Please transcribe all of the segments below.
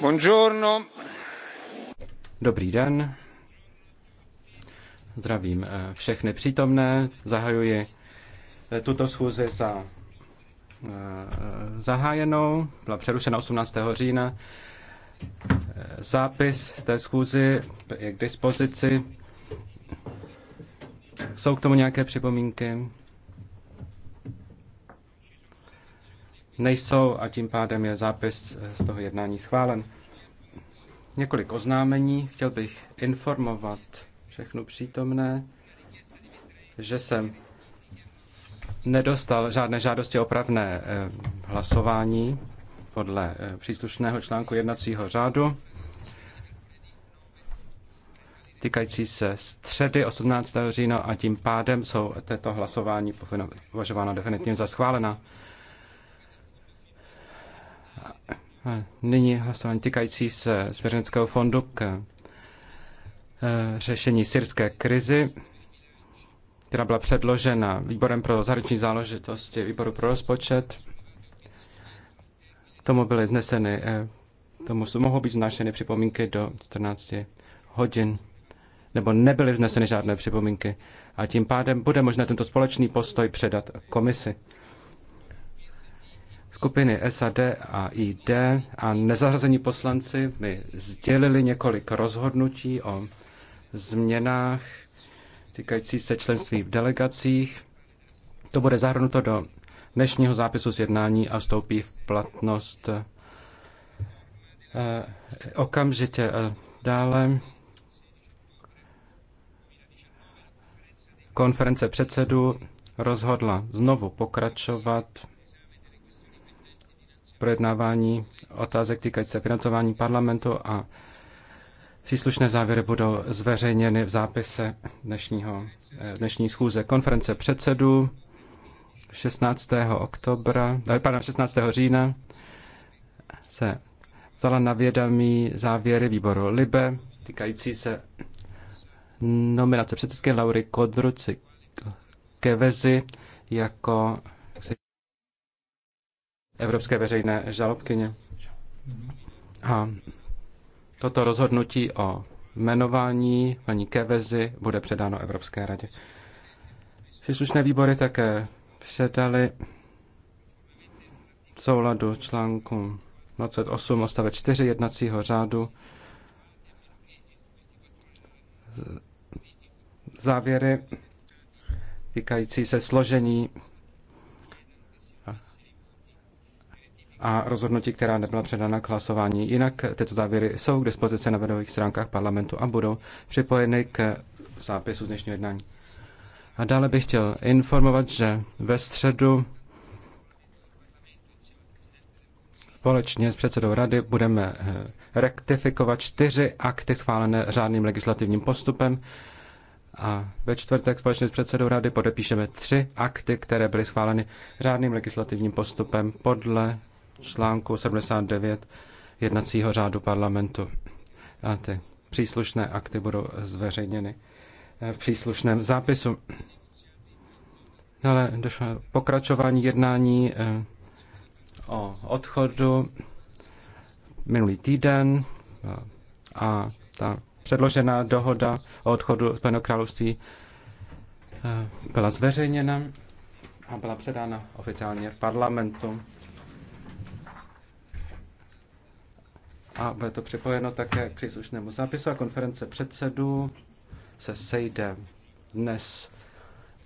Buongiorno. Dobrý den. Zdravím eh, všechny přítomné. Zahajuji eh, tuto schůzi za eh, zahájenou. Byla přerušena 18. října. Zápis z té schůzi je k dispozici. Jsou k tomu nějaké připomínky? nejsou a tím pádem je zápis z toho jednání schválen. Několik oznámení. Chtěl bych informovat všechnu přítomné, že jsem nedostal žádné žádosti o pravné eh, hlasování podle eh, příslušného článku jednacího řádu týkající se středy 18. října a tím pádem jsou této hlasování považována definitivně za schválená. Nyní hlasování týkající se Svěřenského fondu k eh, řešení syrské krizi, která byla předložena výborem pro zahraniční záležitosti, výboru pro rozpočet. K tomu byly vzneseny, eh, tomu mohou být znášeny připomínky do 14 hodin, nebo nebyly vzneseny žádné připomínky. A tím pádem bude možné tento společný postoj předat komisi skupiny SAD a ID a nezařazení poslanci mi sdělili několik rozhodnutí o změnách týkající se členství v delegacích. To bude zahrnuto do dnešního zápisu z jednání a vstoupí v platnost eh, okamžitě. Eh, dále konference předsedů rozhodla znovu pokračovat projednávání otázek týkající se financování parlamentu a příslušné závěry budou zveřejněny v zápise dnešního, eh, dnešní schůze konference předsedů 16. Oktobra, eh, pardon, 16. října se vzala na vědomí závěry výboru Libe týkající se nominace předsedky Laury Kodruci Kevezi jako Evropské veřejné žalobkyně. A toto rozhodnutí o jmenování paní Kevezy bude předáno Evropské radě. Příslušné výbory také předali v souladu článku 28 odstavec 4 jednacího řádu závěry týkající se složení a rozhodnutí, která nebyla předána k hlasování. Jinak tyto závěry jsou k dispozici na webových stránkách parlamentu a budou připojeny k zápisu z dnešního jednání. A dále bych chtěl informovat, že ve středu společně s předsedou rady budeme eh, rektifikovat čtyři akty schválené řádným legislativním postupem a ve čtvrtek společně s předsedou rady podepíšeme tři akty, které byly schváleny řádným legislativním postupem podle článku 79 jednacího řádu parlamentu. A ty příslušné akty budou zveřejněny eh, v příslušném zápisu. Ale došlo pokračování jednání eh, o odchodu minulý týden eh, a ta předložená dohoda o odchodu Spojeného království byla zveřejněna a byla předána oficiálně parlamentu. a bude to připojeno také k příslušnému zápisu a konference předsedů se sejde dnes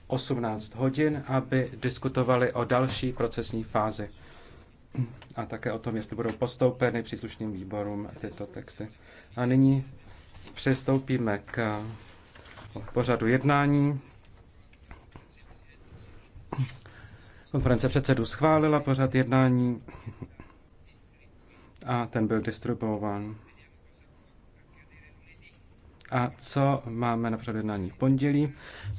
18 hodin, aby diskutovali o další procesní fázi a také o tom, jestli budou postoupeny příslušným výborům tyto texty. A nyní přistoupíme k pořadu jednání. Konference předsedů schválila pořad jednání a ten byl distribuován. A co máme na předjednání v pondělí?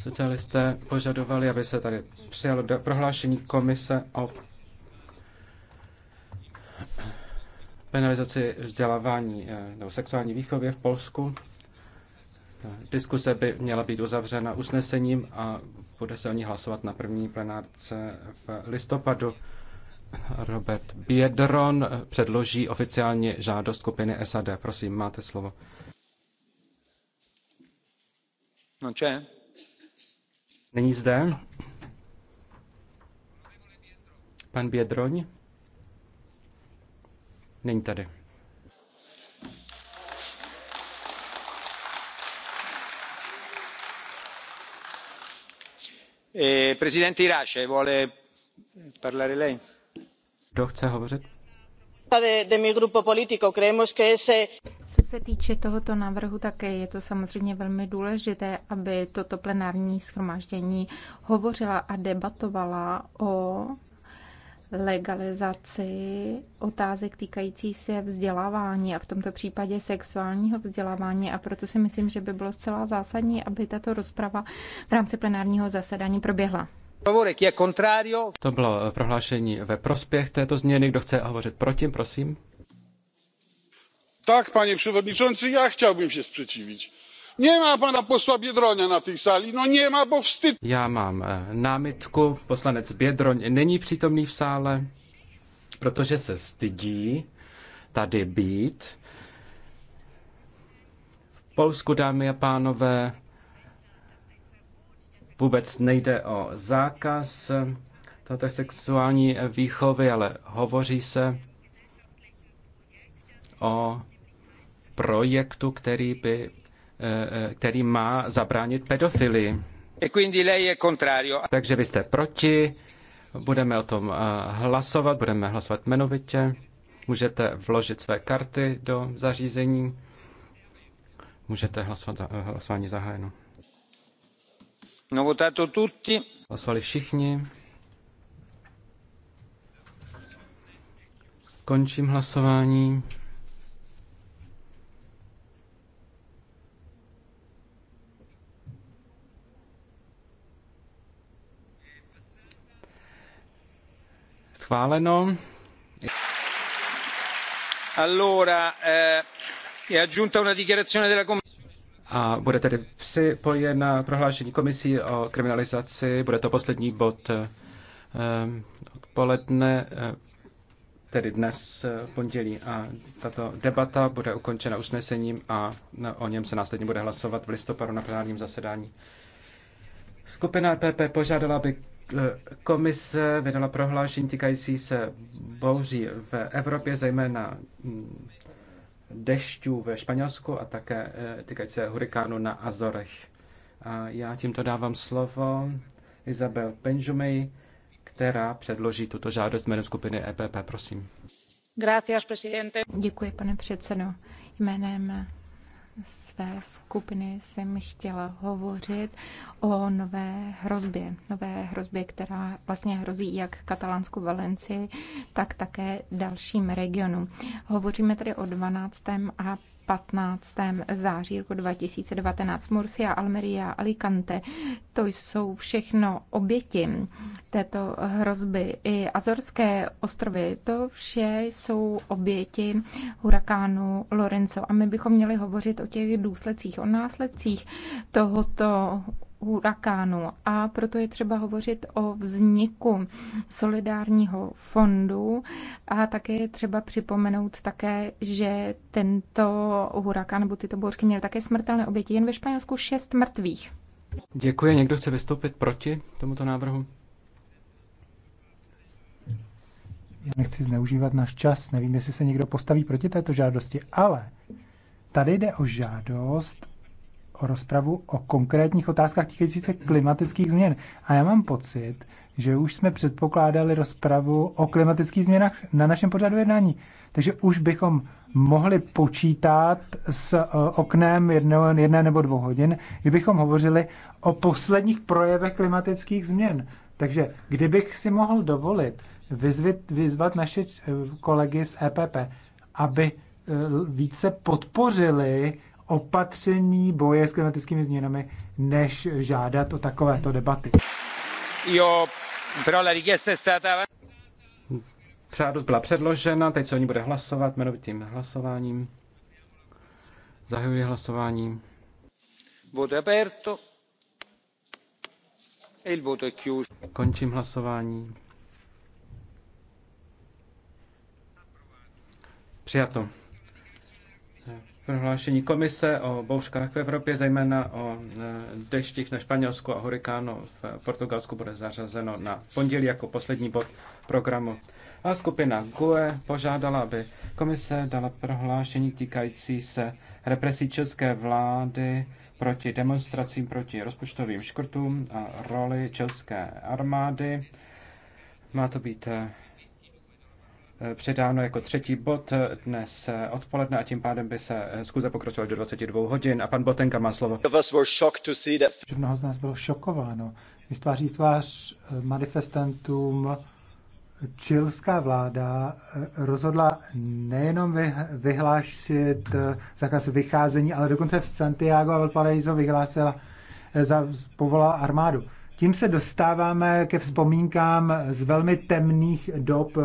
Socialisté požadovali, aby se tady přijalo prohlášení komise o penalizaci vzdělávání eh, nebo sexuální výchově v Polsku. Diskuse by měla být uzavřena usnesením a bude se o ní hlasovat na první plenárce v listopadu. Robert Biedron předloží oficiálně žádost skupiny SAD. Prosím, máte slovo. No če? Není zde. Pan Biedroň? Není tady. Eh, Presidente Irace, vuole parlare lei? Kdo chce hovořit? Co se týče tohoto návrhu, také je to samozřejmě velmi důležité, aby toto plenární schromáždění hovořila a debatovala o legalizaci otázek týkající se vzdělávání a v tomto případě sexuálního vzdělávání a proto si myslím, že by bylo zcela zásadní, aby tato rozprava v rámci plenárního zasedání proběhla. To bylo eh, prohlášení ve prospěch této změny. Kdo chce hovořit proti, prosím. Tak, pane předsedající, já chtěl, bych se sprzeciwić. Nemá pana posla Biedronia na té sali. No nemá, bo vstyd. Já mám eh, námitku. Poslanec Biedroň není přítomný v sále, protože se stydí tady být. V Polsku, dámy a pánové, Vůbec nejde o zákaz této sexuální výchovy, ale hovoří se o projektu, který, by, eh, eh, který má zabránit pedofilii. E Takže vy jste proti, budeme o tom eh, hlasovat, budeme hlasovat jmenovitě, můžete vložit své karty do zařízení, můžete hlasovat, hlasování zahájeno. Hlasovali všichni. Končím hlasování. Schváleno. Allora, eh, è aggiunta una dichiarazione della Commissione a bude tedy na prohlášení komisí o kriminalizaci. Bude to poslední bod eh, odpoledne, eh, tedy dnes eh, pondělí. A tato debata bude ukončena usnesením a no, o něm se následně bude hlasovat v listopadu na plenárním zasedání. Skupina PP e požádala, aby komise vydala prohlášení týkající se bouří v Evropě, zejména hm, dešťů ve Španělsku a také eh, týkající se hurikánu na Azorech. A já tímto dávám slovo Isabel Benjumej, která předloží tuto žádost jménem skupiny EPP, prosím. Gracias, Děkuji, pane předsedo. Jménem své skupiny jsem chtěla hovořit o nové hrozbě. Nové hrozbě, která vlastně hrozí jak katalánskou Valenci, tak také dalším regionům. Hovoříme tedy o 12. a 15. září roku 2019. Murcia, Almeria, Alicante, to jsou všechno oběti této hrozby. I Azorské ostrovy, to vše jsou oběti hurakánu Lorenzo. A my bychom měli hovořit o těch důsledcích, o následcích tohoto hurakánu a proto je třeba hovořit o vzniku solidárního fondu a také je třeba připomenout také, že tento hurakán nebo tyto bouřky měly také smrtelné oběti, jen ve Španělsku šest mrtvých. Děkuji. Někdo chce vystoupit proti tomuto návrhu? Já nechci zneužívat náš čas, nevím, jestli se někdo postaví proti této žádosti, ale tady jde o žádost O rozpravu o konkrétních otázkách týkajících se klimatických změn. A já mám pocit, že už jsme předpokládali rozpravu o klimatických změnách na našem pořadu jednání. Takže už bychom mohli počítat s eh, oknem jedno, jedné nebo dvou hodin, kdybychom hovořili o posledních projevech klimatických změn. Takže kdybych si mohl dovolit vyzvit, vyzvat naše eh, kolegy z EPP, aby eh, více podpořili opatření boje s klimatickými změnami, než žádat o takovéto debaty. Jo, pro la Přádost byla předložena, teď se o ní bude hlasovat jmenovitým hlasováním. Zahajuji hlasování. Voto aperto. E il voto è chiuso. Končím hlasování. Přijato prohlášení komise o bouřkách v Evropě, zejména o e, deštích na Španělsku a hurikánu v Portugalsku bude zařazeno na pondělí jako poslední bod programu. A skupina GUE požádala, aby komise dala prohlášení týkající se represí české vlády proti demonstracím proti rozpočtovým škrtům a roli české armády. Má to být e, Eh, předáno jako třetí bod eh, dnes eh, odpoledne a tím pádem by se zkuze pokročila do 22 hodin a pan Botenka má slovo. Mnoho z nás bylo šokováno, když tvář manifestantům čilská vláda rozhodla nejenom vyhlášit zákaz vycházení, ale dokonce v Santiago a Valparaiso vyhlásila, za povolala armádu. Tím se dostáváme ke vzpomínkám z velmi temných dob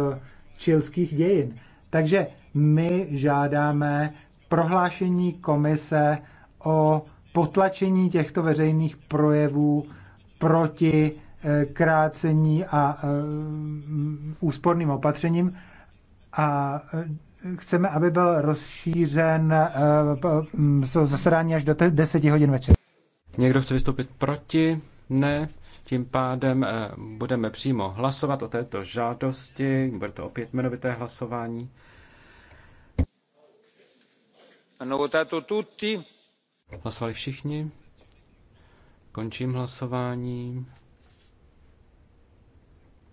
čilských dějin. Takže my žádáme prohlášení komise o potlačení těchto veřejných projevů proti eh, krácení a eh, úsporným opatřením a eh, chceme, aby byl rozšířen zasedání až do 10 hodin večer. Někdo chce vystoupit proti? Ne. Tím pádem eh, budeme přímo hlasovat o této žádosti, bude to opět jmenovité hlasování. Hlasovali všichni. Končím hlasování.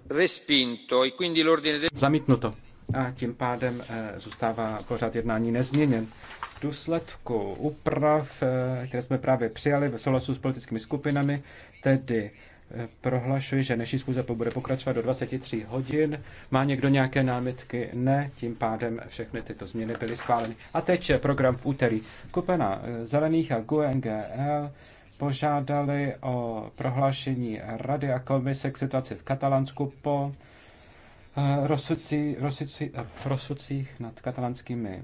Respinto, e quindi l'ordine de... Zamítnuto. A tím pádem eh, zůstává pořád jednání nezměněn. V důsledku úprav, eh, které jsme právě přijali ve souhlasu s politickými skupinami, tedy prohlašuji, že dnešní schůze bude pokračovat do 23 hodin. Má někdo nějaké námitky? Ne, tím pádem všechny tyto změny byly schváleny. A teď je program v úterý. Kupena eh, Zelených a GUNGL požádali o prohlášení Rady a komise k situaci v Katalánsku po rozsudcích, eh, rozsudcích, eh, rozsudcích nad katalánskými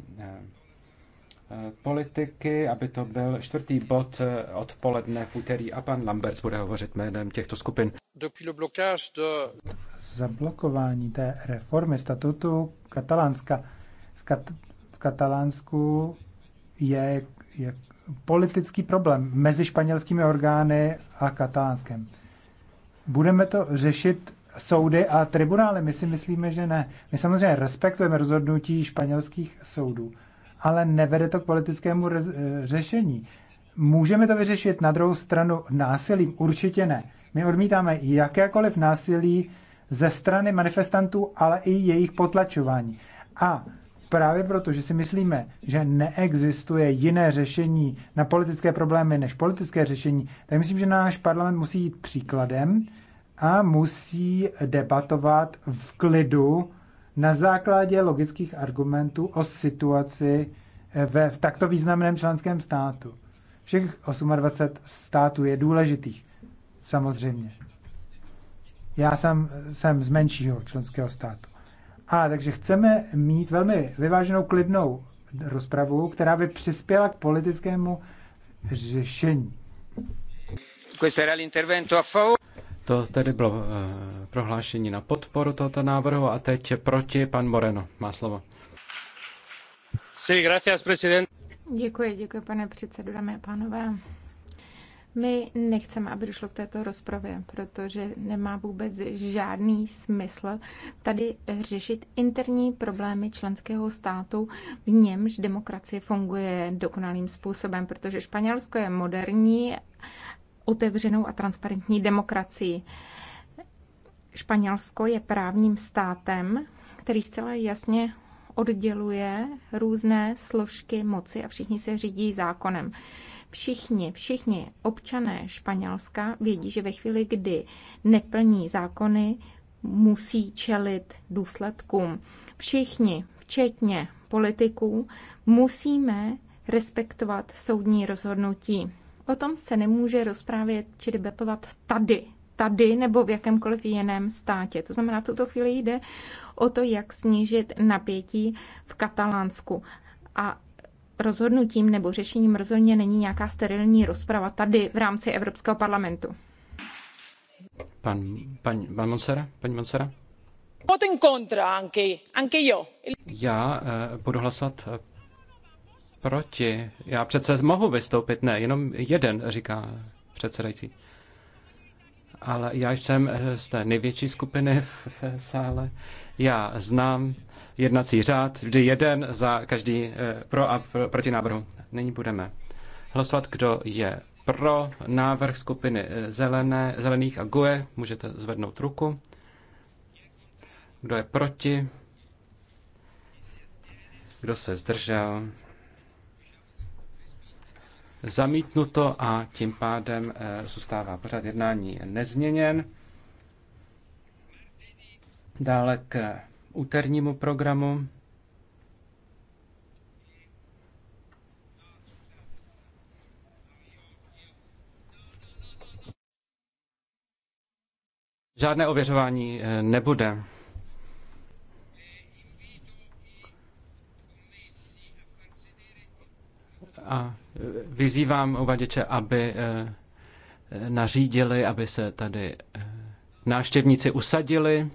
politiky, aby to byl čtvrtý bod eh, odpoledne v úterý a pan Lamberts bude hovořit jménem těchto skupin. Zablokování té reformy statutu Katalánska v, Kat- v Katalánsku je, je politický problém mezi španělskými orgány a katalánskem. Budeme to řešit soudy a tribunály? My si myslíme, že ne. My samozřejmě respektujeme rozhodnutí španělských soudů ale nevede to k politickému eh, řešení. Můžeme to vyřešit na druhou stranu násilím? Určitě ne. My odmítáme jakékoliv násilí ze strany manifestantů, ale i jejich potlačování. A právě proto, že si myslíme, že neexistuje jiné řešení na politické problémy než politické řešení, tak myslím, že náš parlament musí jít příkladem a musí debatovat v klidu na základě logických argumentů o situaci eh, ve, v takto významném členském státu. Všech 28 států je důležitých, samozřejmě. Já jsem, jsem z menšího členského státu. A takže chceme mít velmi vyváženou, klidnou rozpravu, která by přispěla k politickému řešení. Questo era l'intervento a favore. To tedy bylo eh, prohlášení na podporu tohoto návrhu a teď je proti pan Moreno. Má slovo. Sí, gracias, president. Děkuji, děkuji, pane předsedo, dámy a pánové. My nechceme, aby došlo k této rozpravě, protože nemá vůbec žádný smysl tady řešit interní problémy členského státu, v němž demokracie funguje dokonalým způsobem, protože Španělsko je moderní otevřenou a transparentní demokracii. Španělsko je právním státem, který zcela jasně odděluje různé složky moci a všichni se řídí zákonem. Všichni, všichni občané Španělska vědí, že ve chvíli, kdy neplní zákony, musí čelit důsledkům. Všichni, včetně politiků, musíme respektovat soudní rozhodnutí. O tom se nemůže rozprávět či debatovat tady, tady nebo v jakémkoliv jiném státě. To znamená, v tuto chvíli jde o to, jak snížit napětí v Katalánsku. A rozhodnutím nebo řešením rozhodně není nějaká sterilní rozprava tady v rámci Evropského parlamentu. Pan, pan, pan Monsera? Paní Monsera? Já eh, budu hlasovat proti. Já přece mohu vystoupit, ne, jenom jeden, říká předsedající. Ale já jsem eh, z té největší skupiny v sále. Já znám jednací řád, vždy jeden za každý eh, pro a proti návrhu. Nyní budeme hlasovat, kdo je pro návrh skupiny eh, zelené, zelených a GUE. Můžete zvednout ruku. Kdo je proti? Kdo se zdržel? zamítnuto a tím pádem eh, zůstává pořád jednání nezměněn. Dále k úternímu programu. Žádné ověřování eh, nebude. A vyzývám uvaděče, aby eh, nařídili, aby se tady eh, návštěvníci usadili.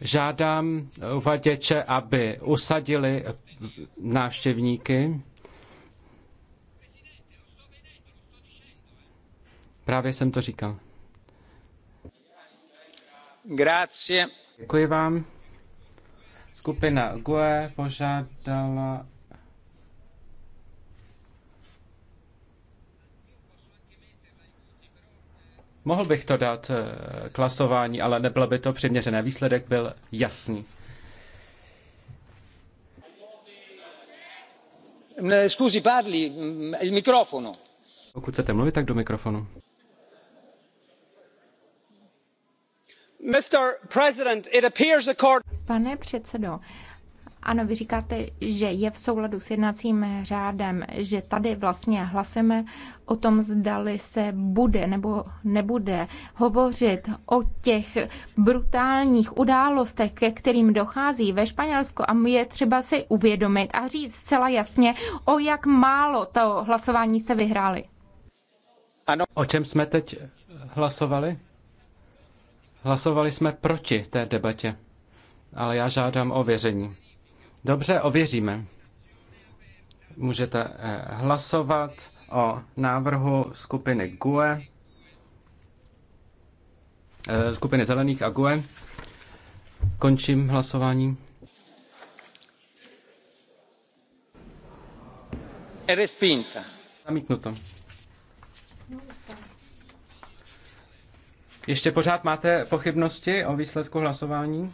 Žádám uvaděče, aby usadili návštěvníky. Právě jsem to říkal. Grazie. Děkuji vám. Skupina GUE požádala Mohl bych to dát eh, klasování, ale nebylo by to přiměřené. Výsledek byl jasný. Eh, scusi, parli, mm, il microfono. Pokud chcete mluvit, tak do mikrofonu. Pane předsedo, ano, vy říkáte, že je v souladu s jednacím řádem, že tady vlastně hlasujeme o tom, zdali se bude nebo nebude hovořit o těch brutálních událostech, ke kterým dochází ve Španělsku a je třeba si uvědomit a říct zcela jasně, o jak málo to hlasování se vyhráli. Ano. O čem jsme teď hlasovali? Hlasovali jsme proti té debatě, ale já žádám o věření. Dobře, ověříme. Můžete eh, hlasovat o návrhu skupiny GUE, eh, skupiny Zelených a GUE. Končím hlasování. Respinta. Zamítnuto. Ještě pořád máte pochybnosti o výsledku hlasování?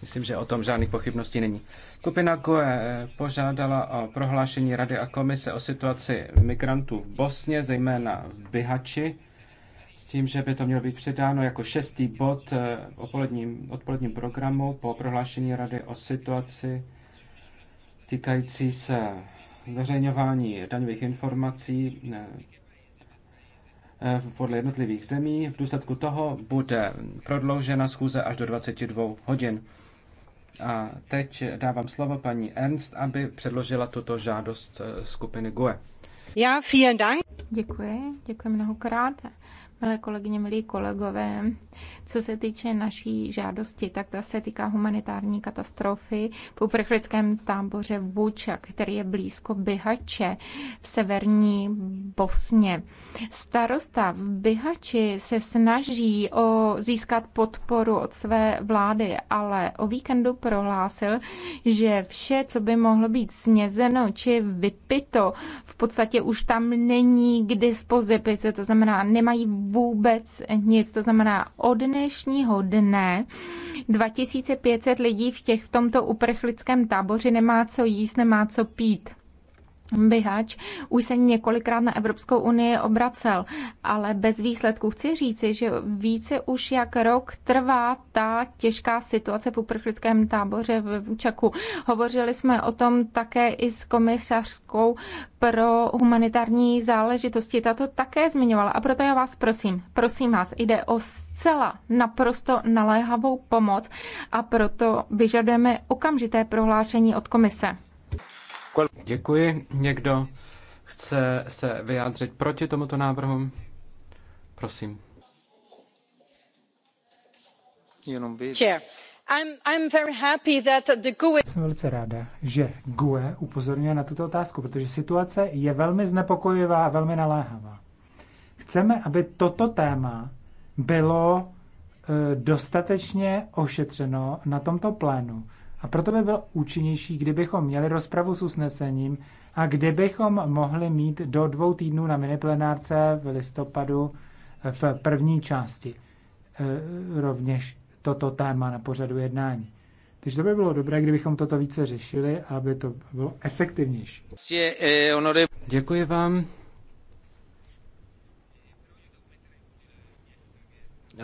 Myslím, že o tom žádných pochybností není. Kupina GUE požádala o prohlášení Rady a komise o situaci migrantů v Bosně, zejména v Bihači, s tím, že by to mělo být předáno jako šestý bod v eh, odpoledním, odpoledním programu po prohlášení Rady o situaci týkající se zveřejňování daňových informací eh, Eh, podle jednotlivých zemí. V důsledku toho bude prodloužena schůze až do 22 hodin. A teď dávám slovo paní Ernst, aby předložila tuto žádost eh, skupiny GUE. Já, vielen Dank. Děkuji, děkuji mnohokrát milé kolegyně, milí kolegové, co se týče naší žádosti, tak ta se týká humanitární katastrofy v uprchlickém táboře Vůča, který je blízko Bihače v severní Bosně. Starosta v Bihači se snaží o získat podporu od své vlády, ale o víkendu prohlásil, že vše, co by mohlo být snězeno či vypito, v podstatě už tam není k dispozici, to znamená, nemají vůbec nic. To znamená, od dnešního dne 2500 lidí v, těch, v tomto uprchlickém táboři nemá co jíst, nemá co pít. Bihač už se několikrát na Evropskou unii obracel, ale bez výsledku. Chci říci, že více už jak rok trvá ta těžká situace v uprchlickém táboře v Čaku. Hovořili jsme o tom také i s komisařskou pro humanitární záležitosti. Tato také zmiňovala a proto já vás prosím, prosím vás, jde o zcela naprosto naléhavou pomoc a proto vyžadujeme okamžité prohlášení od komise. Děkuji. Někdo chce se vyjádřit proti tomuto návrhu? Prosím. Jsem velice ráda, že GUE upozorňuje na tuto otázku, protože situace je velmi znepokojivá a velmi naléhavá. Chceme, aby toto téma bylo eh, dostatečně ošetřeno na tomto plénu a proto by bylo účinnější, kdybychom měli rozpravu s usnesením a kdybychom mohli mít do dvou týdnů na miniplenárce v listopadu v první části e, rovněž toto téma na pořadu jednání. Takže to by bylo dobré, kdybychom toto více řešili, aby to bylo efektivnější. Děkuji vám.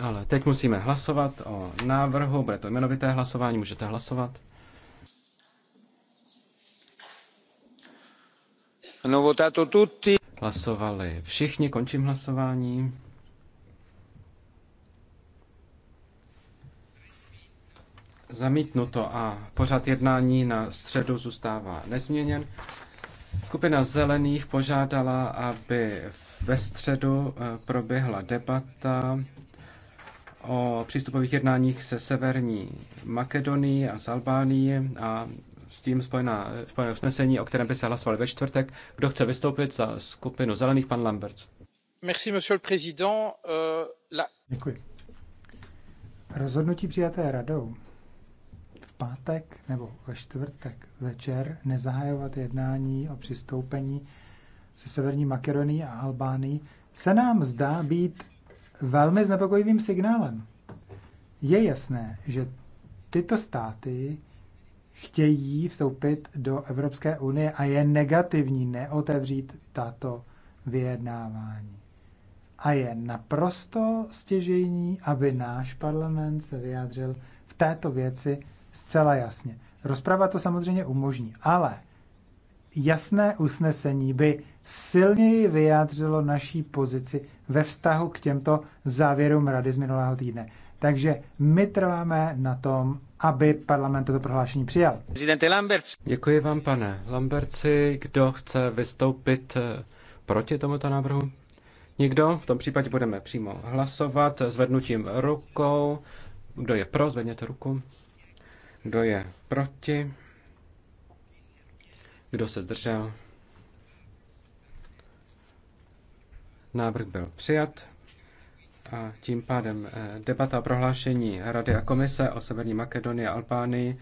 Ale teď musíme hlasovat o návrhu, bude to jmenovité hlasování, můžete hlasovat. Hlasovali všichni, končím hlasování. Zamítnuto a pořad jednání na středu zůstává nezměněn. Skupina zelených požádala, aby ve středu eh, proběhla debata o přístupových jednáních se Severní Makedonii a s Albánií a s tím spojená, spojené usnesení, o kterém by se hlasovali ve čtvrtek. Kdo chce vystoupit za skupinu zelených, pan Lamberts. Merci, monsieur le président. Uh, la... Děkuji. Rozhodnutí přijaté radou v pátek nebo ve čtvrtek večer nezahajovat jednání o přistoupení se Severní Makedonií a Albánií se nám zdá být velmi znepokojivým signálem. Je jasné, že tyto státy chtějí vstoupit do Evropské unie a je negativní neotevřít tato vyjednávání. A je naprosto stěžejní, aby náš parlament se vyjádřil v této věci zcela jasně. Rozprava to samozřejmě umožní, ale jasné usnesení by silněji vyjádřilo naší pozici ve vztahu k těmto závěrům rady z minulého týdne. Takže my trváme na tom, aby parlament toto prohlášení přijal. Lamberts. Děkuji vám, pane Lamberci. Kdo chce vystoupit eh, proti tomuto návrhu? Nikdo? V tom případě budeme přímo hlasovat zvednutím rukou. Kdo je pro, zvedněte ruku. Kdo je proti? Kdo se zdržel? Návrh byl přijat. A tím pádem eh, debata o prohlášení Rady a Komise o Severní Makedonii a Albánii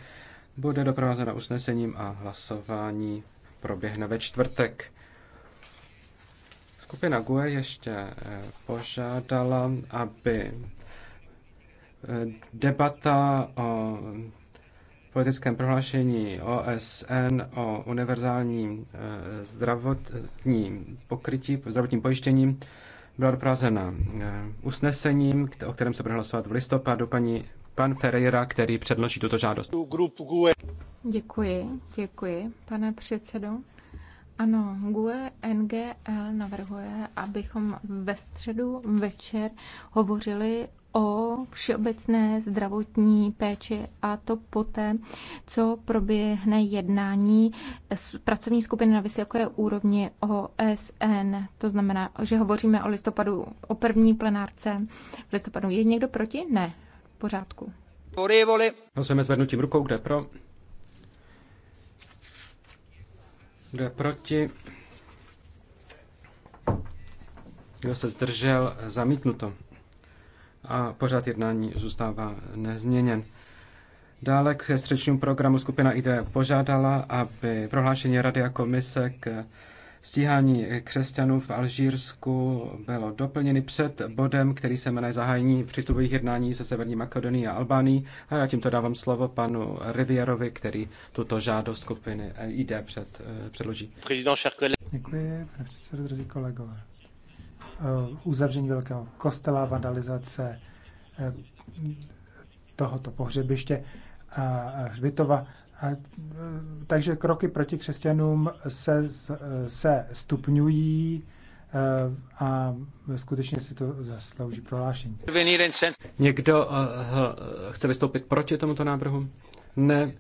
bude doprovázena usnesením a hlasování proběhne ve čtvrtek. Skupina GUE ještě eh, požádala, aby eh, debata o politickém prohlášení OSN o univerzálním zdravotním pokrytí, zdravotním pojištěním byla doprovázena eh, usnesením, o kterém se bude hlasovat v listopadu. Paní pan Ferreira, který předloží tuto žádost. Děkuji, děkuji, pane předsedo. Ano, GUE NGL navrhuje, abychom ve středu večer hovořili o všeobecné zdravotní péči a to poté, co proběhne jednání z pracovní skupiny na vysoké úrovni OSN. To znamená, že hovoříme o listopadu, o první plenárce v listopadu. Je někdo proti? Ne. V pořádku. Hlasujeme zvednutím rukou, kde pro. Kdo proti? Kdo se zdržel? Zamítnuto a pořád jednání zůstává nezměněn. Dále k střečnímu programu skupina ID požádala, aby prohlášení Rady a komise k stíhání křesťanů v Alžírsku bylo doplněny před bodem, který se jmenuje zahájení přístupových jednání se Severní Makedonií a Albánií. A já tímto dávám slovo panu Rivierovi, který tuto žádost skupiny ID před, eh, předloží. Děkuji, pane předsedo, kolegové. Eh, uzavření velkého kostela, vandalizace eh, tohoto pohřebiště a hřbitova. A, eh, takže kroky proti křesťanům se, se stupňují a skutečně si to zaslouží prohlášení. Někdo chce vystoupit proti tomuto návrhu? Ne,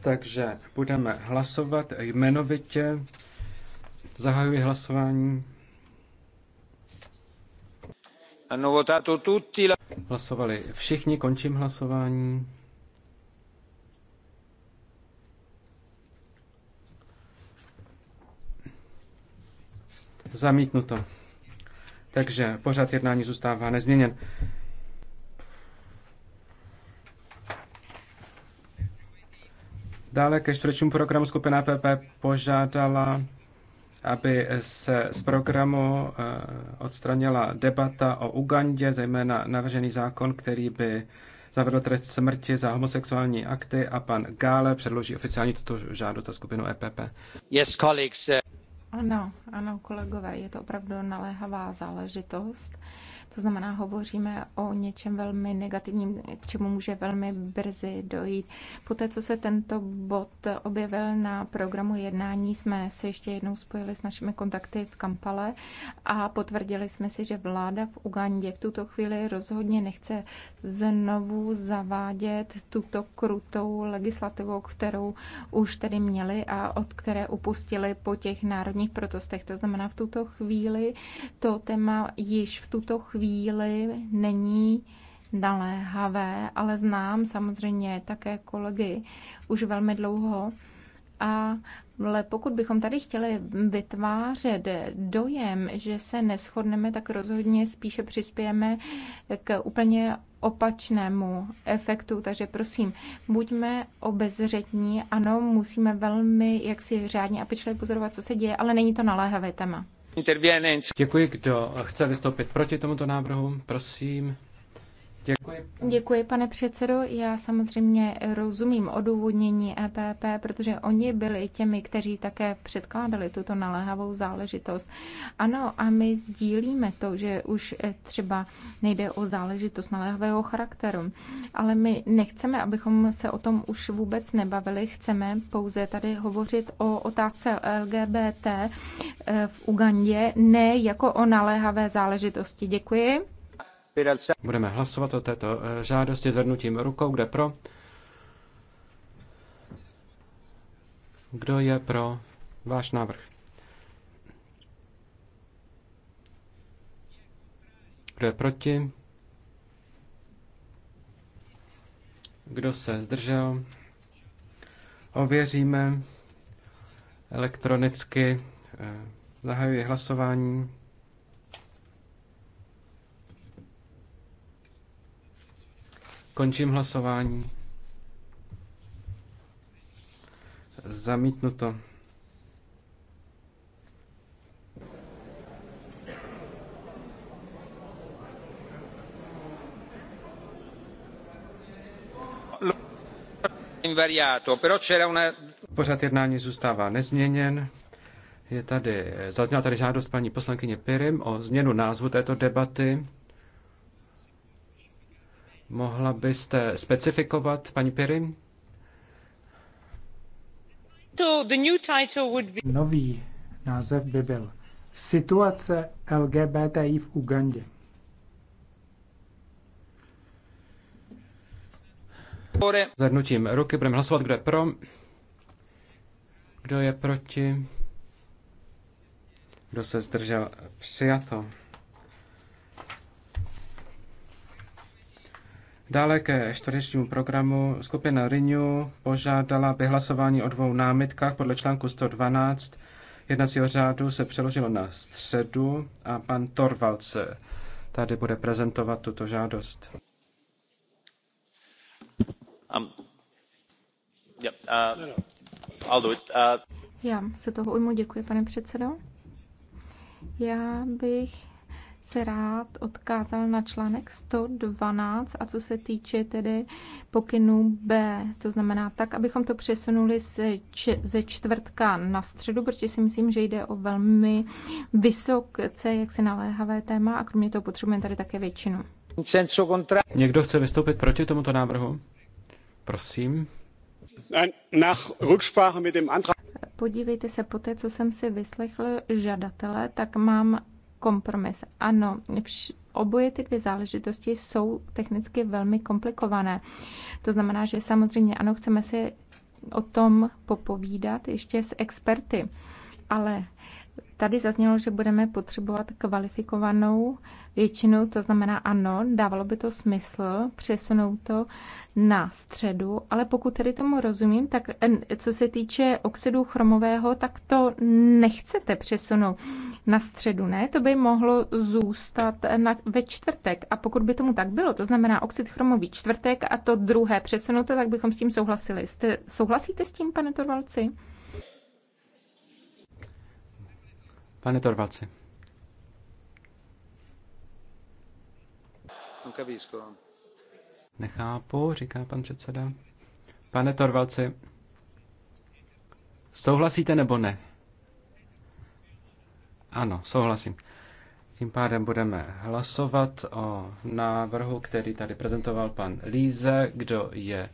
takže budeme hlasovat jmenovitě. Zahajuji hlasování. Hlasovali všichni, končím hlasování. Zamítnuto. Takže pořád jednání zůstává nezměněn. Dále ke čtvrtečnímu programu skupina PP požádala aby se z programu eh, odstranila debata o Ugandě, zejména navržený zákon, který by zavedl trest smrti za homosexuální akty a pan Gále předloží oficiálně tuto žádost za skupinu EPP. Yes, colleagues. Eh. Ano, ano, kolegové, je to opravdu naléhavá záležitost. To znamená, hovoříme o něčem velmi negativním, k čemu může velmi brzy dojít. Poté, co se tento bod objevil na programu jednání, jsme se ještě jednou spojili s našimi kontakty v Kampale a potvrdili jsme si, že vláda v Ugandě v tuto chvíli rozhodně nechce znovu zavádět tuto krutou legislativu, kterou už tedy měli a od které upustili po těch národních protestech. To znamená, v tuto chvíli to téma již v tuto chvíli chvíli není naléhavé, ale znám samozřejmě také kolegy už velmi dlouho. A ale pokud bychom tady chtěli vytvářet dojem, že se neschodneme, tak rozhodně spíše přispějeme k úplně opačnému efektu. Takže prosím, buďme obezřetní. Ano, musíme velmi jaksi řádně a pečlivě pozorovat, co se děje, ale není to naléhavé téma. Děkuji, kdo chce vystoupit proti tomuto návrhu, prosím. Děkuji. Děkuji, pane předsedo. Já samozřejmě rozumím odůvodnění EPP, protože oni byli těmi, kteří také předkládali tuto naléhavou záležitost. Ano, a my sdílíme to, že už eh, třeba nejde o záležitost naléhavého charakteru, ale my nechceme, abychom se o tom už vůbec nebavili. Chceme pouze tady hovořit o otázce LGBT eh, v Ugandě, ne jako o naléhavé záležitosti. Děkuji. Budeme hlasovat o této eh, žádosti zvednutím rukou, kde pro. Kdo je pro váš návrh? Kdo je proti? Kdo se zdržel? Ověříme elektronicky. Eh, zahajuji hlasování. Končím hlasování. Zamítnuto. Pořad jednání zůstává nezměněn. Je tady, zazněla tady žádost paní poslankyně Pirim o změnu názvu této debaty. Mohla byste specifikovat, paní Piry? Nový název by byl Situace LGBTI v Ugandě. Zvednutím ruky budeme hlasovat, kdo je pro, kdo je proti, kdo se zdržel přijato. Dále ke čtvrtečnímu programu skupina Renew požádala hlasování o dvou námitkách podle článku 112 jednacího řádu se přeložilo na středu a pan Torvalds tady bude prezentovat tuto žádost. Um, yeah, uh, I'll do it, uh... Já se toho ujmu, děkuji, pane předsedo. Já bych se rád odkázal na článek 112 a co se týče tedy pokynů B, to znamená tak, abychom to přesunuli ze čtvrtka na středu, protože si myslím, že jde o velmi vysoké, jak se naléhavé téma a kromě toho potřebujeme tady také většinu. Někdo chce vystoupit proti tomuto návrhu? Prosím. Podívejte se, po té, co jsem si vyslechl žadatele, tak mám kompromis. Ano, vš- oboje ty dvě záležitosti jsou technicky velmi komplikované. To znamená, že samozřejmě ano, chceme si o tom popovídat ještě s experty, ale tady zaznělo, že budeme potřebovat kvalifikovanou většinu, to znamená ano, dávalo by to smysl přesunout to na středu, ale pokud tedy tomu rozumím, tak eh, co se týče oxidu chromového, tak to nechcete přesunout na středu, ne? To by mohlo zůstat eh, na, ve čtvrtek. A pokud by tomu tak bylo, to znamená oxid chromový čtvrtek a to druhé přesunuto, tak bychom s tím souhlasili. Jste, souhlasíte s tím, pane Torvalci? Pane Torvalci. Nechápu, říká pan předseda. Pane Torvalci, souhlasíte nebo ne? Ano, souhlasím. Tím pádem budeme hlasovat o návrhu, který tady prezentoval pan Líze. Kdo je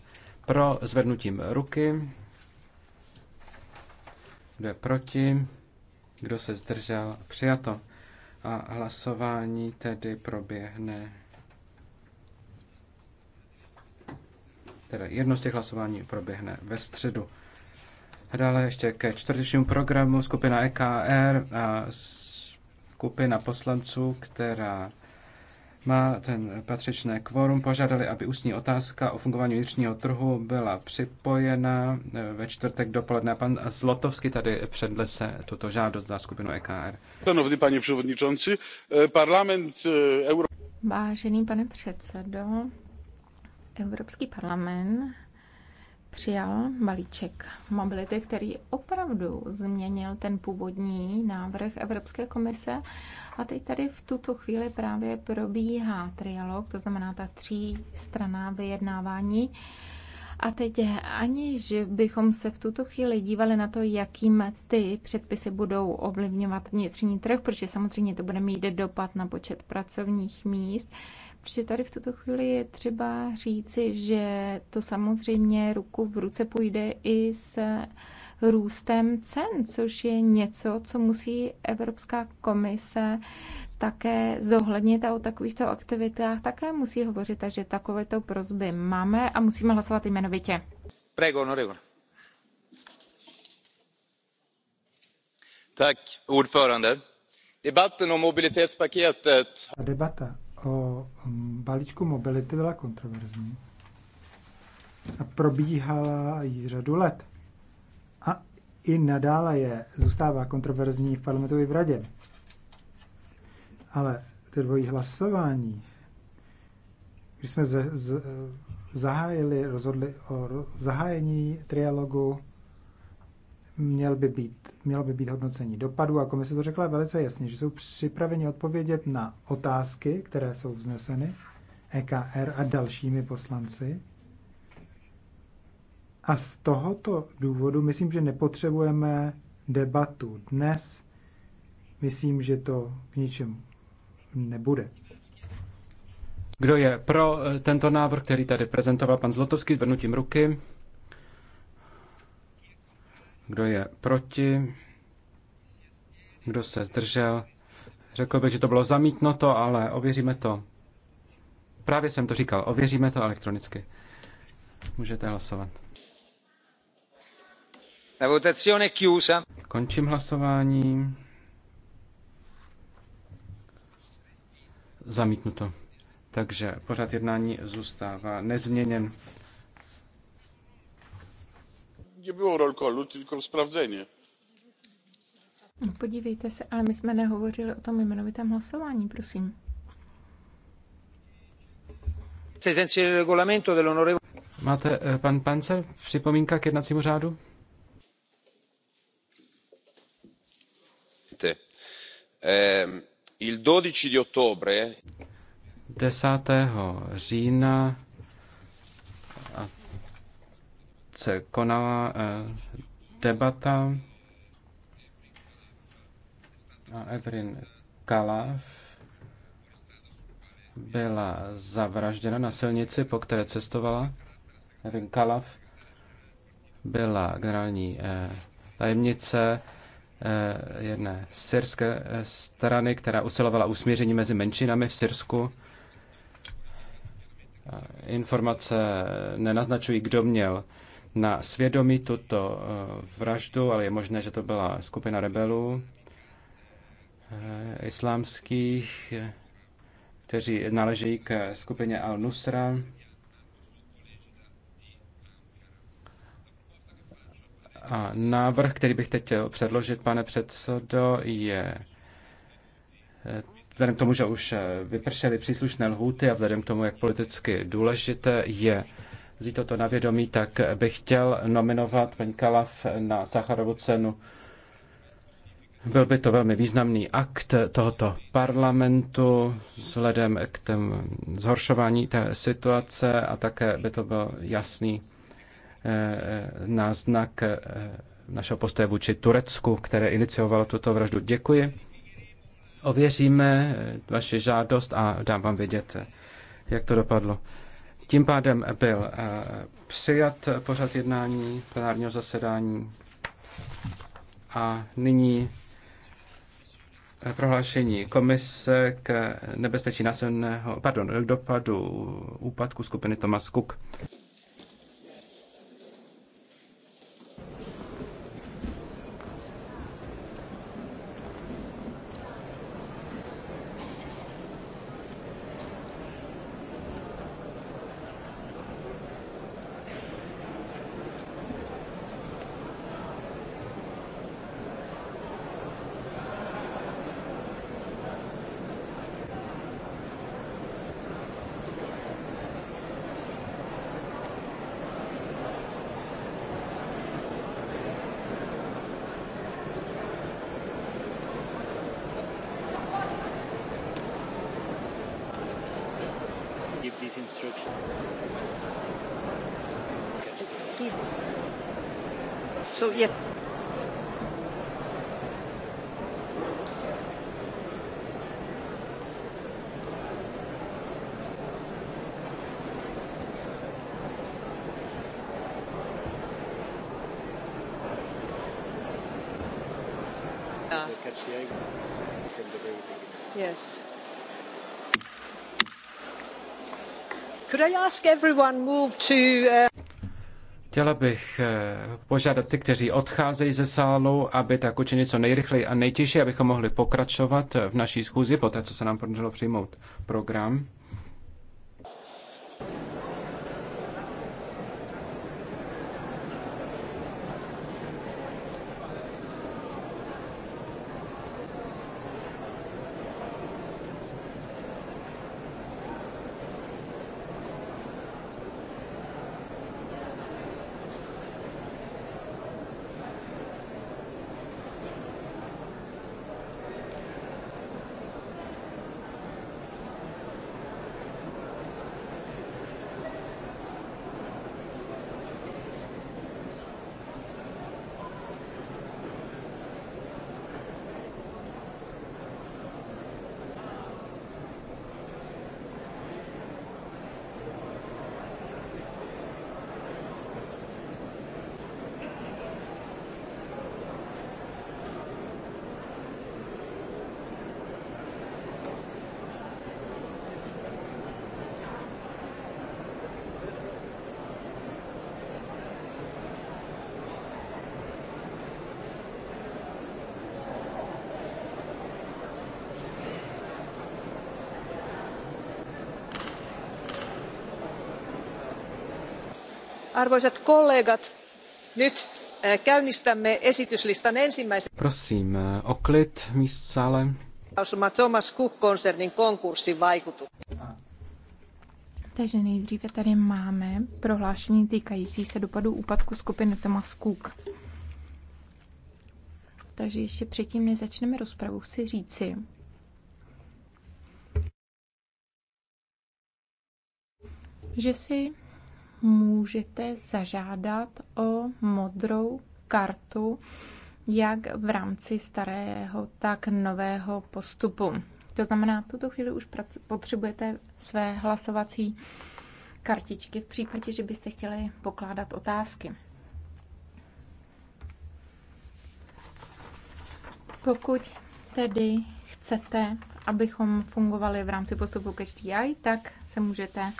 pro zvednutím ruky? Kdo je proti? kdo se zdržel, přijato. A hlasování tedy proběhne. Teda jedno z těch hlasování proběhne ve středu. A dále ještě ke čtvrtečnímu programu skupina EKR a skupina poslanců, která má ten patřičné kvorum. Požádali, aby ústní otázka o fungování vnitřního trhu byla připojena eh, ve čtvrtek dopoledne. Pan Zlotovský tady předlese tuto žádost za skupinu EKR. Šanovný pane převodničonci, eh, parlament eh, Euro... Vážený pane předsedo, Evropský parlament přijal balíček mobility, který opravdu změnil ten původní návrh Evropské komise. A teď tady v tuto chvíli právě probíhá trialog, to znamená ta tří strana vyjednávání. A teď aniž bychom se v tuto chvíli dívali na to, jakým ty předpisy budou ovlivňovat vnitřní trh, protože samozřejmě to bude mít dopad na počet pracovních míst, Protože tady v tuto chvíli je třeba říci, že to samozřejmě ruku v ruce půjde i s růstem cen, což je něco, co musí Evropská komise také zohlednit a o takovýchto aktivitách také musí hovořit, takže takovéto prozby máme a musíme hlasovat jmenovitě. Prego, no, Tak, ordförande. Debatten om mobilitetspaketet. Debata o um, balíčku mobility byla kontroverzní a probíhala ji řadu let. A i nadále je, zůstává kontroverzní v parlamentu i v radě. Ale ty dvojí hlasování, když jsme z, z, zahájili, rozhodli o zahájení trialogu měl by být, mělo by být hodnocení dopadu a komise to řekla velice jasně, že jsou připraveni odpovědět na otázky, které jsou vzneseny EKR a dalšími poslanci. A z tohoto důvodu myslím, že nepotřebujeme debatu dnes. Myslím, že to k ničemu nebude. Kdo je pro eh, tento návrh, který tady prezentoval pan Zlotovský, vrnutím ruky? Kdo je proti? Kdo se zdržel? Řekl bych, že to bylo zamítnuto, ale ověříme to. Právě jsem to říkal, ověříme to elektronicky. Můžete hlasovat. La votazione chiusa. Končím hlasování. Zamítnuto. Takže pořád jednání zůstává nezměněn nie było roll tylko sprawdzenie. Podívejte se, ale my jsme nehovořili o tom jmenovitém hlasování, prosím. Máte, eh, pan Pancer, připomínka k jednacímu řádu? Ehm, il 12 di ottobre 10. října se konala eh, debata a Evrin Kalaf byla zavražděna na silnici, po které cestovala. Evrin Kalaf byla generální eh, tajemnice eh, jedné syrské strany, která usilovala usmíření mezi menšinami v Syrsku. Informace nenaznačují, kdo měl na svědomí tuto eh, vraždu, ale je možné, že to byla skupina rebelů eh, islámských, kteří náleží k skupině Al-Nusra. A návrh, který bych teď chtěl předložit, pane předsedo, je eh, vzhledem k tomu, že už vypršely příslušné lhůty a vzhledem k tomu, jak politicky důležité je vzít toto na vědomí, tak bych chtěl nominovat Venkalav Kalav na Sacharovu cenu. Byl by to velmi významný akt tohoto parlamentu vzhledem k tém zhoršování té situace a také by to byl jasný eh, náznak eh, našeho postoje vůči Turecku, které iniciovalo tuto vraždu. Děkuji. Ověříme eh, vaši žádost a dám vám vědět, jak to dopadlo. Tím pádem byl eh, přijat pořad jednání plenárního zasedání a nyní eh, prohlášení komise k nebezpečí násilného, pardon, k dopadu úpadku skupiny Thomas Cook. Uh, Chtěla bych eh, požádat ty, kteří odcházejí ze sálu, aby tak učinili co nejrychleji a nejtěžší, abychom mohli pokračovat v naší schůzi, poté co se nám podařilo přijmout program. Arvoisat kollegat, nyt äh, käynnistämme esityslistan ensimmäisen... Prosím äh, o klid míst sále. ...lausuma Thomas Cook-konsernin konkurssin vaikutus. Takže nejdříve tady máme prohlášení týkající se dopadu úpadku skupiny Thomas Cook. Takže ještě předtím, než začneme rozpravu, chci říci, že si můžete zažádat o modrou kartu jak v rámci starého, tak nového postupu. To znamená, v tuto chvíli už potřebujete své hlasovací kartičky v případě, že byste chtěli pokládat otázky. Pokud tedy chcete, abychom fungovali v rámci postupu ke tak se můžete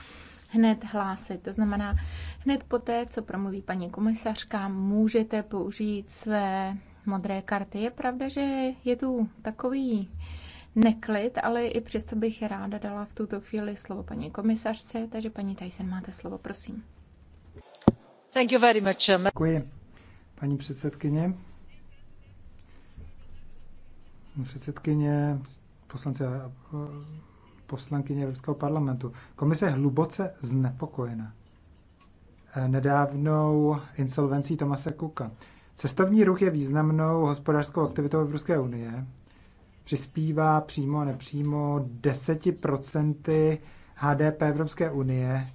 hned hlásit. To znamená, hned poté, co promluví paní komisařka, můžete použít své modré karty. Je pravda, že je tu takový neklid, ale i přesto bych ráda dala v tuto chvíli slovo paní komisařce, takže paní Tyson, máte slovo, prosím. Thank you very much. Děkuji, paní předsedkyně. Předsedkyně, poslanci a poslankyně Evropského parlamentu. Komise je hluboce znepokojena eh, nedávnou insolvencí Tomase Kuka. Cestovní ruch je významnou hospodářskou aktivitou Evropské unie. Přispívá přímo a nepřímo 10% HDP Evropské unie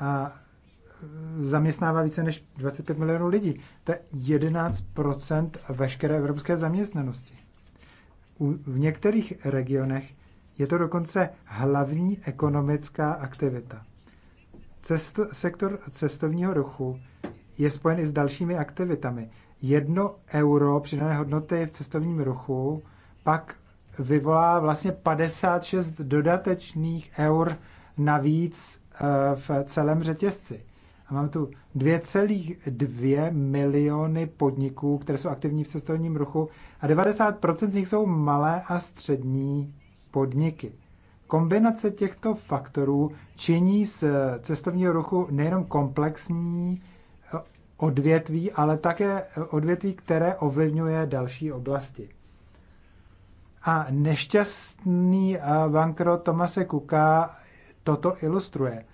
a eh, zaměstnává více než 25 milionů lidí. To je 11% veškeré evropské zaměstnanosti. v některých regionech je to dokonce hlavní ekonomická aktivita. Cesto, sektor cestovního ruchu je spojen i s dalšími aktivitami. Jedno euro přidané hodnoty v cestovním ruchu pak vyvolá vlastně 56 dodatečných eur navíc eh, v celém řetězci. A mám tu 2,2 miliony podniků, které jsou aktivní v cestovním ruchu a 90% z nich jsou malé a střední podniky. Kombinace těchto faktorů činí z cestovního ruchu nejenom komplexní eh, odvětví, ale také eh, odvětví, které ovlivňuje další oblasti. A nešťastný eh, bankrot Tomase Kuka toto ilustruje.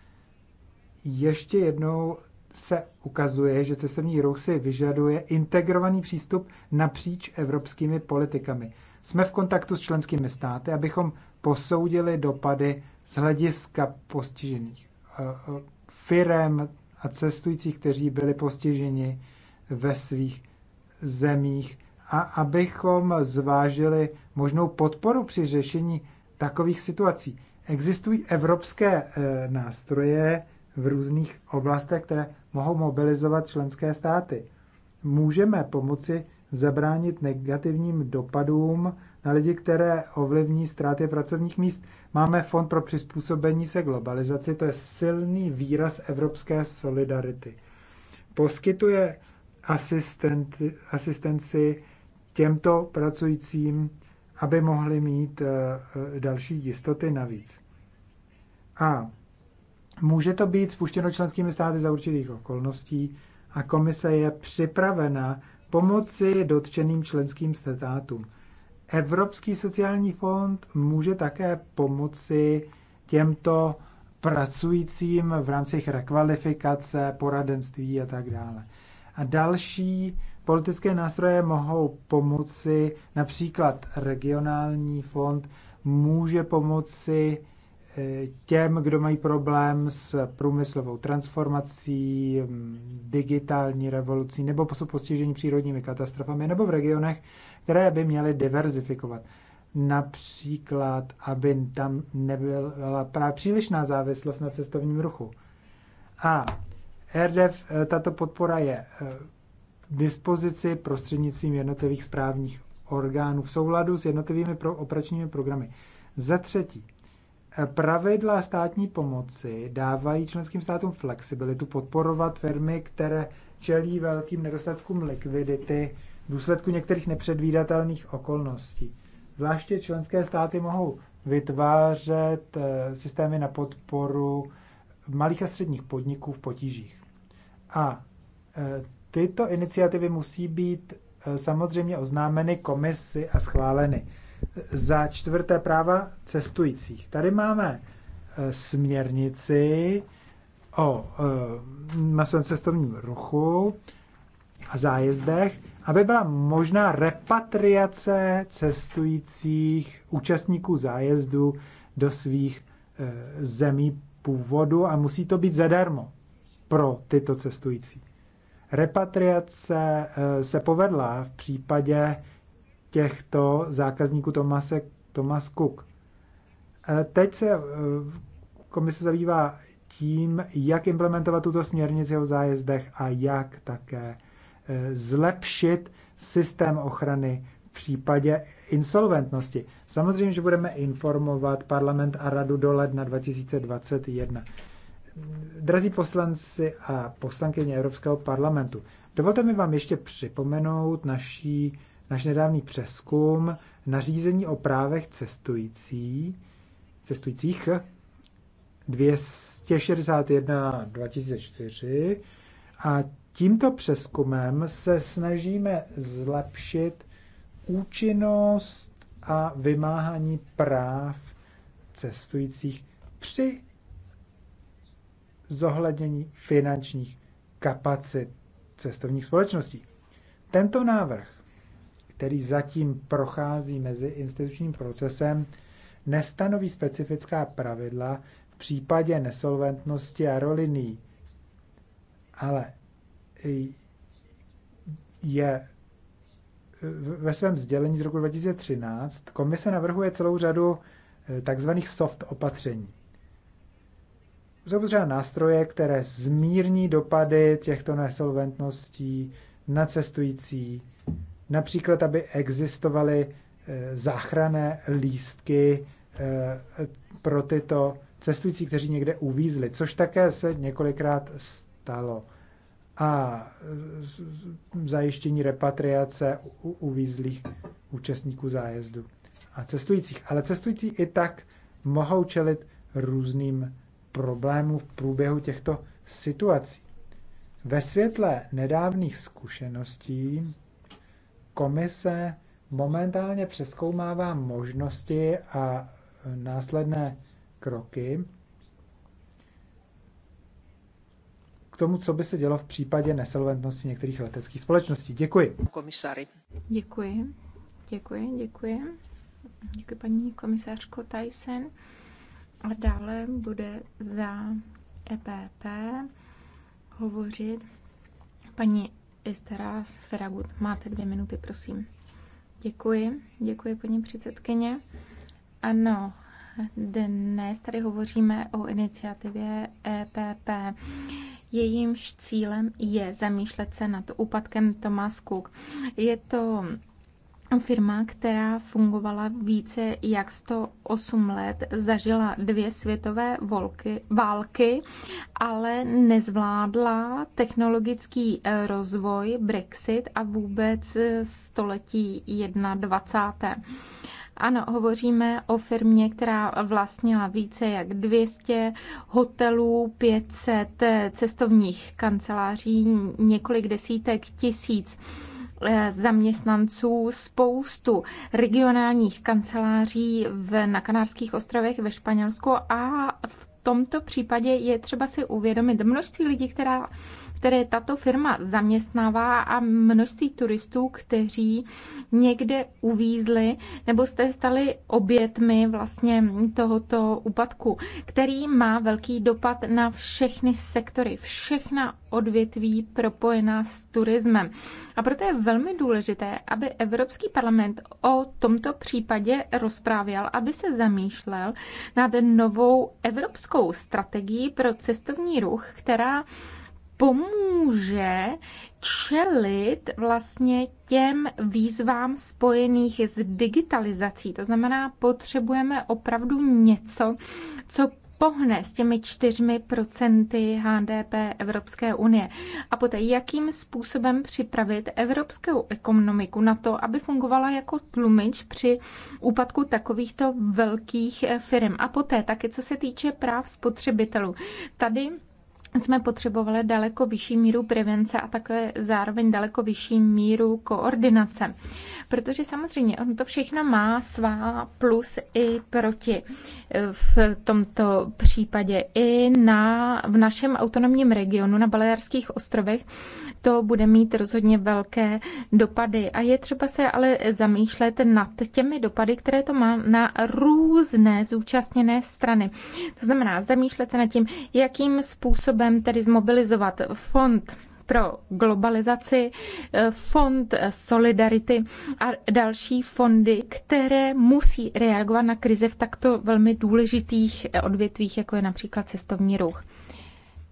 Ještě jednou se ukazuje, že cestovní ruch si vyžaduje integrovaný přístup napříč evropskými politikami. Jsme v kontaktu s členskými státy, abychom posoudili dopady z hlediska postižených eh, eh, firem a cestujících, kteří byli postiženi ve svých zemích a abychom zvážili možnou podporu při řešení takových situací. Existují evropské eh, nástroje v různých oblastech, které mohou mobilizovat členské státy. Můžeme pomoci zabránit negativním dopadům na lidi, které ovlivní ztráty pracovních míst. Máme fond pro přizpůsobení se globalizaci, to je silný výraz evropské solidarity. Poskytuje asistent, asistenci těmto pracujícím, aby mohli mít eh, eh, další jistoty navíc. A může to být spuštěno členskými státy za určitých okolností a komise je připravena pomoci dotčeným členským státům. Evropský sociální fond může také pomoci těmto pracujícím v rámci jejich rekvalifikace, poradenství a tak dále. A další politické nástroje mohou pomoci, například regionální fond může pomoci těm, kdo mají problém s průmyslovou transformací, digitální revolucí nebo jsou postižení přírodními katastrofami nebo v regionech, které by měly diverzifikovat. Například, aby tam nebyla právě přílišná závislost na cestovním ruchu. A RDF, eh, tato podpora je eh, k dispozici prostřednictvím jednotlivých správních orgánů v souladu s jednotlivými operačními programy. Za třetí, Pravidla státní pomoci dávají členským státům flexibilitu podporovat firmy, které čelí velkým nedostatkům likvidity v důsledku některých nepředvídatelných okolností. Zvláště členské státy mohou vytvářet eh, systémy na podporu malých a středních podniků v potížích. A eh, tyto iniciativy musí být eh, samozřejmě oznámeny komisi a schváleny. Za čtvrté práva cestujících. Tady máme eh, směrnici o eh, masovém cestovním ruchu a zájezdech, aby byla možná repatriace cestujících účastníků zájezdu do svých eh, zemí původu a musí to být zadarmo pro tyto cestující. Repatriace se povedla v případě těchto zákazníků Tomase, Thomas Cook. E, teď se e, komise zabývá tím, jak implementovat tuto směrnici o zájezdech a jak také e, zlepšit systém ochrany v případě insolventnosti. Samozřejmě, že budeme informovat parlament a radu do ledna 2021. Drazí poslanci a poslankyně Evropského parlamentu, dovolte mi vám ještě připomenout naší náš nedávný přeskum nařízení o právech cestující, cestujících 261 2004 a tímto přeskumem se snažíme zlepšit účinnost a vymáhání práv cestujících při zohlednění finančních kapacit cestovních společností. Tento návrh který zatím prochází mezi institučním procesem, nestanoví specifická pravidla v případě nesolventnosti a aerolinií. Ale je ve svém sdělení z roku 2013 komise navrhuje celou řadu eh, takzvaných soft opatření. Jsou třeba nástroje, které zmírní dopady těchto nesolventností na cestující, Například, aby existovaly eh, záchranné lístky eh, pro tyto cestující, kteří někde uvízli, což také se několikrát stalo. A zajištění repatriace uvízlých účastníků zájezdu a cestujících. Ale cestující i tak mohou čelit různým problémům v průběhu těchto situací. Ve světle nedávných zkušeností komise momentálně přeskoumává možnosti a následné kroky k tomu, co by se dělo v případě nesolventnosti některých leteckých společností. Děkuji. Komisary. Děkuji. Děkuji, děkuji. Děkuji paní komisářko Tyson. A dále bude za EPP hovořit paní Esteras Feragut. Máte dvě minuty, prosím. Děkuji, děkuji paní předsedkyně. Ano, dnes tady hovoříme o iniciativě EPP. Jejímž cílem je zamýšlet se nad úpadkem Thomas Cook. Je to Firma, která fungovala více jak 108 let, zažila dvě světové volky, války, ale nezvládla technologický eh, rozvoj, Brexit a vůbec eh, století 21. Ano, hovoříme o firmě, která vlastnila více jak 200 hotelů, 500 eh, cestovních kanceláří, několik desítek tisíc Eh, zaměstnanců, spoustu regionálních kanceláří v, na Kanárských ostrovech ve Španělsku a v tomto případě je třeba si uvědomit množství lidí, která které tato firma zaměstnává a množství turistů, kteří někde uvízli nebo jste stali obětmi vlastně tohoto úpadku, který má velký dopad na všechny sektory, všechna odvětví propojená s turismem. A proto je velmi důležité, aby Evropský parlament o tomto případě rozprávěl, aby se zamýšlel nad novou evropskou strategií pro cestovní ruch, která pomůže čelit vlastně těm výzvám spojených s digitalizací. To znamená, potřebujeme opravdu něco, co pohne s těmi čtyřmi procenty HDP Evropské unie a poté jakým způsobem připravit evropskou ekonomiku na to, aby fungovala jako tlumič při úpadku takovýchto velkých firm. A poté také, co se týče práv spotřebitelů. Tady jsme potřebovali daleko vyšší míru prevence a také zároveň daleko vyšší míru koordinace. Protože samozřejmě on to všechno má svá plus i proti v tomto případě. I na, v našem autonomním regionu na Balearských ostrovech to bude mít rozhodně velké dopady. A je třeba se ale zamýšlet nad těmi dopady, které to má na různé zúčastněné strany. To znamená zamýšlet se nad tím, jakým způsobem tedy zmobilizovat fond pro globalizaci, fond Solidarity a další fondy, které musí reagovat na krize v takto velmi důležitých odvětvích, jako je například cestovní ruch.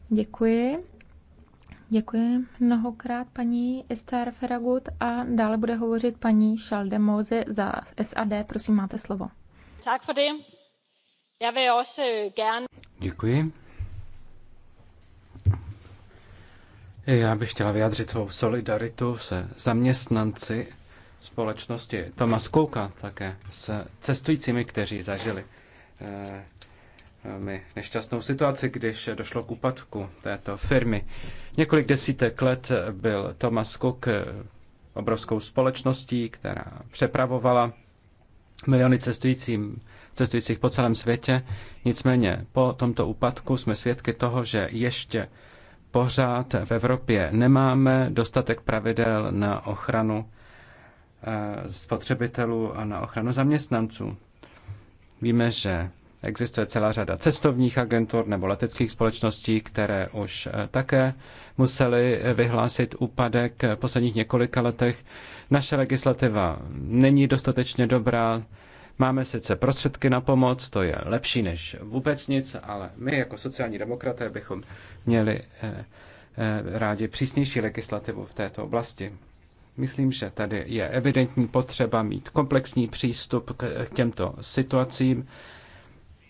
Děkuji. Děkuji mnohokrát paní Esther Feragut a dále bude hovořit paní Mose za SAD. Prosím, máte slovo. Tak for det. vil også øh, gerne... Děkuji. Já bych chtěla vyjádřit svou solidaritu se zaměstnanci společnosti Tomas Kouka, také s cestujícími, kteří zažili eh, velmi nešťastnou situaci, když došlo k úpadku této firmy. Několik desítek let byl Thomas Cook obrovskou společností, která přepravovala miliony cestujícím, cestujících po celém světě. Nicméně po tomto úpadku jsme svědky toho, že ještě pořád v Evropě nemáme dostatek pravidel na ochranu eh, spotřebitelů a na ochranu zaměstnanců. Víme, že Existuje celá řada cestovních agentur nebo leteckých společností, které už eh, také museli eh, vyhlásit úpadek v posledních několika letech. Naše legislativa není dostatečně dobrá. Máme sice prostředky na pomoc, to je lepší než vůbec nic, ale my jako sociální demokraté bychom měli eh, rádi přísnější legislativu v této oblasti. Myslím, že tady je evidentní potřeba mít komplexní přístup k těmto situacím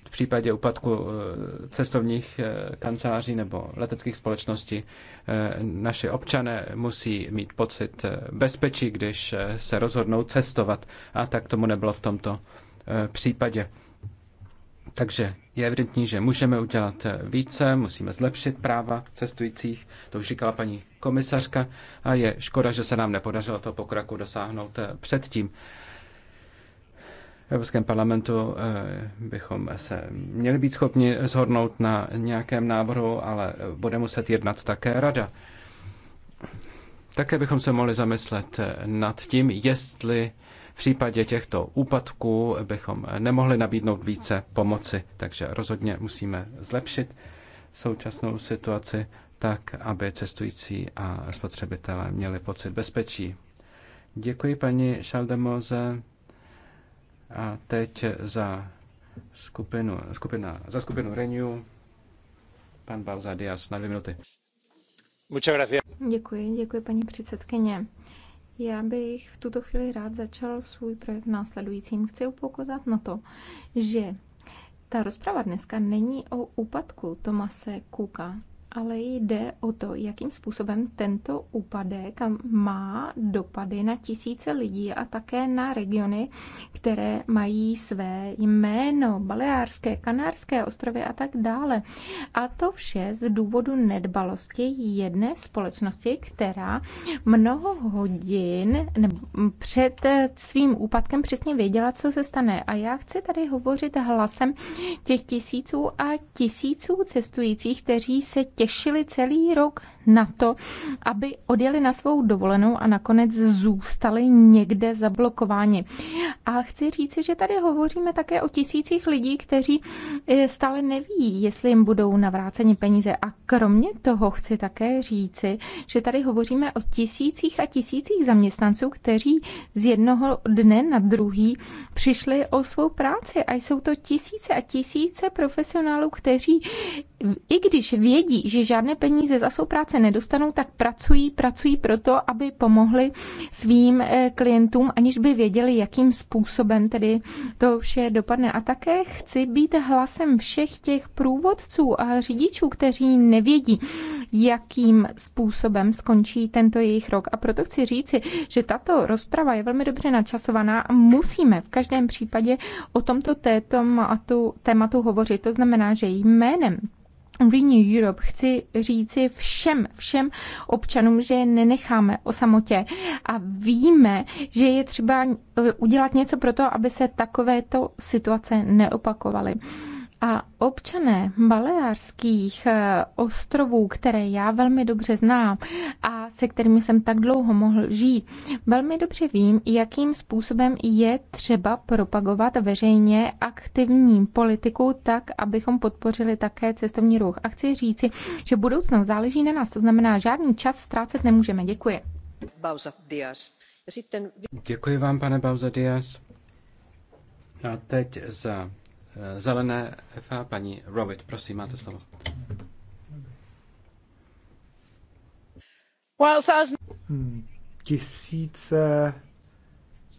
v případě úpadku eh, cestovních eh, kanceláří nebo leteckých společností eh, naše občané musí mít pocit bezpečí, když se rozhodnou cestovat. A tak tomu nebylo v tomto případě. Takže je evidentní, že můžeme udělat více, musíme zlepšit práva cestujících, to už říkala paní komisařka, a je škoda, že se nám nepodařilo to pokraku dosáhnout předtím. Evropském parlamentu eh, bychom se měli být schopni zhodnout na nějakém návrhu, ale bude muset jednat také rada. Také bychom se mohli zamyslet eh, nad tím, jestli v případě těchto úpadků bychom nemohli nabídnout více pomoci. Takže rozhodně musíme zlepšit současnou situaci tak, aby cestující a spotřebitelé měli pocit bezpečí. Děkuji paní Šaldemoze. A teď za skupinu, skupina, za skupinu Renew pan Bauza Dias na dvě minuty. Děkuji, děkuji paní předsedkyně. Já bych v tuto chvíli rád začal svůj projev následujícím. Chci upokázat na to, že ta rozprava dneska není o úpadku Tomase Kuka ale jde o to, jakým způsobem tento úpadek má dopady na tisíce lidí a také na regiony, které mají své jméno, Baleárské, Kanárské ostrovy a tak dále. A to vše z důvodu nedbalosti jedné společnosti, která mnoho hodin před svým úpadkem přesně věděla, co se stane. A já chci tady hovořit hlasem těch tisíců a tisíců cestujících, kteří se těch těšili celý rok na to, aby odjeli na svou dovolenou a nakonec zůstali někde zablokováni. A chci říci, že tady hovoříme také o tisících lidí, kteří e, stále neví, jestli jim budou navráceni peníze. A kromě toho chci také říci, že tady hovoříme o tisících a tisících zaměstnanců, kteří z jednoho dne na druhý přišli o svou práci. A jsou to tisíce a tisíce profesionálů, kteří i když vědí, že žádné peníze za svou práci práce nedostanou, tak pracují, pracují proto, aby pomohli svým eh, klientům, aniž by věděli, jakým způsobem tedy to vše dopadne. A také chci být hlasem všech těch průvodců a řidičů, kteří nevědí, jakým způsobem skončí tento jejich rok. A proto chci říci, že tato rozprava je velmi dobře načasovaná a musíme v každém případě o tomto tématu, tématu hovořit. To znamená, že jménem Renew Europe chci říci všem, všem občanům, že je nenecháme o samotě a víme, že je třeba eh, udělat něco pro to, aby se takovéto situace neopakovaly. A občané Baleárských eh, ostrovů, které já velmi dobře znám a se kterými jsem tak dlouho mohl žít, velmi dobře vím, jakým způsobem je třeba propagovat veřejně aktivní politiku tak, abychom podpořili také cestovní ruch. A chci říci, že budoucnost záleží na nás, to znamená, žádný čas ztrácet nemůžeme. Děkuji. Děkuji vám, pane Bauza Díaz. A teď za Eh, zelené FA, paní Rovit, prosím, máte slovo. Hmm, tisíce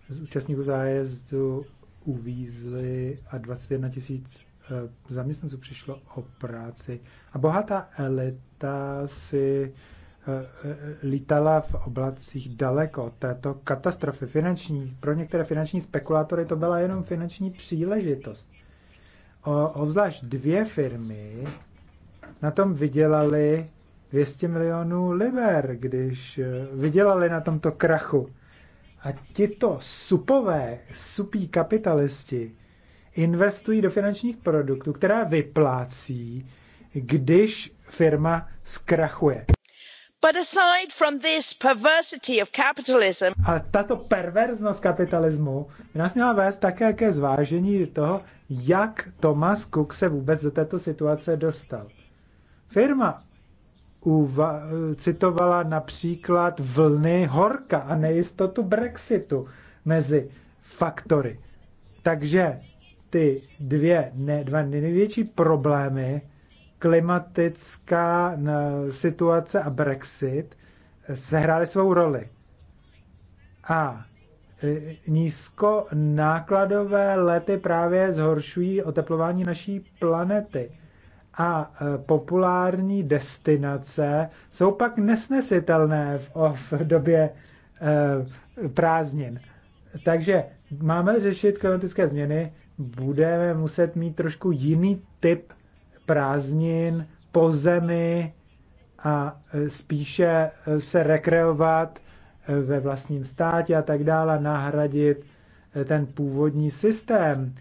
z účastníků zájezdu uvízly a 21 tisíc eh, zaměstnanců přišlo o práci. A bohatá elita si eh, lítala v oblacích daleko od této katastrofy finanční. Pro některé finanční spekulátory to byla jenom finanční příležitost o, obzvlášť dvě firmy na tom vydělali 200 milionů liber, když eh, vydělali na tomto krachu. A tito supové, supí kapitalisti investují do finančních produktů, která vyplácí, když firma zkrachuje. But aside from this perversity of capitalism, a tato perverznost kapitalismu by nás měla vést také ke zvážení toho, jak Thomas Cook se vůbec do této situace dostal. Firma uva- citovala například vlny horka a nejistotu Brexitu mezi faktory. Takže ty dvě, ne, dva největší problémy, klimatická situace a Brexit, sehrály svou roli. A nízkonákladové lety právě zhoršují oteplování naší planety. A e, populární destinace jsou pak nesnesitelné v, v době e, prázdnin. Takže máme řešit klimatické změny, budeme muset mít trošku jiný typ prázdnin po zemi a e, spíše se rekreovat ve vlastním státě a tak dále, nahradit eh, ten původní systém.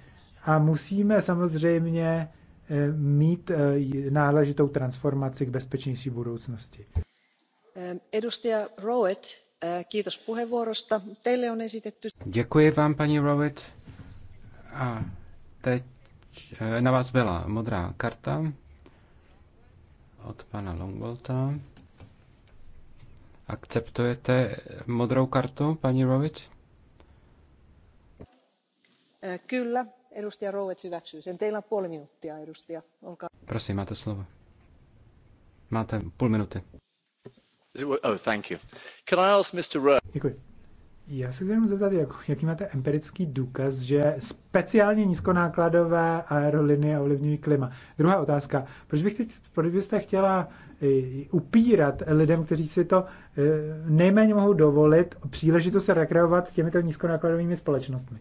A musíme samozřejmě eh, mít eh, náležitou transformaci k bezpečnější budoucnosti. Edustaja Rowett, kiitos puheenvuorosta. Teille on esitetty... Děkuji vám, paní Rowett. A teď na vás byla modrá karta od pana Longbolta. Akceptujete modrou kartu, paní Rovič? Äh, kyllä, edustaja Rovič hyväksyy sen. Teillä on puoli minuuttia, edustaja. Olkaa. Prosím, máte slovo. Máte půl minuty. Oh, thank you. Can I ask Mr. Rowe? Děkuji. Já se chci jenom zeptat, jak, jaký máte empirický důkaz, že speciálně nízkonákladové aerolinie ovlivňují klima. Druhá otázka. Proč, bych teď, proč byste chtěla Eh, upírat lidem, kteří si to eh, nejméně mohou dovolit, příležitost se rekreovat s těmito nízkonákladovými společnostmi.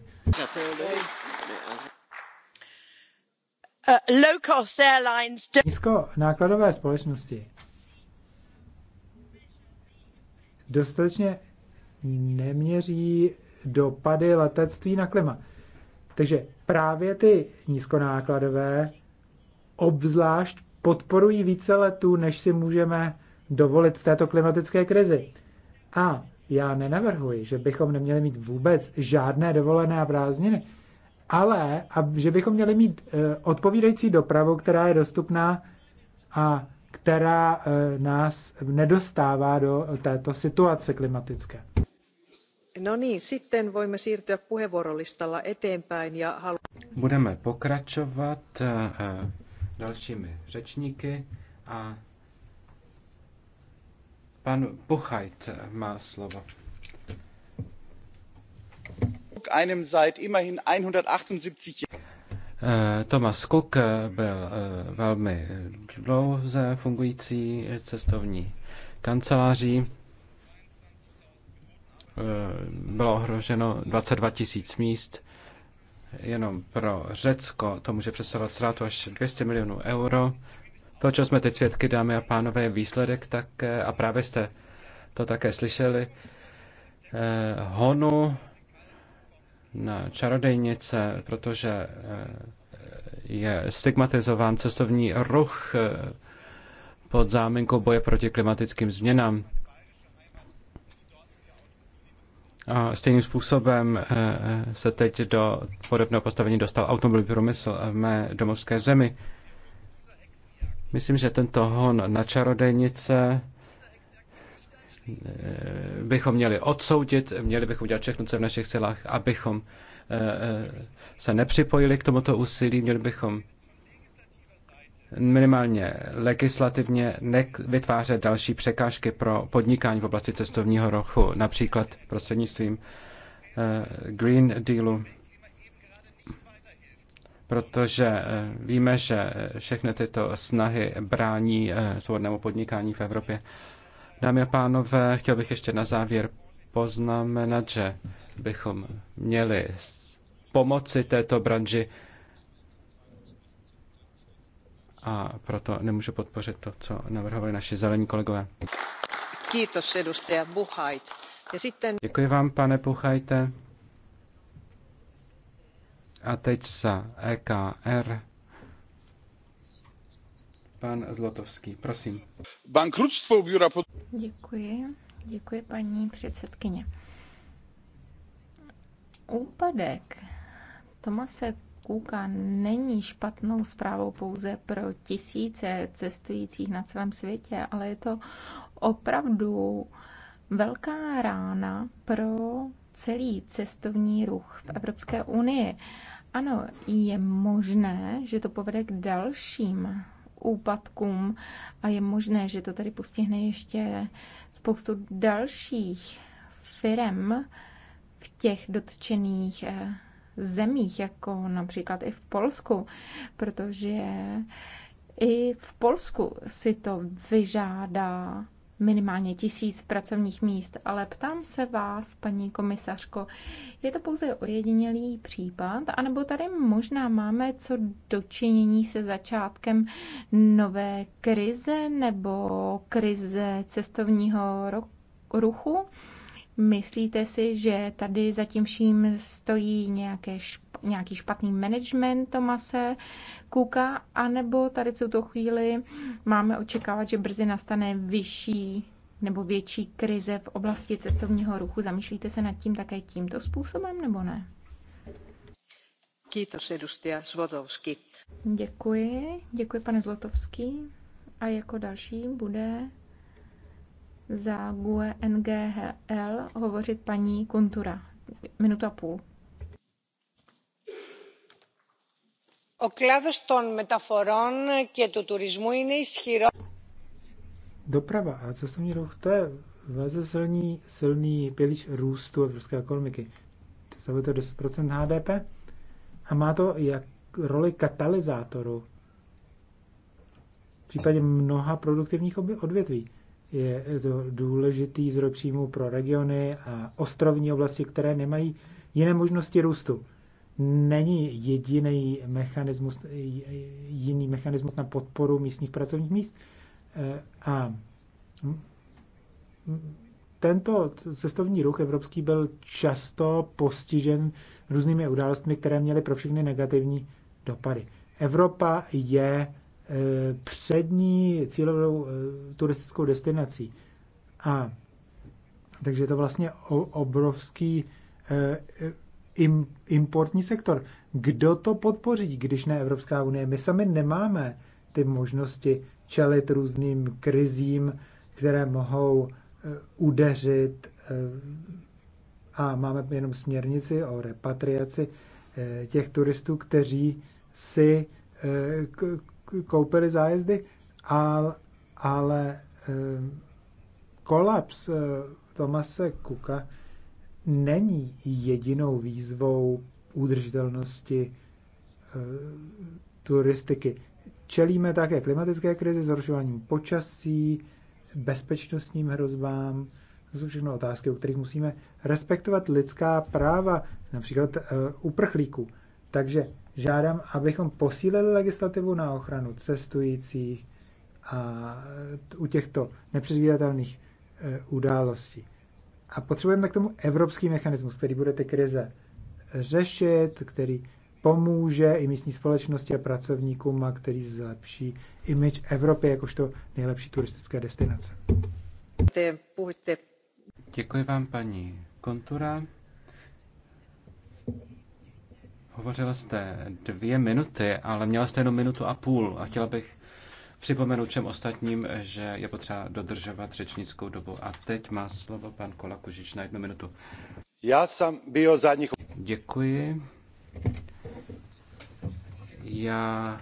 Uh, nízkonákladové společnosti dostatečně neměří dopady letectví na klima. Takže právě ty nízkonákladové obzvlášť podporují více letů, než si můžeme dovolit v této klimatické krizi. A já nenavrhuji, že bychom neměli mít vůbec žádné dovolené a prázdniny, ale a že bychom měli mít e, odpovídající dopravu, která je dostupná a která e, nás nedostává do této situace klimatické. No niin, sitten voimme siirtyä puheenvuorolistalla eteenpäin ja halu- Budeme pokračovat. Eh, dalšími řečníky a pan Buchajt má slovo. Einem seit immerhin 178 eh, Thomas Cook byl eh, velmi dlouze fungující cestovní kanceláří. Eh, bylo ohroženo 22 tisíc míst jenom pro Řecko to může představovat ztrátu až 200 milionů euro. To, co jsme teď svědky, dámy a pánové, je výsledek také, a právě jste to také slyšeli, eh, honu na čarodejnice, protože eh, je stigmatizován cestovní ruch eh, pod záminkou boje proti klimatickým změnám. A stejným způsobem eh, eh, se teď do podobného postavení dostal automobilový průmysl v mé domovské zemi. Myslím, že tento hon na čarodejnice eh, bychom měli odsoudit, měli bychom udělat všechno, co v našich silách, abychom se nepřipojili k tomuto úsilí, měli bychom minimálně legislativně vytvářet další překážky pro podnikání v oblasti cestovního ruchu, například prostřednictvím eh, Green Dealu, protože eh, víme, že všechny tyto snahy brání eh, svobodnému podnikání v Evropě. Dámy a pánové, chtěl bych ještě na závěr poznamenat, že bychom měli pomoci této branži a proto nemůžu podpořit to, co navrhovali naši zelení kolegové. Kiitos, edustaja Buhait. Ja sitten... Děkuji vám, pane Buchajte. A teď za EKR. Pan Zlotovský, prosím. Bankrutstvo Biura pod... Děkuji, děkuji paní předsedkyně. Úpadek Tomase Kůka není špatnou zprávou pouze pro tisíce cestujících na celém světě, ale je to opravdu velká rána pro celý cestovní ruch v Evropské unii. Ano, je možné, že to povede k dalším úpadkům a je možné, že to tady postihne ještě spoustu dalších firm v těch dotčených eh, zemích, jako například i v Polsku, protože i v Polsku si to vyžádá minimálně tisíc pracovních míst, ale ptám se vás, paní komisařko, je to pouze ojedinělý případ, anebo tady možná máme co dočinění se začátkem nové krize nebo krize cestovního ruchu? Myslíte si, že tady zatím vším stojí nějaké šp- nějaký špatný management Tomase Kuka, anebo tady v tuto chvíli máme očekávat, že brzy nastane vyšší nebo větší krize v oblasti cestovního ruchu. Zamýšlíte se nad tím také tímto způsobem, nebo ne? Děkuji, děkuji pane Zlotovský. A jako další bude za GUE NGL hovořit paní Kuntura. Minutu a půl. O κλάδος των μεταφορών και του τουρισμού είναι ισχυρό. Doprava a cestovní ruch, to je velice silný, silný pilíř růstu evropské ekonomiky. Představuje to 10% HDP a má to jak roli katalyzátoru v případě mnoha produktivních odvětví je to důležitý zdroj příjmu pro regiony a ostrovní oblasti, které nemají jiné možnosti růstu. Není jediný mechanismus, jiný mechanismus na podporu místních pracovních míst. A tento cestovní ruch evropský byl často postižen různými událostmi, které měly pro všechny negativní dopady. Evropa je Eh, přední cílovou eh, turistickou destinací. A takže je to vlastně obrovský eh, importní sektor. Kdo to podpoří, když ne Evropská unie? My sami nemáme ty možnosti čelit různým krizím, které mohou udeřit a máme jenom směrnici o repatriaci těch turistů, kteří si koupili zájezdy, ale, ale eh, kolaps eh, Tomase Kuka není jedinou výzvou udržitelnosti eh, turistiky. Čelíme také klimatické krizi, zhoršování počasí, bezpečnostním hrozbám. To jsou všechno otázky, u kterých musíme respektovat lidská práva, například uprchlíků. Takže žádám, abychom posílili legislativu na ochranu cestujících a u těchto nepředvídatelných eh, událostí. A potřebujeme k tomu evropský mechanismus, který bude ty krize řešit, který pomůže i místní společnosti a pracovníkům, a který zlepší image Evropy jakožto nejlepší turistické destinace. Děkuji vám, paní Kontura. Hovořila jste dvě minuty, ale měla jste jenom minutu a půl a chtěla bych připomenout všem ostatním, že je potřeba dodržovat řečnickou dobu. A teď má slovo pan Kola Kužič na jednu minutu. Já jsem byl zadních... Děkuji. Já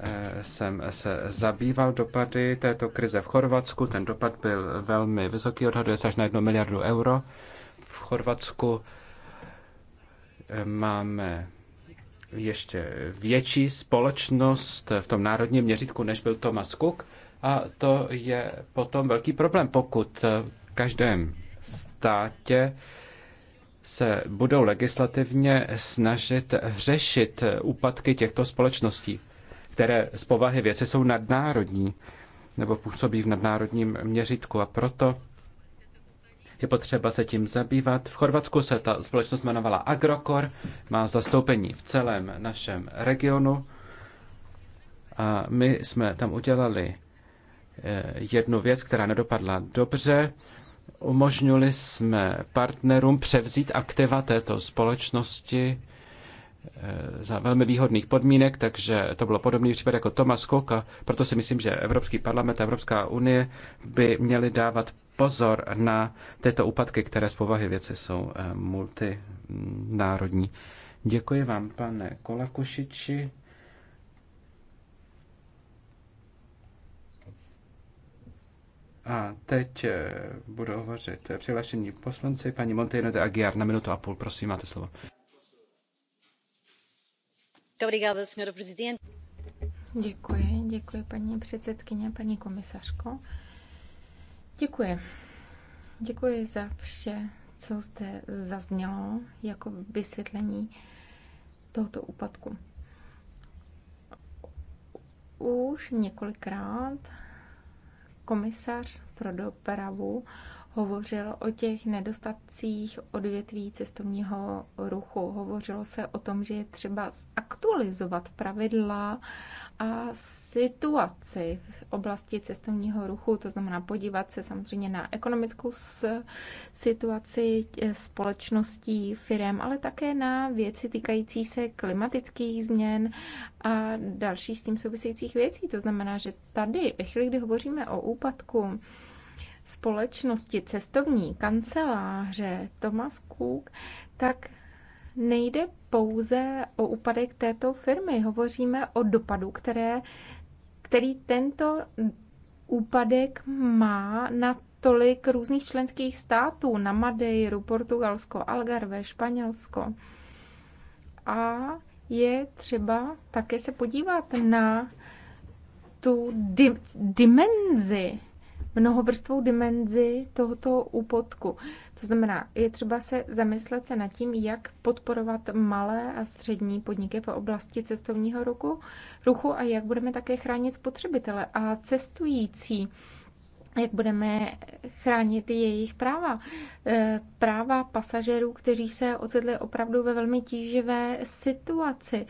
eh, jsem se zabýval dopady této krize v Chorvatsku. Ten dopad byl velmi vysoký, odhaduje se až na jednu miliardu euro. V Chorvatsku máme ještě větší společnost v tom národním měřítku, než byl Thomas Cook. A to je potom velký problém, pokud v každém státě se budou legislativně snažit řešit úpadky těchto společností, které z povahy věci jsou nadnárodní nebo působí v nadnárodním měřítku. A proto je potřeba se tím zabývat. V Chorvatsku se ta společnost jmenovala Agrokor, má zastoupení v celém našem regionu a my jsme tam udělali eh, jednu věc, která nedopadla dobře. Umožnili jsme partnerům převzít aktiva této společnosti eh, za velmi výhodných podmínek, takže to bylo podobný případ jako Thomas Cook a proto si myslím, že Evropský parlament a Evropská unie by měly dávat pozor na tyto úpadky, které z povahy věci jsou eh, multinárodní. Děkuji vám, pane Kolakušiči. A teď eh, budu hovořit přihlášení poslanci. Paní Montejno de Aguiar na minutu a půl, prosím, máte slovo. Děkuji, děkuji paní předsedkyně, paní komisařko. Děkuji. Děkuji za vše, co zde zaznělo jako vysvětlení tohoto úpadku. Už několikrát komisař pro dopravu hovořil o těch nedostatcích odvětví cestovního ruchu. Hovořilo se o tom, že je třeba zaktualizovat pravidla a situaci v oblasti cestovního ruchu, to znamená podívat se samozřejmě na ekonomickou situaci společností, firm, ale také na věci týkající se klimatických změn a dalších s tím souvisejících věcí. To znamená, že tady, ve chvíli, kdy hovoříme o úpadku, společnosti cestovní kanceláře Thomas Cook, tak nejde pouze o úpadek této firmy. Hovoříme o dopadu, které, který tento úpadek má na tolik různých členských států, na Madeiru, Portugalsko, Algarve, Španělsko. A je třeba také se podívat na tu di- dimenzi mnohovrstvou dimenzi tohoto úpotku. To znamená, je třeba se zamyslet se nad tím, jak podporovat malé a střední podniky v oblasti cestovního ruchu, ruchu a jak budeme také chránit spotřebitele a cestující jak budeme chránit jejich práva. Eh, práva pasažerů, kteří se ocitli opravdu ve velmi tíživé situaci.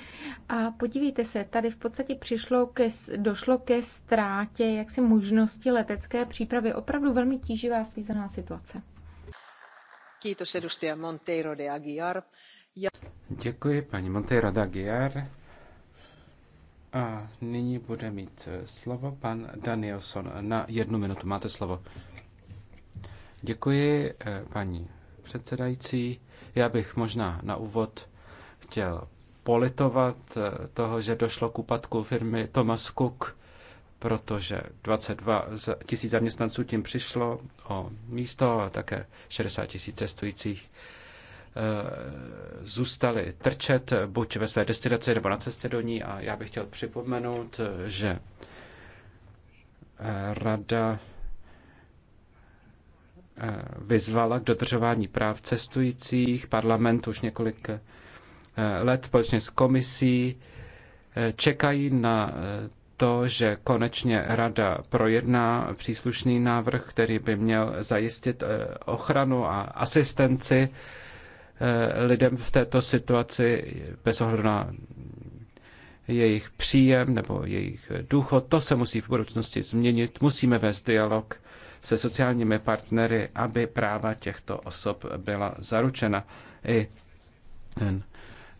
A podívejte se, tady v podstatě přišlo ke, došlo ke ztrátě jaksi možnosti letecké přípravy. Opravdu velmi tíživá svízená situace. Kiitos edustaja Monteiro de Aguiar. Děkuji paní Monteiro de Aguiar. A nyní bude mít eh, slovo pan Danielson. Na jednu minutu máte slovo. Děkuji, eh, paní předsedající. Já bych možná na úvod chtěl politovat eh, toho, že došlo k úpadku firmy Thomas Cook, protože 22 tisíc zaměstnanců tím přišlo o místo a také 60 tisíc cestujících. Eh, zůstali trčet buď ve své destinaci nebo na cestě do ní. A já bych chtěl připomenout, že eh, rada eh, vyzvala k dodržování práv cestujících. Parlament už několik let společně s komisí čekají na to, že konečně rada projedná příslušný návrh, který by měl zajistit ochranu a asistenci Eh, lidem v této situaci bez ohledu na jejich příjem nebo jejich důchod. To se musí v budoucnosti změnit. Musíme vést dialog se sociálními partnery, aby práva těchto osob byla zaručena. I ten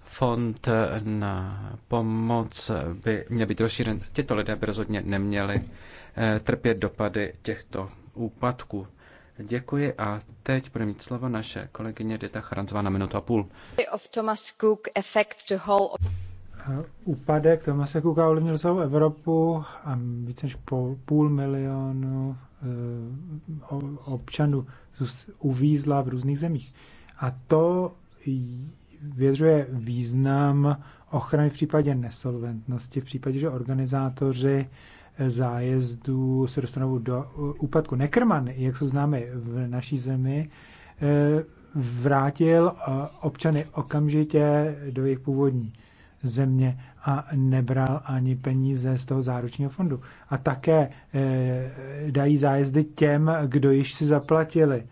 fond na pomoc by měl být rozšířen. Těto lidé by rozhodně neměli eh, trpět dopady těchto úpadků. Děkuji a teď bude mít slovo naše kolegyně Dita Charanzová na minutu a půl. Of Thomas Cook whole... Úpadek Tomase Cooka ovlivnil celou Evropu a více než půl milionu eh, občanů uvízla v různých zemích. A to věřuje význam ochrany v případě nesolventnosti, v případě, že organizátoři zájezdu se dostanou do úpadku. Neckerman, jak jsou známe v naší zemi, eh, vrátil eh, občany okamžitě do jejich původní země a nebral ani peníze z toho záručního fondu. A také eh, dají zájezdy těm, kdo již si zaplatili.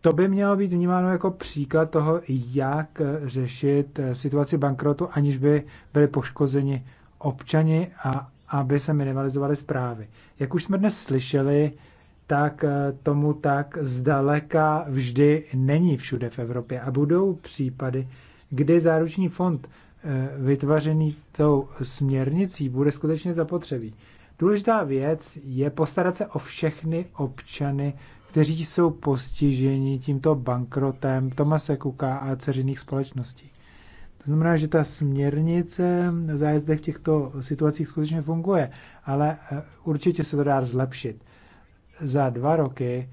To by mělo být vnímáno jako příklad toho, jak řešit situaci bankrotu, aniž by byli poškozeni občani a aby se minimalizovaly zprávy. Jak už jsme dnes slyšeli, tak eh, tomu tak zdaleka vždy není všude v Evropě. A budou případy, kdy záruční fond eh, vytvořený tou směrnicí bude skutečně zapotřebí. Důležitá věc je postarat se o všechny občany, kteří jsou postiženi tímto bankrotem Tomase Kuka a dceřiných společností. To znamená, že ta směrnice v zájezdech v těchto situacích skutečně funguje, ale eh, určitě se to dá zlepšit. Za dva roky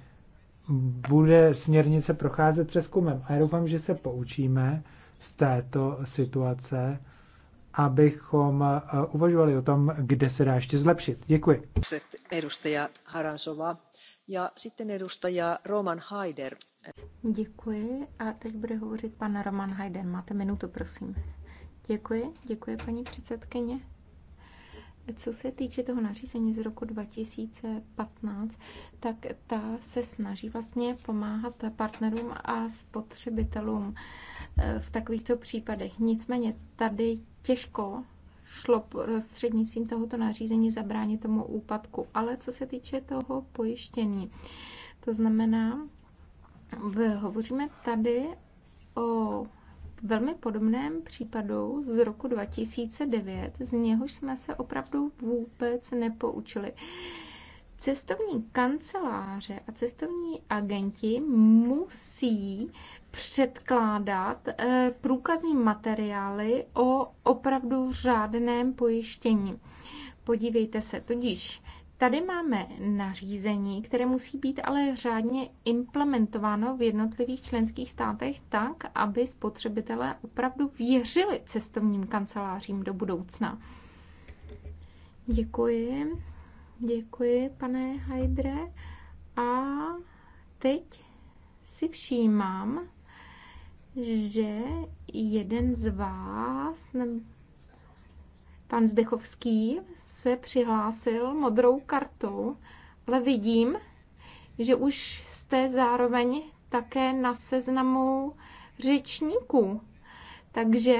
bude směrnice procházet přeskumem a já doufám, že se poučíme z této situace, abychom eh, uvažovali o tom, kde se dá ještě zlepšit. Děkuji. Edustaja Haransova. Ja sitten edustaja Roman Haider. Děkuji a teď bude hovořit pan Roman Haider. Máte minutu, prosím. Děkuji, děkuji paní předsedkyně. Co se týče toho nařízení z roku 2015, tak ta se snaží vlastně pomáhat partnerům a spotřebitelům eh, v takovýchto případech. Nicméně tady těžko šlo prostřednictvím tohoto nařízení zabránit tomu úpadku. Ale co se týče toho pojištění, to znamená, hovoříme tady o velmi podobném případu z roku 2009, z něhož jsme se opravdu vůbec nepoučili. Cestovní kanceláře a cestovní agenti musí předkládat eh, průkazní materiály o opravdu řádném pojištění. Podívejte se, tudíž Tady máme nařízení, které musí být ale řádně implementováno v jednotlivých členských státech tak, aby spotřebitelé opravdu věřili cestovním kancelářím do budoucna. Děkuji. Děkuji, pane Hajdre. A teď si všímám, že jeden z vás, pan Zdechovský, se přihlásil modrou kartou, ale vidím, že už jste zároveň také na seznamu řečníků. Takže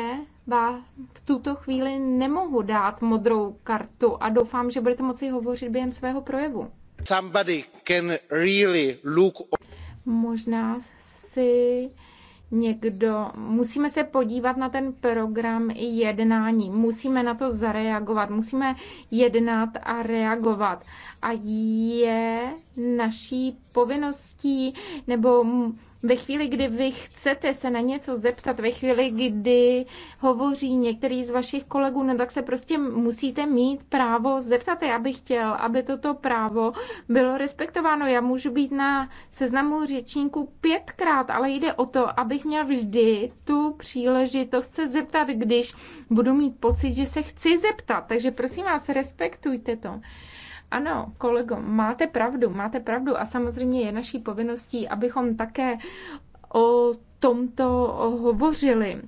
vám v tuto chvíli nemohu dát modrou kartu a doufám, že budete moci hovořit během svého projevu. Somebody can really look... Možná si někdo, musíme se podívat na ten program jednání, musíme na to zareagovat, musíme jednat a reagovat. A je naší povinností nebo ve chvíli, kdy vy chcete se na něco zeptat, ve chvíli, kdy hovoří některý z vašich kolegů, no tak se prostě musíte mít právo zeptat. Já bych chtěl, aby toto právo bylo respektováno. Já můžu být na seznamu řečníků pětkrát, ale jde o to, abych měl vždy tu příležitost se zeptat, když budu mít pocit, že se chci zeptat. Takže prosím vás, respektujte to. Ano, kolego, máte pravdu, máte pravdu a samozřejmě je naší povinností, abychom také o tomto hovořili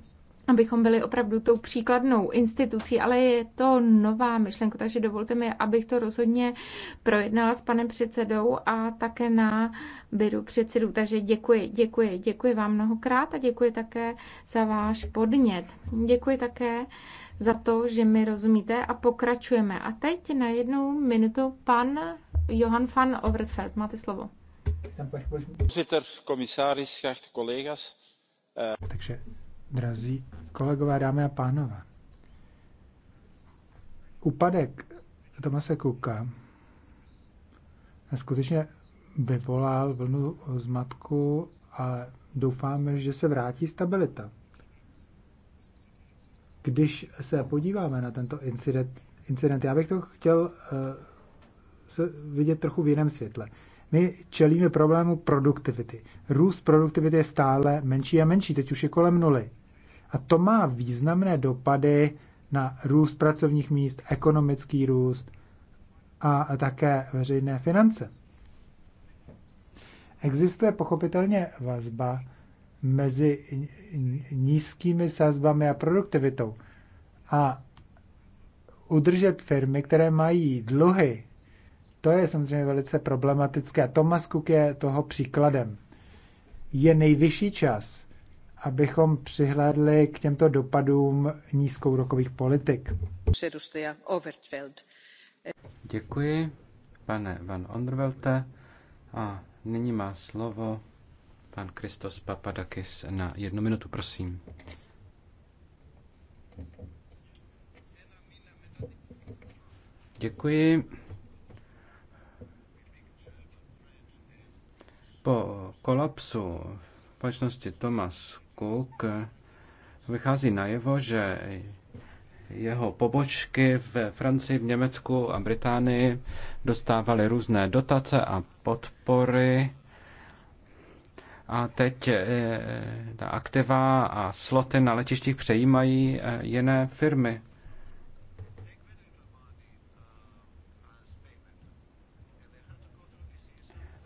abychom byli opravdu tou příkladnou institucí, ale je to nová myšlenka, takže dovolte mi, abych to rozhodně projednala s panem předsedou a také na byru předsedů. Takže děkuji, děkuji, děkuji vám mnohokrát a děkuji také za váš podnět. Děkuji také za to, že mi rozumíte a pokračujeme. A teď na jednu minutu pan Johan van Overtveld. Máte slovo. Takže, drazí kolegové, dámy a pánové, úpadek Tomase Kuka skutečně vyvolal vlnu zmatku, ale doufáme, že se vrátí stabilita. Když se podíváme na tento incident, incident já bych to chtěl uh, se vidět trochu v jiném světle. My čelíme problému produktivity. Růst produktivity je stále menší a menší, teď už je kolem nuly. A to má významné dopady na růst pracovních míst, ekonomický růst a také veřejné finance. Existuje pochopitelně vazba mezi nízkými sazbami a produktivitou. A udržet firmy, které mají dluhy, to je samozřejmě velice problematické. Thomas Cook je toho příkladem. Je nejvyšší čas, abychom přihlédli k těmto dopadům nízkourokových politik. Děkuji, pane Van Onderwelte. A nyní má slovo Pan Kristos Papadakis na jednu minutu, prosím. Děkuji. Po kolapsu společnosti Thomas Cook vychází najevo, že jeho pobočky ve Francii, v Německu a Británii dostávaly různé dotace a podpory a teď eh, ta aktiva a sloty na letištích přejímají eh, jiné firmy.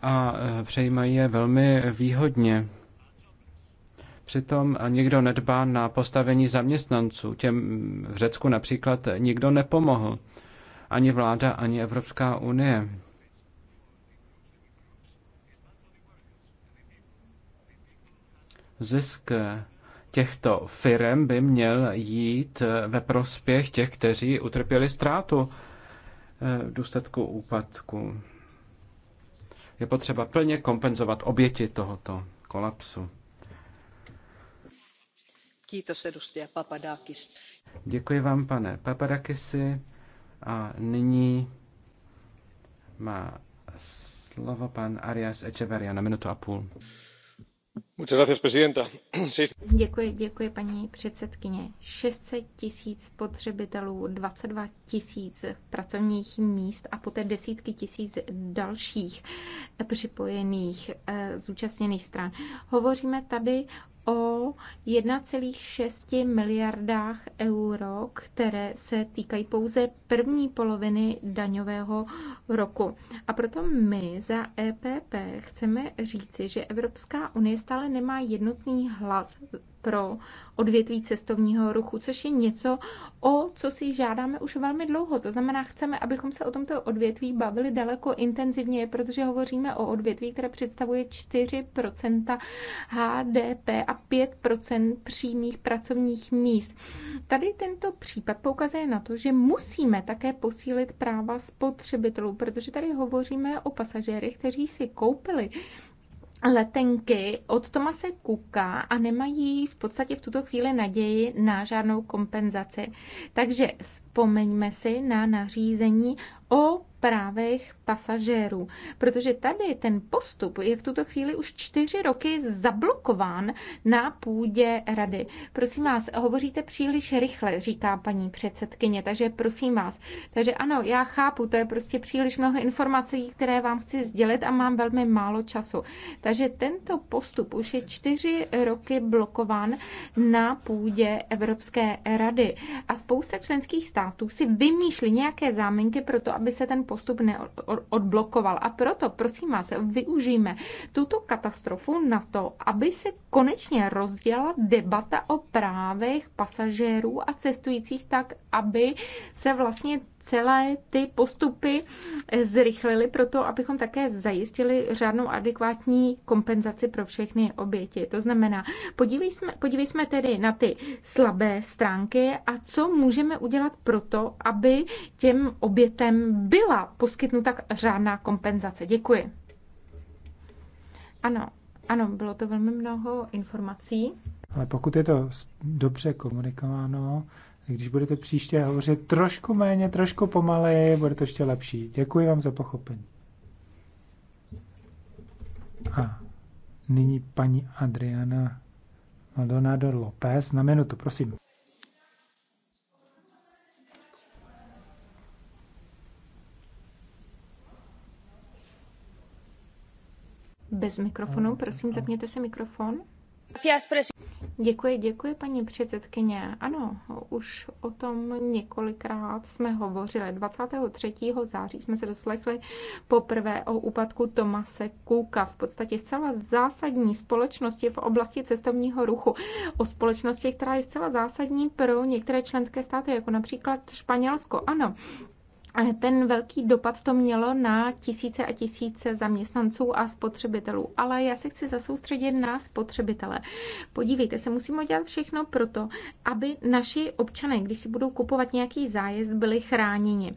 A eh, přejímají je velmi výhodně. Přitom někdo nedbá na postavení zaměstnanců. Těm v Řecku například nikdo nepomohl. Ani vláda, ani Evropská unie. Zisk těchto firm by měl jít ve prospěch těch, kteří utrpěli ztrátu eh, v důsledku úpadku. Je potřeba plně kompenzovat oběti tohoto kolapsu. Papadakis. Děkuji vám, pane Papadakisi. A nyní má slovo pan Arias Echeverria na minutu a půl. Děkuji, děkuji paní předsedkyně. 600 tisíc spotřebitelů, 22 tisíc pracovních míst a poté desítky tisíc dalších připojených eh, zúčastněných stran. Hovoříme tady o 1,6 miliardách euro, které se týkají pouze první poloviny daňového roku. A proto my za EPP chceme říci, že Evropská unie stále nemá jednotný hlas pro odvětví cestovního ruchu, což je něco, o co si žádáme už velmi dlouho. To znamená, chceme, abychom se o tomto odvětví bavili daleko intenzivněji, protože hovoříme o odvětví, které představuje 4% HDP a 5% přímých pracovních míst. Tady tento případ poukazuje na to, že musíme také posílit práva spotřebitelů, protože tady hovoříme o pasažérech, kteří si koupili letenky od Tomase Kuka a nemají v podstatě v tuto chvíli naději na žádnou kompenzaci. Takže z Vzpomeňme si na nařízení o právech pasažérů, protože tady ten postup je v tuto chvíli už čtyři roky zablokován na půdě rady. Prosím vás, hovoříte příliš rychle, říká paní předsedkyně, takže prosím vás. Takže ano, já chápu, to je prostě příliš mnoho informací, které vám chci sdělit a mám velmi málo času. Takže tento postup už je čtyři roky blokován na půdě Evropské rady a spousta členských států států si vymýšlí nějaké záminky pro to, aby se ten postup neodblokoval. A proto, prosím vás, využijeme tuto katastrofu na to, aby se konečně rozděla debata o právech pasažérů a cestujících tak, aby se vlastně celé ty postupy zrychlili to, abychom také zajistili řádnou adekvátní kompenzaci pro všechny oběti. To znamená, podívej jsme, podívej jsme tedy na ty slabé stránky a co můžeme udělat pro to, aby těm obětem byla poskytnuta řádná kompenzace. Děkuji. Ano, ano, bylo to velmi mnoho informací. Ale pokud je to dobře komunikováno, když budete příště hovořit trošku méně, trošku pomaleji, bude to ještě lepší. Děkuji vám za pochopení. A nyní paní Adriana Maldonado López na minutu, prosím. Bez mikrofonu, prosím, zapněte si mikrofon. Děkuji, děkuji, paní předsedkyně. Ano, už o tom několikrát jsme hovořili. 23. září jsme se doslechli poprvé o úpadku Tomase Kuka, v podstatě zcela zásadní společnosti v oblasti cestovního ruchu. O společnosti, která je zcela zásadní pro některé členské státy, jako například Španělsko. Ano, ten velký dopad to mělo na tisíce a tisíce zaměstnanců a spotřebitelů. Ale já se chci zasoustředit na spotřebitele. Podívejte se, musíme udělat všechno proto, aby naši občané, když si budou kupovat nějaký zájezd, byli chráněni.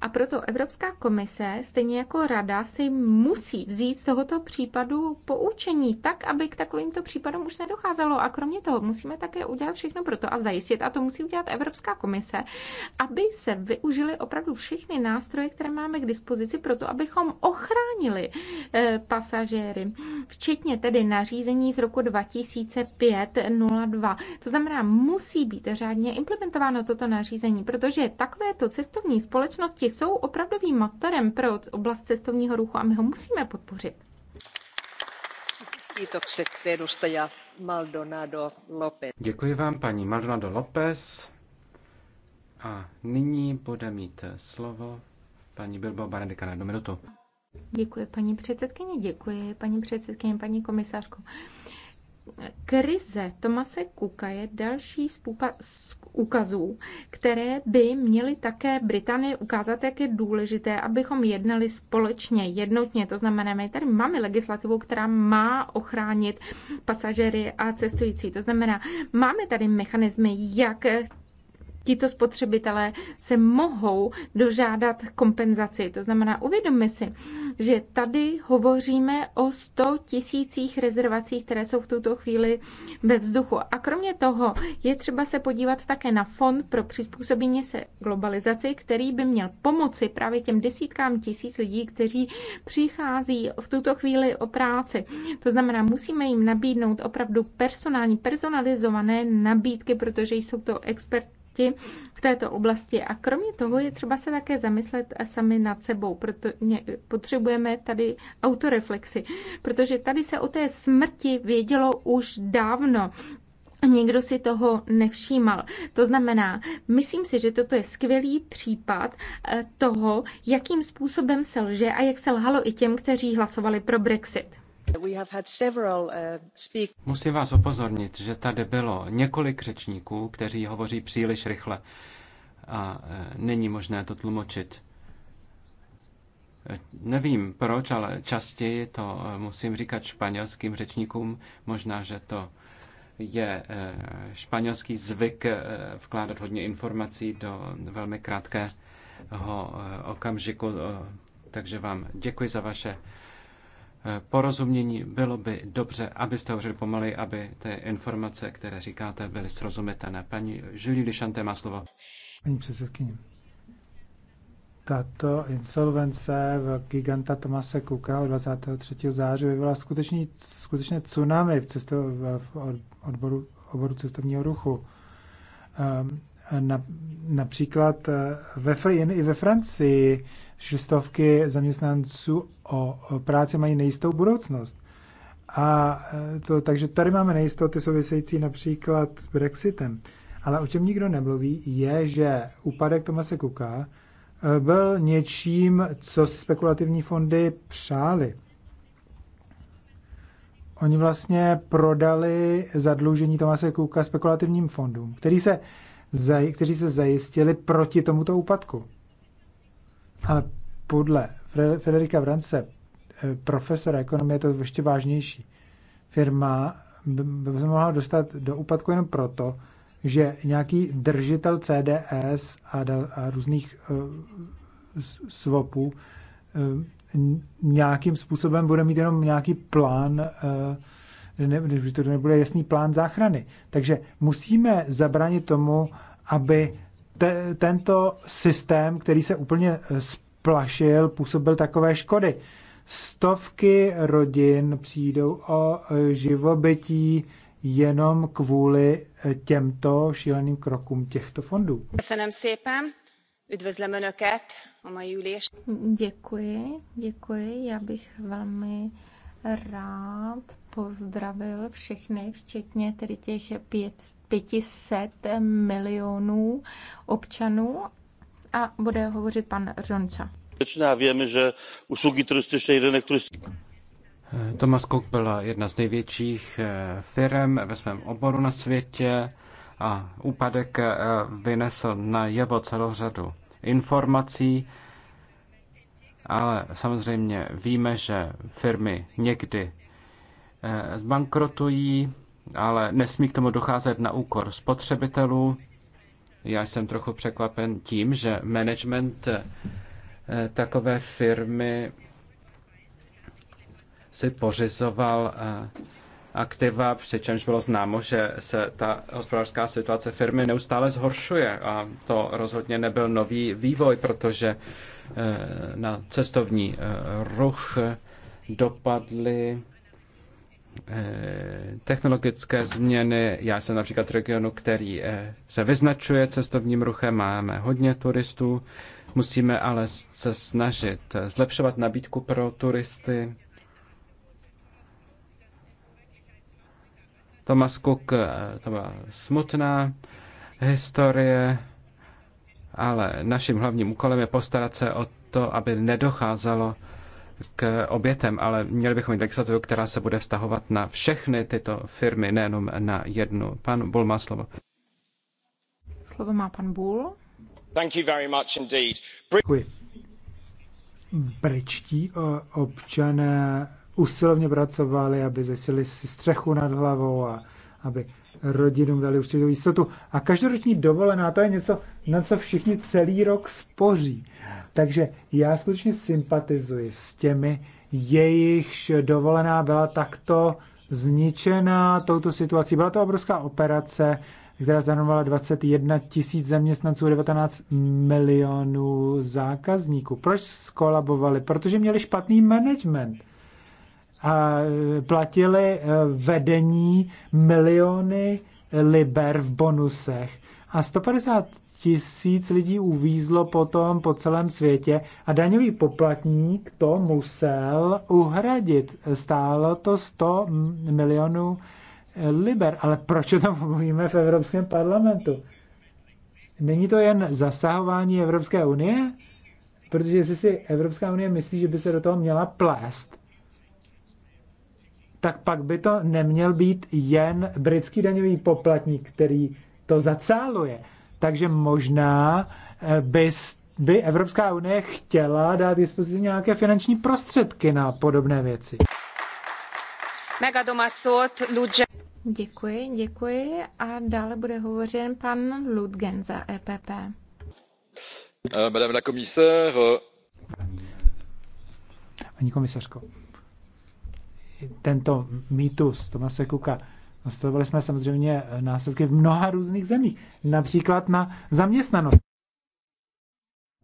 A proto Evropská komise, stejně jako rada, si musí vzít z tohoto případu poučení, tak, aby k takovýmto případům už nedocházelo. A kromě toho musíme také udělat všechno proto a zajistit, a to musí udělat Evropská komise, aby se využili opravdu všichni všechny nástroje, které máme k dispozici pro to, abychom ochránili eh, pasažéry, včetně tedy nařízení z roku 2005-02. To znamená, musí být řádně implementováno toto nařízení, protože takovéto cestovní společnosti jsou opravdovým motorem pro oblast cestovního ruchu a my ho musíme podpořit. Děkuji vám, paní Maldonado López. A nyní bude mít slovo paní Bilbo Barandika na minutu. Děkuji, paní předsedkyně, děkuji, paní předsedkyně, paní komisářko. Krize Tomase Kuka je další z ukazů, které by měly také Británie ukázat, jak je důležité, abychom jednali společně, jednotně. To znamená, my tady máme legislativu, která má ochránit pasažery a cestující. To znamená, máme tady mechanismy, jak tito spotřebitelé se mohou dožádat kompenzaci. To znamená, uvědomme si, že tady hovoříme o 100 tisících rezervacích, které jsou v tuto chvíli ve vzduchu. A kromě toho je třeba se podívat také na fond pro přizpůsobení se globalizaci, který by měl pomoci právě těm desítkám tisíc lidí, kteří přichází v tuto chvíli o práci. To znamená, musíme jim nabídnout opravdu personální, personalizované nabídky, protože jsou to expert oblasti, v této oblasti. A kromě toho je třeba se také zamyslet sami nad sebou, proto potřebujeme tady autoreflexy, protože tady se o té smrti vědělo už dávno. Někdo si toho nevšímal. To znamená, myslím si, že toto je skvělý případ eh, toho, jakým způsobem se lže a jak se lhalo i těm, kteří hlasovali pro Brexit. Uh, musím vás opozornit, že tady bylo několik řečníků, kteří hovoří příliš rychle a e, není možné to tlumočit. Nevím proč, ale častěji to e, musím říkat španělským řečníkům. Možná, že to je e, španělský zvyk vkládat hodně informací do velmi krátkého okamžiku. Takže vám děkuji za vaše porozumění. Bylo by dobře, abyste hovořili pomaly, aby ty informace, které říkáte, byly srozumitelné. Paní Žilí Lišanté má slovo. Paní předsedkyně, tato insolvence v giganta Tomase Kuka 23. září byla skutečný, skutečně, tsunami v, cesto, v odboru, oboru cestovního ruchu. Ehm, na, například eh, ve, jen i ve Francii že stovky zaměstnanců o práci mají nejistou budoucnost. A e, to, takže tady máme nejistoty související například s Brexitem. Ale o čem nikdo nemluví, je, že úpadek Tomase Kuka e, byl něčím, co spekulativní fondy přáli. Oni vlastně prodali zadlužení Tomase Kuka spekulativním fondům, který se, kteří se zajistili proti tomuto úpadku. A podle Federika Vrance, eh, profesora ekonomie, je to ještě vážnější. Firma by mohla dostat do úpadku jenom proto, že nějaký držitel CDS a, a různých uh, swapů uh, nějakým způsobem bude mít jenom nějaký plán, uh, ne, že to nebude jasný plán záchrany. Takže musíme zabránit tomu, aby te, tento systém, který se úplně eh, splašil, působil takové škody. Stovky rodin přijdou o eh, živobytí jenom kvůli eh, těmto šíleným krokům těchto fondů. a Děkuji, děkuji. Já bych velmi rád pozdravil všechny, včetně tedy těch pět, 500 milionů občanů a bude hovořit pan Ronča. Většina víme, že usluhy turistické rynek turistický. Thomas Cook byla jedna z největších eh, firm ve svém oboru na světě a úpadek eh, vynesl na jevo celou řadu informací, ale samozřejmě víme, že firmy někdy Eh, zbankrotují, ale nesmí k tomu docházet na úkor spotřebitelů. Já jsem trochu překvapen tím, že management eh, takové firmy si pořizoval eh, aktiva, přičemž bylo známo, že se ta hospodářská situace firmy neustále zhoršuje a to rozhodně nebyl nový vývoj, protože na cestovní ruch dopadly Eh, technologické změny. Já jsem například regionu, který eh, se vyznačuje cestovním ruchem, máme hodně turistů, musíme ale se snažit eh, zlepšovat nabídku pro turisty. Thomas Cook, to byla smutná historie, ale naším hlavním úkolem je postarat se o to, aby nedocházelo k obětem, ale měli bychom mít legislativu, která se bude vztahovat na všechny tyto firmy, nejenom na jednu. Pan Bůl má slovo. Slovo má pan Bul. Thank you very much indeed. Děkuji. Britští občané usilovně pracovali, aby zesili si střechu nad hlavou a aby Rodinu dali určitou jistotu. A každoroční dovolená, to je něco, na co všichni celý rok spoří. Takže já skutečně sympatizuji s těmi, jejichž dovolená byla takto zničena touto situací. Byla to obrovská operace, která zahrnovala 21 tisíc zaměstnanců, 19 milionů zákazníků. Proč skolabovali? Protože měli špatný management. E, platili e, vedení miliony liber v bonusech. A 150 tisíc lidí uvízlo potom po celém světě a daňový poplatník to musel uhradit. Stálo to 100 milionů e, liber. Ale proč o tom mluvíme v Evropském parlamentu? Není to jen zasahování Evropské unie? Protože jestli si Evropská unie myslí, že by se do toho měla plést, tak pak by to neměl být jen britský daňový poplatník, který to zacáluje. Takže možná eh, by, by Evropská unie chtěla dát dispozici nějaké finanční prostředky na podobné věci. Děkuji, děkuji. A dále bude hovořen pan Ludgen za EPP. Eh, madame la commissaire. Eh, Paní komisařko tento mýtus Tomase Kuka. Nastavovali jsme samozřejmě následky v mnoha různých zemích, například na zaměstnanost.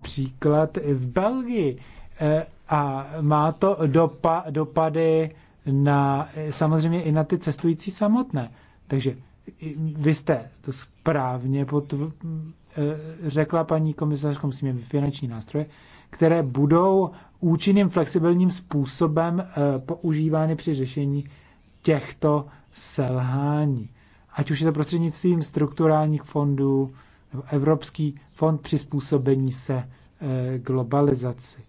Příklad v Belgii e, a má to dopa, dopady na, samozřejmě i na ty cestující samotné. Takže vy jste to správně pod, e, řekla paní komisařko, myslím, finanční nástroje, které budou účinným flexibilním způsobem eh, používány při řešení těchto selhání. Ať už je to prostřednictvím strukturálních fondů nebo Evropský fond přizpůsobení se eh, globalizaci.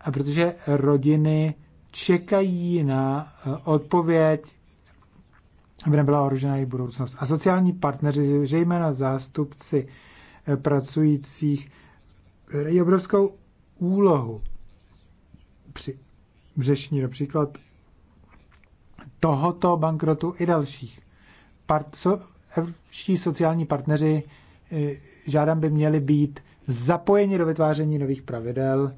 A protože rodiny čekají na eh, odpověď, aby nebyla ohrožena jejich budoucnost. A sociální partneři, zejména zástupci pracujících, hrají obrovskou úlohu při břešní například tohoto bankrotu i dalších. Part, so, evropští sociální partneři eh, žádám by měli být zapojeni do vytváření nových pravidel,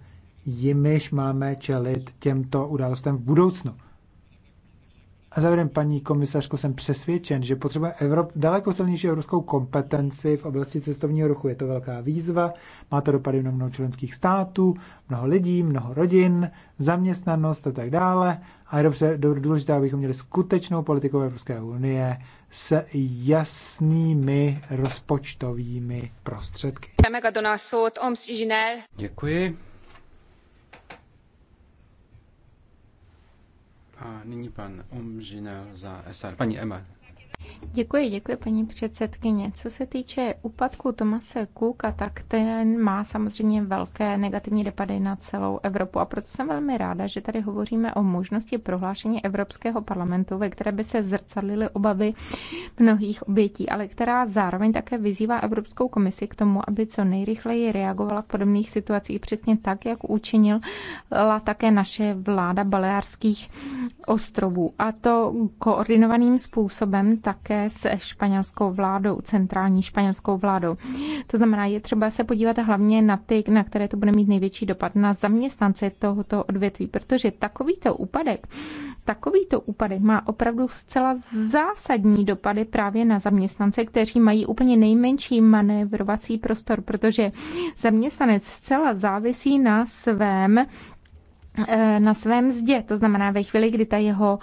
jimiž máme čelit těmto událostem v budoucnu. A závěrem, paní komisařko, jsem přesvědčen, že potřebuje Evrop, daleko silnější evropskou kompetenci v oblasti cestovního ruchu. Je to velká výzva, má to dopady na mnoho členských států, mnoho lidí, mnoho rodin, zaměstnanost a tak dále. A je dobře, důležité, abychom měli skutečnou politiku Evropské unie s jasnými rozpočtovými prostředky. Děkuji. A nyní pan Umžinel za SR. Paní Emma, Děkuji, děkuji paní předsedkyně. Co se týče úpadku Tomase Kuka, tak ten má samozřejmě velké negativní dopady na celou Evropu a proto jsem velmi ráda, že tady hovoříme o možnosti prohlášení Evropského parlamentu, ve které by se zrcadlily obavy mnohých obětí, ale která zároveň také vyzývá Evropskou komisi k tomu, aby co nejrychleji reagovala v podobných situacích přesně tak, jak učinila také naše vláda Baleárských ostrovů. A to koordinovaným způsobem, tak také s španělskou vládou, centrální španělskou vládou. To znamená, je třeba se podívat hlavně na ty, na které to bude mít největší dopad, na zaměstnance tohoto odvětví, protože takovýto úpadek takovýto úpadek má opravdu zcela zásadní dopady právě na zaměstnance, kteří mají úplně nejmenší manévrovací prostor, protože zaměstnanec zcela závisí na svém eh, na svém zdě, To znamená, ve chvíli, kdy ta jeho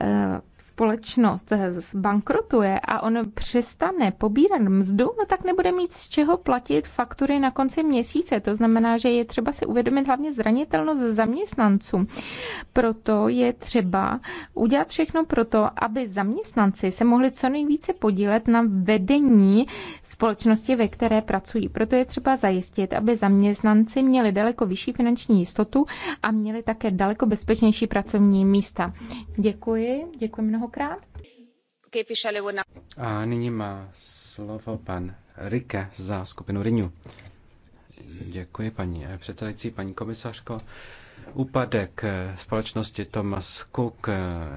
Eh, společnost zbankrotuje a on přestane pobírat mzdu, no tak nebude mít z čeho platit faktury na konci měsíce. To znamená, že je třeba si uvědomit hlavně zranitelnost zaměstnanců. Proto je třeba udělat všechno pro to, aby zaměstnanci se mohli co nejvíce podílet na vedení společnosti, ve které pracují. Proto je třeba zajistit, aby zaměstnanci měli daleko vyšší finanční jistotu a měli také daleko bezpečnější pracovní místa. Děkuji Děkuji, děkuji mnohokrát. A nyní má slovo pan Rike za skupinu Rinu. Děkuji, paní předsedající, paní komisařko. Úpadek společnosti Thomas Cook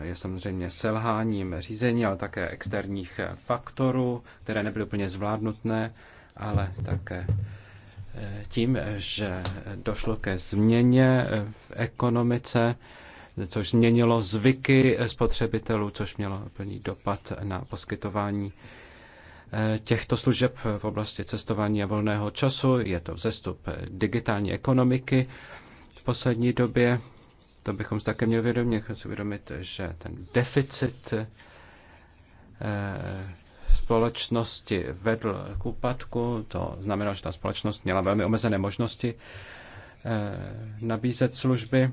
je samozřejmě selháním řízení, ale také externích faktorů, které nebyly úplně zvládnutné, ale také eh, tím, že došlo ke změně v ekonomice což změnilo zvyky spotřebitelů, což mělo plný dopad na poskytování eh, těchto služeb v oblasti cestování a volného času. Je to vzestup digitální ekonomiky v poslední době. To bychom si také měli vědomě, si uvědomit, že ten deficit eh, společnosti vedl k úpadku. To znamená, že ta společnost měla velmi omezené možnosti eh, nabízet služby.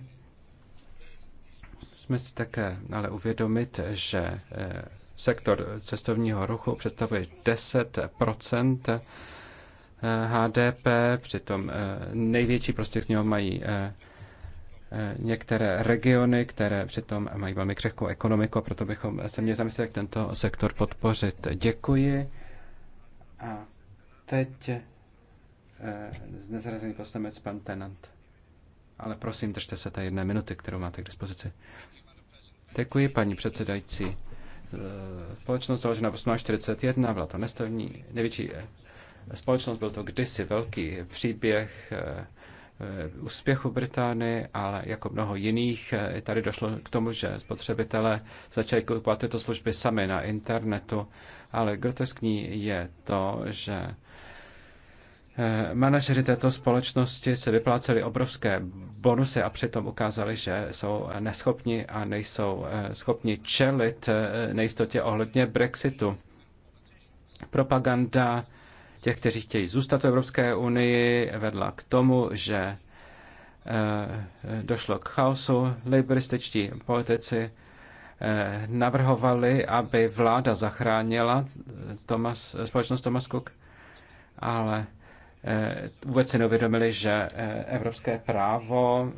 Musíme si také ale uvědomit, že eh, sektor cestovního ruchu představuje 10 eh, HDP, přitom eh, největší prostě z něho mají některé regiony, které přitom mají velmi křehkou ekonomiku, proto bychom se měli zamyslet, jak tento sektor podpořit. Děkuji. A teď z nezrazený poslanec pan Tenant. Ale prosím, držte se té jedné minuty, kterou máte k dispozici. Děkuji, paní předsedající. Eh, společnost založena v 1841 byla to nestavní, největší eh, společnost, byl to kdysi velký příběh eh, úspěchu Británie, ale jako mnoho jiných tady došlo k tomu, že spotřebitelé začali kupovat tyto služby sami na internetu, ale groteskní je to, že Eh, manažeři této společnosti se vypláceli obrovské bonusy a přitom ukázali, že jsou neschopni a nejsou eh, schopni čelit eh, nejistotě ohledně Brexitu. Propaganda těch, kteří chtějí zůstat v Evropské unii, vedla k tomu, že došlo k chaosu. Liberističtí politici navrhovali, aby vláda zachránila Thomas, společnost Thomas Cook, ale Eh, vůbec si neuvědomili, že eh, evropské právo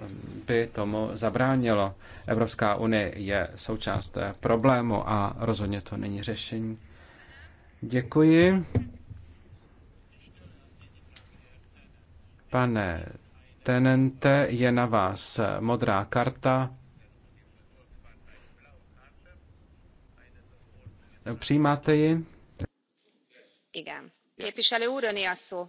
by tomu zabránilo. Evropská unie je součást eh, problému a rozhodně to není řešení. Děkuji. Pane Tenente, je na vás modrá karta. Přijímáte ji? Igen. Képviselő úr, a szó.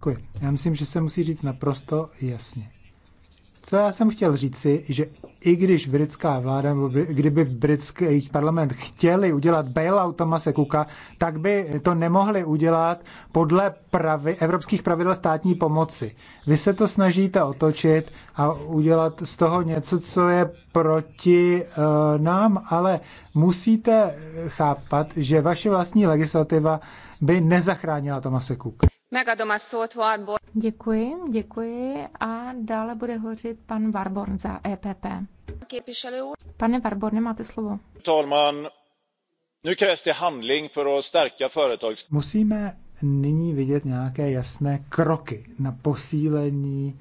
Děkuji. Já myslím, že se musí říct naprosto jasně. Co já jsem chtěl říci, že i když britská vláda, nebo kdyby britský parlament chtěli udělat bailout Tomase Kuka, tak by to nemohli udělat podle pravi, evropských pravidel státní pomoci. Vy se to snažíte otočit a udělat z toho něco, co je proti uh, nám, ale musíte chápat, že vaše vlastní legislativa by nezachránila Tomase Kuka. Děkuji, děkuji a dále bude hořit pan Varborn za EPP. Pane Varborne, máte slovo. Musíme nyní vidět nějaké jasné kroky na posílení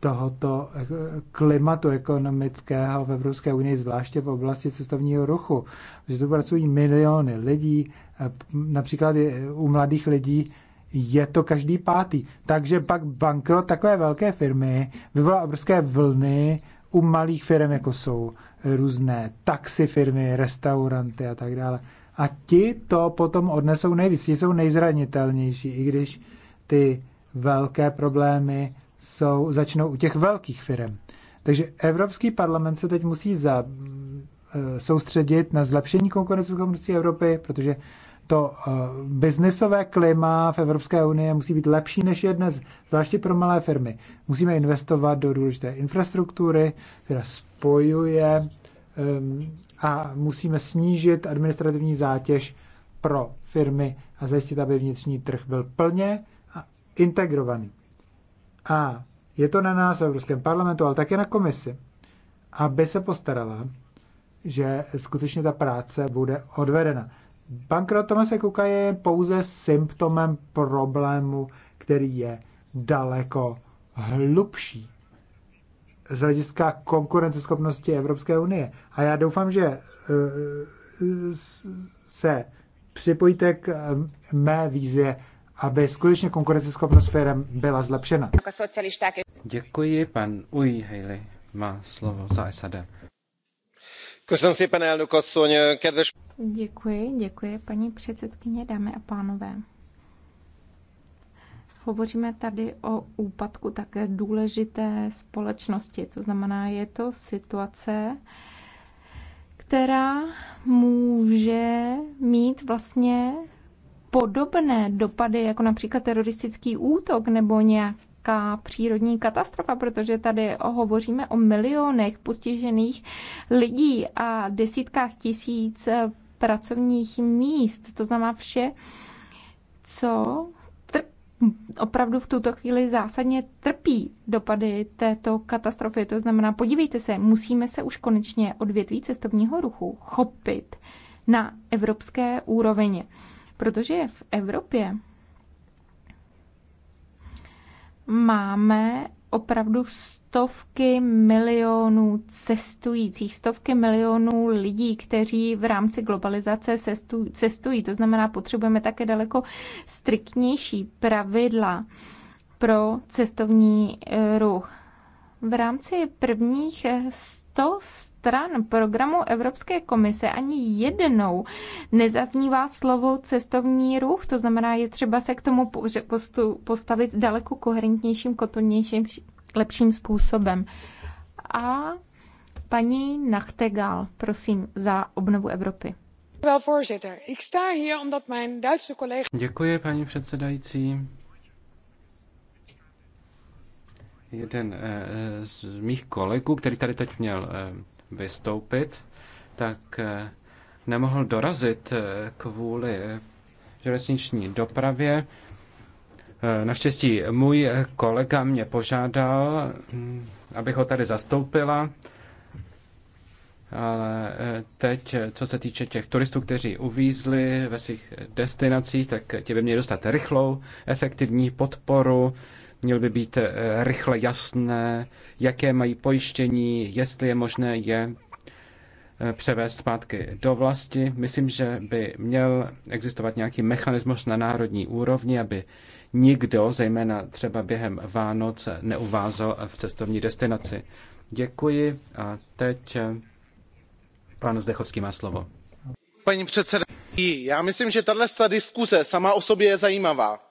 tohoto eh, klimatu ekonomického v Evropské unii, zvláště v oblasti cestovního ruchu. Protože tu pracují miliony lidí, eh, například u mladých lidí je to každý pátý. Takže pak bankrot takové velké firmy vyvolá obrovské vlny u malých firm, jako jsou různé taxi firmy, restauranty a tak dále. A ti to potom odnesou nejvíc, ti jsou nejzranitelnější, i když ty velké problémy jsou, začnou u těch velkých firm. Takže Evropský parlament se teď musí za, eh, soustředit na zlepšení konkurenceschopnosti Evropy, protože to eh, biznisové klima v Evropské unii musí být lepší než je dnes, zvláště pro malé firmy. Musíme investovat do důležité infrastruktury, která spojuje ehm, a musíme snížit administrativní zátěž pro firmy a zajistit, aby vnitřní trh byl plně integrovaný. A je to na nás v Evropském parlamentu, ale také na komisi, aby se postarala, že skutečně ta práce bude odvedena. Bankrot Tomase Kuka je pouze symptomem problému, který je daleko hlubší z hlediska konkurenceschopnosti Evropské unie. A já doufám, že eh, se připojíte k eh, mé vízi, aby skutečně konkurenceschopnost firm byla zlepšena. Jako Děkuji, pan Uj Hejli má slovo za SAD. Děkuji, děkuji, paní předsedkyně, dámy a pánové. Hovoříme tady o úpadku také důležité společnosti. To znamená, je to situace, která může mít vlastně podobné dopady, jako například teroristický útok nebo nějaký obrovská přírodní katastrofa, protože tady hovoříme o milionech postižených lidí a desítkách tisíc eh, pracovních míst. To znamená vše, co opravdu v tuto chvíli zásadně trpí dopady této katastrofy. To znamená, podívejte se, musíme se už konečně odvětví cestovního ruchu chopit na evropské úroveň, protože v Evropě máme opravdu stovky milionů cestujících, stovky milionů lidí, kteří v rámci globalizace cestují. To znamená, potřebujeme také daleko striktnější pravidla pro cestovní eh, ruch. V rámci prvních eh, 100 stran programu Evropské komise ani jednou nezaznívá slovo cestovní ruch, to znamená, je třeba se k tomu postavit daleko koherentnějším, kotonějším, lepším způsobem. A paní Nachtegal, prosím, za obnovu Evropy. Děkuji, paní předsedající. jeden eh, z mých kolegů, který tady teď měl eh, vystoupit, tak eh, nemohl dorazit kvůli železniční dopravě. Naštěstí můj kolega mě požádal, hm, abych ho tady zastoupila, ale teď, co se týče těch turistů, kteří uvízli ve svých destinacích, tak ti by měli dostat rychlou, efektivní podporu, Měl by být eh, rychle jasné, jaké mají pojištění, jestli je možné je eh, převést zpátky do vlasti. Myslím, že by měl existovat nějaký mechanismus na národní úrovni, aby nikdo, zejména třeba během Vánoc, neuvázal v cestovní destinaci. Děkuji a teď eh, pan Zdechovský má slovo. Paní předsedající, já myslím, že tato diskuze sama o sobě je zajímavá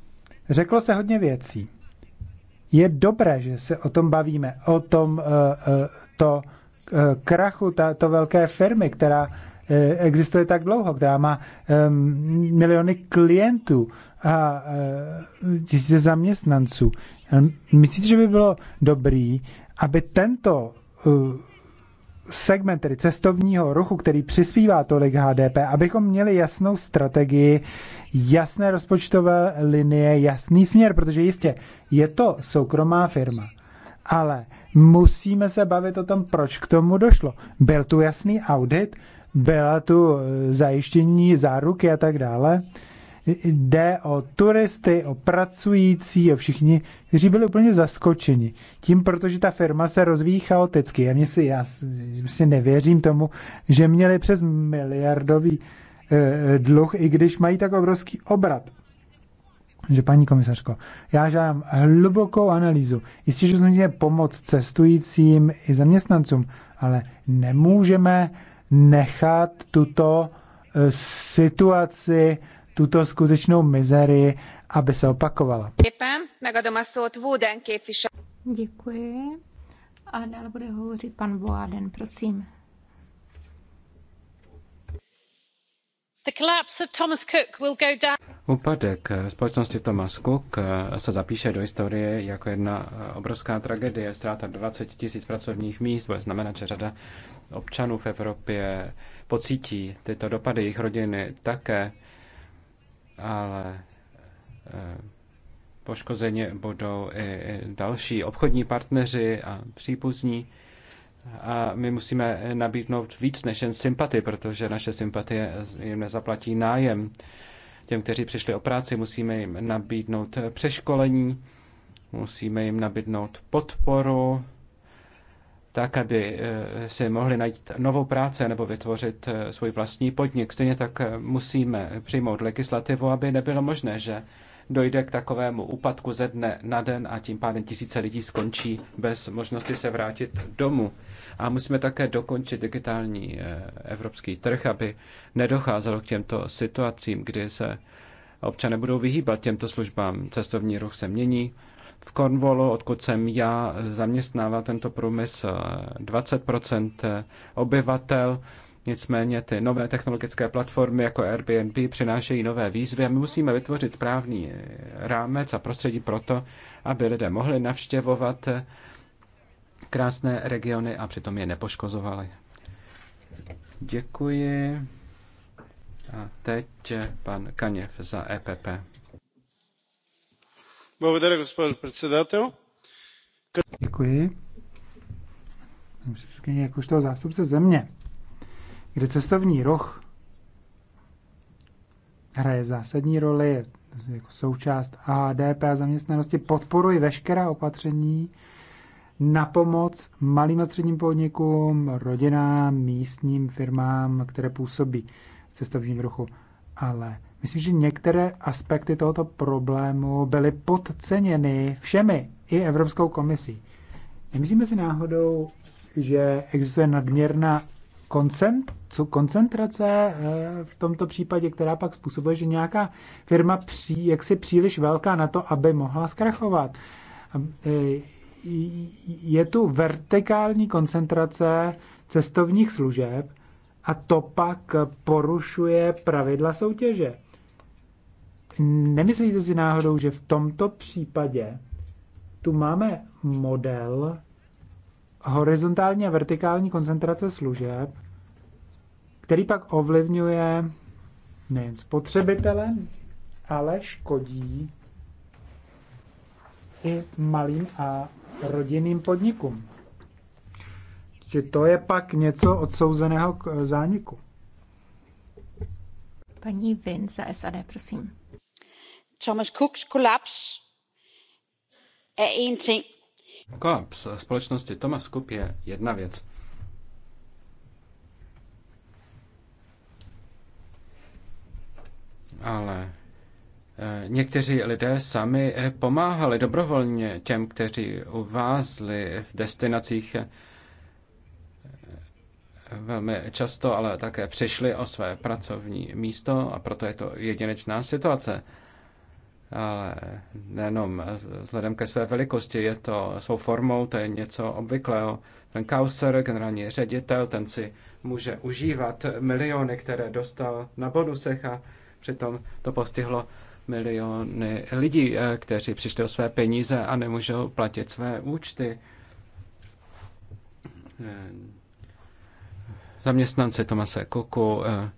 Řeklo se hodně věcí. Je dobré, že se o tom bavíme, o tom eh, eh, to eh, krachu této velké firmy, která existuje tak dlouho, která má ehm, miliony klientů a tisíce zaměstnanců. Myslíte, že by bylo dobrý, aby tento segment tedy cestovního ruchu, který přispívá tolik HDP, abychom měli jasnou strategii, jasné rozpočtové linie, jasný směr, protože jistě je to soukromá firma, ale musíme se bavit o tom, proč k tomu došlo. Byl tu jasný audit, byla tu eh, zajištění záruky a tak dále. Jde o turisty, o pracující, o všichni, kteří byli úplně zaskočeni. Tím, protože ta firma se rozvíjí chaoticky. Já, si, já si nevěřím tomu, že měli přes miliardový eh, dluh, i když mají tak obrovský obrat že paní komisařko, já žádám hlubokou analýzu. Jistě, že jsme pomoc cestujícím i zaměstnancům, ale nemůžeme nechat tuto eh, situaci tuto skutečnou mizerii, aby se opakovala. Děkuji. A dál bude hovořit pan Boáden, prosím. Úpadek společnosti Thomas Cook se zapíše do historie jako jedna obrovská tragédie. Ztráta 20 tisíc pracovních míst bude znamenat, že řada občanů v Evropě pocítí tyto dopady, jejich rodiny také ale eh, poškozeně budou i další obchodní partneři a příbuzní. A my musíme nabídnout víc než jen sympatie, protože naše sympatie jim nezaplatí nájem. Těm, kteří přišli o práci, musíme jim nabídnout přeškolení, musíme jim nabídnout podporu, tak, aby eh, si mohli najít novou práci nebo vytvořit eh, svůj vlastní podnik. Stejně tak eh, musíme přijmout legislativu, aby nebylo možné, že dojde k takovému úpadku ze dne na den a tím pádem tisíce lidí skončí bez možnosti se vrátit domů. A musíme také dokončit digitální evropský trh, aby nedocházelo k těmto situacím, kdy se občané budou vyhýbat těmto službám. Cestovní ruch se mění, v Cornwallu, odkud jsem já, zaměstnává tento průmysl 20 eh, eh, obyvatel. Nicméně ty nové technologické platformy jako Airbnb přinášejí nové výzvy a my musíme vytvořit správný eh, rámec a prostředí pro to, aby lidé mohli navštěvovat krásné regiony a přitom je nepoškozovali. Děkuji. A teď pan Kaněv za EPP. Děkuji. už toho zástupce země, kde cestovní roh hraje zásadní roli jako součást HDP a zaměstnanosti, podporuji veškerá opatření na pomoc malým a středním podnikům, rodinám, místním firmám, které působí v cestovním ruchu. Ale Myslím, že některé aspekty tohoto problému byly podceněny všemi, i Evropskou komisí. Nemyslíme si náhodou, že existuje nadměrná koncentrace eh, v tomto případě, která pak způsobuje, že nějaká firma pří, jaksi příliš velká na to, aby mohla zkrachovat. Eh, je tu vertikální koncentrace cestovních služeb a to pak porušuje pravidla soutěže. Nemyslíte si náhodou, že v tomto případě tu máme model horizontální a vertikální koncentrace služeb, který pak ovlivňuje nejen spotřebitele, ale škodí i malým a rodinným podnikům. Že to je pak něco odsouzeného k zániku. Paní Vin za SAD, prosím. Thomas Cooks kolaps er en ting. Kolaps společnosti Thomas Cook je jedna věc. Ale eh, Někteří lidé sami eh, pomáhali dobrovolně těm, kteří uvázli v destinacích eh, velmi často, ale také přišli o své pracovní místo a proto je to jedinečná situace ale nejenom vzhledem ke své velikosti, je to svou formou, to je něco obvyklého. Ten Kauser, generální ředitel, ten si může užívat miliony, které dostal na bonusech a přitom to postihlo miliony lidí, eh, kteří přišli o své peníze a nemůžou platit své účty. Eh, Zaměstnanci Tomase Koku eh,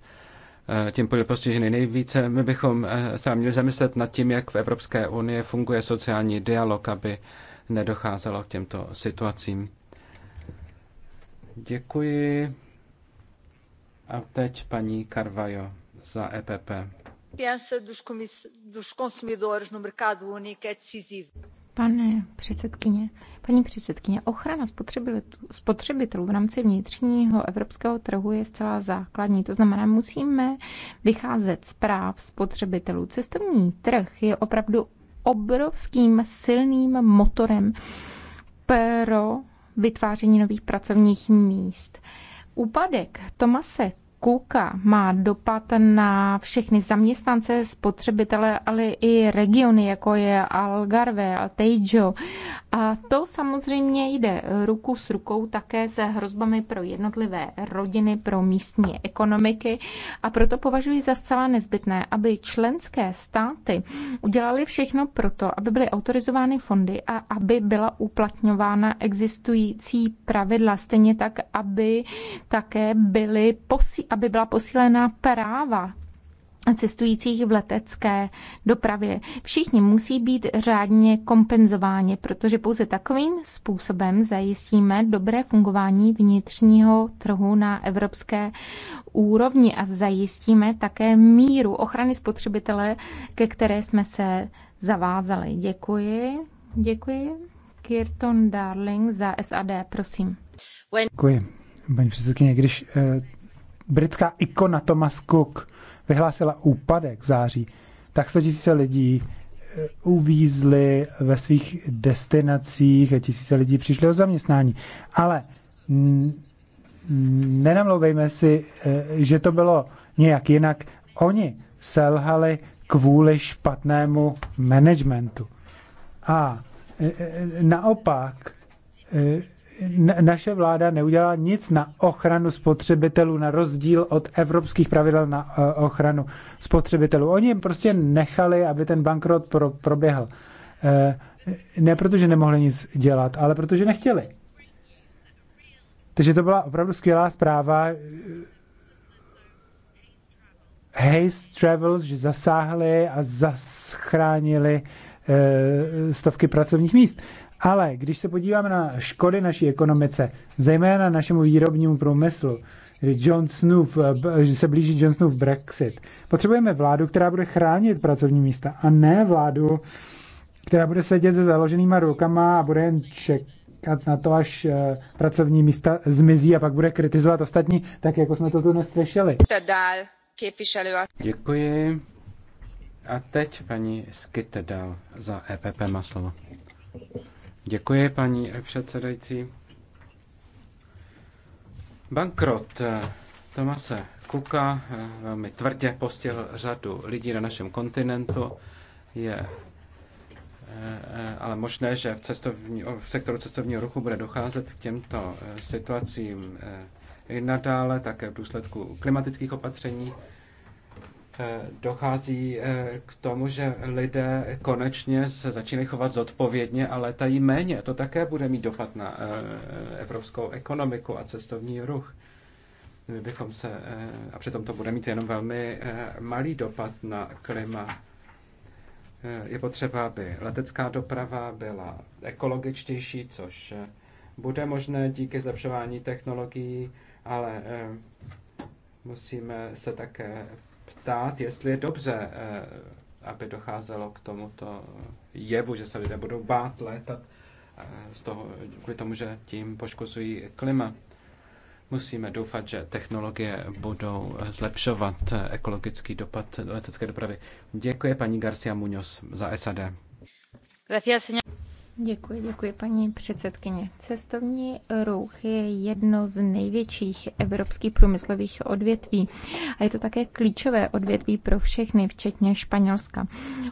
Eh, tím byly postiženy nejvíce. My bychom eh, se měli zamyslet nad tím, jak v Evropské unii funguje sociální dialog, aby nedocházelo k těmto situacím. Děkuji. A teď paní Carvajo za EPP. Confiança dos consumidores no mercado único é decisivo. Pane předsedkyně, paní předsedkyně, ochrana spotřebitelů v rámci vnitřního evropského trhu je zcela základní. To znamená, musíme vycházet z práv spotřebitelů. Cestovní trh je opravdu obrovským silným motorem pro vytváření nových pracovních míst. Úpadek Tomase Kuka má dopad na všechny zaměstnance, spotřebitele, ale i regiony, jako je Algarve, Altejo A to samozřejmě jde ruku s rukou také se hrozbami pro jednotlivé rodiny, pro místní ekonomiky. A proto považuji za zcela nezbytné, aby členské státy udělali všechno proto, aby byly autorizovány fondy a aby byla uplatňována existující pravidla, stejně tak, aby také byly posíleny aby byla posílena práva cestujících v letecké dopravě. Všichni musí být řádně kompenzováni, protože pouze takovým způsobem zajistíme dobré fungování vnitřního trhu na evropské úrovni a zajistíme také míru ochrany spotřebitele, ke které jsme se zavázali. Děkuji. Děkuji. Kirton Darling za SAD, prosím. Děkuji. Paní předsedkyně, když eh, britská ikona Thomas Cook vyhlásila úpadek v září, tak 100 tisíce lidí eh, uvízli ve svých destinacích a tisíce lidí přišli o zaměstnání. Ale nenamlouvejme si, eh, že to bylo nějak jinak. Oni selhali kvůli špatnému managementu. A eh, naopak naše vláda neudělala nic na ochranu spotřebitelů, na rozdíl od evropských pravidel na eh, ochranu spotřebitelů. Oni jim prostě nechali, aby ten bankrot pro, proběhl. Eh, ne proto, že nemohli nic dělat, ale protože nechtěli. Takže to byla opravdu skvělá zpráva. Hayes Travels, že zasáhli a zachránili eh, stovky pracovních míst. Ale když se podíváme na škody naší ekonomice, zejména našemu výrobnímu průmyslu, John Snow, že se blíží John Snow Brexit. Potřebujeme vládu, která bude chránit pracovní místa a ne vládu, která bude sedět se založenýma rukama a bude jen čekat na to, až eh, pracovní místa zmizí a pak bude kritizovat ostatní, tak jako jsme to tu neslyšeli. Děkuji. A teď paní Skytedal za EPP má slovo. Děkuji, paní předsedající. Bankrot eh, Tomase Kuka eh, velmi tvrdě postihl řadu lidí na našem kontinentu. Je eh, ale možné, že v, cestovní, v sektoru cestovního ruchu bude docházet k těmto situacím i nadále, také v důsledku klimatických opatření. Eh, dochází eh, k tomu, že lidé konečně se začínají chovat zodpovědně a letají méně. To také bude mít dopad na eh, evropskou ekonomiku a cestovní ruch. My bychom se, a přitom to bude mít jenom velmi malý dopad na klima. Je potřeba, aby letecká doprava byla ekologičtější, což bude možné díky zlepšování technologií, ale musíme se také ptát, jestli je dobře, eh, aby docházelo k tomuto jevu, že se lidé budou bát létat eh, z toho, kvůli tomu, že tím poškozují klima. Musíme doufat, že technologie budou zlepšovat eh, ekologický dopad letecké dopravy. Děkuji paní Garcia Muñoz za SAD. Gracias, señor. Děkuji, děkuji paní předsedkyně. Cestovní ruch je jedno z největších evropských průmyslových odvětví a je to také klíčové odvětví pro všechny, včetně Španělska.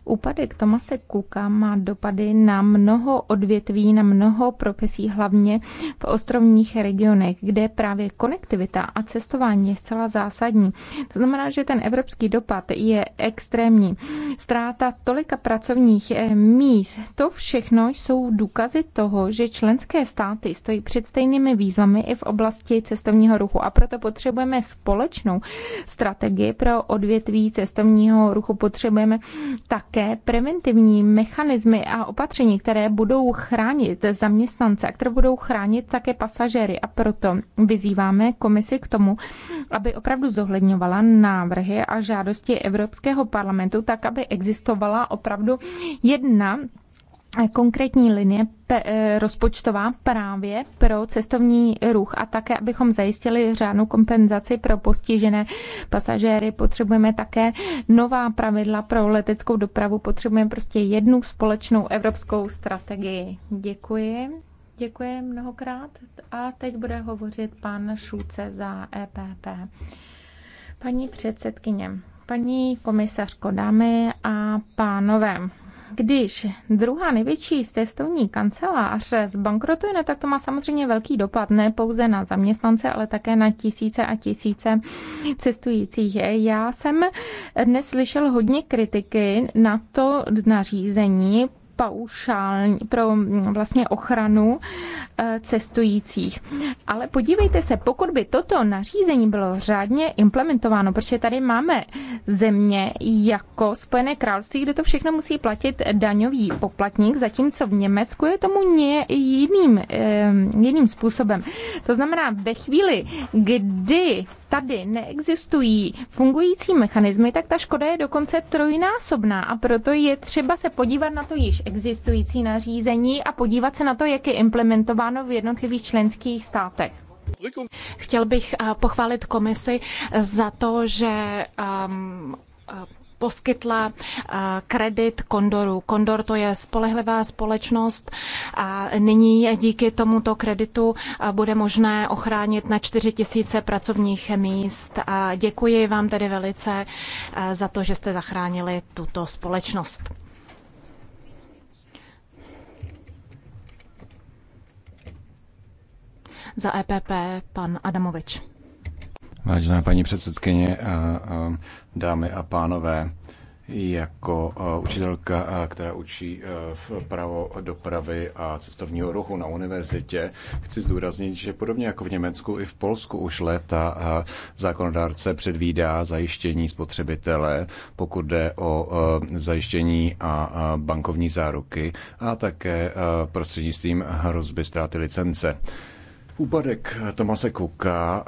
Úpadek Tomase Kuka má dopady na mnoho odvětví, na mnoho profesí, hlavně v ostrovních regionech, kde právě konektivita a cestování je zcela zásadní. To znamená, že ten evropský dopad je extrémní. Ztráta tolika pracovních eh, míst, to všechno jsou jsou důkazy toho, že členské státy stojí před stejnými výzvami i v oblasti cestovního ruchu a proto potřebujeme společnou strategii pro odvětví cestovního ruchu. Potřebujeme také preventivní mechanismy a opatření, které budou chránit zaměstnance a které budou chránit také pasažéry a proto vyzýváme komisi k tomu, aby opravdu zohledňovala návrhy a žádosti Evropského parlamentu tak, aby existovala opravdu jedna Eh, konkrétní linie eh, rozpočtová právě pro cestovní ruch a také, abychom zajistili řádnou kompenzaci pro postižené pasažéry, potřebujeme také nová pravidla pro leteckou dopravu, potřebujeme prostě jednu společnou evropskou strategii. Děkuji. Děkuji mnohokrát. A teď bude hovořit pan Šůce za EPP. Paní předsedkyně, paní komisařko, dámy a pánové, když druhá největší cestovní kancelář zbankrotuje, no, tak to má samozřejmě velký dopad ne pouze na zaměstnance, ale také na tisíce a tisíce cestujících. Já jsem dnes slyšel hodně kritiky na to nařízení, paušální, pro mm, vlastně ochranu eh, cestujících. Ale podívejte se, pokud by toto nařízení bylo řádně implementováno, protože tady máme země jako Spojené království, kde to všechno musí platit daňový poplatník, zatímco v Německu je tomu ně, jiným, eh, jiným způsobem. To znamená, ve chvíli, kdy tady neexistují fungující mechanismy, tak ta škoda je dokonce trojnásobná a proto je třeba se podívat na to již existující nařízení a podívat se na to, jak je implementováno v jednotlivých členských státech. Chtěl bych eh, pochválit komisi za to, že um, poskytla kredit Kondoru. Kondor to je spolehlivá společnost a nyní díky tomuto kreditu bude možné ochránit na 4 tisíce pracovních míst. A děkuji vám tedy velice za to, že jste zachránili tuto společnost. Za EPP pan Adamovič. Vážená paní předsedkyně, dámy a pánové, jako učitelka, která učí v pravo dopravy a cestovního ruchu na univerzitě. Chci zdůraznit, že podobně jako v Německu, i v Polsku už léta zákonodárce předvídá zajištění spotřebitele, pokud jde o zajištění a bankovní záruky a také prostřednictvím hrozby ztráty licence. Úpadek Tomase Kuka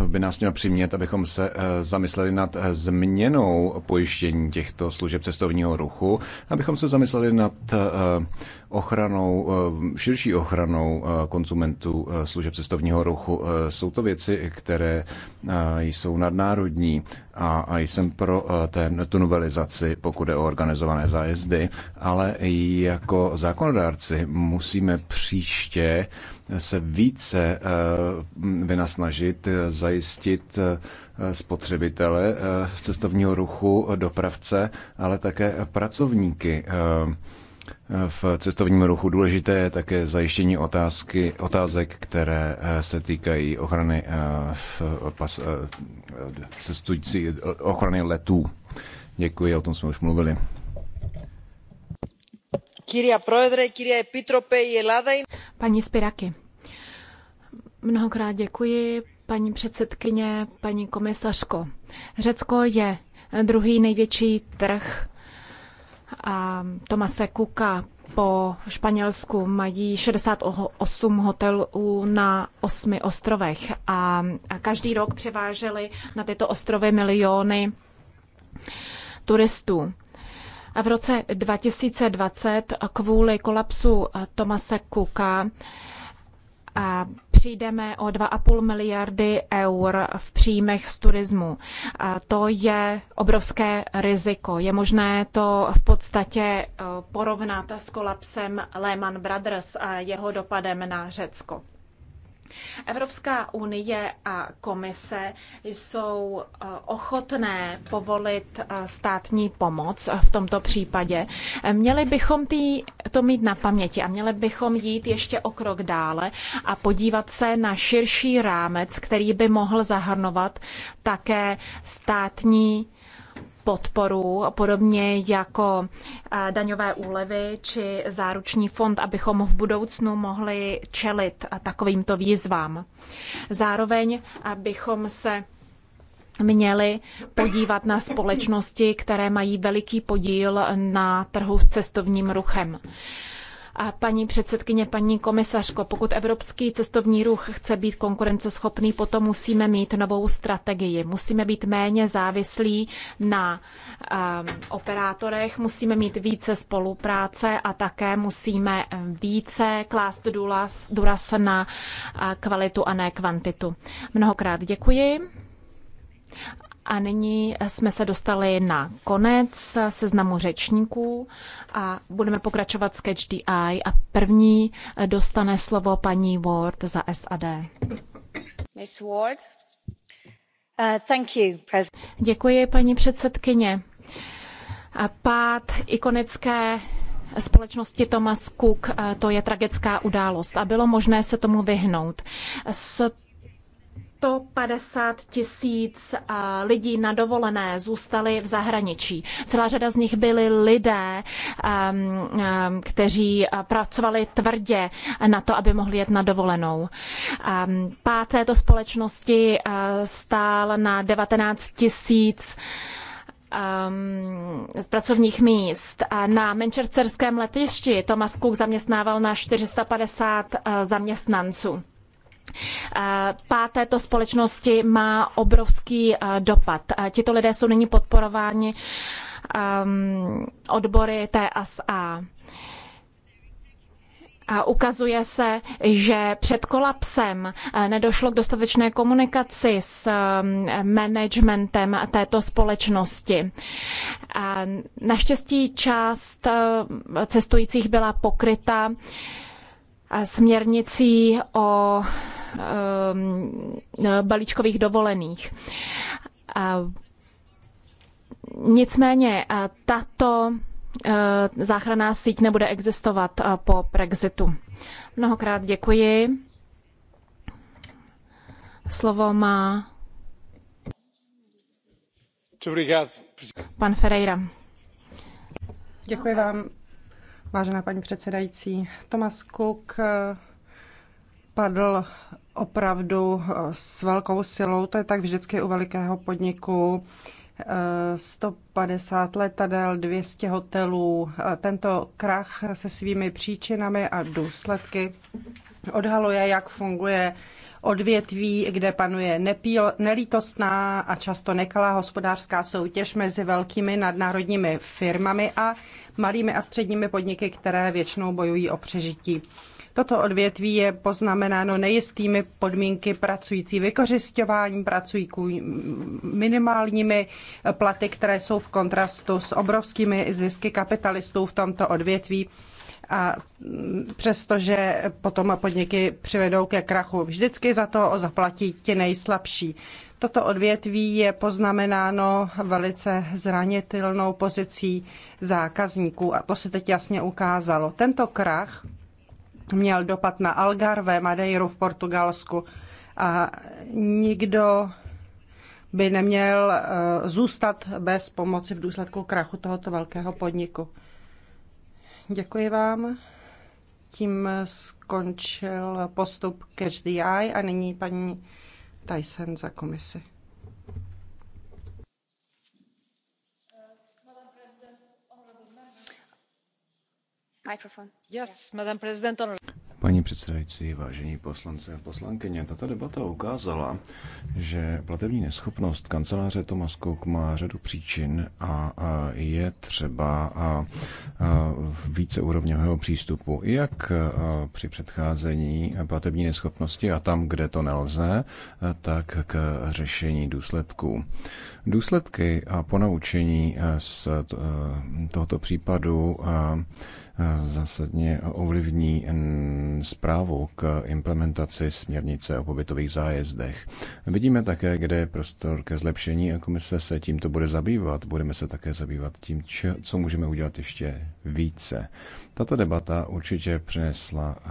eh, by nás měl přimět, abychom se eh, zamysleli nad eh, změnou pojištění těchto služeb cestovního ruchu, abychom se zamysleli nad ochranou, eh, širší ochranou eh, konzumentů eh, služeb cestovního ruchu. Jsou to věci, které jsou nadnárodní a jsem pro ten, tu novelizaci, pokud je o organizované zájezdy, ale i jako zákonodárci musíme příště se více vynasnažit zajistit spotřebitele cestovního ruchu, dopravce, ale také pracovníky v cestovním ruchu. Důležité je také zajištění otázky, otázek, které eh, se týkají ochrany, eh, eh, cestující, ochrany letů. Děkuji, o tom jsme už mluvili. Paní Spiraky, mnohokrát děkuji, paní předsedkyně, paní komisařko. Řecko je druhý největší trh Tomase Kuka po Španělsku mají 68 hotelů na osmi ostrovech a každý rok převáželi na tyto ostrovy miliony turistů. A v roce 2020 kvůli kolapsu Tomase Kuka přijdeme o 2,5 miliardy eur v příjmech z turismu. To je obrovské riziko. Je možné to v podstatě e, porovnat s kolapsem Lehman Brothers a jeho dopadem na Řecko. Evropská unie a komise jsou eh, ochotné povolit eh, státní pomoc v tomto případě. Měli bychom tý, to mít na paměti a měli bychom jít ještě o krok dále a podívat se na širší rámec, který by mohl zahrnovat také státní podporu, podobně jako eh, daňové úlevy či záruční fond, abychom v budoucnu mohli čelit eh, takovýmto výzvám. Zároveň abychom se měli podívat na společnosti, které mají veliký podíl na trhu s cestovním ruchem. Paní předsedkyně, paní komisařko, pokud evropský cestovní ruch chce být konkurenceschopný, potom musíme mít novou strategii. Musíme být méně závislí na um, operátorech, musíme mít více spolupráce a také musíme ehm, více klást důraz, důraz na kvalitu a ne kvantitu. Mnohokrát děkuji. A nyní jsme se dostali na konec seznamu řečníků a budeme pokračovat s Catch the Eye a první dostane slovo paní Ward za SAD. Miss Ward. Uh, thank you, Děkuji, paní předsedkyně. A pád ikonické společnosti Thomas Cook, eh, to je tragická událost a bylo možné se tomu vyhnout. S 150 tisíc eh, lidí na dovolené zůstali v zahraničí. Celá řada z nich byli lidé, ehm, ehm, kteří eh, pracovali tvrdě na to, aby mohli jet na dovolenou. Ehm, Pát této společnosti eh, stál na 19 tisíc um, pracovních míst. Na Manchesterském letišti Thomas Cook zaměstnával na 450 zaměstnanců. Eh, Pá této společnosti má obrovský eh, dopad. Eh, tito lidé jsou nyní podporováni ehm, odbory TSA. A ukazuje se, že před kolapsem nedošlo k dostatečné komunikaci s ehm, managementem této společnosti. A naštěstí část cestujících byla pokryta směrnicí o Um, balíčkových dovolených. Nicméně tato uh, záchranná síť nebude existovat uh, po Brexitu. Mnohokrát děkuji. Slovo má pan Ferreira. Děkuji vám, vážená paní předsedající. Thomas Cook spadl opravdu eh, s velkou silou. To je tak vždycky u velikého podniku. 150 eh, letadel, 200 hotelů. Eh, tento krach se svými příčinami a důsledky odhaluje, jak funguje odvětví, kde panuje nepíl, nelítostná a často nekalá hospodářská soutěž mezi velkými nadnárodními firmami a malými a středními podniky, které většinou bojují o přežití. Toto odvětví je poznamenáno nejistými podmínky pracující, vykořišťováním pracují minimálními platy, které jsou v kontrastu s obrovskými zisky kapitalistů v tomto odvětví a přestože potom podniky přivedou ke krachu. Vždycky za to zaplatí ti nejslabší. Toto odvětví je poznamenáno velice zranitelnou pozicí zákazníků a to se teď jasně ukázalo. Tento krach měl dopad na Algarve, Madeiru v Portugalsku a nikdo by neměl eh, zůstat bez pomoci v důsledku krachu tohoto velkého podniku. Děkuji vám. Tím skončil postup Catch the Eye a nyní paní Tyson za komisi. Paní předsedající, vážení poslanci a poslankyně, tato debata ukázala, že platební neschopnost kanceláře Thomas Cook má řadu příčin a je třeba víceúrovňového přístupu, jak při předcházení platební neschopnosti a tam, kde to nelze, tak k řešení důsledků. Důsledky a ponaučení z tohoto případu zásadně ovlivní zprávu k implementaci směrnice o pobytových zájezdech. Vidíme také, kde je prostor ke zlepšení a komise se tímto bude zabývat. Budeme se také zabývat tím, co můžeme udělat ještě více. Tato debata určitě přinesla eh,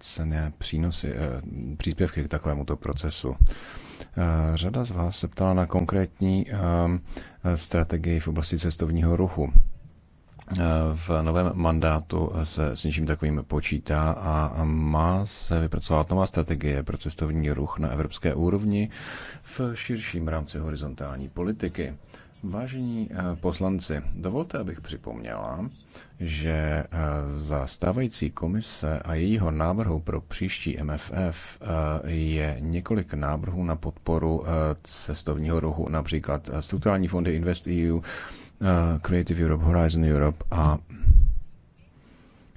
cené přínosy, eh, příspěvky k takovémuto procesu. Eh, řada z vás se ptala na konkrétní strategii v oblasti cestovního ruchu v novém mandátu se s něčím takovým počítá a má se vypracovat nová strategie pro cestovní ruch na evropské úrovni v širším rámci horizontální politiky. Vážení eh, poslanci, dovolte, abych připomněla, že eh, za stávající komise a jejího návrhu pro příští MFF eh, je několik návrhů na podporu cestovního ruchu, například strukturální fondy InvestEU, EU, Eh, Creative Europe, Horizon Europe a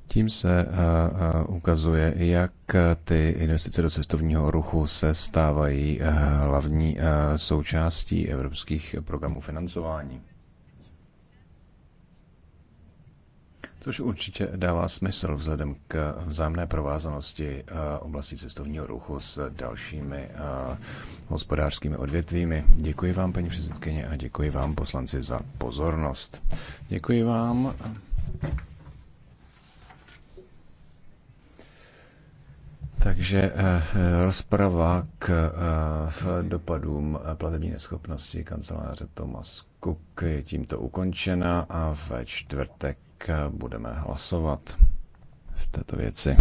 tím se eh, eh, ukazuje, jak ty investice do cestovního ruchu se stávají hlavní součástí evropských programů financování. což určitě dává smysl vzhledem k vzájemné provázanosti eh, oblasti cestovního ruchu s dalšími eh, hospodářskými odvětvími. Děkuji vám, paní předsedkyně, a děkuji vám, poslanci, za pozornost. Děkuji vám. Takže eh, rozprava k dopadům platební neschopnosti kanceláře Thomas Cook je tímto ukončena a ve čtvrtek budeme hlasovat v této věci.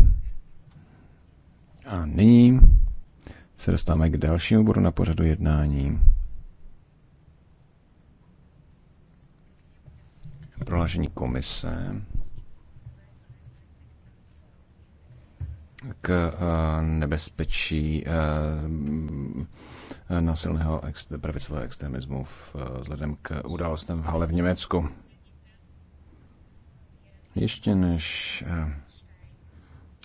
A nyní se dostáváme k dalšímu bodu na pořadu jednání. Prohlášení komise k eh, nebezpečí eh, násilného pravicového extremismu v, eh, vzhledem k událostem v Hale v Německu. Ještě než eh,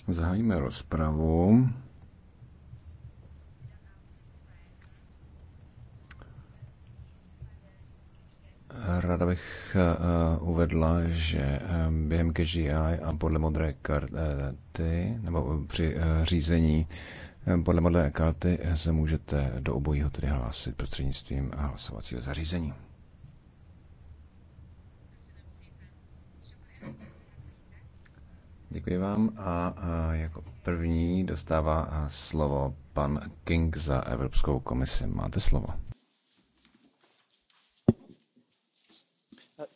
zahájíme rozpravu, Ráda bych eh, uvedla, že eh, během KGI a podle modré karty, nebo při řízení podle modré karty se můžete do obojího tedy hlásit prostřednictvím hlasovacího zařízení. Děkuji vám a, jako první dostává slovo pan King za Evropskou komisi. Máte slovo.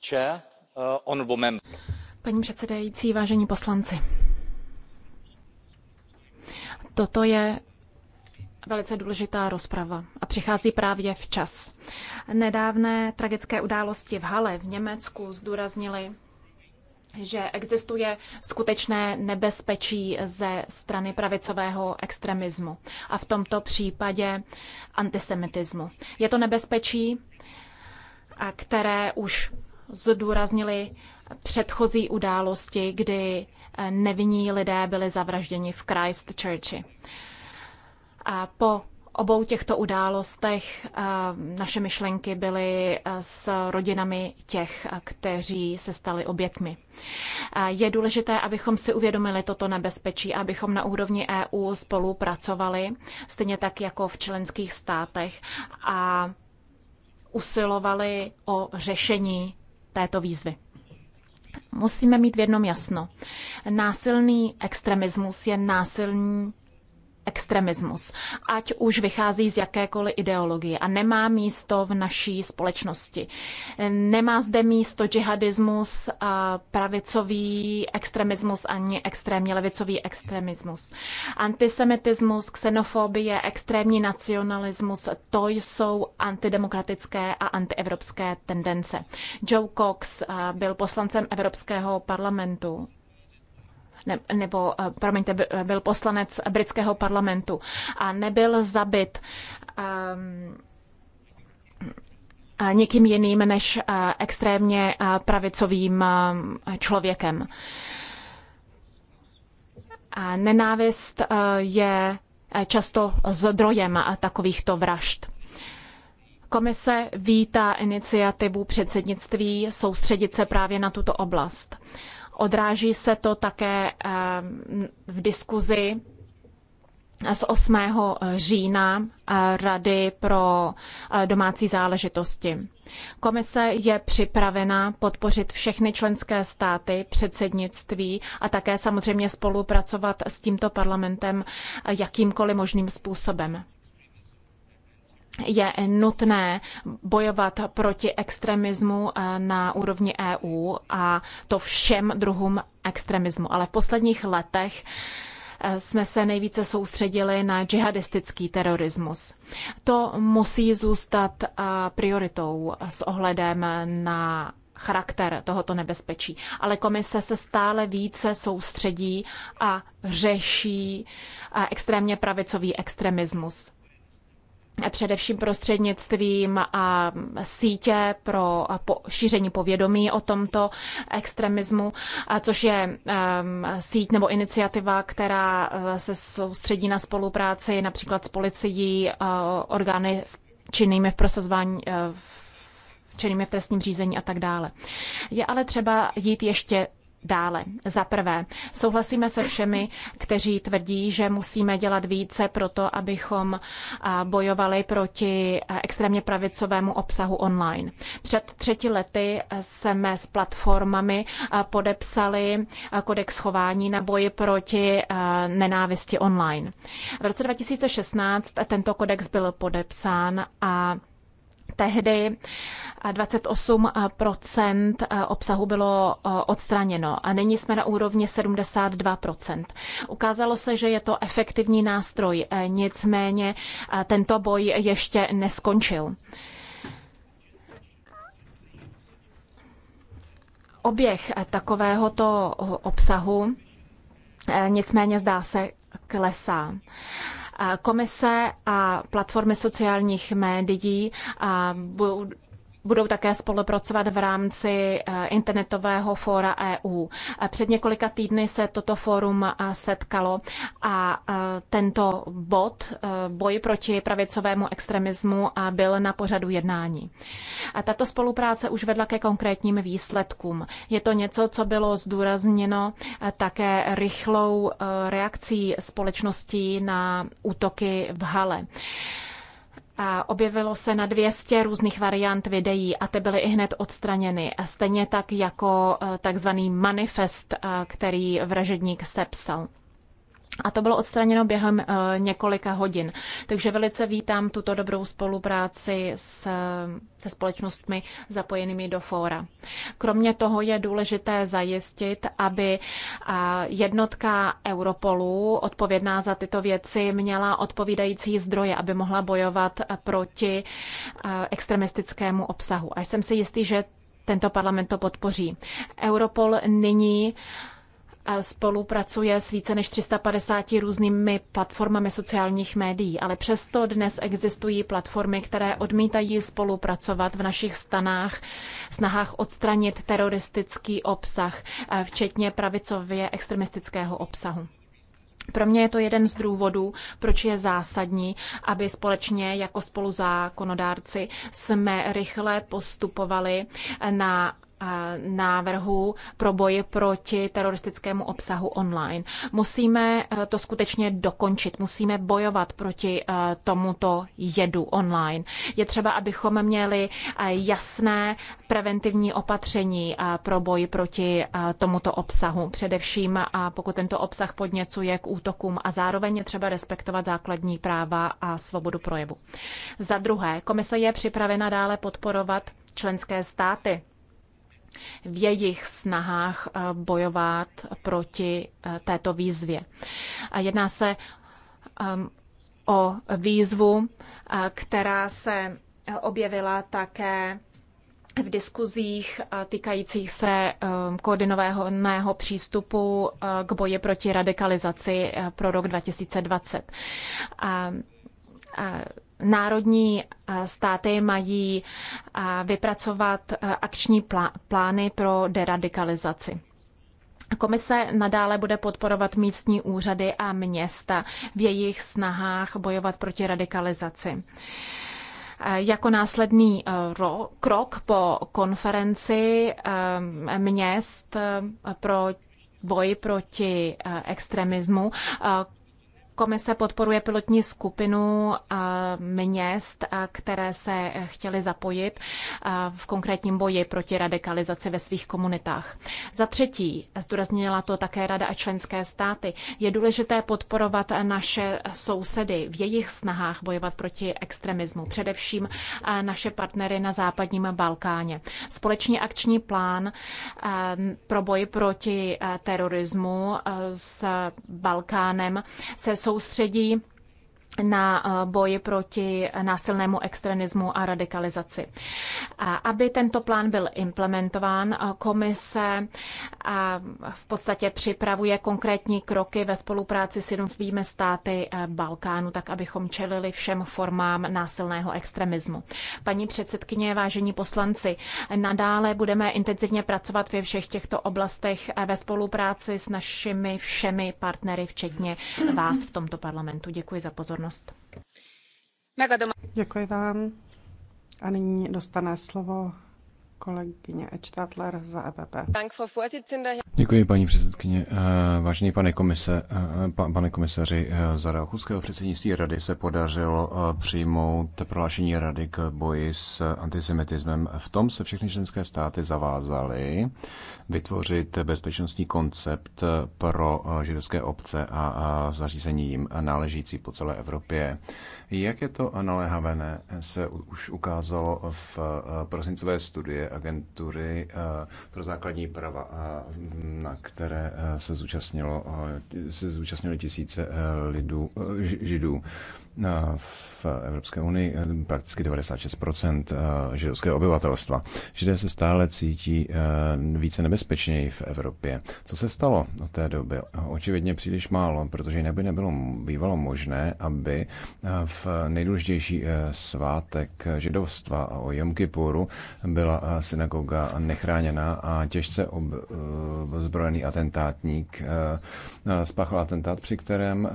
Chair, uh, honorable member. Paní předsedající, vážení poslanci, toto je velice důležitá rozprava a přichází právě včas. Nedávné tragické události v Hale v Německu zdůraznily že existuje skutečné nebezpečí ze strany pravicového extremismu a v tomto případě antisemitismu. Je to nebezpečí, které už zdůraznili předchozí události, kdy eh, nevinní lidé byli zavražděni v Christchurchi. A po obou těchto událostech eh, naše myšlenky byly eh, s rodinami těch, eh, kteří se stali obětmi. Je důležité, abychom si uvědomili toto nebezpečí, abychom na úrovni EU spolupracovali, stejně tak jako v členských státech a usilovali o řešení této výzvy. Musíme mít v jednom jasno. Násilný extremismus je násilný extremismus, ať už vychází z jakékoliv ideologie a nemá místo v naší společnosti. Nemá zde místo džihadismus, pravicový extremismus ani extrémně levicový extremismus. Antisemitismus, xenofobie, extrémní nacionalismus, to jsou antidemokratické a antievropské tendence. Joe Cox byl poslancem Evropského parlamentu ne, nebo, eh, promiňte, eh, byl poslanec britského parlamentu a nebyl zabit um, ehm, někým jiným než eh, extrémně pravicovým člověkem. A nenávist je často zdrojem takovýchto vražd. Komise vítá iniciativu předsednictví soustředit se právě na tuto oblast. Odráží se to také ehm, v diskuzi z 8. Eh, října eh, Rady pro eh, domácí záležitosti. Komise je připravena podpořit všechny členské státy, předsednictví a také samozřejmě spolupracovat s tímto parlamentem jakýmkoliv možným způsobem je nutné bojovat proti extremismu eh, na úrovni EU a to všem druhům extremismu. Ale v posledních letech eh, jsme se nejvíce soustředili na džihadistický terorismus. To musí zůstat eh, prioritou s ohledem na charakter tohoto nebezpečí. Ale komise se stále více soustředí a řeší extrémně pravicový extremismus především prostřednictvím a sítě pro šíření povědomí o tomto extremismu, což je um, síť nebo iniciativa, která uh, se soustředí na spolupráci například s policií, uh, orgány činnými v prosazování uh, v činnými v trestním řízení a tak dále. Je ale třeba jít ještě dále. Za prvé, souhlasíme se všemi, kteří tvrdí, že musíme dělat více pro to, abychom bojovali proti extrémně pravicovému obsahu online. Před třetí lety jsme s platformami podepsali kodex chování na boji proti nenávisti online. V roce 2016 tento kodex byl podepsán a tehdy 28 eh, eh, obsahu bylo eh, odstraněno a nyní jsme na úrovni 72 Ukázalo se, že je to efektivní nástroj, nicméně tento boj ještě neskončil. Oběh takovéhoto obsahu nicméně zdá se klesá. Komise a platformy sociálních médií budou také spolupracovat v rámci eh, internetového fóra EU. Eh, před několika týdny se toto fórum eh, setkalo a tento bod boj proti pravicovému extremismu byl na pořadu jednání. Tato spolupráce už vedla ke konkrétním výsledkům. Je to něco, co bylo zdůrazněno také rychlou reakcí společností na útoky v Hale. Objevilo se na 200 různých variant videí a ty byly i hned odstraněny. A stejně tak jako eh, takzvaný manifest, eh, který vražedník sepsal. A to bylo odstraněno během eh, několika hodin. Takže velice vítám tuto dobrou spolupráci s, se společnostmi zapojenými do fóra. Kromě toho je důležité zajistit, aby eh, jednotka Europolu odpovědná za tyto věci měla odpovídající zdroje, aby mohla bojovat proti eh, extremistickému obsahu. A jsem si jistý, že tento parlament to podpoří. Europol nyní spolupracuje s více než 350 různými platformami sociálních médií, ale přesto dnes existují platformy, které odmítají spolupracovat v našich stanách, snahách odstranit teroristický obsah, eh, včetně pravicově extremistického obsahu. Pro mě je to jeden z důvodů, proč je zásadní, aby společně jako spoluzákonodárci jsme rychle postupovali na návrhu pro boje proti teroristickému obsahu online. Musíme eh, to skutečně dokončit, musíme bojovat proti eh, tomuto jedu online. Je třeba, abychom měli eh, jasné preventivní opatření pro boj proti tomuto obsahu, především a pokud tento obsah podněcuje k útokům a zároveň je třeba respektovat základní práva a svobodu projevu. Za druhé, komise je připravena dále podporovat členské státy v jejich snahách eh, bojovat proti eh, této výzvě. Jedná se ehm, o výzvu, eh, která se objevila také v diskuzích týkajících se ehm, koordinovaného přístupu k boji proti radikalizaci pro rok 2020 národní eh, státy mají eh, vypracovat eh, akční plány pro deradikalizaci. Komise nadále bude podporovat místní úřady a města v jejich snahách bojovat proti radikalizaci. Jako následný krok po konferenci měst pro boj proti extremismu Komise podporuje pilotní skupinu eh, měst, eh, které se chtěly zapojit eh, v konkrétním boji proti radikalizaci ve svých komunitách. Za třetí, zdůraznila to také Rada a členské státy, je důležité podporovat naše sousedy v jejich snahách bojovat proti extremismu, především naše partnery na západním Balkáně. Společný akční plán pro boj proti terorismu s Balkánem se soustředí na eh, boji proti násilnému extremismu a radikalizaci. Aby tento plán byl implementován, eh, komise eh, v podstatě připravuje konkrétní kroky ve spolupráci s jednotlivými státy Balkánu, tak abychom čelili všem formám násilného extremismu. Paní předsedkyně, vážení poslanci, nadále budeme intenzivně pracovat ve všech těchto oblastech ve spolupráci s našimi všemi partnery, včetně vás v tomto parlamentu. Děkuji za pozornost pozornost. Děkuji vám. A nyní dostane slovo kolegyně Edstadler za EPP. Děkuji, paní předsedkyně. Eh, vážený pane, komise, eh, pane komisaři, eh, za rakouského předsednictví rady se podařilo přijmout prohlášení rady k boji s antisemitismem. V tom se všechny členské státy zavázaly vytvořit bezpečnostní koncept pro židovské obce a zařízení jim náležící po celé Evropě. Jak je to naléhavé, se už ukázalo v prosincové studie agentury eh, pro základní práva, na které eh, se, zúčastnilo, eh, se zúčastnili tisíce lidů, židů v Evropské unii eh, prakticky 96% eh, židovského obyvatelstva. Židé se stále cítí eh, více nebezpečněji v Evropě. Co se stalo od té doby? Očividně příliš málo, protože jinak by nebylo bývalo možné, aby v nejdůležitější svátek židovstva o Jom Kippuru byla synagoga nechráněná a těžce ozbrojený atentátník spáchal atentát, při kterém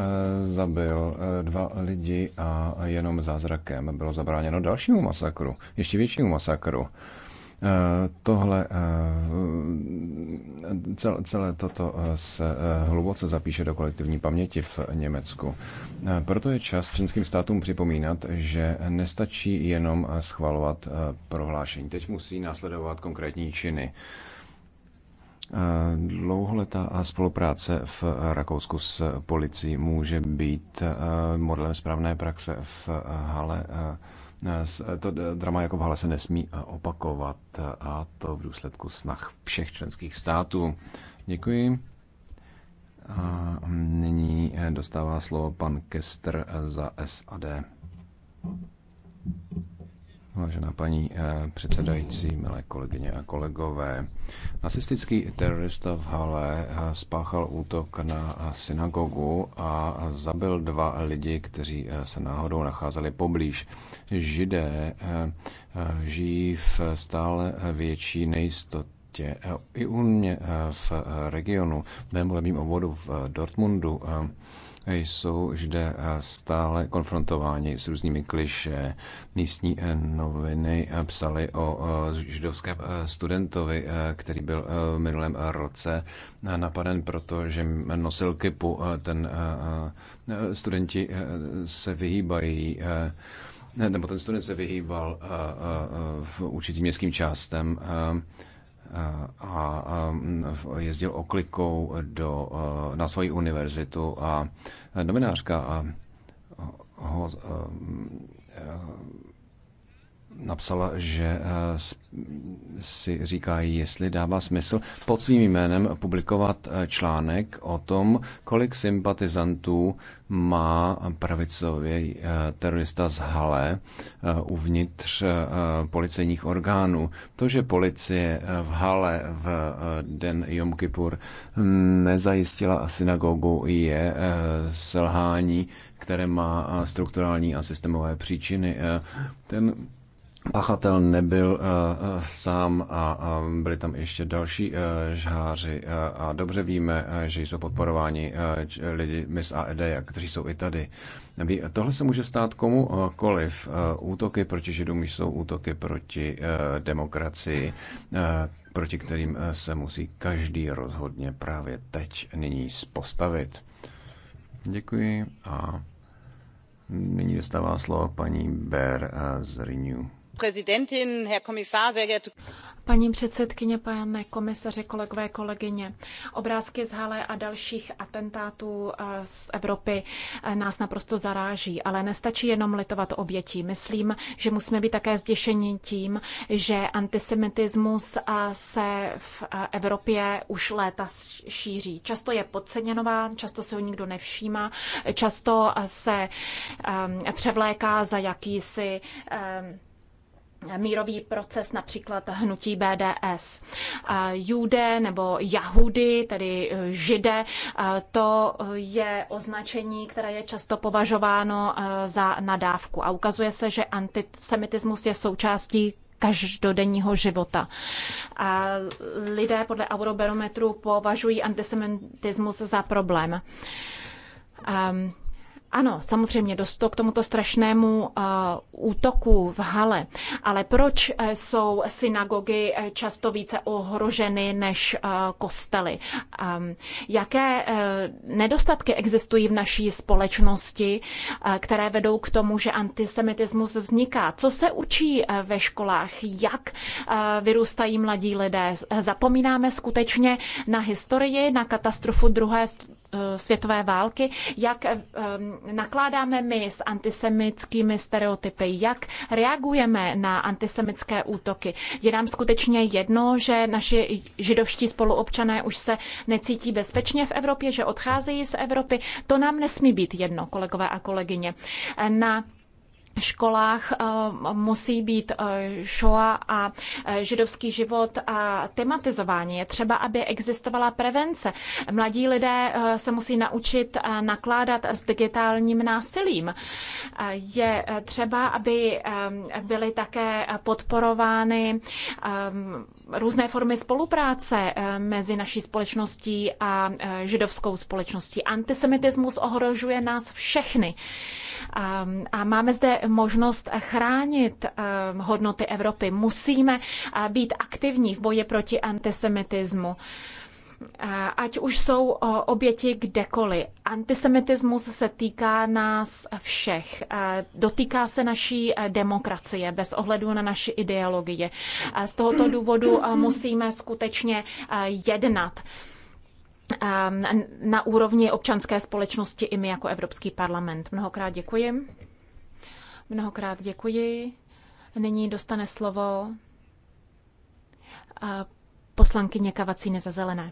zabil dva lidi lidi a jenom zázrakem bylo zabráněno dalšímu masakru, ještě většímu masakru eh, tohle, eh, celé, toto eh, se hluboce zapíše do kolektivní paměti v Německu. Proto je čas členským státům připomínat, že nestačí jenom schvalovat prohlášení. Teď musí následovat konkrétní činy. Dlouholetá spolupráce v Rakousku s policií může být eh, modelem správné praxe v Hale. Eh, to drama jako v Hale se nesmí opakovat a to v důsledku snah všech členských států. Děkuji. A nyní eh, dostává slovo pan Kester za SAD. Vážená paní eh, předsedající, milé kolegyně a kolegové, nacistický terorista v Hale eh, spáchal útok na eh, synagogu a zabil dva lidi, kteří se náhodou nacházeli poblíž. Židé žijí v stále větší nejistotě i u mě v regionu, v mém volebním obvodu v Dortmundu, jsou židé eh, stále konfrontováni s různými kliše. Místní eh, noviny eh, psali o židovském studentovi, který byl v minulém roce napaden, protože nosil kipu. Ten studenti se vyhýbají nebo ten student se vyhýbal v určitým městským částem a mm, jezdil oklikou do, eh, na svoji univerzitu a novinářka ho eh, napsala, že eh, si říká, jestli dává smysl pod svým jménem publikovat eh, článek o tom, kolik sympatizantů má pravicově eh, terorista z Hale uvnitř policejních orgánů. To, že policie v Hale v den Jom Kippur mm, nezajistila synagogu, je selhání, které má strukturální a systémové příčiny. Ten Pachatel nebyl uh, sám a, a byli tam ještě další uh, žháři uh, a dobře víme, uh, že jsou podporováni uh, lidi a Edeja, kteří jsou i tady. tohle se může stát komukoliv. Uh, útoky proti židům jsou útoky proti uh, demokracii, uh, proti kterým se musí každý rozhodně právě teď nyní postavit. Děkuji a nyní dostává slovo paní Ber z Renew. Paní předsedkyně, pane komisaři, kolegové, kolegyně, obrázky z Hale a dalších atentátů eh, z Evropy eh, nás naprosto zaráží, ale nestačí jenom litovat obětí. Myslím, že musíme být také zděšeni tím, že antisemitismus eh, se v Evropě už léta šíří. Často je podceňován, často se ho nikdo nevšímá, často se um, převléká za jakýsi um, mírový proces, například hnutí BDS. Jude nebo Jahudy, tedy e, Žide, to je označení, které je často považováno e, za nadávku. A ukazuje se, že antisemitismus je součástí každodenního života. A lidé podle Eurobarometru považují antisemitismus za problém. Um, ano, samozřejmě dosto k tomuto strašnému eh, útoku v Hale, ale proč eh, jsou synagogy eh, často více ohroženy než kostely? Ehm, jaké nedostatky existují v naší společnosti, které vedou k tomu, že antisemitismus vzniká? Co se učí ve školách? Jak vyrůstají mladí lidé? Zapomínáme skutečně na historii, na katastrofu druhé Eh, světové války, jak eh, eh, nakládáme my s antisemickými stereotypy, jak reagujeme na antisemické útoky. Je nám skutečně jedno, že naši židovští spoluobčané už se necítí bezpečně v Evropě, že odcházejí z Evropy. To nám nesmí být jedno, kolegové a kolegyně. Na školách eh, musí být eh, šoa a eh, židovský život tematizování. Je třeba, aby existovala prevence. Mladí lidé se musí naučit nakládat s digitálním násilím. Je třeba, aby byly také podporovány různé formy spolupráce eh, mezi naší společností a eh, židovskou společností. Antisemitismus ohrožuje nás všechny. Eh, a máme zde možnost chránit hodnoty Evropy. Musíme být aktivní v boji proti antisemitismu ať už jsou oběti kdekoliv. Antisemitismus se týká nás všech. Dotýká se naší e, demokracie bez ohledu na naši ideologie. Z tohoto důvodu e, musíme skutečně e, jednat na úrovni občanské společnosti i my jako Evropský parlament. Mnohokrát děkuji. Mnohokrát děkuji. Nyní dostane slovo Poslankyně Kavacíny za zelené.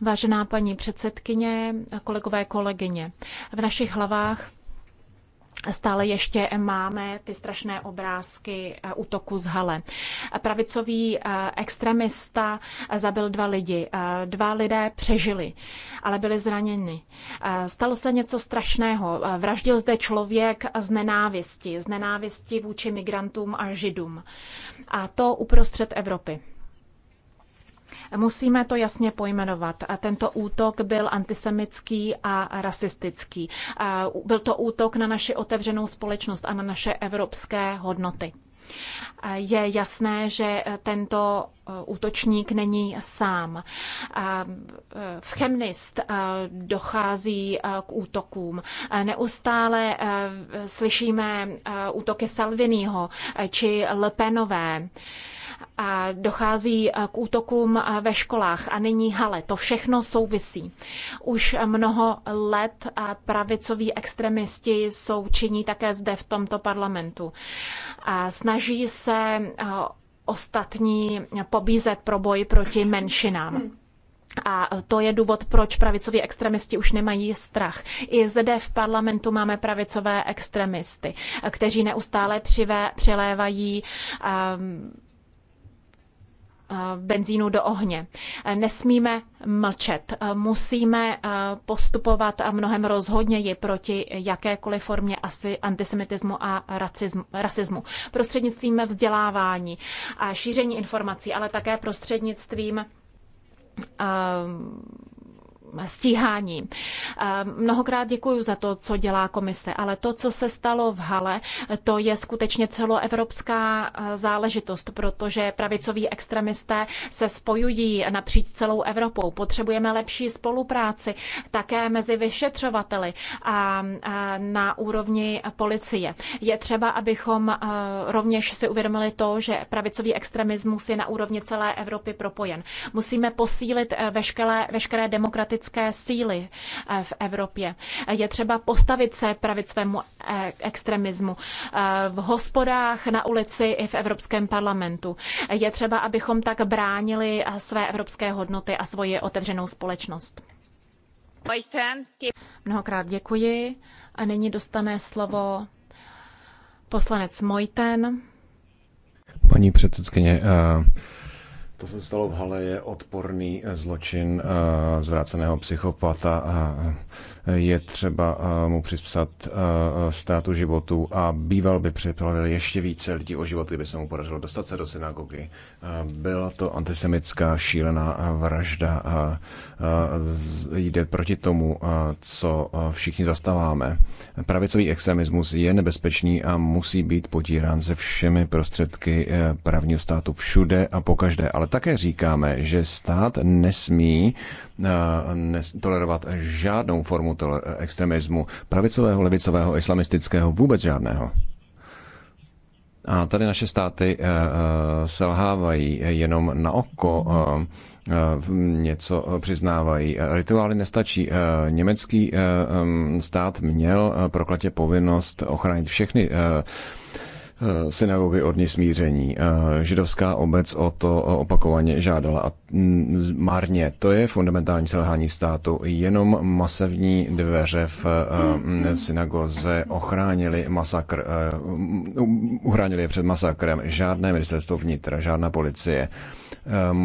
Vážená paní předsedkyně, kolegové, kolegyně, v našich hlavách Stále ještě máme ty strašné obrázky eh, útoku z Hale. Pravicový eh, extremista eh, zabil dva lidi. Dva lidé přežili, ale byli zraněni. Stalo se něco strašného. Vraždil zde člověk z nenávisti, z nenávisti vůči migrantům a židům. A to uprostřed Evropy. Musíme to jasně pojmenovat. Tento útok byl antisemický a rasistický. Byl to útok na naši otevřenou společnost a na naše evropské hodnoty. Je jasné, že tento uh, útočník není sám. Uh, v Chemnist uh, dochází k útokům. Neustále slyšíme útoky Salviniho či Lepenové dochází eh, k útokům eh, ve školách a nyní hale. To všechno souvisí. Už mnoho let eh, pravicoví extremisti jsou činí také zde v tomto parlamentu. Snaží se ostatní pobízet pro boj proti menšinám. A to je důvod, proč pravicoví extremisti už nemají strach. I zde v parlamentu máme pravicové extremisty, kteří neustále přivé, přilévají um, Eh, benzínu do ohně. Eh, nesmíme mlčet, eh, musíme postupovat mnohem rozhodněji proti jakékoliv formě asi antisemitismu a rasismu. Prostřednictvím vzdělávání a šíření informací, ale také prostřednictvím stíhání. Eh, mnohokrát děkuji za to, co dělá komise, ale to, co se stalo v Hale, to je skutečně celoevropská eh, záležitost, protože pravicoví extremisté se spojují napříč celou Evropou. Potřebujeme lepší spolupráci také mezi vyšetřovateli a na úrovni policie. Je třeba, abychom eh, rovněž si uvědomili to, že pravicový extremismus je na úrovni celé Evropy propojen. Musíme posílit veškeré, veškeré demokratické politické síly eh, v Evropě. Je třeba postavit se svému eh, extremismu eh, v hospodách, na ulici i v Evropském parlamentu. Je třeba, abychom tak bránili své evropské hodnoty a svoji otevřenou společnost. Mnohokrát děkuji a nyní dostane slovo poslanec Mojten. Paní předsedkyně, uh to, co se stalo v Hale, je odporný zločin eh, zvráceného psychopata. A eh, je třeba eh, mu přispsat státu životu a býval by připravil ještě více lidí o život, kdyby se mu podařilo dostat se do synagogy. Byla to antisemická šílená vražda. Jde proti tomu, co všichni zastáváme. Pravicový extremismus je nebezpečný a musí být potírán se všemi prostředky právního státu všude a pokaždé, ale také říkáme, že stát nesmí eh, tolerovat žádnou formu eh, extremismu, pravicového, levicového, islamistického, vůbec žádného. A tady naše státy eh, selhávají jenom na oko, něco přiznávají. Rituály nestačí. Německý stát měl proklatě povinnost ochránit všechny synagogy od ní smíření. Židovská obec o to opakovaně žádala a marně. To je fundamentální selhání státu. Jenom masivní dveře v synagoze ochránili masakr, uhránili je před masakrem. Žádné ministerstvo vnitra, žádná policie. Ehm,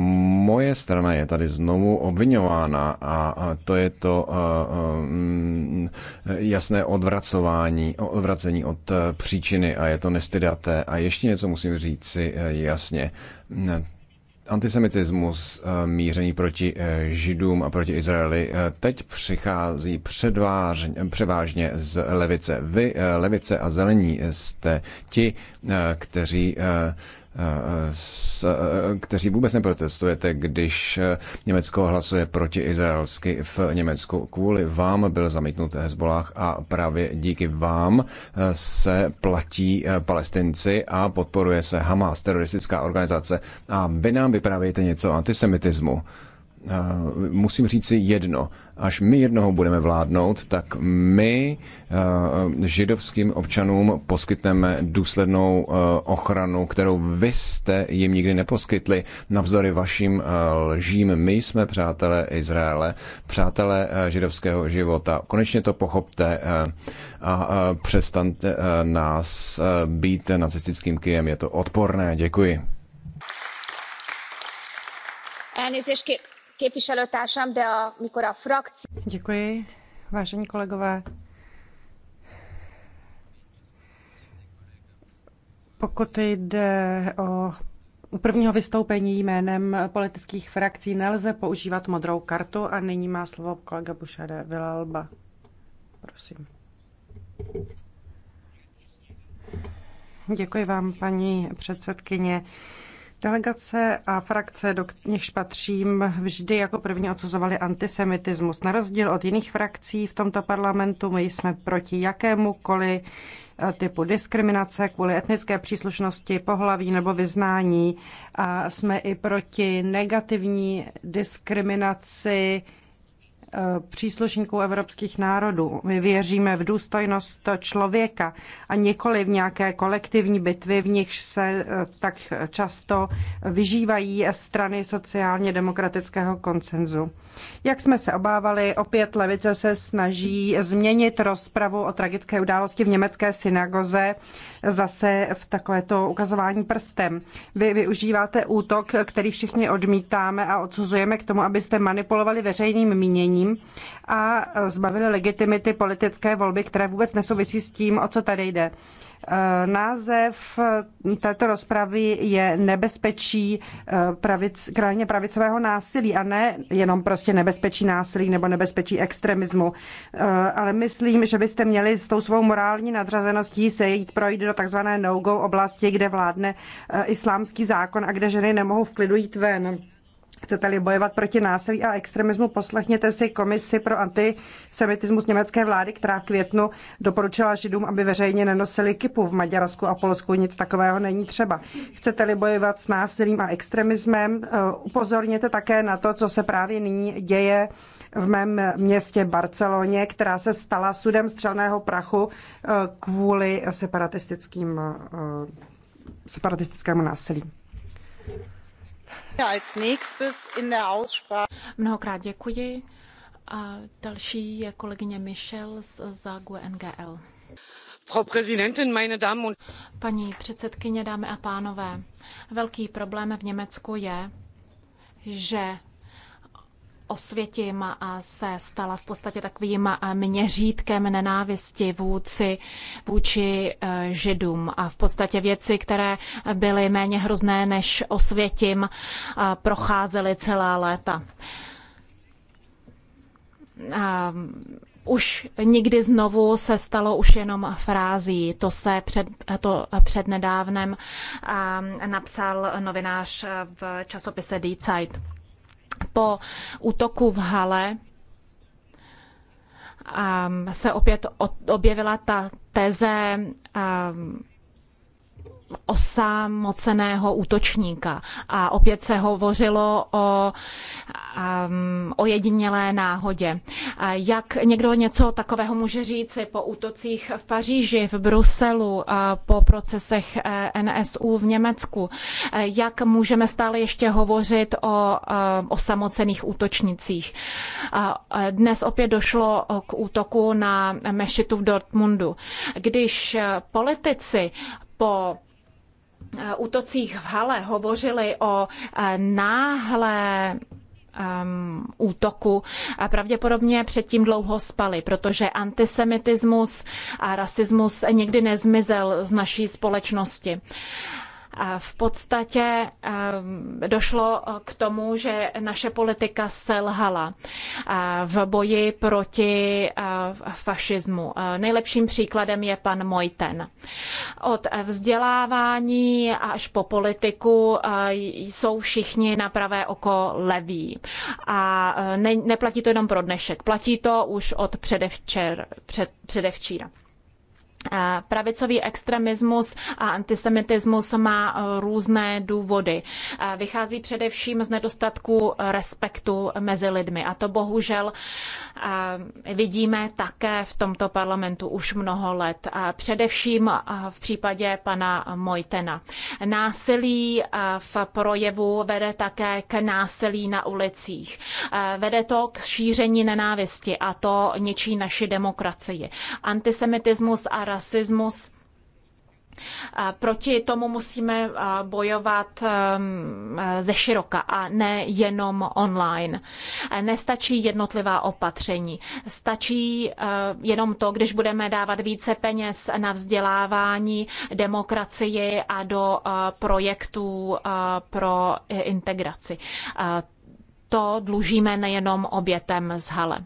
moje strana je tady znovu obvinována a to je to eh, ehm, jasné odvracování, odvracení od eh, příčiny a je to nestydaté. A ještě něco musím říct si eh, jasně antisemitismus mířený proti Židům a proti Izraeli teď přichází převážně z levice. Vy, levice a zelení, jste ti, kteří Eh, kteří vůbec neprotestujete, když eh, Německo hlasuje proti izraelsky v Německu. Kvůli vám byl zamítnut Hezbollah a právě díky vám eh, se platí palestinci a podporuje se Hamas, teroristická organizace. A vy nám vyprávějte něco o antisemitismu. Eh, musím říci jedno. Až my jednoho budeme vládnout, tak my eh, židovským občanům poskytneme důslednou eh, ochranu, kterou vy jste jim nikdy neposkytli. navzory vašim lžím, my jsme přátelé Izraele, přátelé židovského života. Konečně to pochopte a přestante nás být nacistickým kijem. Je to odporné. Děkuji. Äänestyske- Děkuji, vážení kolegové. Pokud jde o prvního vystoupení jménem politických frakcí nelze používat modrou kartu a nyní má slovo kolega Bušade Vilalba. Prosím. Děkuji vám, paní předsedkyně. Delegace a frakce, do nichž patřím, vždy jako první odsuzovali antisemitismus. Na rozdíl od jiných frakcí v tomto parlamentu, my jsme proti jakémukoliv eh, typu diskriminace kvůli etnické příslušnosti, pohlaví nebo vyznání. A jsme i proti negativní diskriminaci příslušníků evropských národů. My věříme v důstojnost člověka a nikoli v nějaké kolektivní bitvy, v nichž se eh, tak často vyžívají strany sociálně demokratického koncenzu. Jak jsme se obávali, opět levice se snaží změnit rozpravu o tragické události v německé synagoze zase v takovéto ukazování prstem. Vy využíváte útok, který všichni odmítáme a odsuzujeme k tomu, abyste manipulovali veřejným míněním jednáním a zbavili legitimity politické volby, které vůbec nesouvisí s tím, o co tady jde. Eh, název eh, této rozpravy je nebezpečí eh, pravic, krajně pravicového násilí a ne jenom prostě nebezpečí násilí nebo nebezpečí extremismu. Ale myslím, že byste měli s tou svou morální nadřazeností se jít projít do takzvané no-go oblasti, kde vládne islámský zákon a kde ženy nemohou v klidu jít ven Chcete-li bojovat proti násilí a extremismu, poslechněte si komisi pro antisemitismus německé vlády, která v květnu doporučila židům, aby veřejně nenosili kipu v Maďarsku a Polsku. Nic takového není třeba. Chcete-li bojovat s násilím a extremismem, eh, upozorněte také na to, co se právě nyní děje v mém městě Barceloně, která se stala sudem střelného prachu eh, kvůli separatistickým eh, separatistickému násilí. Mnohokrát děkuji. A další je kolegyně Michel za GUNGL. Frau Präsidentin, meine Damen und Paní předsedkyně, dámy a pánové, velký problém v Německu je, že Osvětim se stala v podstatě takovým měřítkem nenávisti vůci, vůči eh, židům. A v podstatě věci, které byly méně hrozné než Osvětim, eh, procházely celá léta. A mm, už nikdy znovu se stalo už jenom frází. To se před, to před nedávnem eh, napsal novinář v časopise Die Zeit po útoku v Hale se opět objevila ta teze osamoceného útočníka. A opět se hovořilo o um, ojedinělé náhodě. Jak někdo něco takového může říci po útocích v Paříži, v Bruselu, uh, po procesech eh, NSU v Německu? Eh, jak můžeme stále ještě hovořit o eh, osamocených útočnicích? Dnes opět došlo k útoku na mešitu v Dortmundu. Když politici po Eh, útocích v Hale hovořili o eh, náhle um, útoku a pravděpodobně předtím dlouho spali, protože antisemitismus a rasismus někdy nezmizel z naší společnosti. V podstatě ehm, došlo eh, k tomu, že naše politika selhala eh, v boji proti eh, fašismu. Nejlepším příkladem je pan Mojten. Od vzdělávání až po politiku jsou všichni na pravé oko leví. A neplatí to jenom pro dnešek, platí to už od předevčer, před, předevčíra. Eh, pravicový extremismus a antisemitismus má eh, různé důvody. Eh, vychází především z nedostatku respektu mezi lidmi a to bohužel vidíme také v tomto parlamentu už mnoho let. Především v případě pana Mojtena. Násilí v projevu vede také k násilí na ulicích. Vede to k šíření nenávisti a to ničí naši demokracii. Antisemitismus a rasismus. Proti tomu musíme bojovat um, ze široka a ne jenom online. Nestačí jednotlivá opatření. Stačí jenom to, když budeme dávat více peněz na vzdělávání, demokracii a do projektů pro integraci. To dlužíme nejenom obětem z Hale.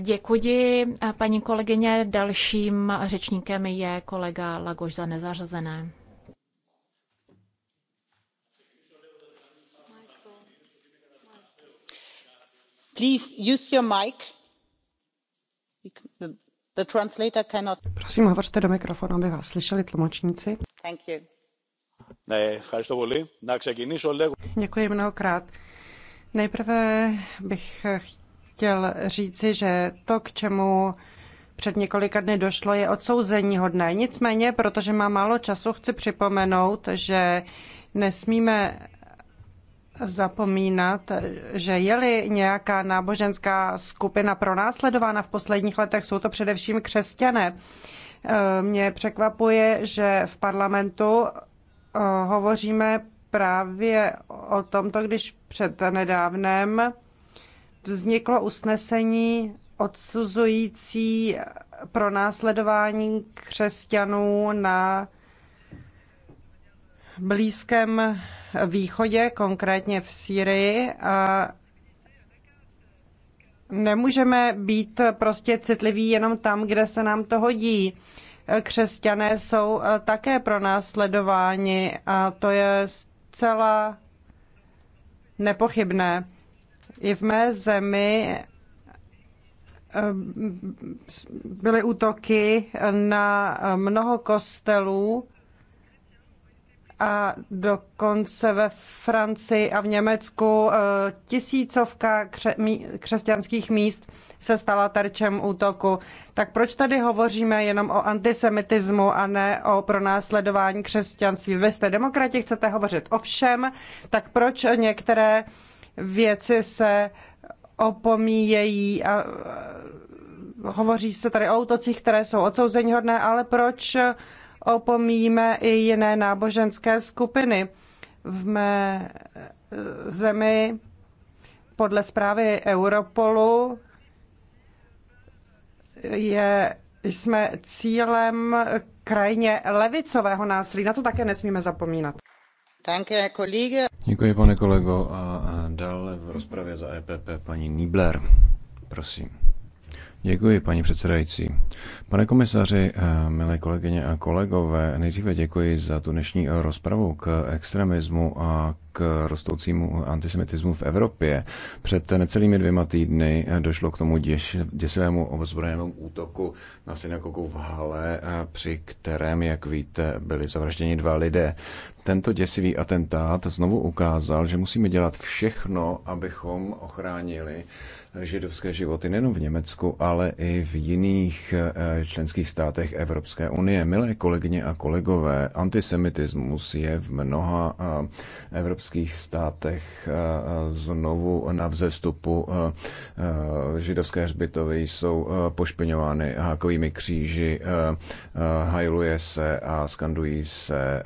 Děkuji, paní kolegyně. Dalším řečníkem je kolega Lagoš za nezařazené. Please use your mic. The translator cannot... Prosím, hovořte do mikrofonu, aby vás slyšeli tlumočníci. Thank you. Děkuji mnohokrát. Nejprve bych chtěl říci, že to, k čemu před několika dny došlo, je odsouzení hodné. Nicméně, protože má málo času, chci připomenout, že nesmíme zapomínat, že je-li nějaká náboženská skupina pronásledována v posledních letech, jsou to především křesťané. E, mě překvapuje, že v parlamentu e, hovoříme právě o tomto, když před nedávnem vzniklo usnesení odsuzující pro následování křesťanů na Blízkém východě, konkrétně v Sýrii. A nemůžeme být prostě citliví jenom tam, kde se nám to hodí. Křesťané jsou také pro následování a to je zcela nepochybné. I v mé zemi eh, byly útoky na mnoho kostelů a dokonce ve Francii a v Německu eh, tisícovka křesťanských míst se stala terčem útoku. Tak proč tady hovoříme jenom o antisemitismu a ne o pronásledování křesťanství? Vy jste demokrati, chcete hovořit o všem, tak proč některé věci se opomíjejí a hovoří se tady o útocích, které jsou odsouzeníhodné, ale proč opomíjíme i jiné náboženské skupiny? V mé e, zemi podle zprávy Europolu je, jsme cílem krajně levicového násilí. Na to také nesmíme zapomínat. Děkuji, pane kolego. A dále v rozpravě za EPP paní Niebler. Prosím. Děkuji, paní předsedající. Pane komisaři, eh, milé kolegyně a kolegové, nejdříve děkuji za tu dnešní rozpravu k extremismu a k rostoucímu antisemitismu v Evropě. Před necelými dvěma týdny eh, došlo k tomu děš, děsivému ozbrojenému útoku na synagogu v Hale, eh, při kterém, jak víte, byli zavražděni dva lidé. Tento děsivý atentát znovu ukázal, že musíme dělat všechno, abychom ochránili židovské životy nejen v Německu, ale i v jiných eh, členských státech Evropské unie. Milé kolegyně a kolegové, antisemitismus je v mnoha eh, evropských státech eh, znovu na vzestupu. Židovské hřbitovy jsou pošpiňovány hákovými kříži, hajluje se a skandují se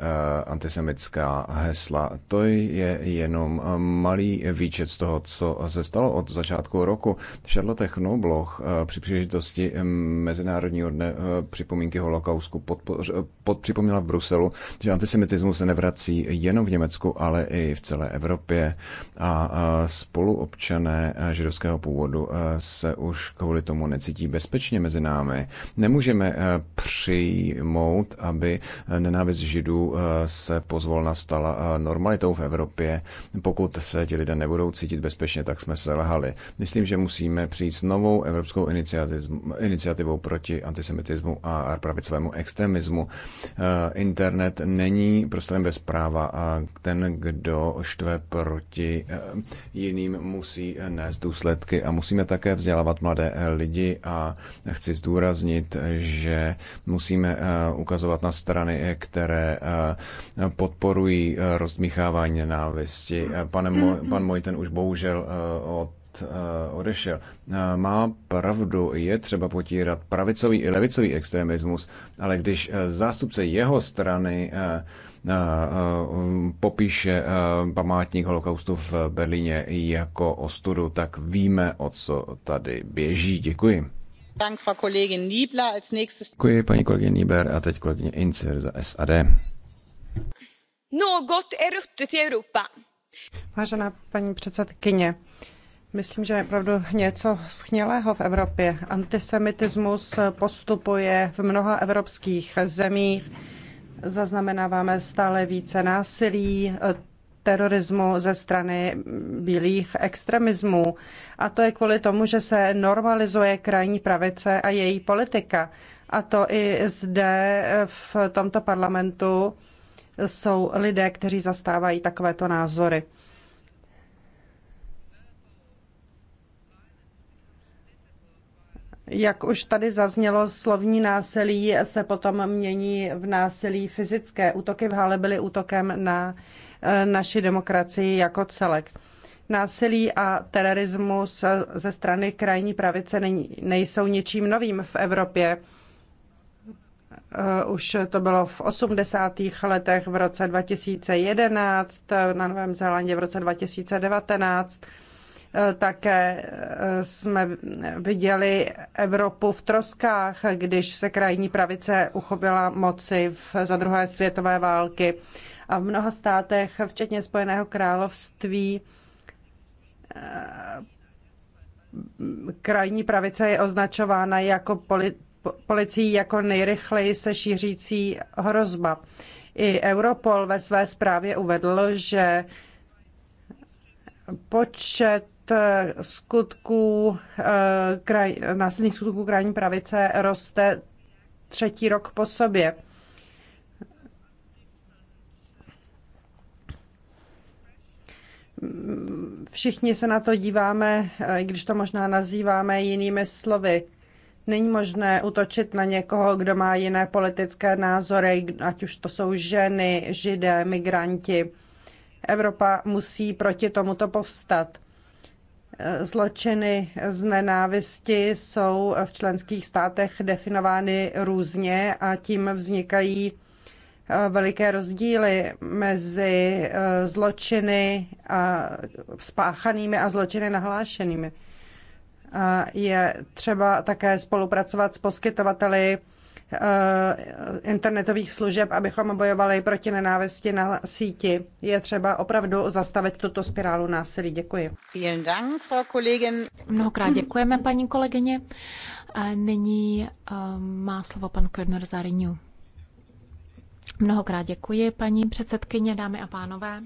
antisemitská hesla. To je jenom malý výčet z toho, co se stalo od začátku roku roku. Charlotte Knobloch eh, při příležitosti eh, Mezinárodního dne eh, připomínky holokaustu podpoř- pod, připomněla v Bruselu, že antisemitismus se nevrací jenom v Německu, ale i v celé Evropě. A spoluobčané židovského původu se už kvůli tomu necítí bezpečně mezi námi. Nemůžeme přijmout, aby nenávist židů se pozvolna stala normalitou v Evropě. Pokud se ti lidé nebudou cítit bezpečně, tak jsme se lhali. Myslím, že musíme přijít s novou evropskou iniciativou proti antisemitismu a pravicovému extremismu. Eh, internet není prostorem bez práva a ten, kdo štve proti eh, jiným, musí nést důsledky a musíme také vzdělávat mladé eh, lidi a chci zdůraznit, že musíme ukazovat na strany, které podporují rozmíchávání nenávisti. Pane, pan Mojten už bohužel od Eh, odešel, eh, má pravdu, je třeba potírat pravicový i levicový extremismus, ale když eh, zástupce jeho strany popíše památník holokaustu v Berlíně jako ostudu, tak víme, o co tady běží. Děkuji. Děkuji paní kolegyně Niebler a teď kolegyně Incer za SAD. No, er Vážená paní předsedkyně, Myslím, že je opravdu něco schnělého v Evropě. Antisemitismus postupuje v mnoha evropských zemích. Zaznamenáváme stále více násilí, terorismu ze strany bílých extremismů. A to je kvůli tomu, že se normalizuje krajní pravice a její politika. A to i zde v tomto parlamentu jsou lidé, kteří zastávají takovéto názory. Jak už tady zaznělo, slovní násilí se potom mění v násilí fyzické. Útoky v Hale byly útokem na e, naši demokracii jako celek. Násilí a terorismus ze strany krajní pravice nejsou ničím novým v Evropě. E, už to bylo v 80. letech v roce 2011, na Novém Zélandě v roce 2019 také eh, jsme viděli Evropu v troskách, když se krajní pravice uchopila moci v, za druhé světové války. A v mnoha státech, včetně Spojeného království, eh, krajní pravice je označována jako poli, policií jako nejrychleji se šířící hrozba. I Europol ve své zprávě uvedl, že počet Eh, skutků, eh, kraj, násilných skutků krajní pravice roste třetí rok po sobě. Všichni se na to díváme, eh, i když to možná nazýváme jinými slovy. Není možné utočit na někoho, kdo má jiné politické názory, ať už to jsou ženy, židé, migranti. Evropa musí proti tomuto povstat. Zločiny z nenávisti jsou v členských státech definovány různě a tím vznikají eh, veliké rozdíly mezi eh, zločiny a spáchanými a zločiny nahlášenými. A je třeba také spolupracovat s poskytovateli Eh, internetových služeb, abychom bojovali proti nenávisti na síti. Je třeba opravdu zastavit tuto spirálu násilí. Děkuji. Mnohokrát děkujeme, paní kolegyně. A nyní eh, má slovo pan Körner Renew. Mnohokrát děkuji, paní předsedkyně, dámy a pánové.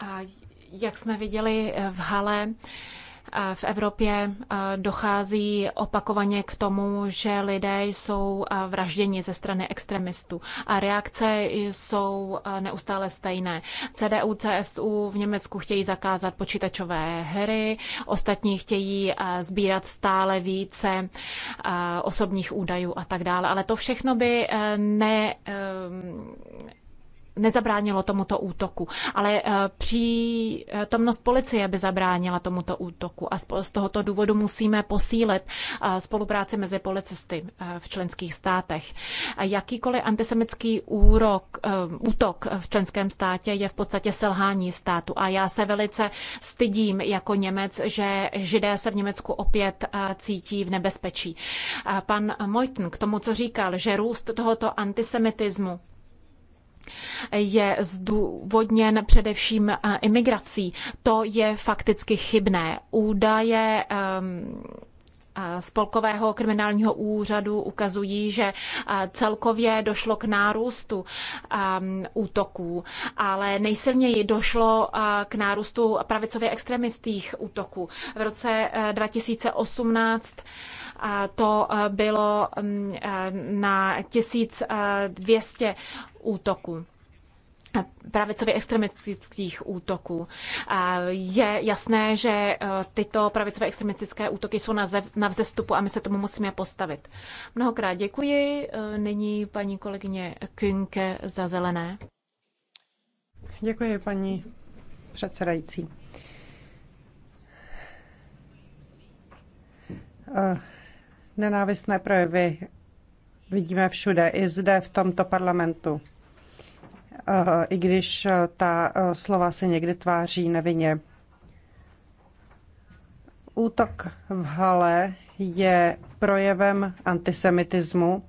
A jak jsme viděli v hale, v Evropě dochází opakovaně k tomu, že lidé jsou vražděni ze strany extremistů a reakce jsou neustále stejné. CDU, CSU v Německu chtějí zakázat počítačové hry, ostatní chtějí sbírat stále více osobních údajů a tak dále. Ale to všechno by ne, nezabránilo tomuto útoku, ale eh, přítomnost policie by zabránila tomuto útoku a z tohoto důvodu musíme posílit eh, spolupráci mezi policisty eh, v členských státech. Jakýkoliv antisemický úrok, útok v členském státě je v podstatě selhání státu a já se velice stydím jako Němec, že židé se v Německu opět cítí v nebezpečí. Pan Mojten k tomu, co říkal, že růst tohoto antisemitismu je zdůvodněn především eh, imigrací. To je fakticky chybné. Údaje ehm, eh, spolkového kriminálního úřadu ukazují, že eh, celkově došlo k nárůstu ehm, útoků, ale nejsilněji došlo k nárůstu pravicově extremistých útoků. V roce 2018 to eh, bylo mm, eh, na 1200 eh, útoků pravicově extremistických útoků. Je jasné, že tyto pravicově extremistické útoky jsou na vzestupu a my se tomu musíme postavit. Mnohokrát děkuji. Nyní paní kolegyně Künke za zelené. Děkuji, paní předsedající. Uh Nenávistné projevy vidíme všude, i zde v tomto parlamentu. Eh, I když eh, ta eh, slova se někdy tváří nevinně. Útok v hale je projevem antisemitismu.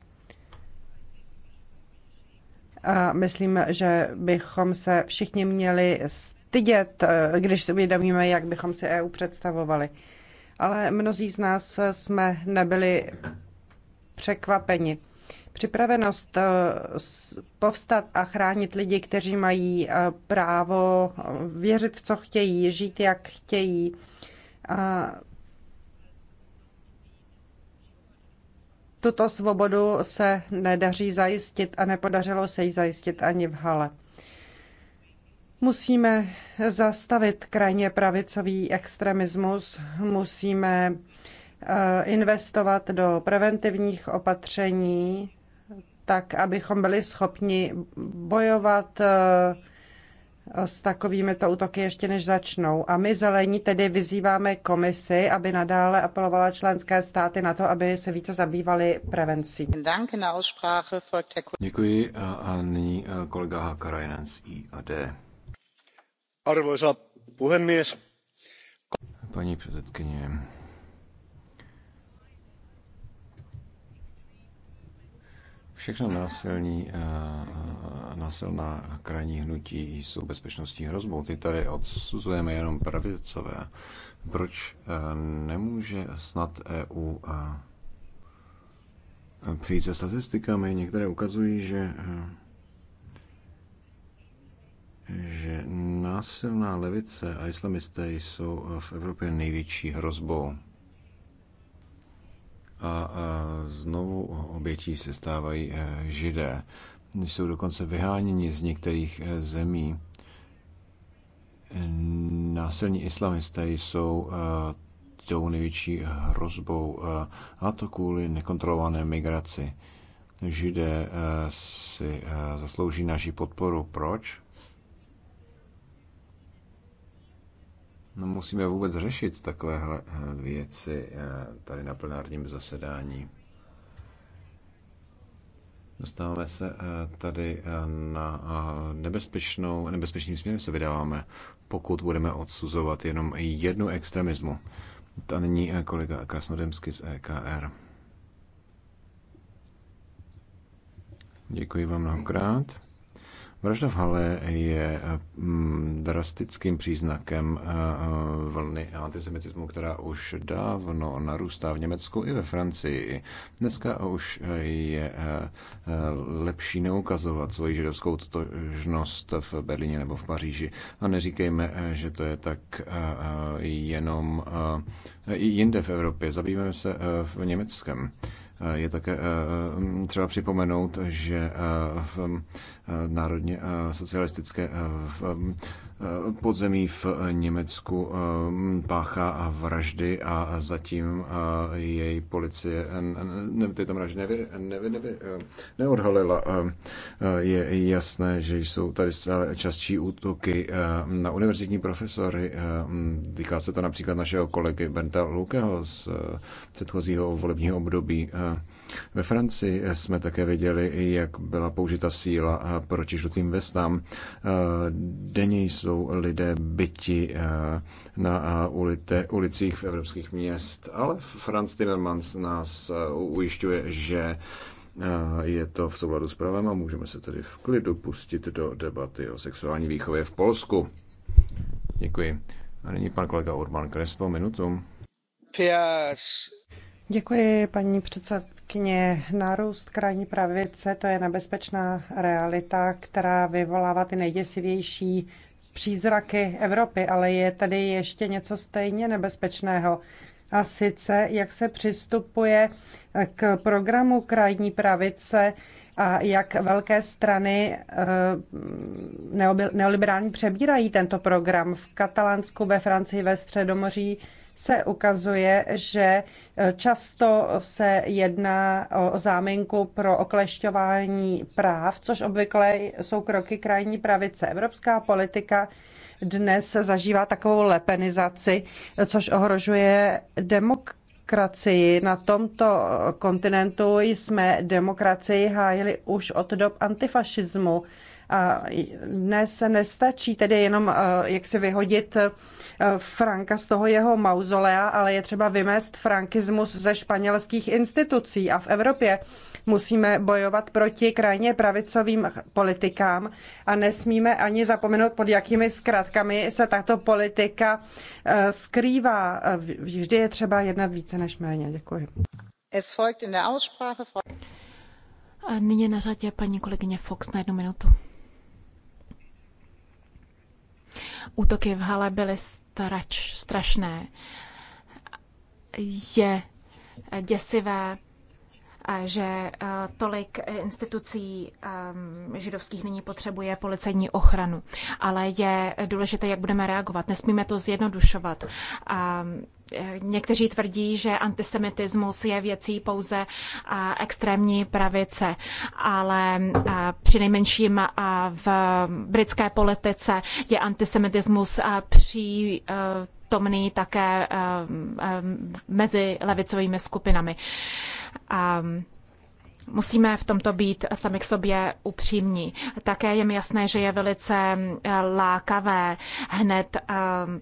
A myslím, že bychom se všichni měli stydět, když si uvědomíme, jak bychom si EU představovali ale mnozí z nás jsme nebyli překvapeni. Připravenost eh, povstat a chránit lidi, kteří mají eh, právo eh, věřit v co chtějí, žít jak chtějí. tuto svobodu se nedaří zajistit a nepodařilo se ji zajistit ani v Hale. Musíme zastavit krajně pravicový extremismus, musíme eh, investovat do preventivních opatření, tak abychom byli schopni bojovat eh, s takovýmito útoky ještě než začnou. A my zelení tedy vyzýváme komisi, aby nadále apelovala členské státy na to, aby se více zabývali prevencí. Děkuji a, a nyní eh, kolega Hakarajnen z IAD arvoisa puhemies paní předsedkyně všechna násilní, eh, eh, násilná krajní hnutí jsou bezpečnostní hrozbou. Ty tady odsuzujeme jenom pravicové. Proč eh, nemůže snad EU přijít se statistikami? Některé ukazují, že že násilná levice a islamisté jsou v Evropě největší hrozbou. A, znovu obětí se stávají eh, židé. Jsou dokonce vyháněni z některých eh, zemí. Násilní islamisté jsou eh, tou největší hrozbou a to kvůli nekontrolované migraci. Židé si zaslouží naši podporu. Proč? No musíme vůbec řešit takovéhle eh, věci eh, tady na plenárním zasedání. Dostáváme se eh, tady na nebezpečnou, nebezpečným směrem se vydáváme, pokud budeme odsuzovat jenom jednu extremismu. Ta není kolega Krasnodemsky z EKR. Děkuji vám mnohokrát. Vražda v Hale je mm, drastickým příznakem eh, eh, vlny antisemitismu, která už dávno narůstá v Německu i ve Francii. Dneska už eh, je lepší neukazovat svoji židovskou totožnost v Berlíně nebo v Paříži. A neříkejme, že to je tak jenom jinde v Evropě. Zabýváme se v Německém. Je také eh, eh, třeba připomenout, že eh, v národně socialistické Eh, podzemí v eh, Německu eh, páchá vraždy a zatím její policie ne, ne, tam vraždy nevy, nevy, nevy, neodhalila. Je jasné, že jsou tady častší útoky na univerzitní profesory. Týká se to například našeho kolegy Benta Lukeho z předchozího volebního období. Ve Francii jsme také viděli, jak byla použita síla eh, proti žlutým vestám. Eh, denně jsou lidé byti eh, na ulice, ulicích v evropských měst, ale Franz Timmermans nás ujišťuje, že je to v souladu s pravem a můžeme se tedy v klidu pustit do debaty o sexuální výchově v Polsku. Děkuji. A nyní pan kolega Urban Krespo, minutum. Děkuji, paní předsedkyně pěkně. Nárůst krajní pravice, to je nebezpečná realita, která vyvolává ty nejděsivější přízraky Evropy, ale je tady ještě něco stejně nebezpečného. A sice, jak se přistupuje k programu krajní pravice a jak velké strany eh, neoliberální přebírají tento program v Katalánsku, ve Francii, ve Středomoří, se ukazuje, že e, často se jedná o záminku pro oklešťování práv, což obvykle jsou kroky krajní pravice. Evropská politika dnes zažívá takovou lepenizaci, což ohrožuje demokracii Na tomto kontinentu jsme demokracii hájili už od dob antifašismu. A se nestačí tedy jenom eh, jak si vyhodit eh, Franka z toho jeho mauzolea, ale je třeba vymést frankismus ze španělských institucí a v Evropě musíme bojovat proti krajně pravicovým politikám a nesmíme ani zapomenout, pod jakými zkratkami se tato politika eh, skrývá. Vždy je třeba jednat více než méně. Děkuji. A nyní je na řadě paní kolegyně Fox na jednu minutu. Útoky v Hale byly strač, strašné. Je děsivé, eh, že eh, tolik institucí ehm, židovských nyní potřebuje policejní ochranu. Ale je důležité, jak budeme reagovat. Nesmíme to zjednodušovat. Ehm, Někteří tvrdí, že antisemitismus je věcí pouze extrémní pravice, ale při nejmenším v britské politice je antisemitismus při tomný také mezi levicovými skupinami. Musíme v tomto být sami k sobě upřímní. Také je mi jasné, že je velice eh, lákavé hned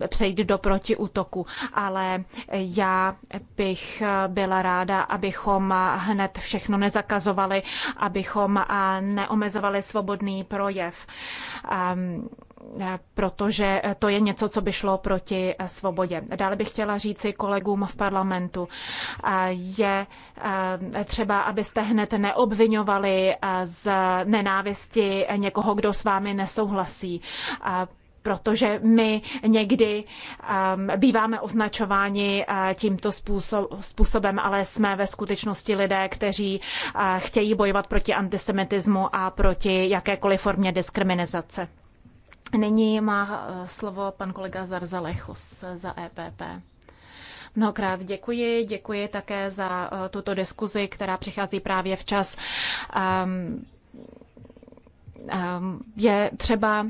eh, přejít do protiútoku, ale já bych eh, byla ráda, abychom hned všechno nezakazovali, abychom neomezovali svobodný projev. Ehm, Eh, protože eh, to je něco, co by šlo proti eh, svobodě. Dále bych chtěla říci kolegům v parlamentu, je třeba, abyste hned neobvinovali z nenávisti někoho, kdo s vámi nesouhlasí protože my někdy um, býváme označováni uh, tímto způsob, způsobem, ale jsme ve skutečnosti lidé, kteří uh, chtějí bojovat proti antisemitismu a proti jakékoliv formě diskriminace. Nyní má eh, slovo pan kolega Zarzalechos za EPP. Mnohokrát děkuji, děkuji také za eh, tuto diskuzi, která přichází právě včas. Um, je třeba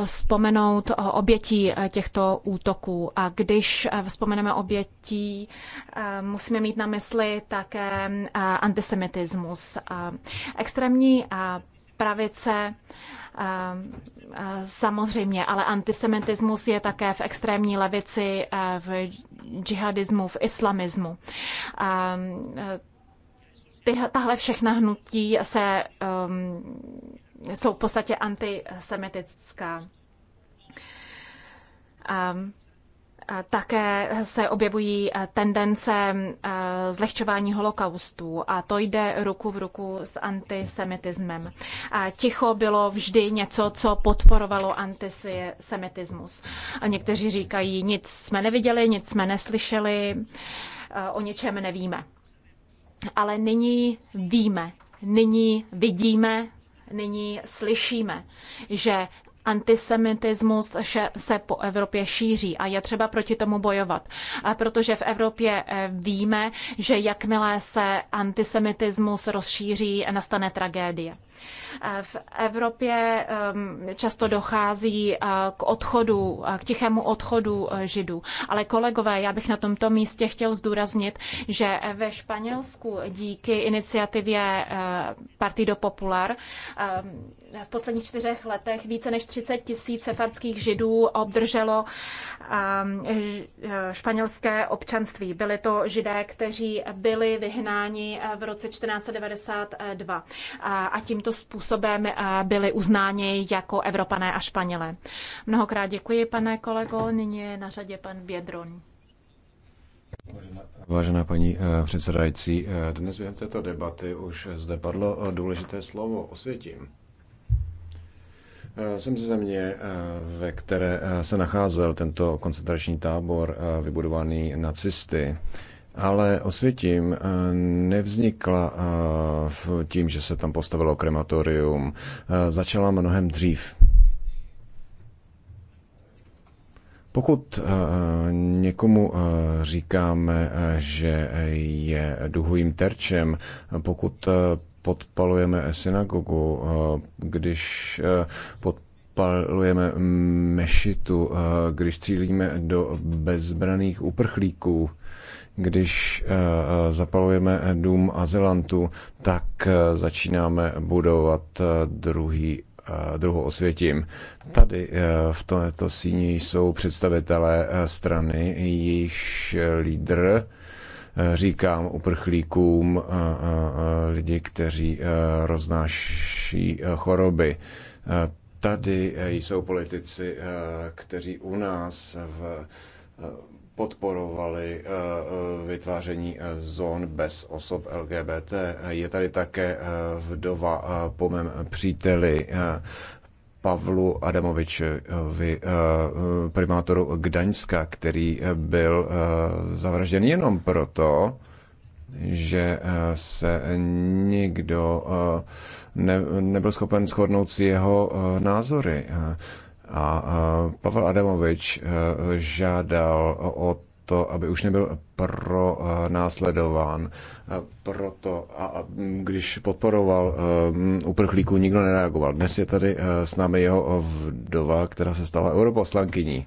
eh, vzpomenout o obětí těchto útoků. A když vzpomeneme obětí, musíme mít na mysli také antisemitismus. Extrémní pravice Ehm, eh, samozřejmě, ale antisemitismus je také v extrémní levici, eh, v džihadismu, v islamismu. Ehm, eh, tahle všechna hnutí se, ehm, jsou v podstatě antisemitická. Um, také se objevují eh, tendence eh, zlehčování holokaustu a to jde ruku v ruku s antisemitismem. Ticho bylo vždy něco, co podporovalo antisemitismus. Někteří říkají, nic jsme neviděli, nic jsme neslyšeli, eh, o ničem nevíme. Ale nyní víme, nyní vidíme, nyní slyšíme, že antisemitismus se po Evropě šíří a je třeba proti tomu bojovat. A protože v Evropě eh, víme, že jakmile se antisemitismus rozšíří, nastane tragédie. V Evropě ehm, často dochází eh, k odchodu, eh, k tichému odchodu eh, Židů. Ale kolegové, já bych na tomto místě chtěl zdůraznit, že ve Španělsku díky iniciativě Partido Popular ehm, v posledních čtyřech letech více než 30 tisíc sefardských Židů obdrželo španělské občanství. Byli to židé, kteří byli vyhnáni v roce 1492 a tímto způsobem byli uznáni jako Evropané a Španělé. Mnohokrát děkuji, pane kolego. Nyní je na řadě pan Bědron. Vážená paní e, předsedající, e, dnes během této debaty už zde padlo e, důležité slovo osvětím. Jsem ze země, eh, ve které eh, se nacházel tento koncentrační tábor eh, vybudovaný nacisty. Ale Osvětím nevznikla tím, že se tam postavilo krematorium. Začala mnohem dřív. Pokud někomu říkáme, že je duhovým terčem, pokud podpalujeme synagogu, eh, když eh, podpalujeme mešitu, eh, když střílíme do bezbraných uprchlíků, když zapalujeme dům azylantů, tak začínáme budovat druhý druhou osvětím. Tady v této síni jsou představitelé strany, jejich lídr Eh, říkám uprchlíkům, eh, eh, lidi, kteří roznáší choroby. Tady jsou politici, kteří u nás v podporovali vytváření zón bez osob LGBT. Je tady také vdova po mém příteli Pavlu Adamovičovi, eh, primátoru Gdaňska, který eh, byl eh, zavražděn jenom proto, že se nikdo ne, nebyl schopen shodnout si jeho názory. A Pavel Adamovič žádal o to, aby už nebyl pro následován. Proto, a, a když podporoval eh, uprchlíků, nikdo nereagoval. Dnes je tady eh, s námi jeho vdova, která se stala europoslankyní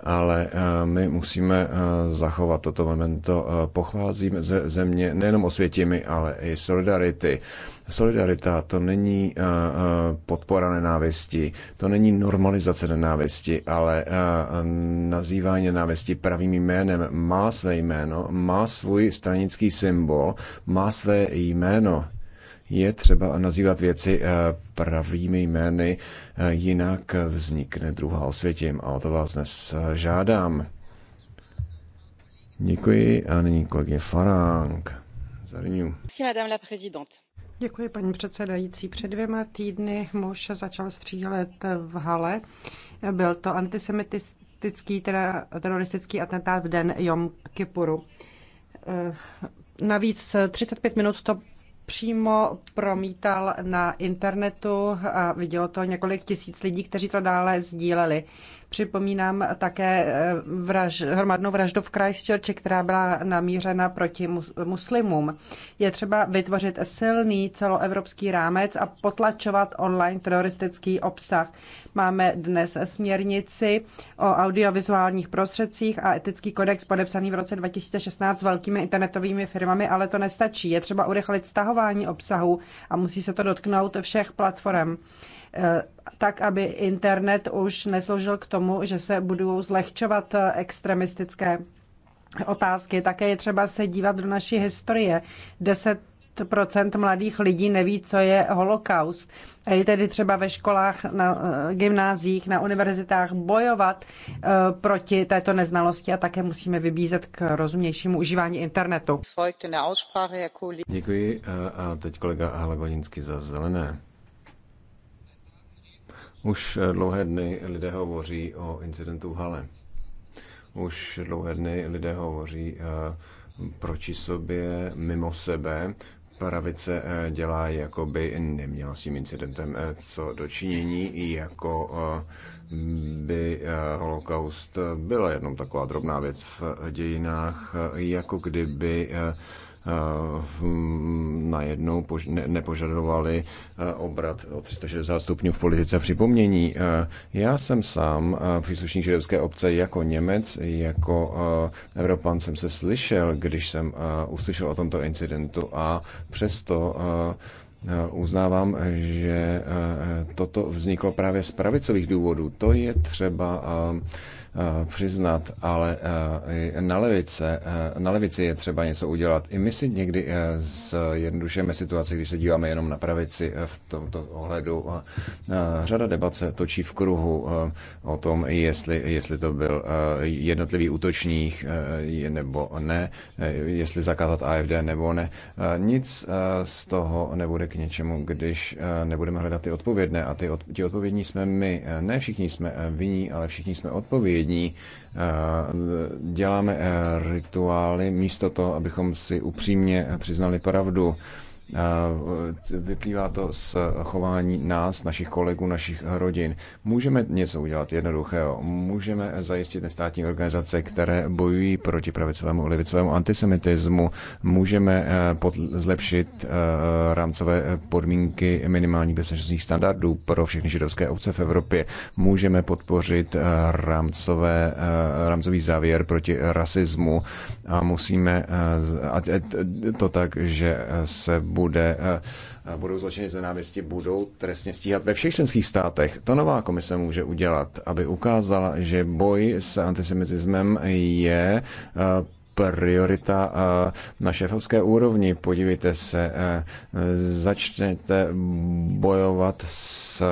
ale eh, my musíme eh, zachovat toto momento. Eh, Pochvázím ze země nejenom osvětimi, ale i solidarity. Solidarita to není podpora nenávisti, to není normalizace nenávisti, ale nazývání nenávisti pravým jménem má své jméno, má svůj stranický symbol, má své jméno. Je třeba nazývat věci eh, pravými jmény, eh, jinak vznikne druhá osvětím a o to vás dnes eh, žádám. Děkuji a nyní kolegyně Farang. Děkuji, paní předsedající. Před dvěma týdny muž začal střílet v Hale. Byl to teda teroristický atentát v den Jom Kipuru. Navíc 35 minut to přímo promítal na internetu a vidělo to několik tisíc lidí, kteří to dále sdíleli. Připomínám také eh, vraž, hromadnou vraždu v Christchurchi, která byla namířena proti muslimům. Je třeba vytvořit silný celoevropský rámec a potlačovat online teroristický obsah. Máme dnes směrnici o audiovizuálních prostředcích a etický kodex podepsaný v roce 2016 s velkými internetovými firmami, ale to nestačí. Je třeba urychlit stahování obsahu a musí se to dotknout všech platform. Eh, tak, aby internet už nesloužil k tomu, že se budou zlehčovat eh, extremistické otázky. Také je třeba se dívat do naší historie. 10 procent mladých lidí neví, co je holokaust. A je tedy třeba ve školách, na eh, gymnázích, na univerzitách bojovat proti této neznalosti a také musíme vybízet k rozumnějšímu užívání internetu. Děkuji a teď kolega Halagodinský za zelené. Už dlouhé dny lidé hovoří o incidentu v Hale. Už dlouhé dny lidé hovoří eh, proti sobě, mimo sebe. Pravice eh, dělá, jako by neměla s tím incidentem eh, co dočinění, jako by holokaust byla jenom taková drobná věc v dějinách, jako kdyby najednou nepožadovali eh, obrat o 360 stupňů v politice připomnění. Eh, já jsem sám eh, příslušník židovské obce jako Němec, jako Evropan jsem se slyšel, když jsem uslyšel o tomto incidentu a přesto Uznávám, že toto vzniklo právě z pravicových důvodů. To je třeba Eh, přiznat, ale eh, na, levice, eh, na levici je třeba něco udělat. I my si někdy zjednodušujeme situaci, když se díváme jenom na pravici v tomto ohledu. Řada debat se točí v kruhu o tom, jestli, jestli to byl jednotlivý útočník nebo ne, jestli zakázat AFD nebo ne. Nic z toho nebude k něčemu, když nebudeme hledat ty odpovědné. A ty, ti odpovědní jsme my. Ne všichni jsme viní, ale všichni jsme odpovědní dní. Eh, děláme eh, rituály místo toho, abychom si upřímně přiznali pravdu. Eh, vyplývá to z chování nás, našich kolegů, našich rodin. Můžeme něco udělat jednoduchého. Můžeme zajistit nestátní organizace, které bojují proti pravicovému levicovému antisemitismu. Můžeme eh, zlepšit eh, rámcové podmínky minimálních bezpečnostních standardů pro všechny židovské obce v Evropě. Můžeme podpořit rámcové, rámcový závěr proti rasismu a musíme eh, a to tak, že eh, se bude, eh, budou zločiny z nenávisti, budou trestně stíhat ve všech členských státech. To nová komise může udělat, aby ukázala, že boj s antisemitismem je priorita na šéfovské úrovni. Podívejte se, začněte bojovat s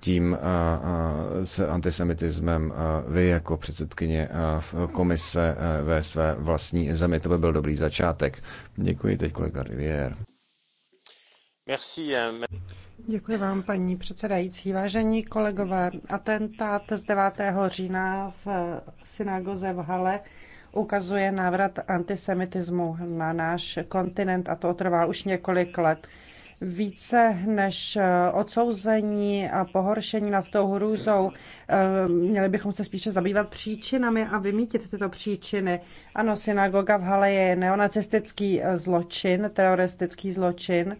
tím s antisemitismem vy jako předsedkyně v komise ve své vlastní zemi. To by byl dobrý začátek. Děkuji teď kolega Rivière. Merci. Eh, Děkuji vám, paní předsedající. Vážení kolegové, atentát z 9. října v eh, synagoze v Hale ukazuje návrat antisemitismu na náš kontinent a to trvá už několik let více než eh, odsouzení a pohoršení nad tou hrůzou. Eh, měli bychom se spíše zabývat příčinami a vymítit tyto příčiny. Ano, synagoga v Hale je neonacistický eh, zločin, teroristický zločin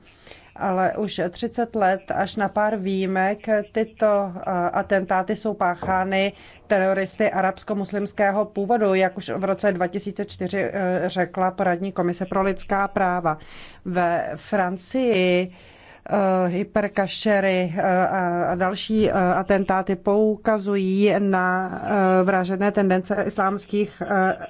ale už 30 let až na pár výjimek tyto atentáty jsou páchány teroristy arabsko-muslimského původu, jak už v roce 2004 e, řekla poradní komise pro lidská práva. Ve Francii e, hyperkašery e, a další atentáty poukazují na vražené tendence islámských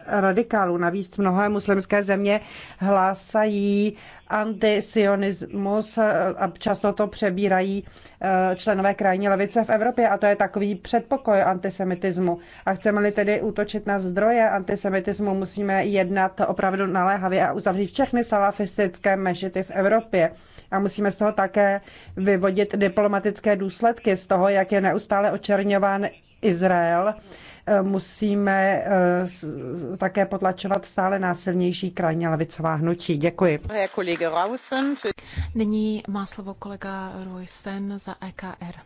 radikálů. Navíc mnohé muslimské země hlásají antisionismus a často to přebírají e, členové krajní levice v Evropě a to je takový předpokoj antisemitismu. A chceme-li tedy útočit na zdroje antisemitismu, musíme jednat opravdu naléhavě a uzavřít všechny salafistické mešity v Evropě. A musíme z toho také vyvodit diplomatické důsledky z toho, jak je neustále očerňován Izrael musíme eh, také potlačovat stále násilnější krajně levicová hnutí. Děkuji. Nyní má slovo kolega Roysen za EKR.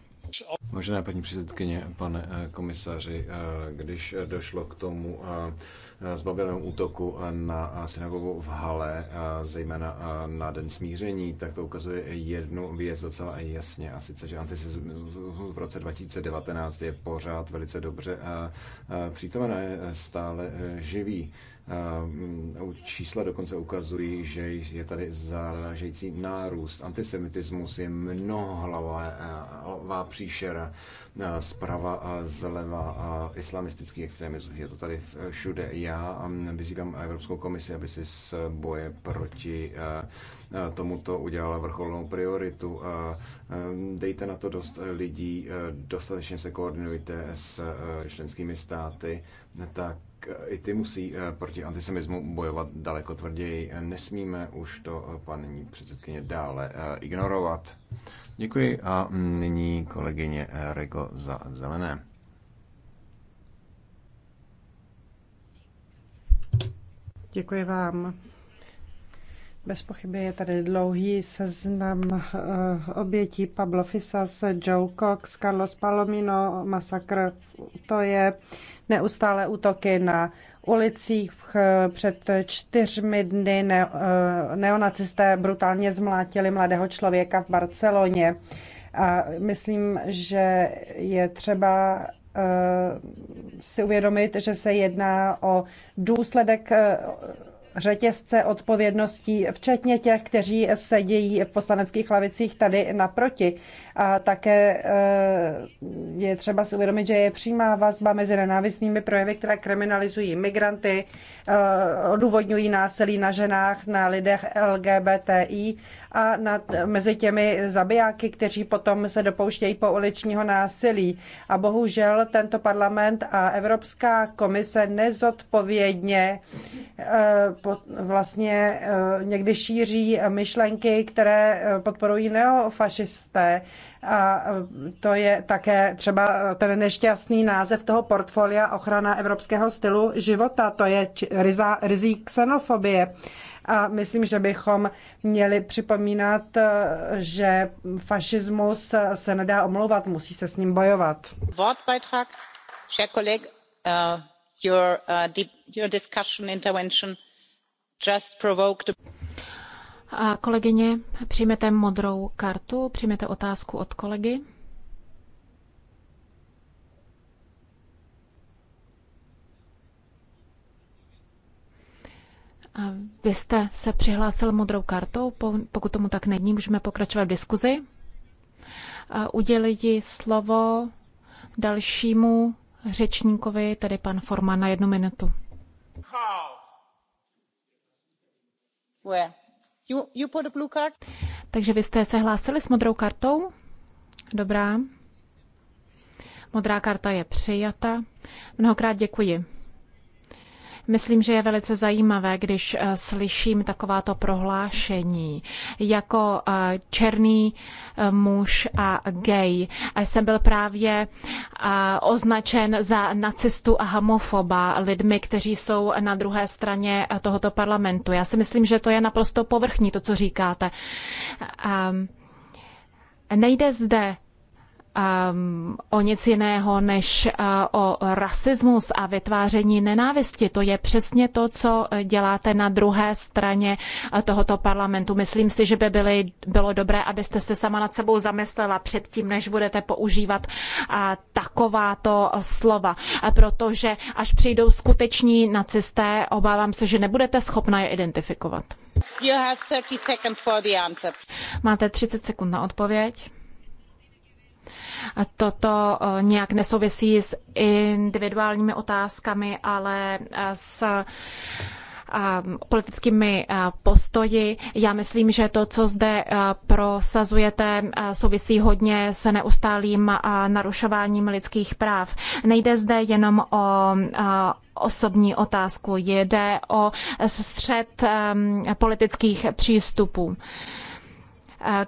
Možná paní předsedkyně, pane eh, komisaři, eh, když došlo k tomu eh, zbavenému útoku na synagogu v Hale, zejména na Den smíření, tak to ukazuje jednu věc docela jasně, a sice, že antisemitismus v roce 2019 je pořád velice dobře přítomen, je stále živý. Eh, čísla dokonce ukazují, že je tady zaražející nárůst. Antisemitismus je mnohohlavá eh, příšera eh, zprava a zleva a islamistický extremismus. Je to tady všude. Já mm, vyzývám Evropskou komisi, aby si z boje proti tomuto udělala vrcholnou prioritu. Dejte na to dost lidí, dostatečně se koordinujte s členskými státy, tak Eh, i ty musí eh, proti antisemismu bojovat daleko tvrději. Nesmíme už to, eh, paní předsedkyně, dále ignorovat. Děkuji a nyní kolegyně Rego za zelené. Děkuji vám. Bez pochyby je tady dlouhý seznam obětí Pablo Fisas, Joe Cox, Carlos Palomino, masakr. To je uh, neustále útoky na ulicích. Eh, před čtyřmi dny ne, eh, neonacisté brutálně zmlátili mladého člověka v Barceloně. A myslím, že je třeba eh, si uvědomit, že se jedná o důsledek řetězce odpovědností, včetně těch, kteří sedějí v poslaneckých lavicích tady naproti. A také eh, je třeba si uvědomit, že je přímá vazba mezi nenávistnými projevy, které kriminalizují migranty, eh, odůvodňují násilí na ženách, na lidech LGBTI a nad, mezi těmi zabijáky, kteří potom se dopouštějí po uličního násilí. A bohužel tento parlament a Evropská komise nezodpovědně eh, vlastně eh, někdy šíří myšlenky, které eh, podporují neofašisté. A to je také třeba ten nešťastný název toho portfolia ochrana evropského stylu života. To je ryzí xenofobie. A myslím, že bychom měli připomínat, eh, že fašismus eh, se nedá omlouvat, musí se s ním bojovat. Wortbeitrag, Herr Kollege, uh, your, uh, äh, deep, your discussion intervention just provoked... A kolegyně, přijmete modrou kartu, přijmete otázku od kolegy. Vy jste se přihlásil modrou kartou, pokud tomu tak není, můžeme pokračovat v diskuzi. Udělili slovo dalšímu řečníkovi, tedy pan Forman, na jednu minutu. You, you put a blue card? Takže vy jste se hlásili s modrou kartou? Dobrá. Modrá karta je přijata. Mnohokrát děkuji. Myslím, že je velice zajímavé, když eh, slyším takováto prohlášení jako eh, černý eh, muž a gay. Jsem byl právě označen za nacistu a homofoba lidmi, kteří jsou na druhé straně tohoto parlamentu. Já si myslím, že to je naprosto povrchní, to, co říkáte. Ehm, nejde zde um, o nic jiného než uh, o rasismus a vytváření nenávisti. To je přesně to, co eh, děláte na druhé straně eh, tohoto parlamentu. Myslím si, že by byly, bylo dobré, abyste se sama nad sebou zamyslela předtím, než budete používat uh, takováto slova, protože až přijdou skuteční nacisté, obávám se, že nebudete schopna je identifikovat. Máte 30 sekund na odpověď. Toto eh, nějak nesouvisí s individuálními otázkami, ale eh, s eh, politickými postoji. Já myslím, že to, co zde prosazujete, souvisí hodně se neustálým narušováním lidských práv. Nejde zde jenom o osobní otázku, jde o střed politických přístupů.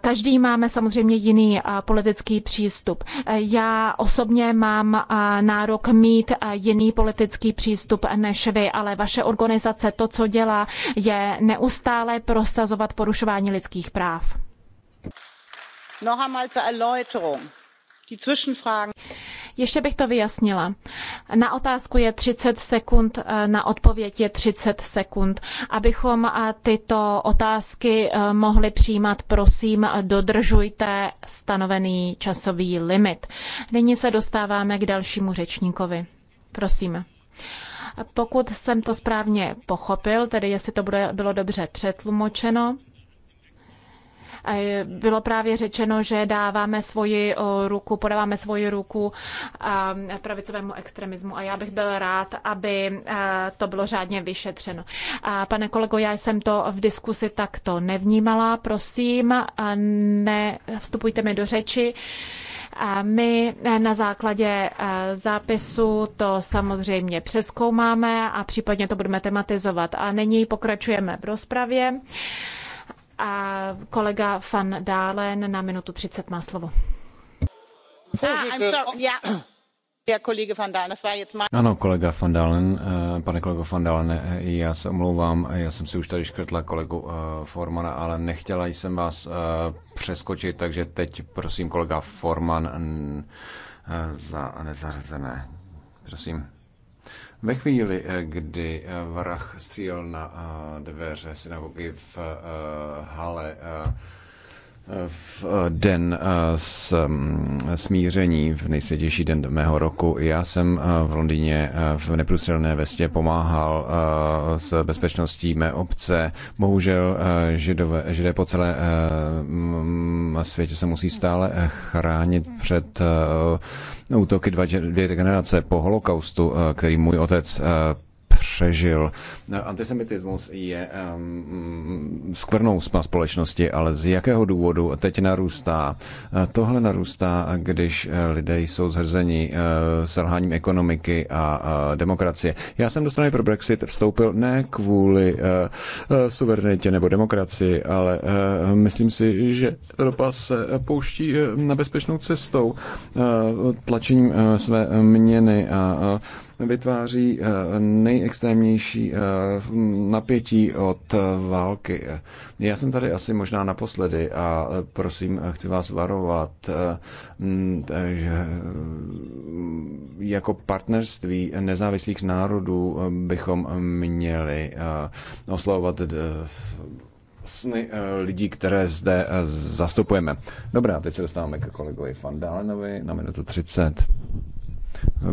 Každý máme samozřejmě jiný politický přístup. Já osobně mám nárok mít jiný politický přístup než vy, ale vaše organizace to, co dělá, je neustále prosazovat porušování lidských práv. Noch einmal zur Erläuterung ještě bych to vyjasnila. Na otázku je 30 sekund, eh, na odpověď je 30 sekund. Abychom eh, tyto otázky eh, mohli přijímat, prosím, dodržujte stanovený časový limit. Nyní se dostáváme k dalšímu řečníkovi. Prosím. Pokud jsem to správně pochopil, tedy jestli to bylo dobře přetlumočeno, bylo právě řečeno, že dáváme svoji eh, ruku, podáváme svoji ruku eh, pravicovému extremismu a já bych byl rád, aby eh, to bylo řádně vyšetřeno. Pane kolego, já jsem to v diskusi takto nevnímala, prosím, nevstupujte mi do řeči. A my na základě zápisu to samozřejmě přeskoumáme a případně to budeme tematizovat. A nyní pokračujeme v rozpravě. A kolega Van Dálen na minutu 30 má slovo. Ah, ano, kolega Van Dalen, eh, pane kolego Van Dalen, eh, já se omlouvám, eh, já jsem si už tady škrtla kolegu Formana, ale nechtěla jsem vás přeskočit, takže teď prosím kolega Forman za nezařazené. Prosím. Ve chvíli, eh, kdy eh, vrah střílel na eh, dveře synagogy v hale, v eh, den eh, s mm, smíření, v nejsvětější den mého roku. Já jsem eh, v Londýně v neprůstřelné vestě pomáhal s bezpečností mé obce. Bohužel židové, židé po celé mm, světě se musí stále chránit před útoky dvě generace po holokaustu, který můj otec přežil. Antisemitismus je um, skvrnou spa společnosti, ale z jakého důvodu teď narůstá? E, tohle narůstá, když e, lidé jsou zhrzeni e, selháním ekonomiky a demokracie. Já jsem do strany pro Brexit vstoupil ne kvůli suverenitě nebo demokracii, ale myslím si, že Evropa se pouští na bezpečnou cestou tlačením své měny a vytváří eh, nejextrémnější eh, napětí od eh, války. Já jsem tady asi možná naposledy a prosím, chci vás varovat, že jako partnerství nezávislých národů bychom měli oslovovat sny lidí, které zde zastupujeme. Dobrá, teď se dostáváme ke kolegovi Fandálenovi na minutu 30.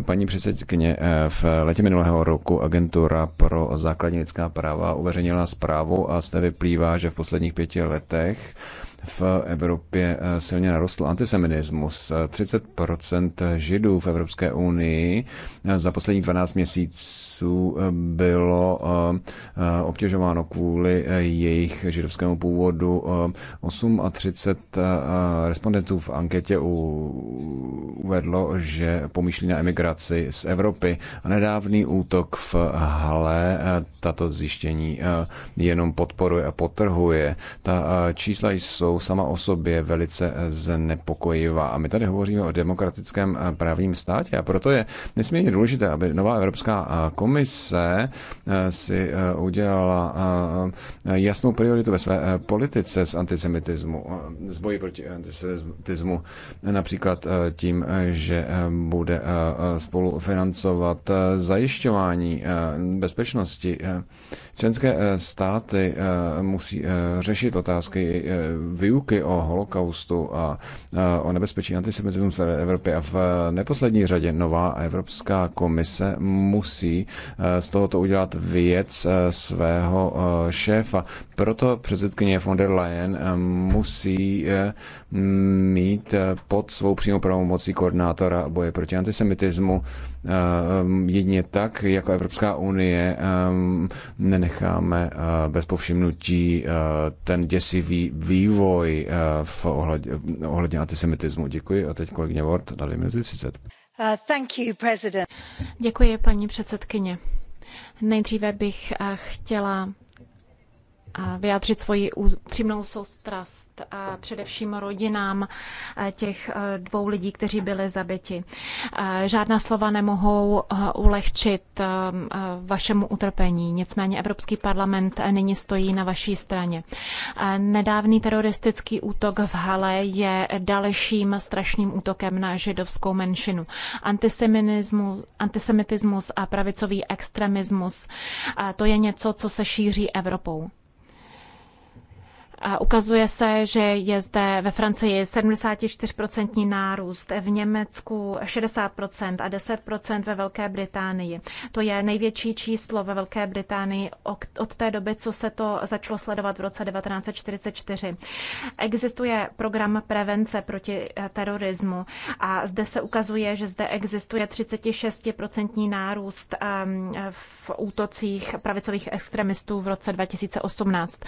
Paní předsedkyně, eh, v letě minulého roku agentura pro základní lidská práva uveřejnila zprávu a z té vyplývá, že v posledních pěti letech v Evropě eh, silně narostl antisemitismus. 30% židů v Evropské unii eh, za posledních 12 měsíců eh, bylo obtěžováno kvůli jejich židovskému původu. 30 respondentů v anketě uvedlo, že pomýšlí na emigraci z Evropy a nedávný útok v Hale tato zjištění jenom podporuje a potrhuje. Ta čísla jsou jsou sama o sobě velice eh, znepokojivá. A my tady hovoříme o demokratickém eh, právním státě a proto je nesmírně důležité, aby nová Evropská eh, komise si udělala jasnou prioritu ve své politice z antisemitismu, z boji proti antisemitismu, například tím, že bude spolufinancovat zajišťování bezpečnosti Členské eh, státy eh, musí eh, řešit otázky výuky o holokaustu a o nebezpečí antisemitismu v Evropě a v neposlední řadě nová Evropská komise musí z tohoto udělat věc svého šéfa. Proto předsedkyně von der Leyen musí mít pod svou přímou pravomocí koordinátora boje proti antisemitismu Ehm, jedině tak, jako Evropská unie, ehm, nenecháme eh, bez povšimnutí eh, ten děsivý vývoj eh, v ohledě, ohledně antisemitismu. Děkuji a teď kolegyně Ward na 2 minuty 30. Uh, thank you, president. Děkuji, paní předsedkyně. Nejdříve bych chtěla vyjádřit svoji přímou soustrast především rodinám eh, těch eh, dvou lidí, kteří byli zabiti. Eh, žádná slova nemohou ulehčit vašemu utrpení, nicméně Evropský parlament nyní stojí na vaší straně. Nedávný teroristický útok v Hale je dalším strašným útokem na židovskou menšinu. antisemitismus a pravicový extremismus, to je něco, co se šíří Evropou. Ukazuje se, že je zde ve Francii 74% nárůst, v Německu 60% a 10% ve Velké Británii. To je největší číslo ve Velké Británii od té doby, co se to začalo sledovat v roce 1944. Existuje program prevence proti eh, terorismu a zde se ukazuje, že zde existuje 36% nárůst ehm, v útocích pravicových extremistů v roce 2018.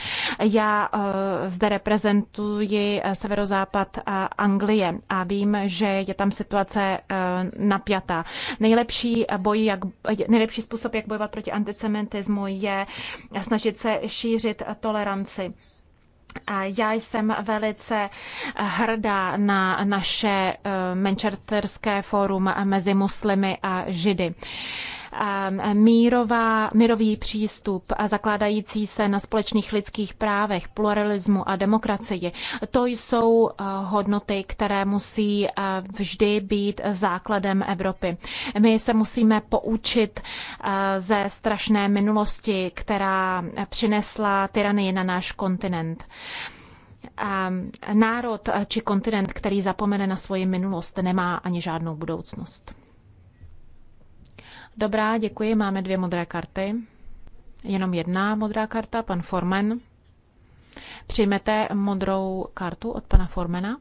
Já eh, zde reprezentuji eh, severozápad Anglie a vím, že je tam situace eh, napjatá. Nejlepší, eh, boj, jak, nejlepší způsob, jak bojovat proti antisemitismu, je snažit se šířit toleranci. Já jsem velice hrdá na naše Manchesterské fórum mezi muslimy a židy. Ehm, mírová, mírový přístup a zakládající se na společných lidských právech, pluralismu a demokracii. To jsou eh, hodnoty, které musí eh, vždy být základem Evropy. My se musíme poučit eh, ze strašné minulosti, která přinesla tyranii na náš kontinent ehm, národ či kontinent, který zapomene na svoji minulost, nemá ani žádnou budoucnost. Dobrá, děkuji. Máme dvě modré karty. Jenom jedna modrá karta, pan Formen. Přijmete modrou kartu od pana Formena?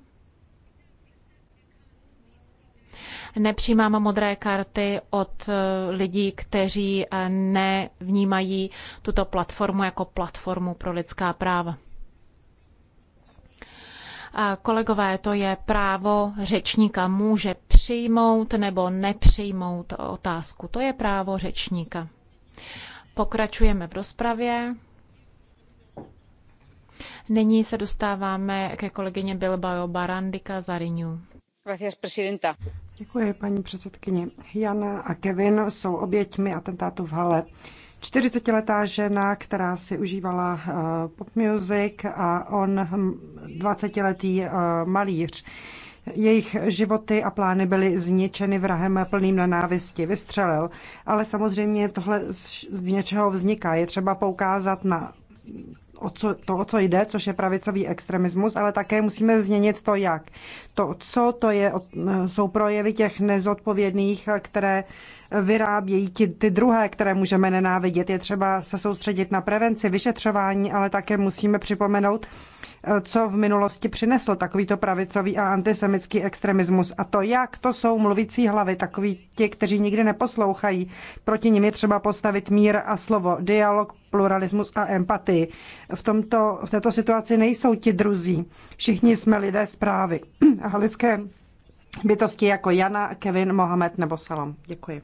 Nepřijímám modré karty od eh, lidí, kteří eh, nevnímají tuto platformu jako platformu pro lidská práva. Kolegové, to je právo řečníka. Může přijmout nebo nepřijmout otázku. To je právo řečníka. Pokračujeme v rozpravě. Nyní se dostáváme ke kolegyně Bilbao Barandika Zariňu. Děkuji, paní předsedkyně. Jana a Kevin jsou oběťmi atentátu v Hale. 40-letá žena, která si užívala eh, pop music a on 20-letý hm, eh, malíř. Jejich životy a plány byly zničeny vrahem plným nenávisti. Vystřelil. Ale samozřejmě tohle z něčeho vzniká. Je třeba poukázat na o co, to, o co jde, což je pravicový extremismus, ale také musíme změnit to, jak. To, co to je, eh, jsou projevy těch nezodpovědných, které vyrábějí ty, ty druhé, které můžeme nenávidět. Je třeba se soustředit na prevenci, vyšetřování, ale také musíme připomenout, eh, co v minulosti přinesl takovýto pravicový a antisemický extremismus. A to, jak to jsou mluvící hlavy, takový ti, kteří nikdy neposlouchají. Proti nim je třeba postavit mír a slovo, dialog, pluralismus a empatii. V, tomto, v této situaci nejsou ti druzí. Všichni jsme lidé zprávy a lidské bytosti jako Jana, Kevin, Mohamed nebo Salam. Děkuji.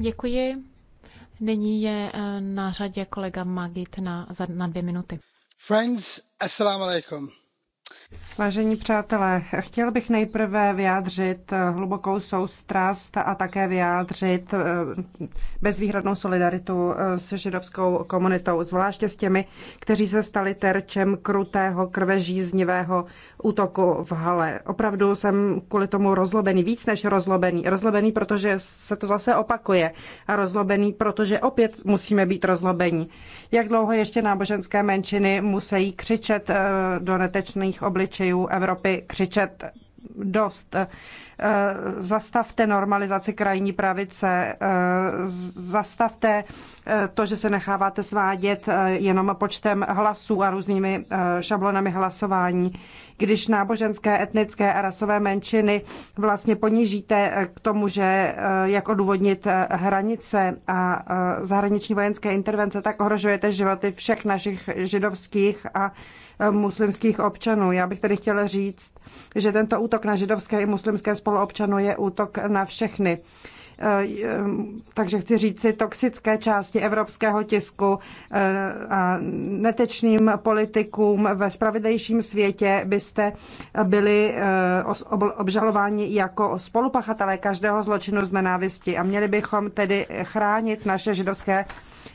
Děkuji. Nyní je eh, na řadě kolega Magit na, na dvě minuty. Friends, assalamu alaikum Vážení přátelé, chtěl bych nejprve vyjádřit hlubokou soustrast a také vyjádřit eh, bezvýhradnou solidaritu eh, s židovskou komunitou, zvláště s těmi, kteří se stali terčem krutého krvežíznivého útoku v Hale. Opravdu jsem kvůli tomu rozlobený, víc než rozlobený. Rozlobený, protože se to zase opakuje a rozlobený, protože opět musíme být rozlobení. Jak dlouho ještě náboženské menšiny musí křičet eh, do netečných obličejů Evropy, křičet dost. Eh, zastavte normalizaci krajní pravice, eh, zastavte eh, to, že se necháváte svádět jenom počtem hlasů a různými šablonami hlasování. Když náboženské, etnické a rasové menšiny vlastně ponížíte k tomu, že jak odůvodnit hranice a zahraniční vojenské intervence, tak ohrožujete životy všech našich židovských a muslimských občanů. Já bych tady chtěla říct, že tento útok na židovské i muslimské spoluobčanů je útok na všechny e, takže chci říct si toxické části evropského tisku e, a netečným politikům ve spravedlejším světě byste byli e, obžalováni jako spolupachatelé každého zločinu z nenávisti a měli bychom tedy chránit naše židovské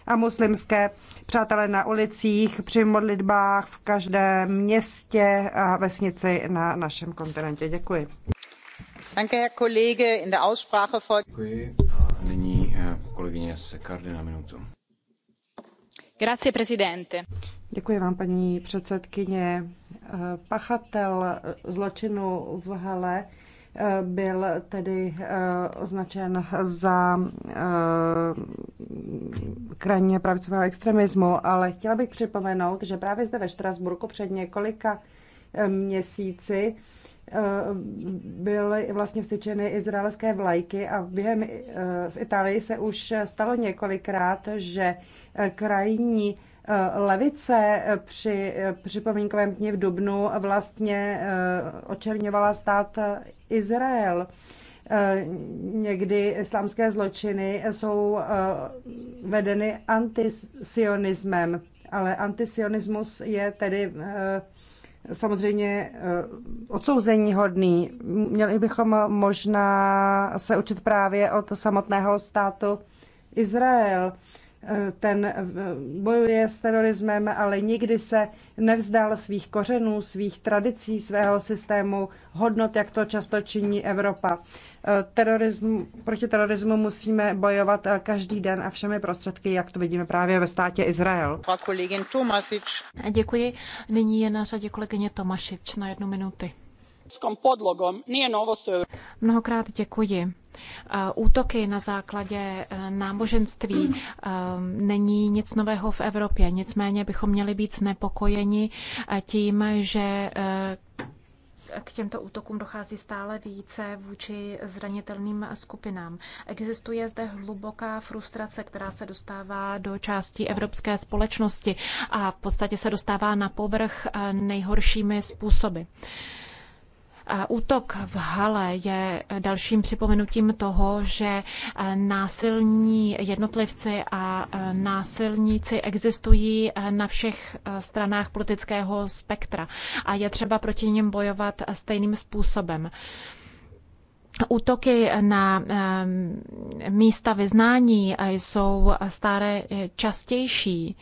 a muslimské přátelé na ulicích, při modlitbách v každém městě a vesnici na našem kontinentě. Děkuji. Děkuji. A nyní eh, kolegyně Sekardy na minutu. Grazie, presidente. Děkuji vám, paní předsedkyně. Eh, pachatel zločinu v Hale eh, byl tedy označen za krajně pravicového extremismu, ale chtěla bych připomenout, že právě zde ve Štrasburku před několika eh, měsíci eh, byly vlastně vstyčeny izraelské vlajky a během eh, v Itálii se už stalo několikrát, že krajní levice při připomínkovém dně v Dubnu vlastně očerňovala stát Izrael. Eh, někdy islámské zločiny jsou eh, vedeny antisionismem, ale antisionismus je tedy eh, samozřejmě odsouzení hodný. Měli bychom možná se učit právě od samotného státu Izrael ten eh, bojuje s terorismem, ale nikdy se nevzdal svých kořenů, svých tradicí, svého systému hodnot, jak to často činí Evropa. Eh, terorism, proti terorismu musíme bojovat eh, každý den a všemi prostředky, jak to vidíme právě ve státě Izrael. Děkuji. Nyní je na řadě kolegyně Tomašič na jednu minuty podlogom nije novost. Mnohokrát děkuji. Eh, útoky na základě eh, náboženství eh, není nic nového v Evropě, nicméně bychom měli být znepokojeni tím, že k těmto útokům dochází stále více vůči zranitelným skupinám. Existuje zde hluboká frustrace, která se dostává do části evropské společnosti a v podstatě se dostává na povrch nejhoršími způsoby. Útok v Hale je dalším připomenutím toho, že násilní jednotlivci a násilníci existují na všech stranách politického spektra a je třeba proti nim bojovat stejným způsobem. Útoky na ehm, místa vyznání jsou stále častější.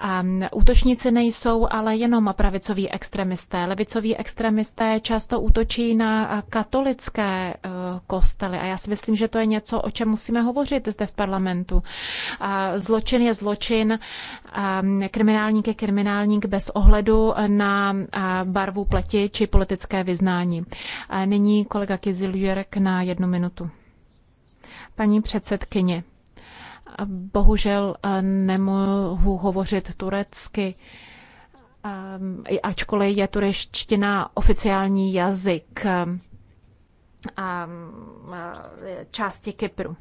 Ehm, útočníci nejsou ale jenom pravicoví extremisté. Levicoví extremisté často útočí na katolické eh, kostely a já si myslím, že to je něco, o čem musíme hovořit zde v parlamentu. Zločin je zločin, ehm, kriminálník je kriminálník bez ohledu na eh, barvu pleti či politické vyznání. Nyní kolega Kiziljer Marek na jednu minutu. Paní předsedkyně, bohužel eh, nemohu hovořit turecky, eh, ačkoliv je turečtina oficiální jazyk eh, části Kypru.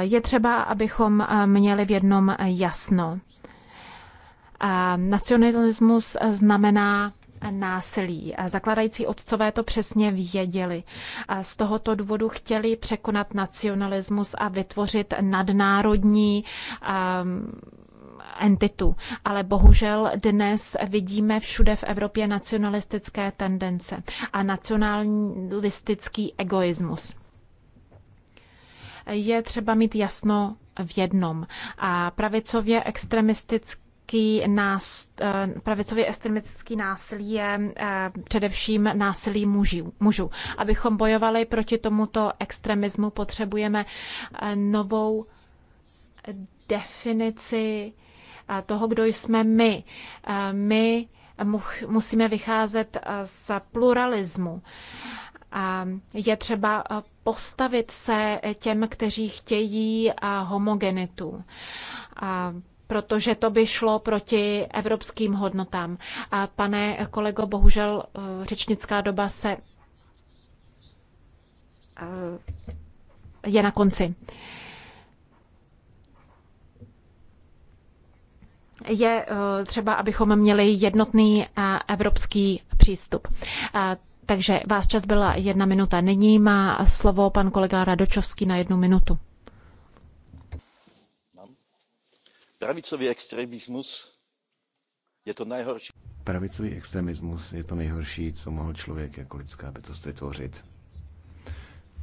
Je třeba, abychom měli v jednom jasno. Nacionalismus znamená násilí. Zakladající otcové to přesně věděli. Z tohoto důvodu chtěli překonat nacionalismus a vytvořit nadnárodní um, entitu. Ale bohužel dnes vidíme všude v Evropě nacionalistické tendence a nacionalistický egoismus. Je třeba mít jasno v jednom. A pravicově extremistický extremistický nás, eh, pravicově extremistický násilí je eh, především násilí mužů, mužů. Abychom bojovali proti tomuto extremismu, potřebujeme eh, novou definici toho, kdo jsme my. My musíme vycházet z pluralismu. Je třeba postavit se těm, kteří chtějí homogenitu protože to by šlo proti evropským hodnotám. A pane kolego, bohužel eh, řečnická doba se eh, je na konci. Je eh, třeba, abychom měli jednotný evropský přístup. Takže váš čas byla jedna minuta. Nyní má slovo pan kolega Radočovský na jednu minutu. Pravicový extremismus je to nejhorší. Pravicový extremismus je to nejhorší, co mohl člověk jako lidská bytost vytvořit.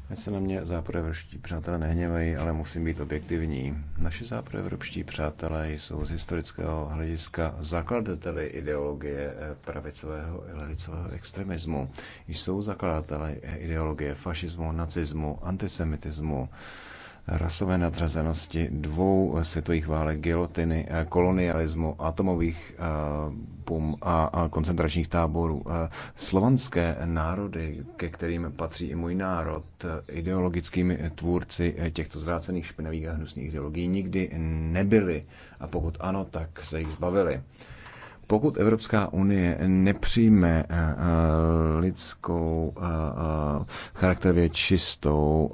Ať se na mě západoevropští přátelé nehněvají, ale musím být objektivní. Naši západoevropští přátelé jsou z historického hlediska zakladateli ideologie eh, pravicového i levicového extremismu. Jsou zakladateli eh, ideologie fašismu, nacismu, antisemitismu, rasové nadřazenosti dvou světových válek, gilotiny, eh, kolonialismu, atomových eh, bum a koncentračních táborů. Eh, slovanské národy, ke kterým patří i můj národ, ideologickými tvůrci těchto zvrácených špinavých a hnusných ideologií nikdy nebyly a pokud ano, tak se jich zbavili. Pokud Evropská unie nepřijme eh, eh, lidskou, eh, charakterově čistou,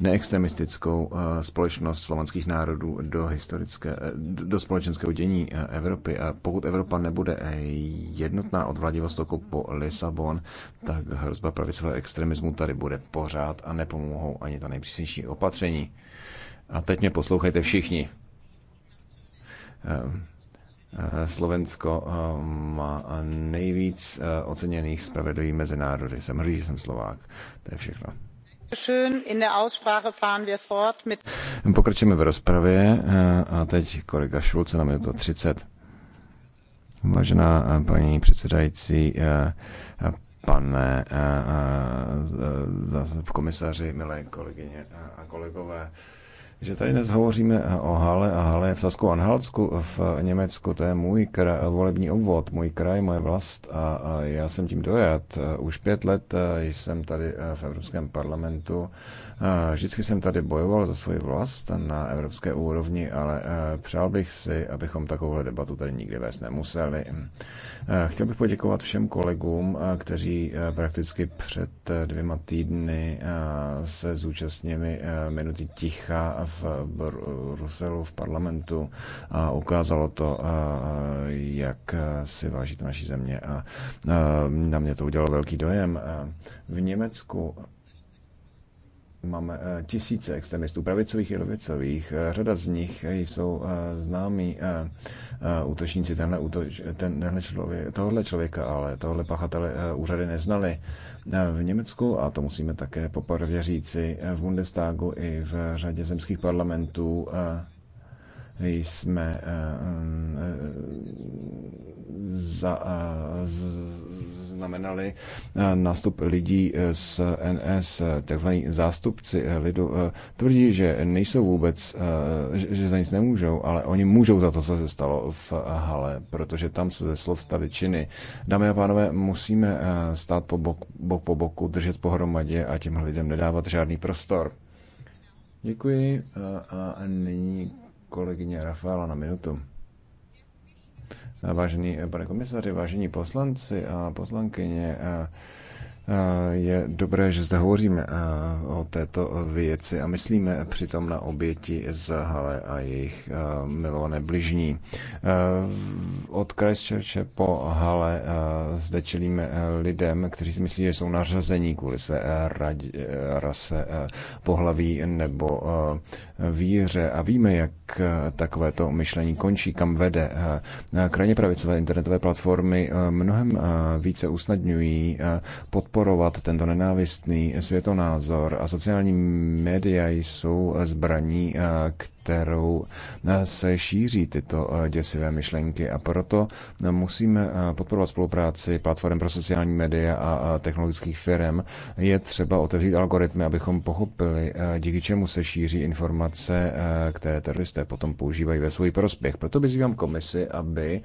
neextremistickou společnost slovanských národů do, historické, do společenského dění Evropy a pokud Evropa nebude jednotná od Vladivostoku po Lisabon, tak hrozba pravicového extremismu tady bude pořád a nepomohou ani ta nejpřísnější opatření. A teď mě poslouchejte všichni. Eh, Slovensko eh, má nejvíc eh, oceněných spravedlivý mezinárodní. Jsem hrdý, že jsem Slovák. To je všechno. Pokračujeme v rozpravě a teď kolega Šulce na minutu 30. Vážená paní předsedající, pane komisaři, milé kolegyně a kolegové, že tady dnes hovoříme o Hale a Hale v Sasku Anhaltsku v Německu, to je můj kraj, volební obvod, můj kraj, moje vlast a, a já jsem tím dojat. Už pět let eh, jsem tady eh, v Evropském parlamentu Vždycky jsem tady bojoval za svoji vlast na evropské úrovni, ale e, přál bych si, abychom takovouhle debatu tady nikdy vést nemuseli. E, chtěl bych poděkovat všem kolegům, e, kteří prakticky před dvěma týdny se zúčastnili minuty ticha v Bruselu v parlamentu a ukázalo to, jak si vážit naší země a na mě to udělalo velký dojem. V Německu Máme eh, tisíce extremistů, pravicových i levicových. Eh, řada z nich eh, jsou známí útočníci. Tenhle, útoč, tenhle člověk, tohle člověka, ale tohle pachatele úřady neznali. V Německu, a to musíme také popravdě říci, v Bundestagu i v řadě zemských parlamentů jsme eh, eh, eh, znamenali nástup lidí z NS, takzvaní zástupci lidu, tvrdí, že nejsou vůbec, že za nic nemůžou, ale oni můžou za to, co se stalo v Hale, protože tam se ze slov staly činy. Dámy a pánové, musíme stát po bok, bok po boku, držet pohromadě a těm lidem nedávat žádný prostor. Děkuji a, a nyní kolegyně Rafaela na minutu. Vážený pane komisaři, vážení poslanci a poslankyně, a eh, Eh, je dobré, že zde hovoříme eh, o této věci a myslíme přitom na oběti z Hale a jejich eh, milované bližní. Od Christchurche po Hale zde čelíme lidem, kteří si myslí, že jsou nařazení kvůli své rase, pohlaví nebo víře a víme, jak takovéto myšlení končí, kam vede. Krajně pravicové internetové platformy mnohem více usnadňují podporu podporovat tento nenávistný světonázor a sociální média jsou zbraní, eh, kterou eh, se šíří tyto eh, děsivé myšlenky. A proto eh, musíme podporovat spolupráci platform pro sociální média a technologických firm. Je třeba otevřít algoritmy, abychom pochopili, díky čemu se šíří informace, které teroristé potom používají ve svůj prospěch. Proto vyzývám komisi, aby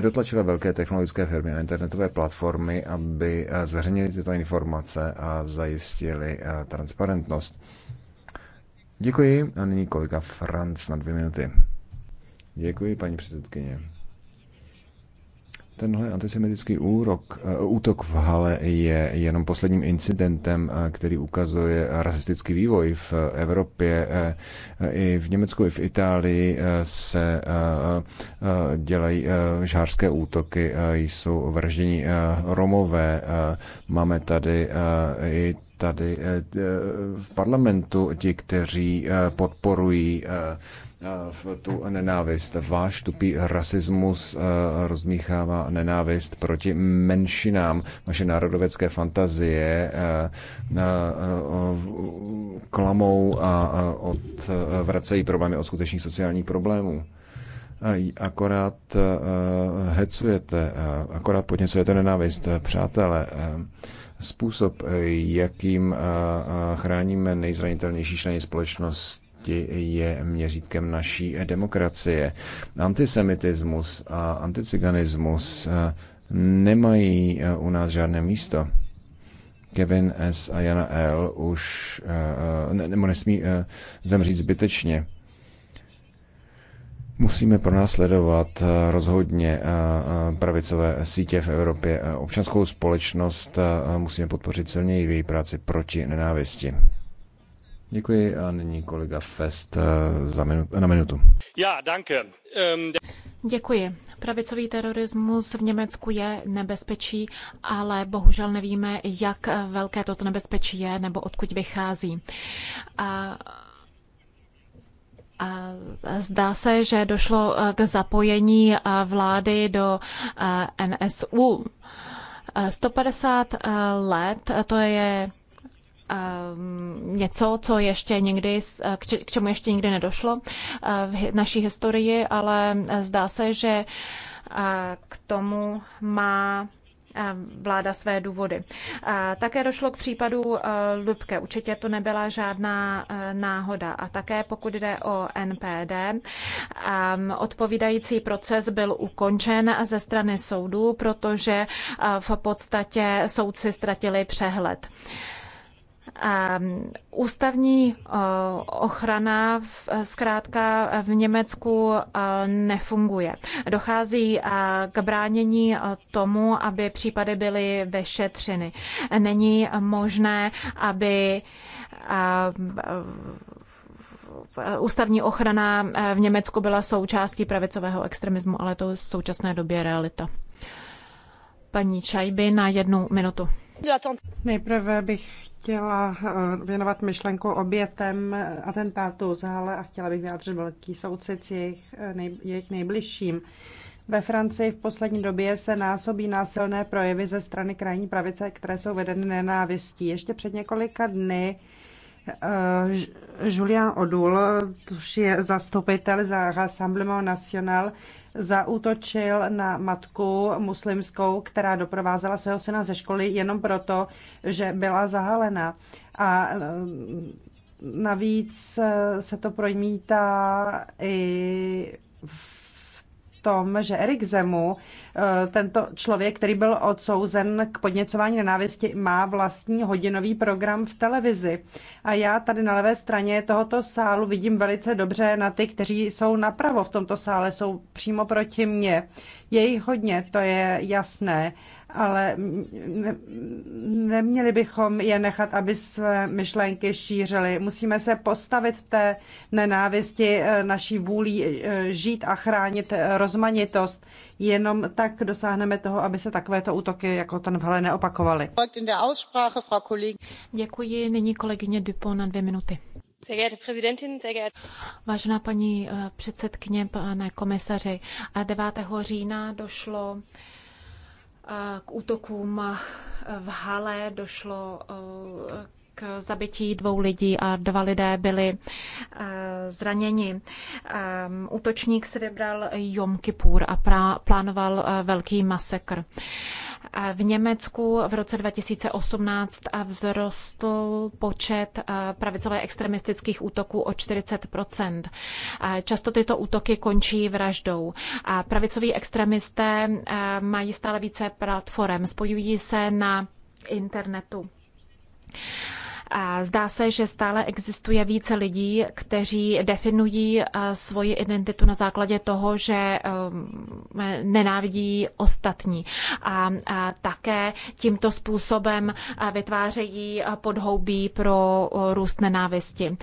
dotlačila velké technologické firmy a internetové platformy, aby zveřejnili tyto informace a zajistili transparentnost. Děkuji a nyní kolega Franc na dvě minuty. Děkuji, paní předsedkyně. Tenhle antisemitický úrok, eh, útok v Hale je jenom posledním incidentem, eh, který ukazuje rasistický vývoj v Evropě. Eh, I v Německu, i v Itálii se dělají žářské útoky, jsou vraždění Romové. Máme tady i tady eh, eh, v parlamentu ti, kteří eh, podporují v tu nenávist. Váš tupý rasismus rozmíchává nenávist proti menšinám. Vaše národovecké fantazie klamou a vracejí problémy od skutečných sociálních problémů akorát hecujete, akorát podněcujete nenávist, přátelé. Způsob, jakým chráníme nejzranitelnější členy společnosti, je měřítkem naší demokracie. Antisemitismus a anticiganismus nemají u nás žádné místo. Kevin S. a Jana L. už ne, nebo nesmí zemřít zbytečně. Musíme pronásledovat eh, rozhodně eh, eh, pravicové sítě v Evropě. Občanskou společnost musíme podpořit silněji v její práci proti nenávisti. Děkuji a nyní kolega Fest za minut, na minutu. Já, danke. Um, ehm, de- Děkuji. Pravicový terorismus v Německu je nebezpečí, ale bohužel nevíme, jak velké toto nebezpečí je nebo odkud vychází. A Zdá se, že došlo k zapojení vlády do NSU. 150 let to je něco, co ještě nikdy, k čemu ještě nikdy nedošlo v naší historii, ale zdá se, že k tomu má vláda své důvody. Také došlo k případu e, Lubke. Určitě to nebyla žádná e, náhoda. A také pokud jde o NPD, um, odpovídající proces byl ukončen ze strany soudu, protože e, v podstatě soudci ztratili přehled. Ehm, ústavní eh, ochrana eh, zkrátka v Německu eh, nefunguje. Dochází k bránění tomu, aby případy byly vyšetřeny. Není možné, aby ústavní ochrana v Německu byla součástí pravicového extremismu, ale to v současné době realita. Paní Čajby na jednu minutu. Nejprve bych chtěla eh, věnovat myšlenku obětem atentátu zále a chtěla bych vyjádřit velký soucit jejich, eh, nej, jejich nejbližším. Ve Francii v poslední době se násobí násilné projevy ze strany krajní pravice, které jsou vedeny nenávistí. Ještě před několika dny eh, Julian Odul, což je zastupitel za Rassemblement National, zaútočil na matku muslimskou, která doprovázela svého syna ze školy jenom proto, že byla zahalena. A e, navíc e, se to promítá i v tom, že Erik Zemu, eh, tento člověk, který byl odsouzen k podněcování nenávisti, má vlastní hodinový program v televizi. A já tady na levé straně tohoto sálu vidím velice dobře na ty, kteří jsou napravo v tomto sále, jsou přímo proti mně. Je jich hodně, to je jasné ale ne, neměli bychom je nechat, aby své myšlenky šířily. Musíme se postavit té nenávisti eh, naší vůlí eh, žít a chránit eh, rozmanitost. Jenom tak dosáhneme toho, aby se takovéto útoky jako ten vhle neopakovaly. Děkuji. Nyní kolegyně Dupo na dvě minuty. Vážená paní předsedkyně, pane komisaři, 9. října došlo k útokům v Hale došlo eh, k zabití dvou lidí a dva lidé byli eh, zraněni. Ehm, útočník se vybral Jom Kippur a plánoval eh, velký masakr. V Německu v roce 2018 vzrostl počet pravicové extremistických útoků o 40 Často tyto útoky končí vraždou. Pravicoví extremisté mají stále více platform, spojují se na internetu. Zdá se, že stále existuje více lidí, kteří definují eh, svoji identitu na základě toho, že eh, nenávidí ostatní. A také tímto způsobem eh, vytvářejí podhoubí pro růst nenávisti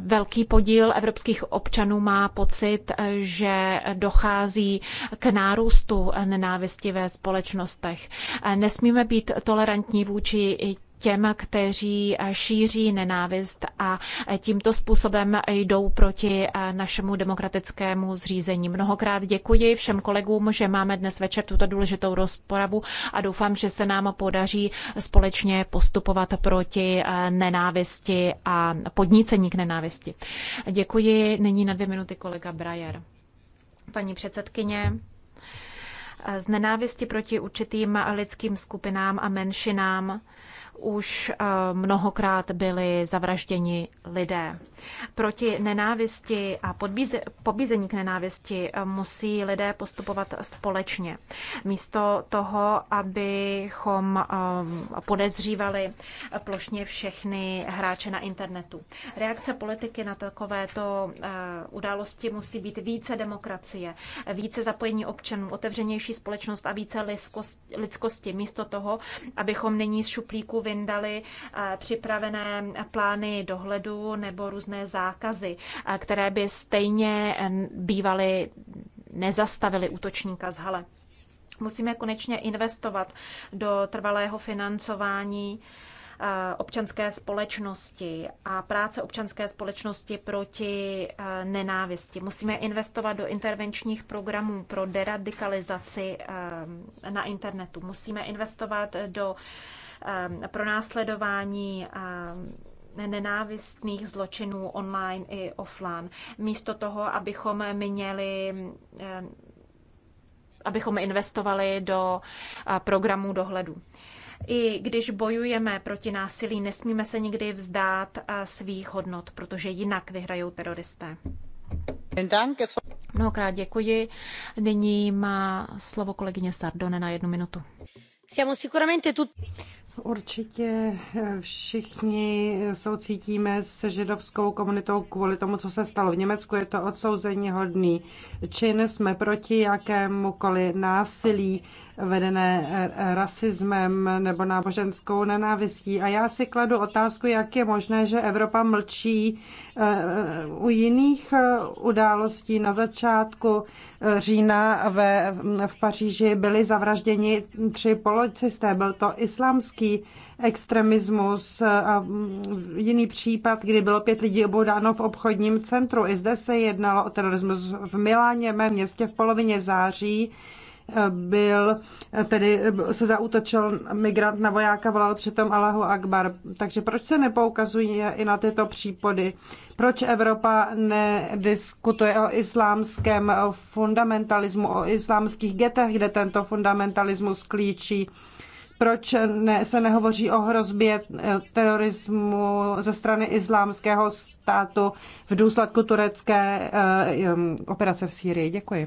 velký podíl evropských občanů má pocit, že dochází k nárůstu nenávisti ve společnostech. Nesmíme být tolerantní vůči těm, kteří eh, šíří nenávist a eh, tímto způsobem jdou proti eh, našemu demokratickému zřízení. Mnohokrát děkuji všem kolegům, že máme dnes večer tuto důležitou rozpravu a doufám, že se nám podaří společně postupovat proti nenávisti a podnícení k nenávisti. Děkuji. Nyní na dvě minuty kolega Brajer. Paní předsedkyně, z nenávisti proti určitým lidským skupinám a menšinám už eh, mnohokrát byli zavražděni lidé. Proti nenávisti a podbíze, pobízení k nenávisti eh, musí lidé postupovat společně. Místo toho, abychom eh, podezřívali plošně všechny hráče na internetu. Reakce politiky na takovéto události musí být více demokracie, více zapojení občanů, otevřenější společnost a více lidskosti. Místo toho, abychom nyní z šuplíku vyndali eh, připravené plány dohledu nebo různé zákazy, eh, které by stejně eh, bývaly nezastavili útočníka z hale. Musíme konečně investovat do trvalého financování občanské společnosti a práce občanské společnosti proti nenávisti. Musíme investovat do intervenčních programů pro deradikalizaci na internetu. Musíme investovat do Um, pronásledování um, nenávistných zločinů online i offline. Místo toho, abychom měli um, abychom investovali do uh, programů dohledu. I když bojujeme proti násilí, nesmíme se nikdy vzdát uh, svých hodnot, protože jinak vyhrajou teroristé. Mnohokrát děkuji. Nyní má slovo kolegyně Sardone na jednu minutu. Určitě eh, všichni soucítíme se židovskou komunitou kvůli tomu, co se stalo v Německu. Je to odsouzení hodný čin. Jsme proti jakémukoliv násilí vedené rasismem nebo náboženskou nenávistí. A já si kladu otázku, jak je možné, že Evropa mlčí eh, eh, u jiných eh, událostí. Na začátku října ve, v Paříži byli zavražděni tři policisté. Byl to islámský extremismus a mm, jiný případ, kdy bylo pět lidí oboudáno v obchodním centru. I zde se jednalo o terorismus v Miláně, mém městě v polovině září byl, tedy se zautočil migrant na vojáka, volal přitom Allahu Akbar. Takže proč se nepoukazují i na tyto případy? Proč Evropa nediskutuje o islámském fundamentalismu, o islámských getech, kde tento fundamentalismus klíčí? Proč ne, se nehovoří o hrozbě eh, terorismu ze strany islámského státu v důsledku turecké uh, operace v Sýrii? Děkuji.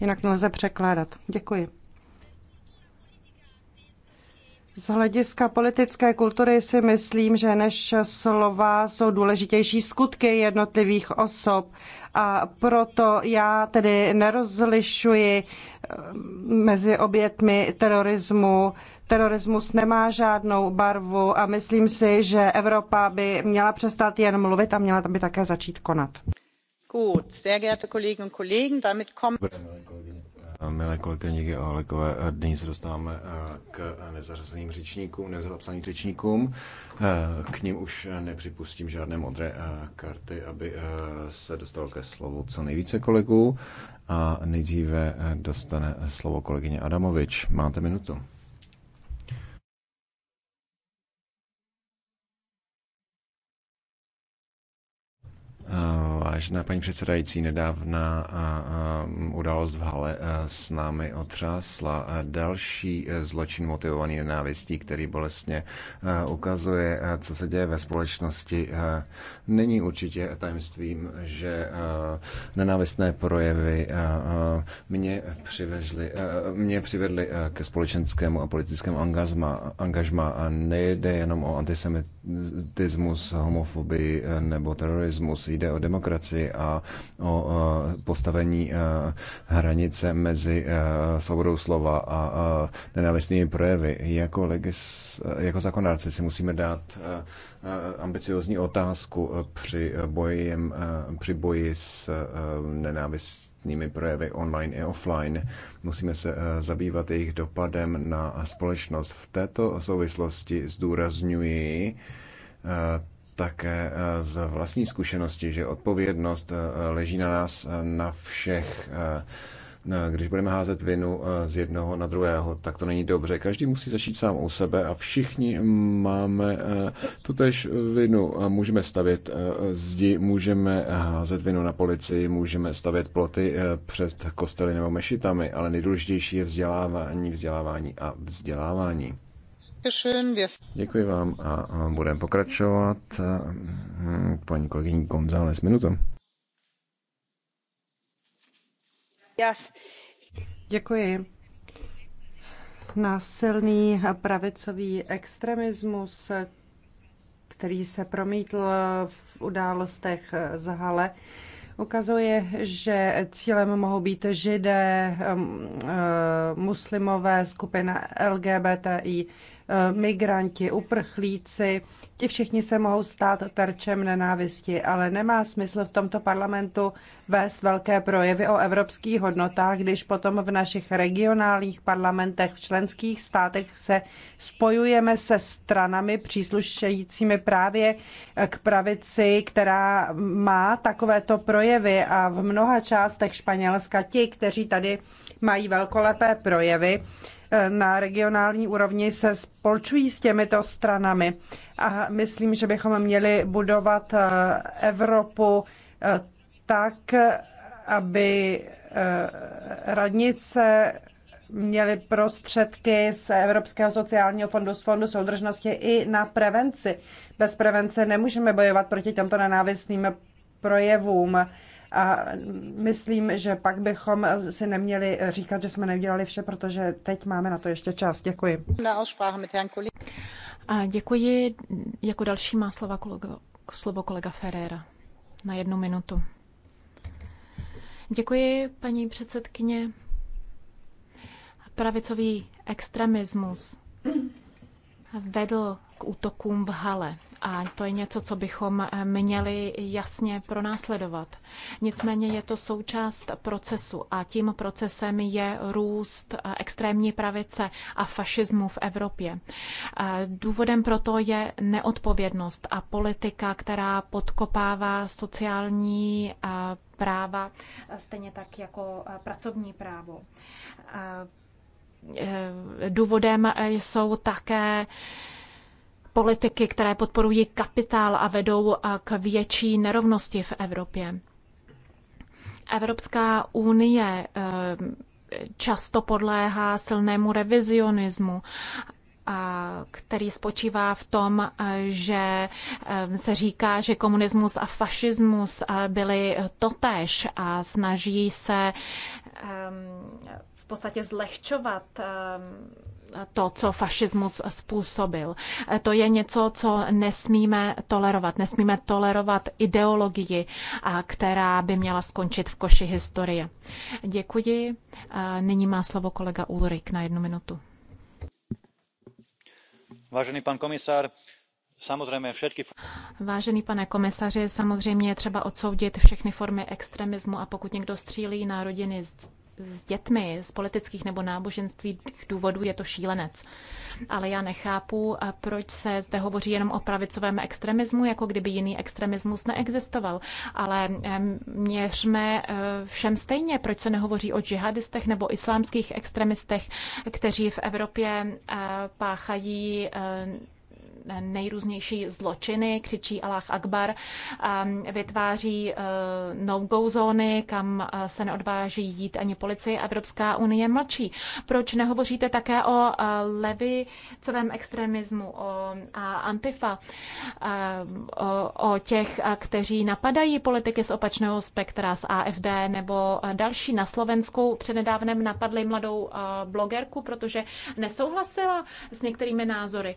Jinak nelze překládat. Děkuji. Z hlediska politické kultury si myslím, že než slova jsou důležitější skutky jednotlivých osob a proto já tedy nerozlišuji eh, mezi obětmi terorismu, Terorismus nemá žádnou barvu a myslím si, že Evropa by měla přestat jen mluvit a měla by také začít konat. Gut, sehr geehrte Kolleginnen und Kollegen, damit kommen Milé kolegyně a kolegové, dnes se dostáváme k nezařazeným řečníkům, nezapsaným řečníkům. K ním už nepřipustím žádné modré karty, aby se dostalo ke slovu co nejvíce kolegů. A nejdříve dostane slovo kolegyně Adamovič. Máte minutu. Vážná paní předsedající, nedávna událost v Hale s námi otřásla další e, zločin motivovaný nenávistí, který bolestně e, ukazuje, e, co se děje ve společnosti. Není určitě tajemstvím, že nenávistné projevy mě, přivezli, mě přivedly ke společenskému a politickému angažma. angažma a nejde jenom o antisemitismus antisemitismus, homofobii eh, nebo terorismus. Jde o demokracii a o eh, postavení eh, hranice mezi svobodou slova a nenávistnými projevy. Jako, legis, jako zákonodárci si musíme dát Eh, ambiciozní otázku eh, při, eh, boji, při boji s nenávistnými projevy online i offline. Musíme se zabývat jejich dopadem na společnost. V této souvislosti zdůrazňuji také z vlastní zkušenosti, že odpovědnost leží na nás na všech když budeme házet vinu eh, z jednoho na druhého, tak to není dobře. Každý musí začít sám u sebe a všichni máme eh, tutéž vinu. Můžeme stavět eh, zdi, můžeme házet vinu na policii, můžeme stavět ploty před kostely nebo mešitami, ale nejdůležitější je vzdělávání, vzdělávání a vzdělávání. Děkuji vám a budeme pokračovat. Paní kolegyní González minutou. Děkuji. Násilný pravicový extremismus, který se promítl v událostech z Hale, ukazuje, že cílem mohou být židé, muslimové, skupina LGBTI Eh, migranti, uprchlíci, ti všichni se mohou stát terčem nenávisti, ale nemá smysl v tomto parlamentu vést velké projevy o evropských hodnotách, když potom v našich regionálních parlamentech v členských státech se spojujeme se stranami příslušejícími právě eh, k pravici, která má takovéto projevy a v mnoha částech Španělska ti, kteří tady mají velkolepé projevy, na regionální úrovni se spolčují s těmito stranami. A myslím, že bychom měli budovat eh, Evropu eh, tak, aby eh, radnice měly prostředky z Evropského sociálního fondu, z Fondu soudržnosti i na prevenci. Bez prevence nemůžeme bojovat proti těmto nenávistným projevům. A myslím, že pak bychom si neměli říkat, že jsme neudělali vše, protože teď máme na to ještě čas. Děkuji. A děkuji. Jako další má slova kolega, slovo kolega Ferreira na jednu minutu. Děkuji, paní předsedkyně. Pravicový extremismus vedl k útokům v Hale. A to je něco, co bychom eh, měli jasně pronásledovat. Nicméně je to součást procesu a tím procesem je růst eh, extrémní pravice a fašismu v Evropě. Eh, důvodem proto je neodpovědnost a politika, která podkopává sociální práva, stejně tak jako pracovní právo. Důvodem jsou také politiky, které podporují kapitál a vedou k větší nerovnosti v Evropě. Evropská unie eh, často podléhá silnému revizionismu, který spočívá v tom, eh, že eh, se říká, že komunismus a fašismus byly totéž a snaží se ehm, v podstatě zlehčovat ehm, to, co fašismus způsobil. E, to je něco, co nesmíme tolerovat. Nesmíme tolerovat ideologii, která by měla skončit v koši historie. Děkuji. Nyní má slovo kolega Ulrik na jednu minutu. Vážený pan komisár, samozřejmě všetky... Vážený pane komisaři, samozřejmě je třeba odsoudit všechny formy extremismu a pokud někdo střílí na rodiny s s dětmi z politických nebo náboženství důvodů je to šílenec. Ale já nechápu, proč se zde hovoří jenom o pravicovém extremismu, jako kdyby jiný extremismus neexistoval. Ale měřme e, všem stejně, proč se nehovoří o džihadistech nebo islámských extremistech, kteří v Evropě e, páchají e, nejrůznější zločiny, křičí Allah Akbar, vytváří eh, no-go zóny, kam eh, se neodváží jít ani policie. Evropská unie mlčí. Proč nehovoříte také o eh, levicovém extremismu, o antifa, o těch, kteří napadají politiky z opačného spektra, z AFD nebo další na Slovensku přednedávnem napadli mladou blogerku, protože nesouhlasila s některými názory.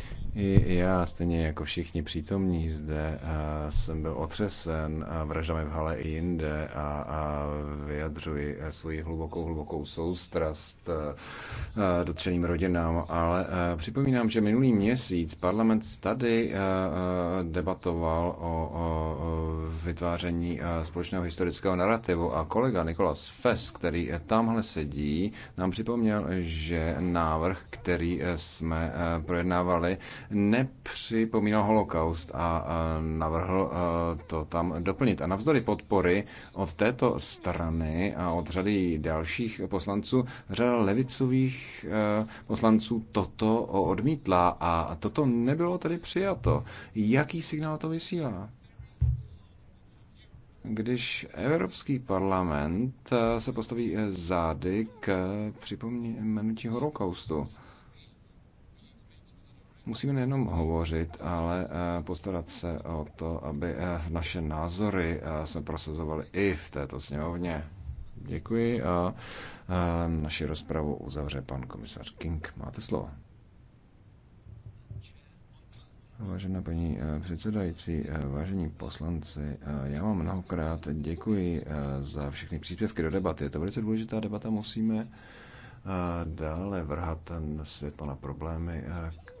I já, stejně jako všichni přítomní zde, jsem byl otřesen vraždami v hale i jinde a, a vyjadřuji svoji hlubokou, hlubokou soustrast dotčeným rodinám, ale připomínám, že minulý měsíc parlament tady debatoval o vytváření společného historického narrativu a kolega Nikolas Fes, který tamhle sedí, nám připomněl, že návrh, který e, jsme e, projednávali, nepřipomínal holokaust a navrhl e, to tam doplnit. A navzdory podpory od této strany a od řady dalších poslanců, řada levicových e, poslanců toto odmítla a toto nebylo tedy přijato. Jaký signál to vysílá? Když Evropský parlament e, se postaví zády k připomínání holokaustu, Musíme nejenom hovořit, ale eh, postarat se o to, aby eh, naše názory eh, jsme prosazovali i v této sněmovně. Děkuji a naši rozpravu uzavře pan komisař King. Máte slovo. Vážená paní předsedající, vážení poslanci, já vám mnohokrát děkuji za všechny příspěvky do debaty. Je to velice důležitá debata, musíme dále vrhat ten světlo na problémy,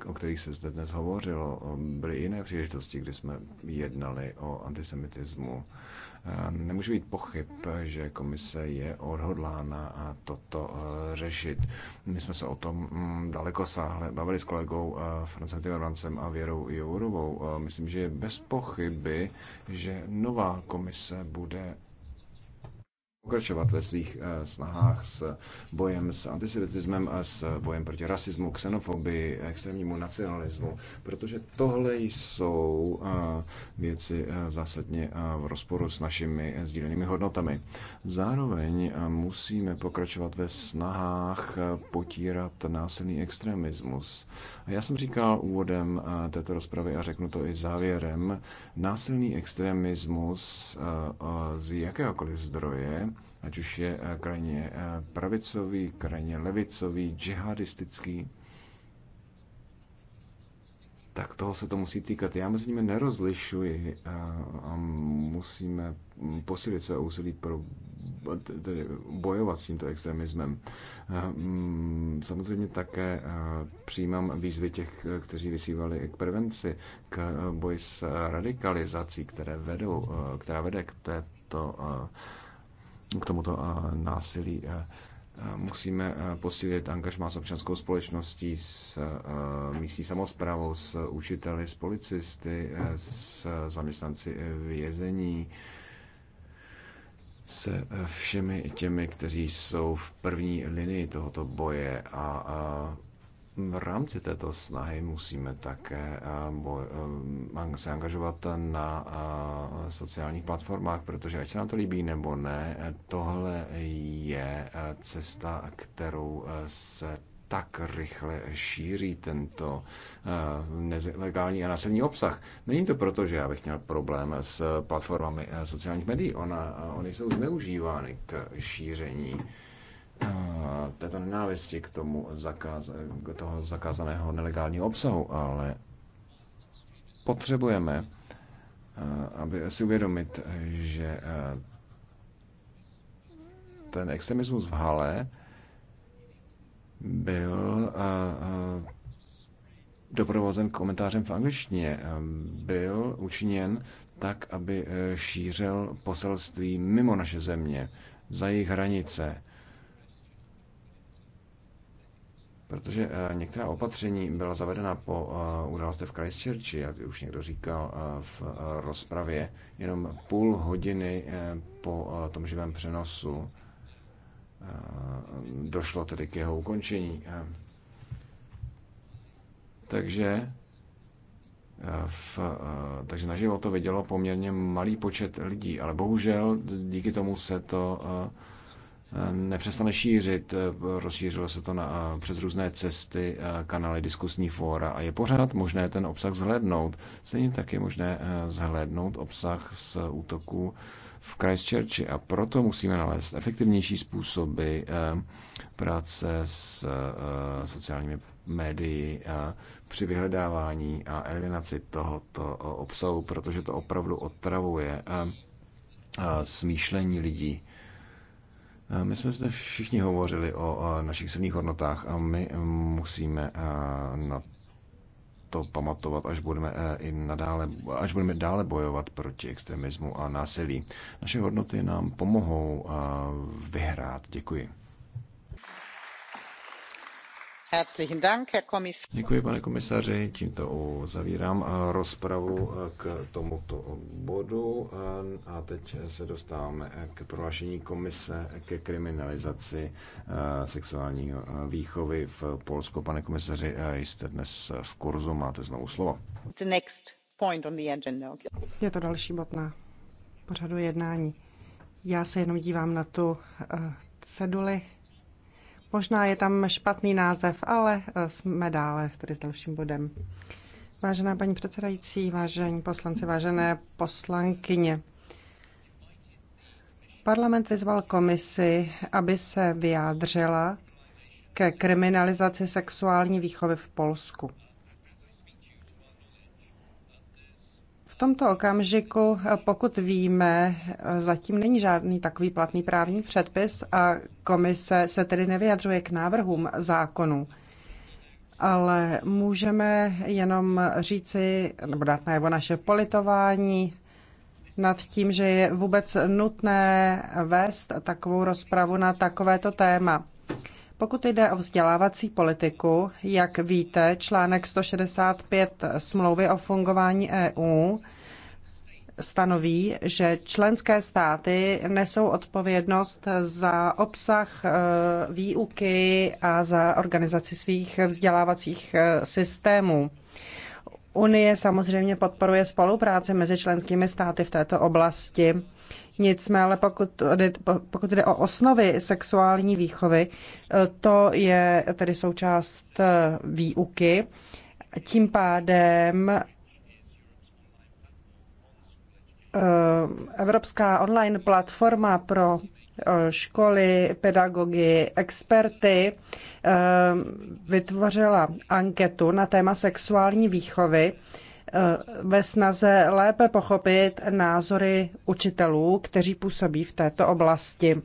o kterých se zde dnes hovořilo, byly jiné příležitosti, kdy jsme jednali o antisemitismu. Nemůže být pochyb, že komise je odhodlána a toto e, řešit. My jsme se o tom mm, daleko sáhle bavili s kolegou e, Francem Timmermansem a Věrou Jourovou. E, myslím, že je bez pochyby, že nová komise bude pokračovat ve svých eh, snahách s bojem s antisemitismem a s bojem proti rasismu, xenofobii, extrémnímu nacionalismu, protože tohle jsou eh, věci eh, zásadně v rozporu s našimi sdílenými hodnotami. Zároveň musíme pokračovat ve snahách potírat násilný extremismus. Já jsem říkal úvodem této rozpravy a řeknu to i závěrem, násilný extremismus z jakéhokoliv zdroje ať už je eh, krajně eh, pravicový, krajně levicový, džihadistický, tak toho se to musí týkat. Já mezi nimi nerozlišuji eh, a musíme posílit své úsilí pro tedy bojovat s tímto extremismem. Mm, samozřejmě také přijímám výzvy těch, kteří vysívali k prevenci, k boji s radikalizací, které vedou, která vede k této k tomuto eh, násilí. Eh, eh, musíme posílit angažmá s občanskou společností, s místní samozprávou, s učiteli, s policisty, s zaměstnanci vězení, se všemi těmi, kteří jsou v první linii tohoto boje a v rámci této snahy musíme také eh, eh, se angažovat na eh, sociálních platformách, protože ať se nám to líbí nebo ne, tohle je cesta, kterou se tak rychle šíří tento nelegální a násilný obsah. Není to proto, že já bych měl problém s platformami sociálních médií. Ona, oni jsou zneužívány k šíření této nenávisti k tomu zakáz, k toho zakázaného nelegálního obsahu, ale potřebujeme aby si uvědomit, že ten extremismus v Hale byl doprovozen komentářem v angličtině, byl učiněn tak, aby e, šířil poselství mimo naše země, za jejich hranice, protože eh, některá opatření byla zavedena po eh, události v Christchurchi, jak už někdo říkal eh, v rozpravě, jenom půl hodiny po tom živém přenosu došlo tedy k jeho ukončení. Takže v, takže naživo to vidělo poměrně malý počet lidí, ale bohužel díky tomu se to uh, nepřestane šířit. Rozšířilo se to na, přes různé cesty, kanály, diskusní fóra a je pořád možné ten obsah zhlédnout. Stejně tak je možné zhlédnout obsah z útoků v Christchurchi a proto musíme nalézt efektivnější způsoby práce s sociálními médii při vyhledávání a eliminaci tohoto obsahu, protože to opravdu otravuje smýšlení lidí my jsme zde všichni hovořili o našich silných hodnotách a my musíme na to pamatovat, až budeme i nadále, až budeme dále bojovat proti extremismu a násilí. Naše hodnoty nám pomohou vyhrát. Děkuji. Děkuji, pane komisaři. Tímto zavírám eh, rozpravu eh, k tomuto bodu. Eh, a teď se dostáváme k prohlášení komise ke kriminalizaci sexuální výchovy v Polsku. Pane komisaři, jste dnes v kurzu, máte znovu slovo. Je to další bod na pořadu jednání. Já se jenom dívám na tu ceduli Možná je tam špatný název, ale eh, jsme dále tedy s dalším bodem. Vážená paní předsedající, vážení poslanci, vážené poslankyně. Parlament vyzval komisi, aby se vyjádřila ke kriminalizaci sexuální výchovy v Polsku. tomto okamžiku, eh, pokud víme, eh, zatím není žádný takový platný právní předpis a komise se tedy nevyjadřuje k návrhům zákonů. Ale můžeme jenom říci, nebo dát najevo naše politování nad tím, že je vůbec nutné vést takovou rozpravu na takovéto téma. Pokud jde o vzdělávací politiku, jak víte, článek 165 smlouvy o fungování EU stanoví, že členské státy nesou odpovědnost za obsah e, výuky a za organizaci svých vzdělávacích e, systémů. Unie samozřejmě podporuje spolupráci mezi členskými státy v této oblasti. Nicméně, ale pokud, pokud jde o osnovy sexuální výchovy, to je tedy součást výuky. Tím pádem eh, Evropská online platforma pro Eh, školy, pedagogy, experty eh, vytvořila anketu na téma sexuální výchovy eh, ve snaze lépe pochopit názory učitelů, kteří působí v této oblasti.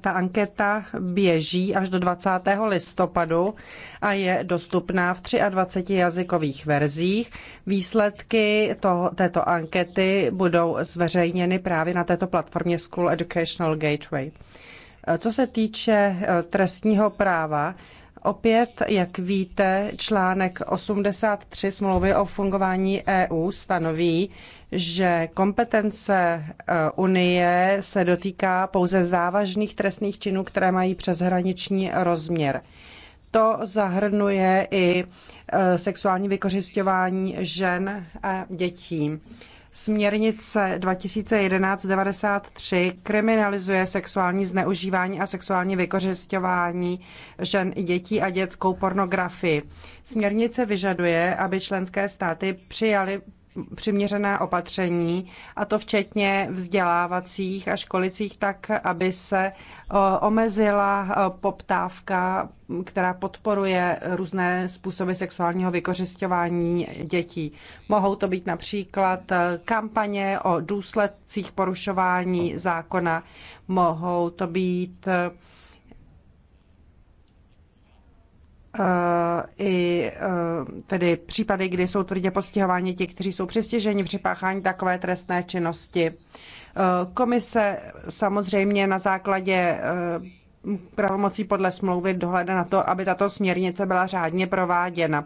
Ta anketa běží až do 20. listopadu a je dostupná v 23 jazykových verzích. Výsledky toho, této ankety budou zveřejněny právě na této platformě School Educational Gateway. Co se týče eh, trestního práva, Opět, jak víte, článek 83 smlouvy o fungování EU stanoví, že kompetence eh, Unie se dotýká pouze závažných trestných činů, které mají přeshraniční rozměr. To zahrnuje i eh, sexuální vykořišťování žen a dětí. Směrnice 2011-93 kriminalizuje sexuální zneužívání a sexuální vykořišťování žen i dětí a dětskou pornografii. Směrnice vyžaduje, aby členské státy přijaly přiměřená opatření, a to včetně vzdělávacích a školicích, tak aby se omezila poptávka, která podporuje různé způsoby sexuálního vykořišťování dětí. Mohou to být například e, kampaně o důsledcích porušování zákona, mohou to být e, Eh, i eh, tedy případy, kdy jsou tvrdě postihováni ti, kteří jsou přestěženi při páchání takové trestné činnosti. Eh, komise samozřejmě na základě pravomocí podle smlouvy dohleda na to, aby tato směrnice byla řádně prováděna.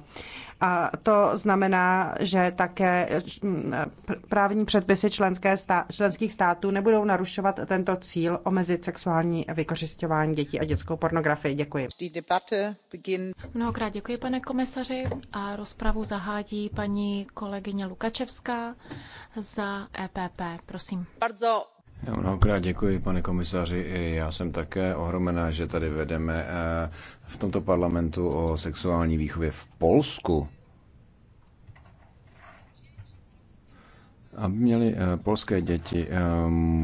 A to znamená, že také mm, právní předpisy členské stá- členských států nebudou narušovat tento cíl omezit sexuální vykořišťování dětí a dětskou pornografii. Děkuji. Mnohokrát děkuji, pane komisaři. A rozpravu zahádí paní kolegyně Lukačevská za EPP. Prosím. Bardzo já mnohokrát děkuji, pane komisaři. Já jsem také ohromená, že tady vedeme eh, v tomto parlamentu o sexuální výchově v Polsku. aby měli eh, polské děti eh,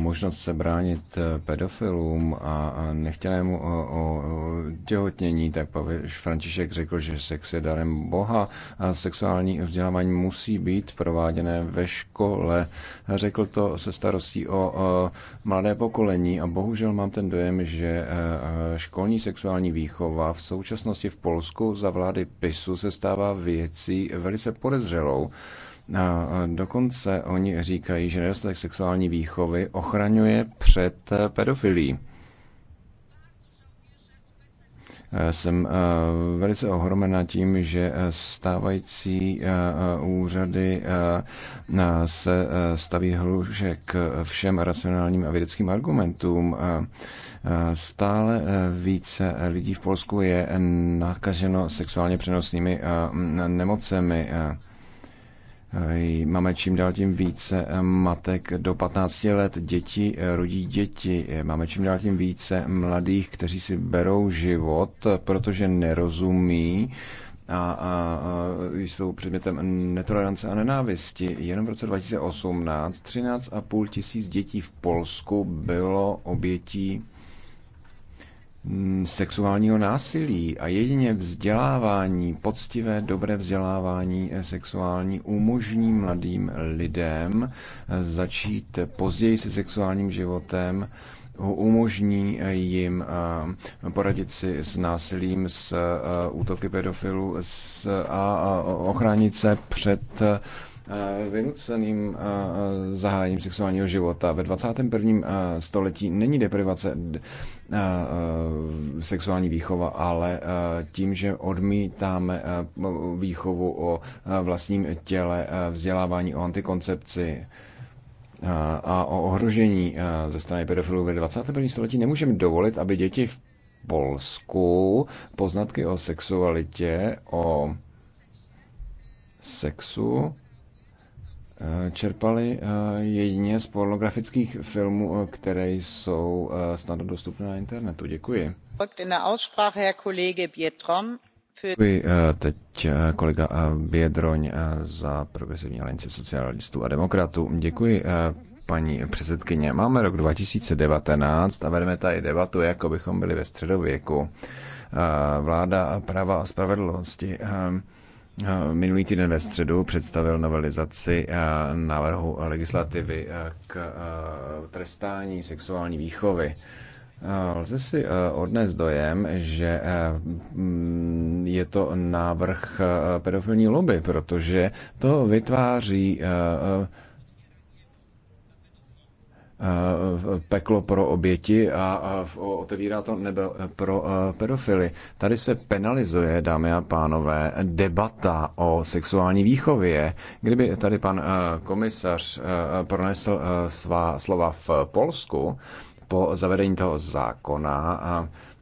možnost se bránit eh, pedofilům a nechtěnému těhotnění, tak papež František řekl, že sex je darem Boha a sexuální vzdělávání musí být prováděné ve škole. Řekl to se starostí o mladé pokolení a bohužel mám ten dojem, že školní sexuální výchova v současnosti v Polsku za vlády PISu se stává věcí velice podezřelou a dokonce oni říkají, že nedostatek sexuální výchovy ochraňuje před eh, pedofilí. Eh, jsem eh, velice ohromena tím, že stávající úřady se staví hluže k všem racionálním a vědeckým argumentům. Stále více lidí v Polsku je nakaženo sexuálně přenosnými nemocemi. Máme čím dál tím více eh, matek do 15 let, děti eh, rodí děti. Eh, máme čím dál tím více mladých, kteří si berou život, protože nerozumí a, a, a jsou předmětem netolerance a nenávisti. Jenom v roce 2018 13,5 tisíc dětí v Polsku bylo obětí Mm, sexuálního násilí a jedině vzdělávání, poctivé, dobré vzdělávání eh, sexuální umožní mladým lidem eh, začít později se sexuálním životem, umožní eh, jim poradit si s násilím, s útoky pedofilů a ochránit se před Eh, vynuceným eh, zahájením sexuálního života ve 21. Eh, století není deprivace sexuální výchova, ale tím, že odmítáme výchovu o vlastním těle, vzdělávání o antikoncepci, a o ohrožení ze strany pedofilů ve 21. století nemůžeme dovolit, aby děti v Polsku poznatky o sexualitě, o sexu čerpali eh, jedině z pornografických filmů, eh, které jsou eh, snadno dostupné na internetu. Děkuji. Děkuji teď kolega Biedroň za progresivní alianci socialistů a demokratů. Děkuji paní předsedkyně. Máme rok 2019 a vedeme tady debatu, jako bychom byli ve středověku. Vláda práva a spravedlnosti Eh, minulý týden ve středu představil novelizaci eh, návrhu legislativy eh, k trestání sexuální výchovy. Lze si odnes dojem, že mm, je to návrh pedofilní lobby, protože to vytváří Eh, peklo pro oběti a otevírá to nebe eh, pro eh, pedofily. Tady se penalizuje, dámy a pánové, debata o sexuální výchově. Kdyby tady pan komisař pronesl svá slova v Polsku po zavedení toho zákona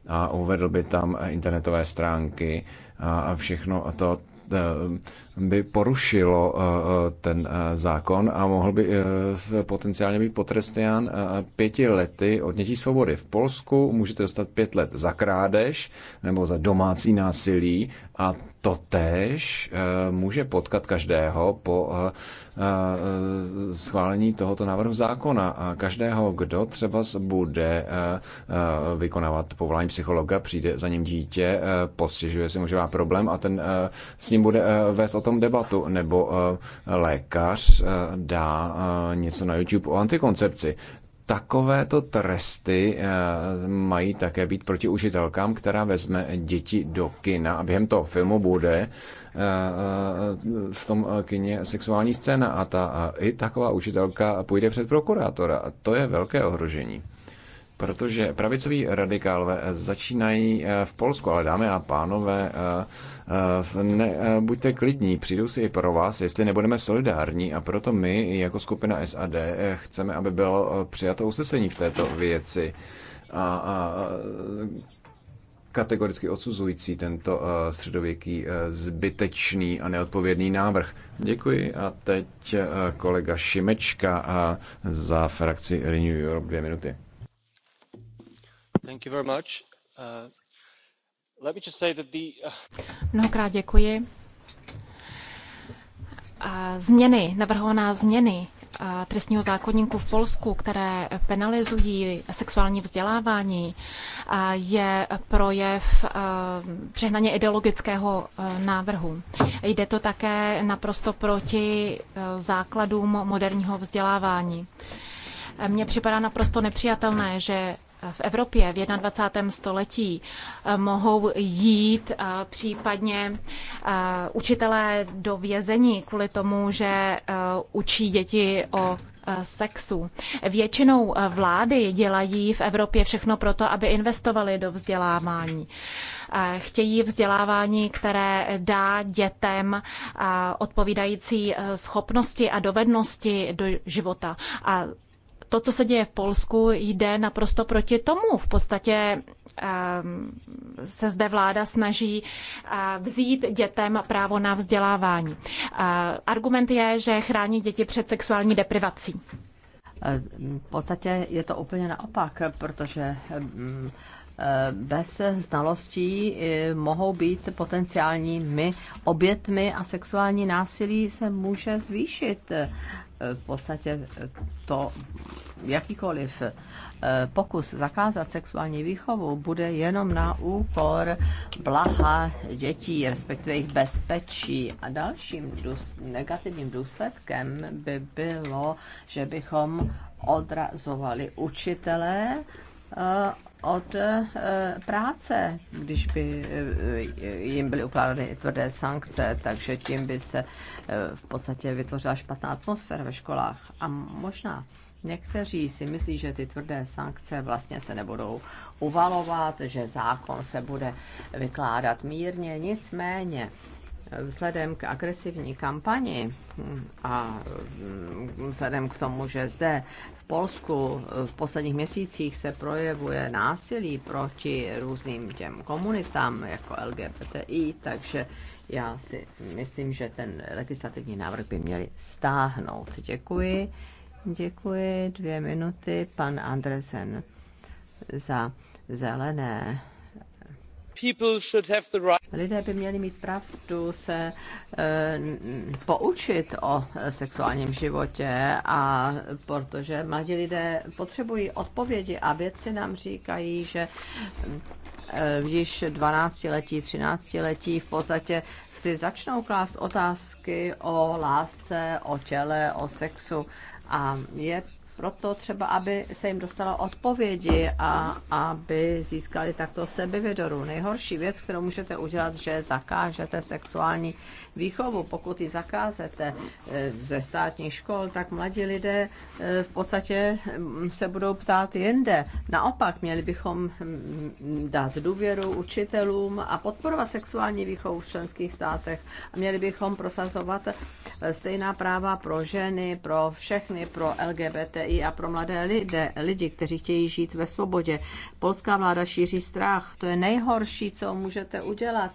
a uvedl by tam internetové stránky a všechno to, Eh, by porušilo eh, eh, ten zákon a mohl by potenciálně být potrestán pěti lety odnětí svobody. V Polsku můžete dostat pět let za krádež nebo za domácí násilí a totéž eh, může potkat každého po eh, eh, schválení tohoto návrhu zákona. A každého, kdo třeba bude vykonávat povolání psychologa, přijde za ním dítě, postěžuje si, může má problém a ten s ním bude vést o tom debatu. Nebo lékař dá něco na YouTube o antikoncepci takovéto tresty eh, mají také být proti učitelkám, která vezme děti do kina a během toho filmu bude eh, eh, v tom kině sexuální scéna a ta a i taková učitelka půjde před prokurátora. A to je velké ohrožení. Protože pravicoví radikálové začínají v Polsku, ale dámy a pánové, Eh, ne, eh, buďte klidní, přijdou si i pro vás, jestli nebudeme solidární a proto my jako skupina SAD eh, chceme, aby bylo přijato usnesení v této věci. A, a kategoricky odsuzující tento středověký zbytečný a neodpovědný návrh. Děkuji a teď kolega Šimečka za frakci Renew Europe dvě minuty. Thank you very much. Uh... Uh, Mnohokrát děkuji. Změny, navrhovaná změny trestního zákonníku v Polsku, které penalizují sexuální vzdělávání, je projev přehnaně ideologického návrhu. Jde to také naprosto proti e, základům moderního vzdělávání. E, mně připadá naprosto nepřijatelné, že v Evropě v 21. století eh, mohou jít eh, případně eh, učitelé do vězení kvůli tomu, že učí děti o sexu. Většinou vlády dělají v Evropě všechno proto, aby investovali do vzdělávání. Chtějí vzdělávání, které dá dětem odpovídající schopnosti a dovednosti do života. A to, co se děje v Polsku, jde naprosto proti tomu. V podstatě ehm, se zde vláda snaží eh, vzít dětem právo na vzdělávání. Eh, argument je, že chrání děti před sexuální deprivací. Eh, v podstatě je to úplně naopak, protože mm, bez znalostí mohou být potenciálními obětmi a sexuální násilí se může zvýšit v podstatě to jakýkoliv eh, pokus zakázat sexuální výchovu bude jenom na úkor blaha dětí, respektive jejich bezpečí. A dalším důs- negativním důsledkem by bylo, že bychom odrazovali učitele eh, od eh, práce, když by eh, jim byly ukládány tvrdé sankce, takže tím by se eh, v podstatě vytvořila špatná atmosféra ve školách. A možná Někteří si myslí, že ty tvrdé sankce vlastně se nebudou uvalovat, že zákon se bude vykládat mírně, nicméně vzhledem k agresivní kampani a mm, vzhledem k tomu, že zde v Polsku v posledních měsících se projevuje násilí proti různým těm komunitám jako LGBTI, takže já si myslím, že ten legislativní návrh by měli stáhnout. Děkuji. Děkuji. Dvě minuty. Pan Andresen za zelené. Lidé by měli mít pravdu se e, poučit o eh, sexuálním životě, a protože mladí lidé potřebují odpovědi a vědci nám říkají, že eh, již 12-letí, 13-letí v podstatě si začnou klást otázky o lásce, o těle, o sexu a je proto třeba, aby se jim dostalo odpovědi a aby získali takto sebevědoru. Nejhorší věc, kterou můžete udělat, že zakážete sexuální výchovu, pokud ji zakázete eh, ze státních škol, tak mladí lidé eh, v podstatě mm, se budou ptát jinde. Naopak, měli bychom mm, dát důvěru učitelům a podporovat sexuální výchovu v členských státech. měli bychom prosazovat eh, stejná práva pro ženy, pro všechny, pro LGBTI a pro mladé lidé, lidi, kteří chtějí žít ve svobodě. Polská vláda šíří strach. To je nejhorší, co můžete udělat,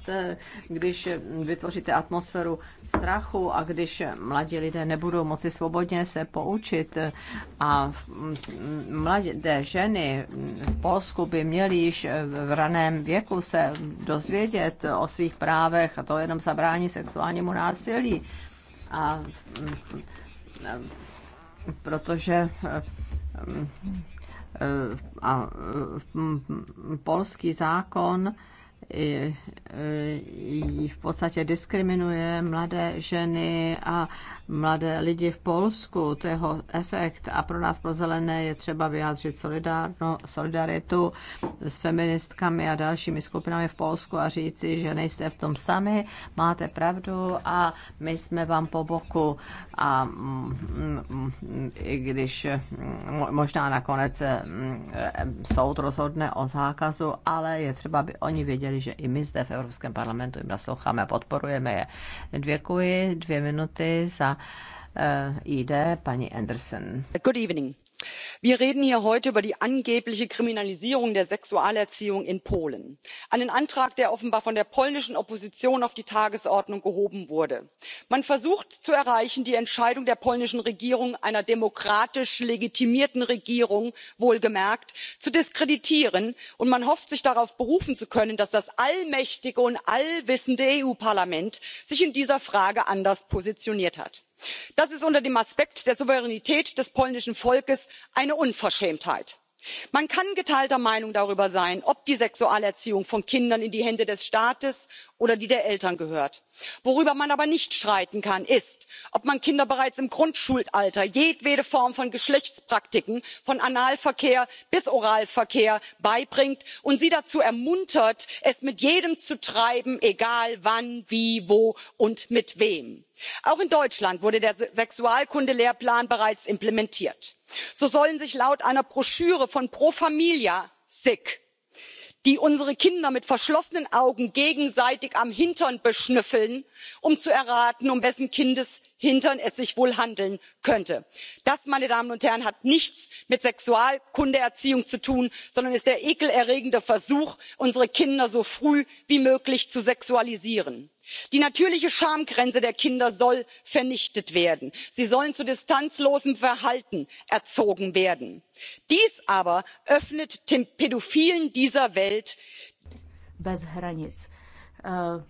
když vytvoříte atmosféru atmosféru strachu a když mladí lidé nebudou moci svobodně se poučit a mladé ženy v Polsku by měly již v raném věku se dozvědět o svých právech a to jenom zabrání sexuálnímu násilí. A protože a polský zákon v podstatě diskriminuje mladé ženy a mladé lidi v Polsku, to jeho efekt a pro nás pro zelené je třeba vyjádřit solidárno, solidaritu s feministkami a dalšími skupinami v Polsku a říci, že nejste v tom sami, máte pravdu a my jsme vám po boku a mm, mm, i když mm, možná nakonec soud rozhodne o zákazu, ale je třeba, aby oni věděli, že i my zde v Evropském parlamentu jim nasloucháme a podporujeme je. Děkuji, dvě minuty za za eh, ID paní Anderson. Good evening. Wir reden hier heute über die angebliche Kriminalisierung der Sexualerziehung in Polen. Einen Antrag, der offenbar von der polnischen Opposition auf die Tagesordnung gehoben wurde. Man versucht zu erreichen, die Entscheidung der polnischen Regierung, einer demokratisch legitimierten Regierung wohlgemerkt, zu diskreditieren und man hofft, sich darauf berufen zu können, dass das allmächtige und allwissende EU-Parlament sich in dieser Frage anders positioniert hat das ist unter dem aspekt der souveränität des polnischen volkes eine unverschämtheit. man kann geteilter meinung darüber sein ob die sexualerziehung von kindern in die hände des staates oder die der eltern gehört. worüber man aber nicht streiten kann ist ob man kindern bereits im grundschulalter jedwede form von geschlechtspraktiken von analverkehr bis oralverkehr beibringt und sie dazu ermuntert es mit jedem zu treiben egal wann wie wo und mit wem. auch in deutschland wurde der sexualkundelehrplan bereits implementiert. so sollen sich laut einer broschüre von pro familia sic die unsere kinder mit verschlossenen augen gegenseitig am hintern beschnüffeln um zu erraten um wessen kindes hintern es sich wohl handeln könnte. das meine damen und herren hat nichts mit sexualkundeerziehung zu tun sondern ist der ekelerregende versuch unsere kinder so früh wie möglich zu sexualisieren die natürliche schamgrenze der kinder soll vernichtet werden sie sollen zu distanzlosem verhalten erzogen werden. dies aber öffnet den pädophilen dieser welt. Äh,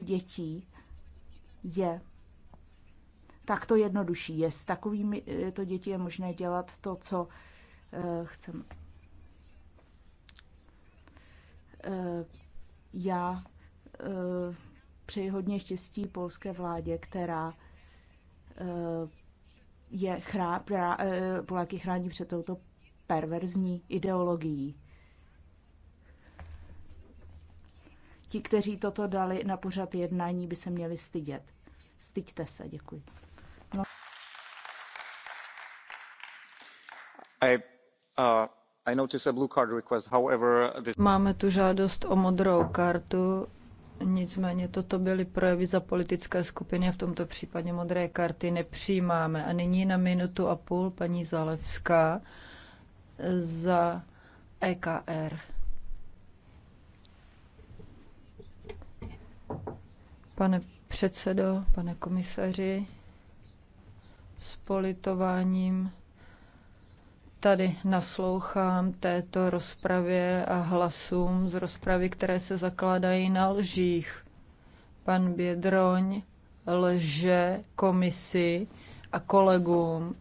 dětí je takto jednodušší. Je s takovými to děti je možné dělat to, co eh, chceme Eh, já eh, přeji hodně štěstí polské vládě, která eh, je chrá, která, Poláky chrání před touto perverzní ideologií. Ti, kteří toto dali na pořad jednání, by se měli stydět. Styďte se, děkuji. No. I, uh... Máme tu žádost o modrou kartu, nicméně toto byly projevy za politické skupiny a v tomto případě modré karty nepřijímáme. A nyní na minutu a půl paní Zalevská za EKR. Pane předsedo, pane komisaři, s politováním tady naslouchám této rozpravě a hlasům z rozpravy, které se zakládají na lžích. Pan Bědroň lže komisi a kolegům,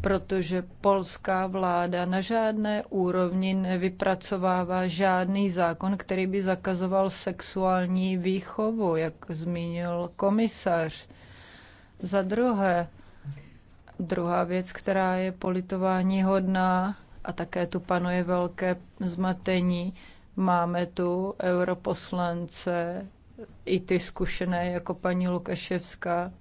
protože polská vláda na žádné úrovni nevypracovává žádný zákon, který by zakazoval sexuální výchovu, jak zmínil komisař. Za druhé, Druhá věc, která je politování hodná a také tu panuje velké zmatení, máme tu europoslance, i ty zkušené jako paní Lukaševská,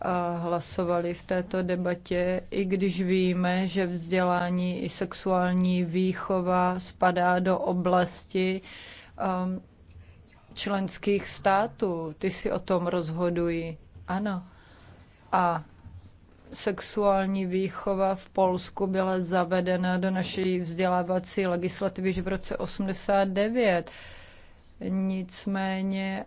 a hlasovali v této debatě, i když víme, že vzdělání i sexuální výchova spadá do oblasti um, členských států. Ty si o tom rozhodují. Ano. A sexuální výchova v Polsku byla zavedena do naší vzdělávací legislativy v roce 89. Nicméně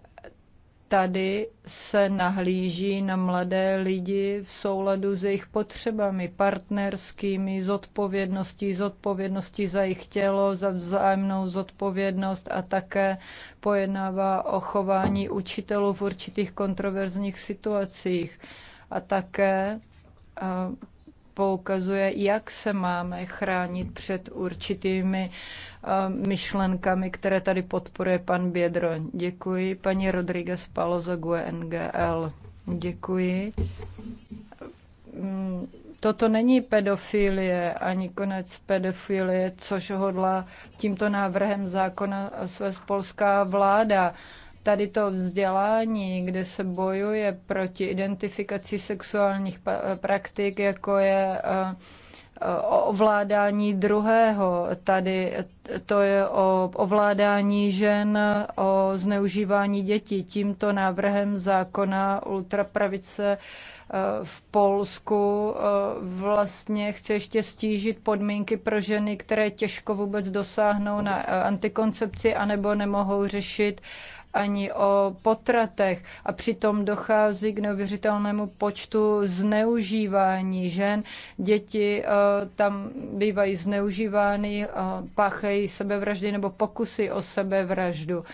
tady se nahlíží na mladé lidi v souladu s jejich potřebami partnerskými, zodpovědností, zodpovědností za jejich tělo, za vzájemnou zodpovědnost a také pojednává o chování učitelů v určitých kontroverzních situacích a také poukazuje, jak se máme chránit před určitými myšlenkami, které tady podporuje pan Bědro. Děkuji. Paní Rodriguez Palo za GUE Děkuji. Mm, toto není pedofilie ani konec pedofilie, což hodla tímto návrhem zákona své polská vláda tady to vzdělání, kde se bojuje proti identifikaci sexuálních praktik, jako je eh, eh, ovládání druhého. Tady to je o ovládání žen, o zneužívání dětí. Tímto návrhem zákona ultrapravice eh, v Polsku vlastně chce ještě stížit podmínky pro ženy, které těžko vůbec dosáhnou na antikoncepci anebo nemohou řešit uh, ani o potratech a přitom dochází k neuvěřitelnému počtu zneužívání žen. Děti eh, tam bývají zneužívány, eh, páchají sebevraždy nebo pokusy o sebevraždu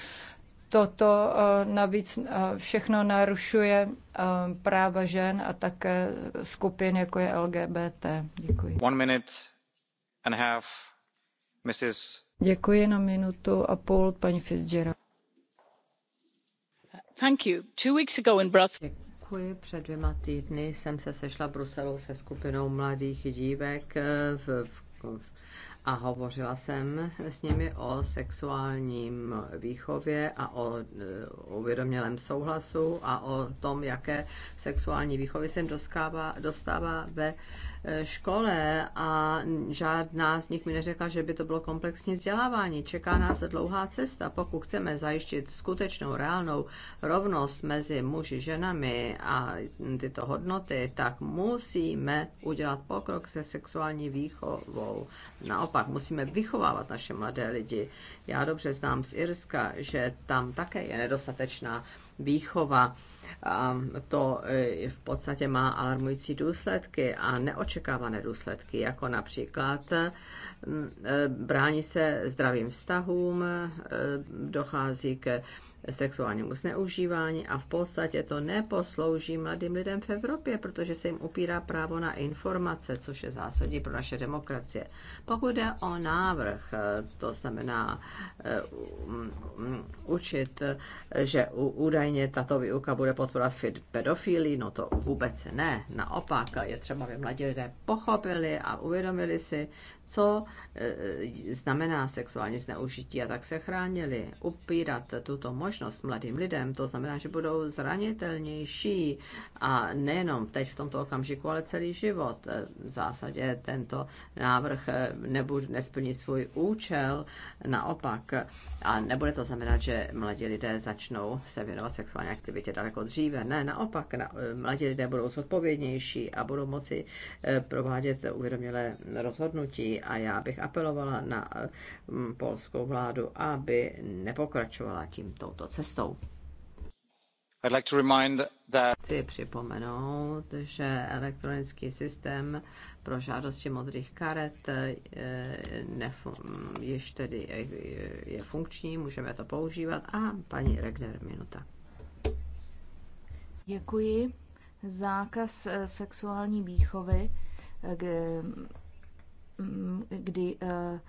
toto eh, navíc všechno narušuje práva žen a také skupin, jako je LGBT. Děkuji. One minute and a half, Mrs. Děkuji na minutu a půl, paní Fitzgerald. Děkuji. Před dvěma týdny jsem se sešla v Bruselu se skupinou mladých dívek eh, v, v, a hovořila jsem s nimi o sexuálním výchově a o eh, uvědomělém souhlasu a o tom, jaké sexuální výchovy se dostává, dostává ve škole a žádná z nich mi neřekla, že by to bylo komplexní vzdělávání. Čeká nás dlouhá cesta. Pokud chceme zajištit skutečnou, reálnou rovnost mezi muži, ženami a tyto hodnoty, tak musíme udělat pokrok se sexuální výchovou. Naopak, musíme vychovávat naše mladé lidi. Já dobře znám z Irska, že tam také je nedostatečná výchova a ehm, to e, v podstatě má alarmující důsledky a neočekávané důsledky, jako například e, brání se zdravým vztahům, e, dochází k sexuálnímu zneužívání a v podstatě to neposlouží mladým lidem v Evropě, protože se jim upírá právo na informace, což je zásadní pro naše demokracie. Pokud jde o návrh, eh, to znamená eh, mm, učit, eh, že údajně tato výuka bude podporovat pedofilí, no to vůbec ne. Naopak je třeba, aby mladí lidé pochopili a uvědomili si, co E, znamená sexuální zneužití a tak se chránili. Upírat tuto možnost mladým lidem, to znamená, že budou zranitelnější a nejenom teď v tomto okamžiku, ale celý život. E, v zásadě tento návrh e, nebude, nesplní svůj účel, naopak. A nebude to znamenat, že mladí lidé začnou se věnovat sexuální aktivitě daleko dříve. Ne, naopak, na, mladí lidé budou zodpovědnější a budou moci provádět uvědomělé rozhodnutí a já bych apelovala na mm, polskou vládu, aby nepokračovala tím touto cestou. Chci připomenout, že elektronický systém pro žádosti modrých karet eh, již tedy eh, je funkční, můžeme to používat. A paní Regner, minuta. Děkuji. Zákaz eh, sexuální výchovy, kde Mm, kdy eh,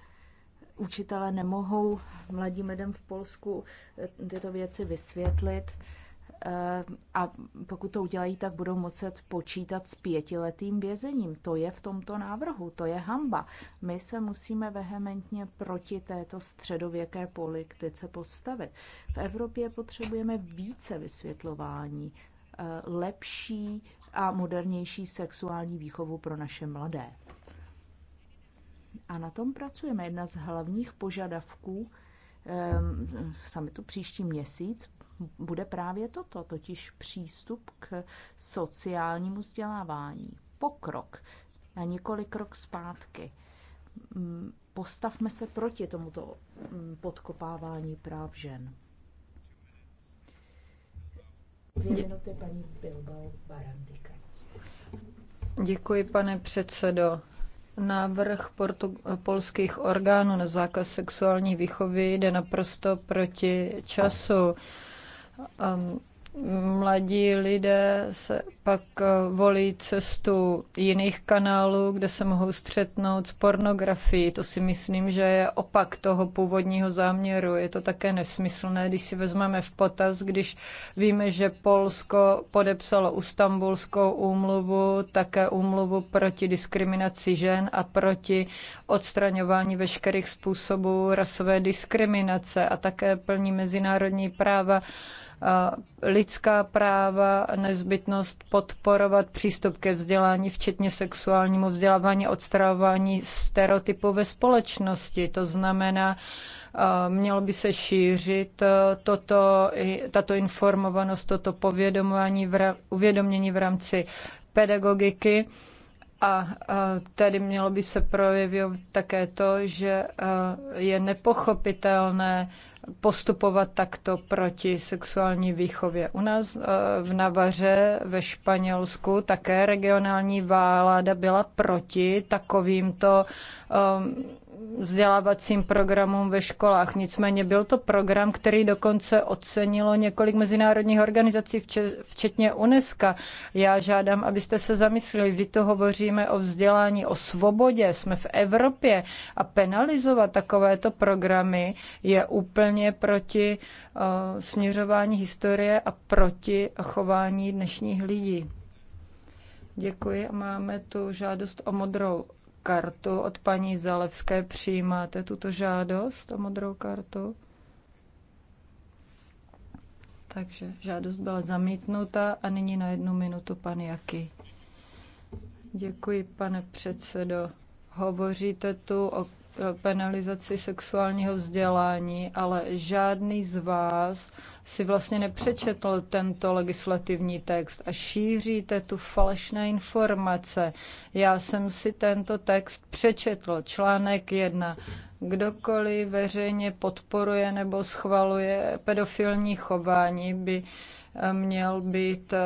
učitelé nemohou mladým lidem v Polsku eh, tyto věci vysvětlit. Eh, a pokud to udělají, tak budou muset počítat s pětiletým vězením. To je v tomto návrhu, to je hamba. My se musíme vehementně proti této středověké politice postavit. V Evropě potřebujeme více vysvětlování, lepší a modernější sexuální výchovu pro naše mladé. A na tom pracujeme. Jedna z hlavních požadavků samitu příští měsíc bude právě toto, totiž přístup k sociálnímu vzdělávání. Pokrok a několik krok zpátky. Postavme se proti tomuto podkopávání práv žen. Dvě minuty paní Bilbao Barandika. Děkuji, pane předsedo. Návrh portu- polských orgánů na zákaz sexuální výchovy jde naprosto proti času. Um, mladí lidé se pak eh, volí cestu jiných kanálů, kde se mohou střetnout s pornografií. To si myslím, že je opak toho původního záměru. Je to také nesmyslné, když si vezmeme v potaz, když víme, že Polsko podepsalo ustambulskou úmluvu, také úmluvu proti diskriminaci žen a proti odstraňování veškerých způsobů rasové diskriminace a také plní mezinárodní práva lidská práva, nezbytnost podporovat přístup ke vzdělání, včetně sexuálnímu vzdělávání, odstravování stereotypů ve společnosti. To znamená, mělo by se šířit toto, tato informovanost, toto povědomování, uvědomění v rámci pedagogiky. A tady mělo by se projevit také to, že je nepochopitelné, postupovat takto proti sexuální výchově. U nás eh, v Navaře ve Španělsku také regionální vláda byla proti takovýmto um, vzdělávacím programům ve školách. Nicméně byl to program, který dokonce ocenilo několik mezinárodních organizací, včetně UNESCO. Já žádám, abyste se zamysleli, vždy to hovoříme o vzdělání, o svobodě, jsme v Evropě a penalizovat takovéto programy je úplně proti uh, směřování historie a proti chování dnešních lidí. Děkuji a máme tu žádost o modrou kartu od paní Zalevské. Přijímáte tuto žádost o modrou kartu? Takže žádost byla zamítnuta a nyní na jednu minutu pan Jaký. Děkuji, pane předsedo. Hovoříte tu o penalizaci sexuálního vzdělání, ale žádný z vás si vlastně nepřečetl tento legislativní text a šíříte tu falešné informace. Já jsem si tento text přečetl, článek 1. Kdokoliv veřejně podporuje nebo schvaluje pedofilní chování, by eh, měl být eh,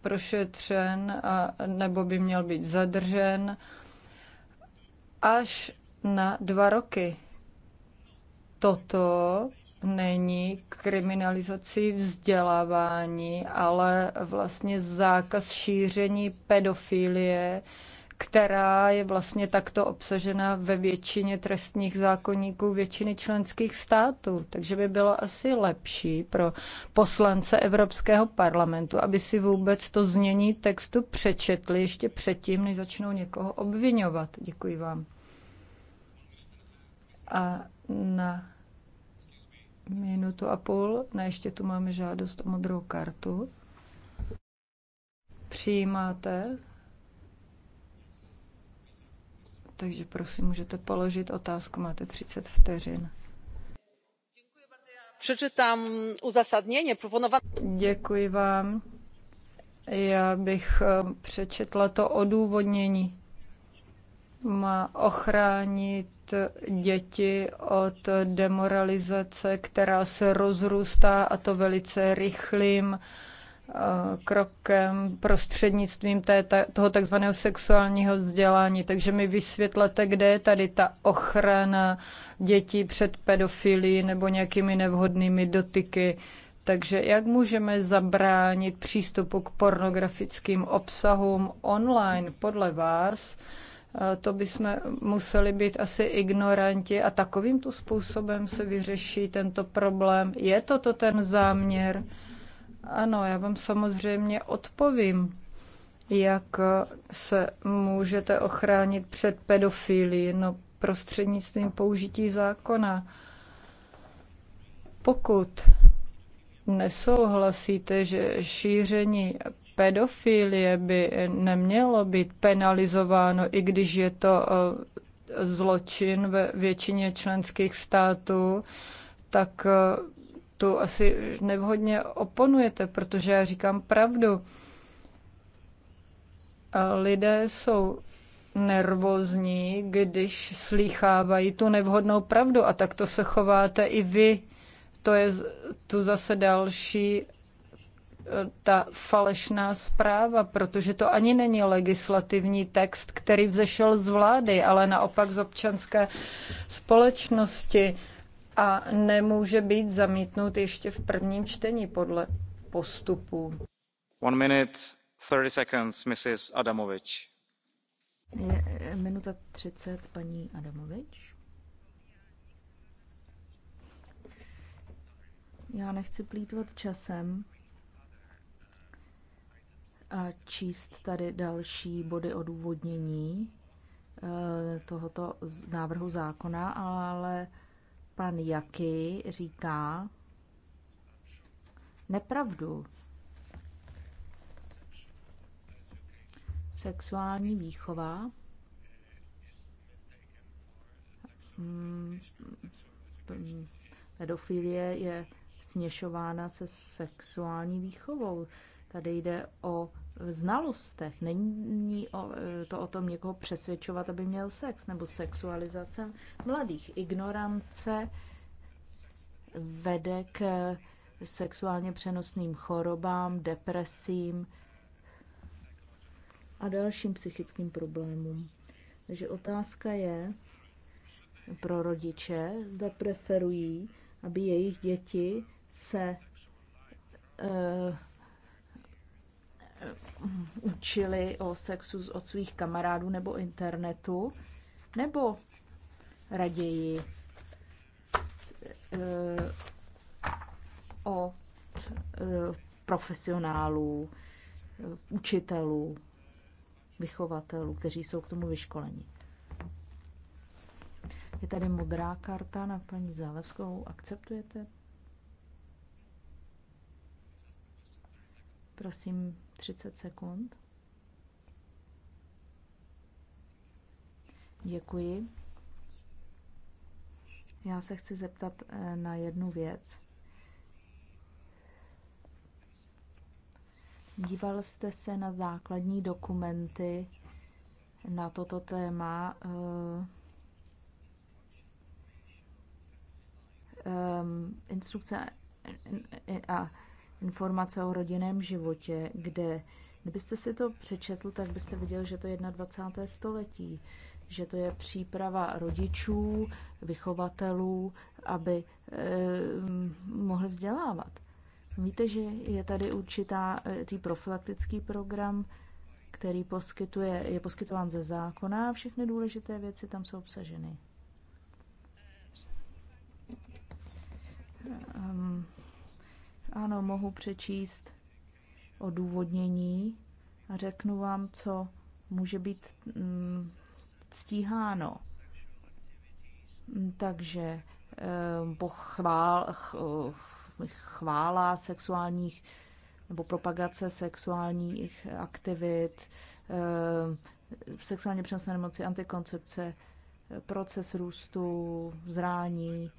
prošetřen nebo by měl být zadržen až na dva roky. Toto není kriminalizací vzdělávání, ale vlastně zákaz šíření pedofilie, která je vlastně takto obsažena ve většině trestních zákonníků většiny členských států. Takže by bylo asi lepší pro poslance Evropského parlamentu, aby si vůbec to znění textu přečetli ještě předtím, než začnou někoho obvinovat. Děkuji vám. A na minutu a půl. Na ještě tu máme žádost o modrou kartu. Přijímáte? Takže prosím, můžete položit otázku, máte 30 vteřin. Přečetám uzasadnění proponované. Děkuji vám. Já bych eh, přečetla to odůvodnění. Má ochránit děti od demoralizace, která se rozrůstá a to velice rychlým eh, krokem prostřednictvím té, toho takzvaného sexuálního vzdělání. Takže mi vysvětlete, kde je tady ta ochrana dětí před pedofily nebo nějakými nevhodnými dotyky. Takže jak můžeme zabránit přístupu k pornografickým obsahům online podle vás? Eh, to bychom museli být asi ignoranti a takovýmto způsobem se vyřeší tento problém. Je to to ten záměr? Ano, já vám samozřejmě odpovím, jak se můžete ochránit před pedofilií, no prostřednictvím použití zákona. Pokud nesouhlasíte, že šíření pedofilie by nemělo být penalizováno, i když je to eh, zločin ve většině členských států, tak eh, tu asi nevhodně oponujete, protože já říkám pravdu. A lidé jsou nervózní, když slýchávají tu nevhodnou pravdu a tak to se chováte i vy. To je tu zase další ta falešná zpráva, protože to ani není legislativní text, který vzešel z vlády, ale naopak z občanské společnosti a nemůže být zamítnut ještě v prvním čtení podle postupu. One minute, 30 seconds, Mrs. Adamovič. Minuta 30, paní Adamovič. Já nechci plítvat časem číst tady další body odůvodnění eh, tohoto návrhu zákona, ale pan Jaky říká nepravdu. Sexuální výchova mm, pedofilie je směšována se sexuální výchovou. Tady jde o znalostech. Není e, to o tom někoho přesvědčovat, aby měl sex, nebo sexualizace mladých. Ignorance vede k e, sexuálně přenosným chorobám, depresím a dalším psychickým problémům. Takže otázka je pro rodiče, zda preferují, aby jejich děti se e, Eh, učili o sexu od svých kamarádů nebo internetu, nebo raději eh, od eh, profesionálů, učitelů, vychovatelů, kteří jsou k tomu vyškoleni. Je tady modrá karta na paní Zálevskou. Akceptujete? Prosím, 30 sekund. Děkuji. Já se chci zeptat eh, na jednu věc. Díval jste se na základní dokumenty na toto téma. Eh, eh, instrukce a informace o rodinném životě, kde kdybyste si to přečetl, tak byste viděl, že to je 21. století, že to je příprava rodičů, vychovatelů, aby e, mohli vzdělávat. Víte, že je tady určitá eh, tý profilaktický program, který poskytuje, je poskytován ze zákona a všechny důležité věci tam jsou obsaženy. Um, ano, mohu přečíst odůvodnění a řeknu vám, co může být mm, stíháno. Takže eh, pochvál, eh, chvála sexuálních nebo propagace sexuálních aktivit, eh, sexuálně přenosné nemoci, antikoncepce, proces růstu, zrání.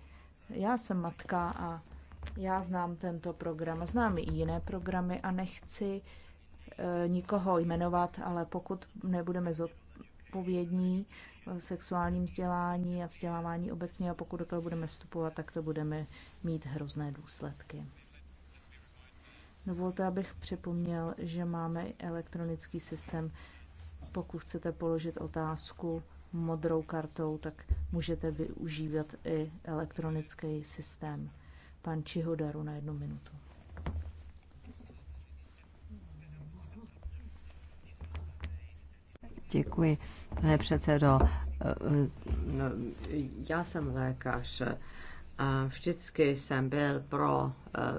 Já jsem matka a já znám tento program, znám i jiné programy a nechci e, nikoho jmenovat, ale pokud nebudeme zodpovědní e, sexuálním vzdělání a vzdělávání obecně a pokud do toho budeme vstupovat, tak to budeme mít hrozné důsledky. Dovolte, abych připomněl, že máme elektronický systém. Pokud chcete položit otázku modrou kartou, tak můžete využívat i elektronický systém pan Čihodaru na jednu minutu. Děkuji, pane předsedo. Já jsem lékař a vždycky jsem byl pro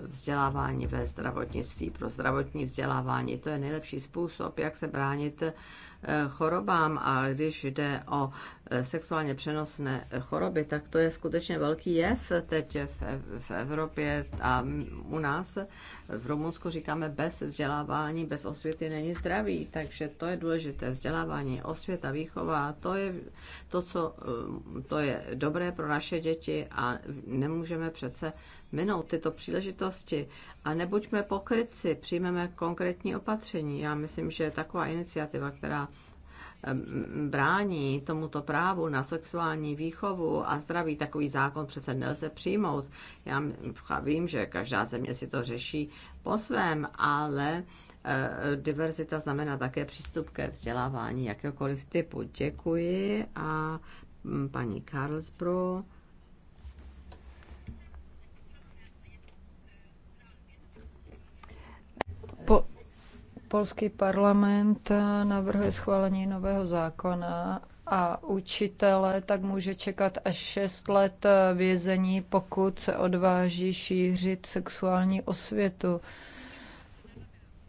vzdělávání ve zdravotnictví, pro zdravotní vzdělávání. To je nejlepší způsob, jak se bránit Eh, chorobám a když jde o eh, sexuálně přenosné choroby, tak to je skutečně velký jev teď v, Evropě a u nás v Rumunsku říkáme bez vzdělávání, bez osvěty není zdraví, takže to je důležité. Vzdělávání, osvěta, výchova, to je to, co eh, to je dobré pro naše děti a nemůžeme přece minout tyto příležitosti a nebuďme pokrytci, přijmeme konkrétní opatření. Já myslím, že taková iniciativa, která brání tomuto právu na sexuální výchovu a zdraví, takový zákon přece nelze přijmout. Já vím, že každá země si to řeší po svém, ale e, diverzita znamená také přístup ke vzdělávání jakéhokoliv typu. Děkuji a paní Karlsbro. Polský parlament eh, navrhuje schválení nového zákona a učitele tak může čekat až 6 let eh, vězení, pokud se odváží šířit sexuální osvětu.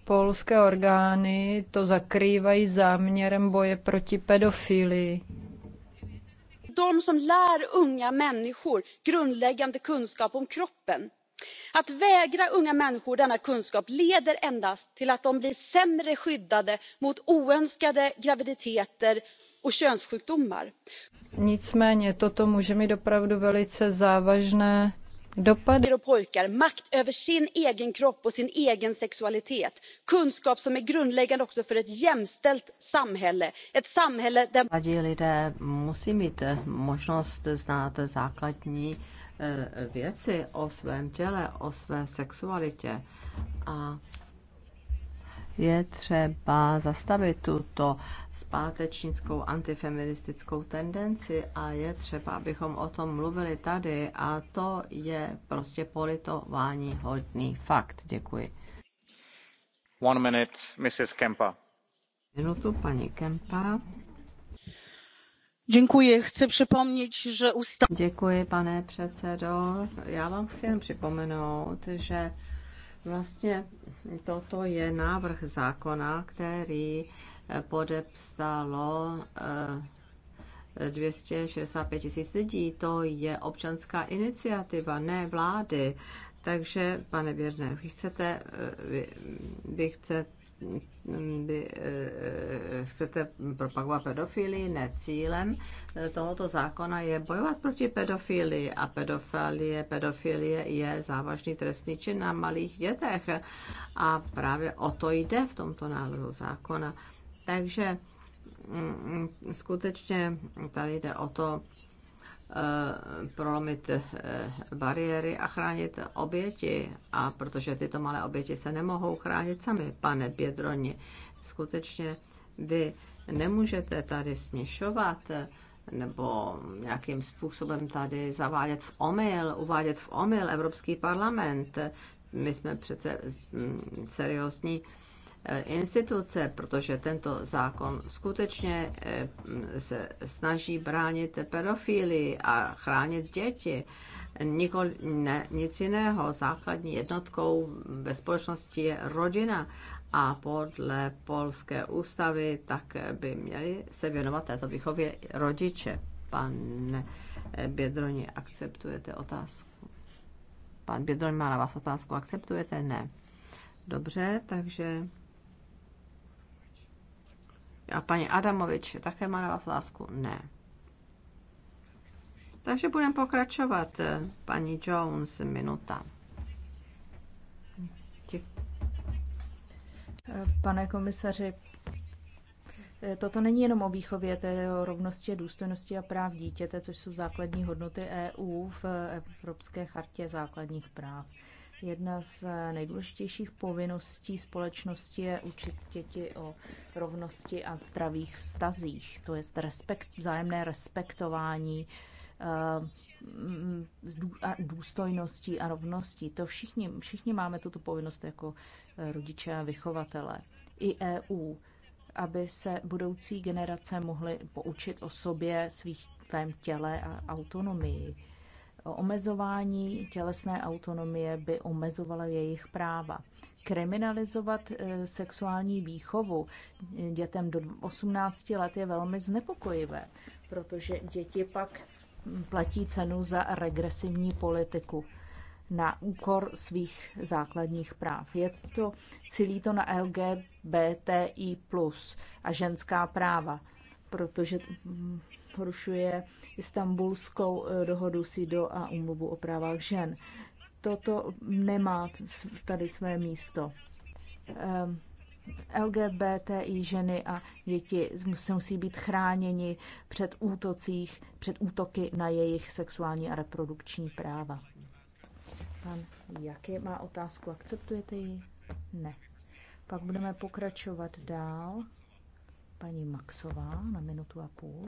Polské orgány to zakrývají záměrem boje proti pedofilii. De som lär unga människor grundläggande kunskap om kroppen att vägra unga människor denna kunskap leder endast till att de blir sämre skyddade mot oönskade graviditeter och könssjukdomar. nicméně toto může mít opravdu velice závažné dopady. och pojkar makt över sin egen kropp och sin egen sexualitet kunskap som är grundläggande också för ett jämställt samhälle ett samhälle där. mladí lidé musí mít možnost znát základní Eh, věci o svém těle, o své sexualitě. A je třeba zastavit tuto zpátečnickou antifeministickou tendenci a je třeba, abychom o tom mluvili tady a to je prostě politování hodný fakt. Děkuji. One minute, Mrs. Kempa. Minutu, paní Kempa. Děkuji. Chci že Děkuji, pane předsedo. Já vám chci jen připomenout, že vlastně toto je návrh zákona, který eh, podepsalo 265 eh, tisíc lidí. To je občanská iniciativa, ne vlády. Takže, pane Běrne, vy chcete, eh, vy, vy chcete by, eh, eh, chcete propagovat pedofilii, ne cílem eh, tohoto zákona je bojovat proti pedofilii a pedofilie, pedofilie je závažný trestný čin na malých dětech a právě o to jde v tomto návrhu zákona. Takže mm, mm, skutečně tady jde o to Eh, prolomit eh, bariéry a chránit oběti. A protože tyto malé oběti se nemohou chránit sami, pane Bědroni, skutečně vy nemůžete tady směšovat nebo nějakým způsobem tady zavádět v omyl, uvádět v omyl Evropský parlament. My jsme přece mm, seriózní Eh, instituce, protože tento zákon skutečně eh, se snaží bránit pedofily a chránit děti. Nikol, ne, nic jiného. Základní jednotkou ve společnosti je rodina a podle polské ústavy tak by měli se věnovat této výchově rodiče. Pan Bědroni, akceptujete otázku? Pan Bědroni má na vás otázku, akceptujete? Ne. Dobře, takže a paní Adamovič, také má na vás lásku? Ne. Takže budeme pokračovat. Paní Jones, minuta. Pane komisaři, toto není jenom o výchově, to je o rovnosti, důstojnosti a práv dítěte, což jsou základní hodnoty EU v Evropské chartě základních práv. Jedna z nejdůležitějších povinností společnosti je učit děti o rovnosti a zdravých vztazích, to je respekt, vzájemné respektování eh, a důstojností a rovností. To všichni, všichni máme tuto povinnost jako eh, rodiče a vychovatele. I EU, aby se budoucí generace mohly poučit o sobě, svých těle a autonomii Omezování tělesné autonomie by omezovala jejich práva. Kriminalizovat eh, sexuální výchovu eh, dětem do 18 let je velmi znepokojivé, protože děti pak hm, platí cenu za regresivní politiku na úkor svých základních práv. Je to, cílí to na LGBTI plus a ženská práva, protože hm, porušuje istambulskou eh, dohodu SIDO a umluvu o právách žen. Toto nemá tady své místo. Ehm, LGBTI ženy a děti se musí být chráněni před útocích, před útoky na jejich sexuální a reprodukční práva. Pan Jaky má otázku, akceptujete ji? Ne. Pak budeme pokračovat dál. Paní Maxová na minutu a půl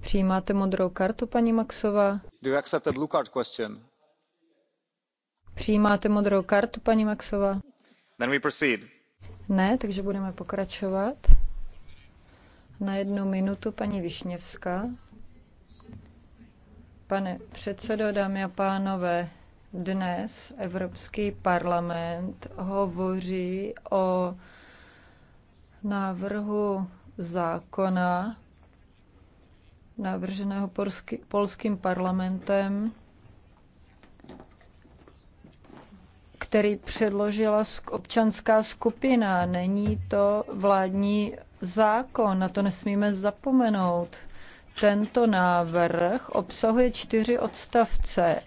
Přijímáte modrou kartu, paní Maxová? Do you accept a blue card question? Přijímáte modrou kartu, paní Maxová? Then we proceed. Ne, takže budeme pokračovat. Na jednu minutu paní Višněvská. Pane předsedo, dámy a pánové, dnes Evropský parlament hovoří o návrhu zákona navrženého polsky, polským parlamentem, který předložila občanská skupina. Není to vládní zákon, na to nesmíme zapomenout. Tento návrh obsahuje čtyři odstavce.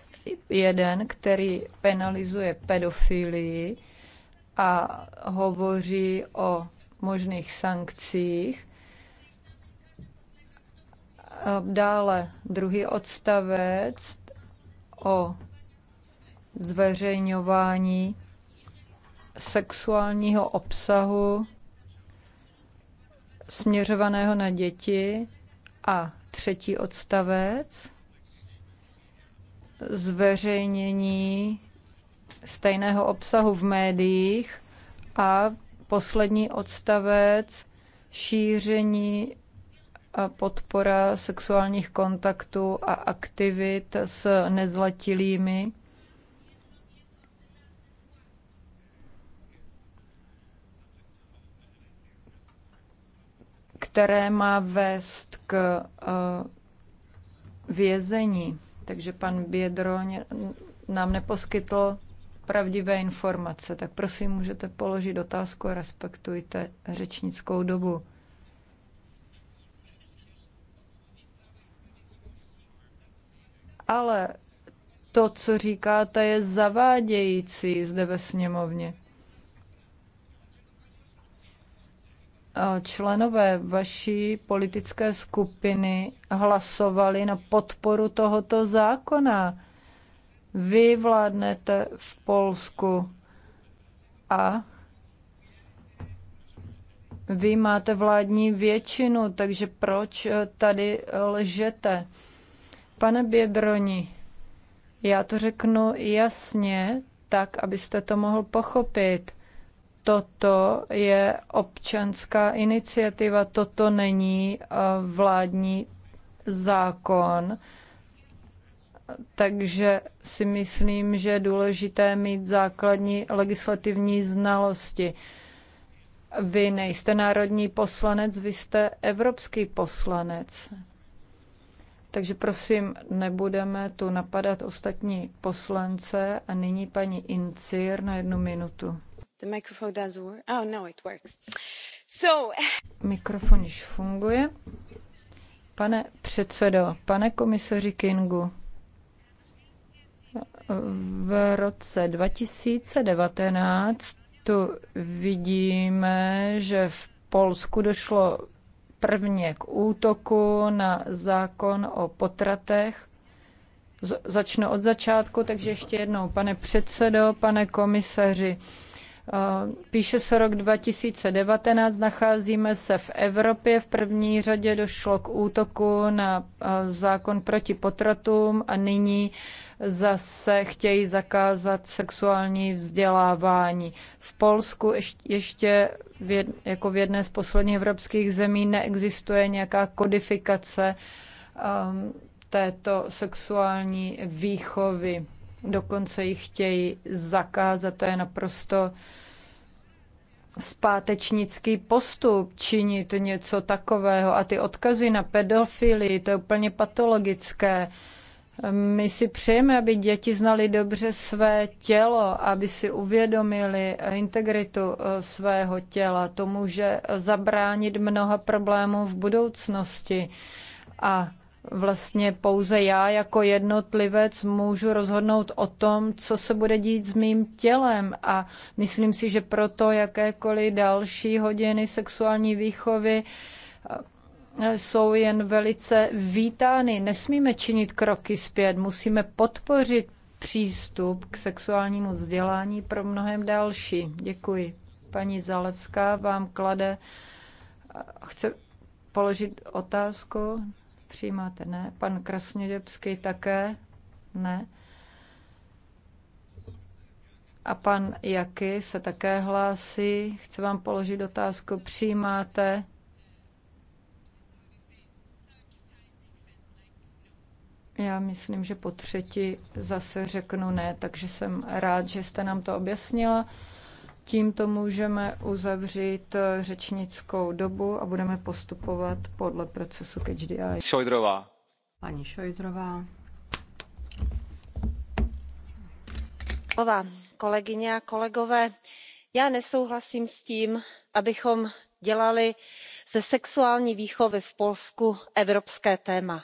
Jeden, který penalizuje pedofilii a hovoří o možných sankcích Dále druhý odstavec o zveřejňování sexuálního obsahu směřovaného na děti a třetí odstavec zveřejnění stejného obsahu v médiích a poslední odstavec šíření podpora sexuálních kontaktů a aktivit s nezlatilými. které má vést k eh, vězení. Takže pan Bědroň nám neposkytl pravdivé informace. Tak prosím, můžete položit otázku a respektujte řečnickou dobu. Ale to, co říkáte, je zavádějící zde ve sněmovně. členové vaší politické skupiny hlasovali na podporu tohoto zákona. Vy vládnete v Polsku a vy máte vládní většinu, takže proč tady lžete? Pane Bědroni, já to řeknu jasně, tak, abyste to mohl pochopit. Toto je občanská iniciativa, toto není eh, vládní zákon. Takže si myslím, že je důležité mít základní legislativní znalosti. Vy nejste národní poslanec, vy jste evropský poslanec. Takže prosím, nebudeme tu napadat ostatní poslance a nyní paní Incir na jednu minutu. The microphone does work. Oh, no, it works. So... Mikrofon již funguje. Pane předsedo, pane komisaři Kingu, v roce 2019 tu vidíme, že v Polsku došlo prvně k útoku na zákon o potratech. Začnu od začátku, takže ještě jednou, pane předsedo, pane komisaři. Eh, píše se rok 2019, nacházíme se v Evropě. V první řadě došlo k útoku na eh, zákon proti potratům a nyní zase chtějí zakázat sexuální vzdělávání. V Polsku ještě v jed, jako v jedné z posledních evropských zemí neexistuje nějaká kodifikace um, této sexuální výchovy. Dokonce ji chtějí zakázat. To je naprosto zpátečnický postup činit něco takového. A ty odkazy na pedofilii, to je úplně patologické. Uh, my si přejeme, aby děti znali dobře své tělo, aby si uvědomili integritu eh, svého těla. To může zabránit mnoha problémů v budoucnosti. A vlastně pouze já jako jednotlivec můžu rozhodnout o tom, co se bude dít s mým tělem a myslím si, že proto jakékoliv další hodiny sexuální výchovy eh, jsou jen velice vítány. Nesmíme činit kroky zpět, musíme podpořit přístup k sexuálnímu vzdělání pro mnohem další. Děkuji. Paní Zalevská vám klade. Chce položit otázku? Přijímáte? Ne. Pan Krasnoděbský také? Ne. A pan Jaky se také hlásí. Chce vám položit otázku. Přijímáte? Já myslím, že po třetí zase řeknu ne, takže jsem rád, že jste nám to objasnila. Tímto můžeme uzavřít eh, řečnickou dobu a budeme postupovat podle procesu HDI. Šojdrová. Paní Šojdrová. Slova, kolegyně a kolegové, já nesouhlasím s tím, abychom dělali ze sexuální výchovy v Polsku evropské téma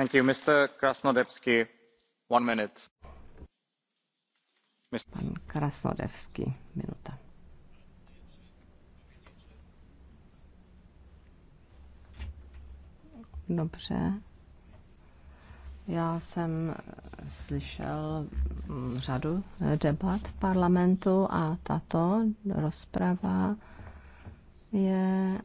pane předsedající Krasnodebský. One Dobře. Já jsem slyšel mm, řadu debat v parlamentu a tato rozprava je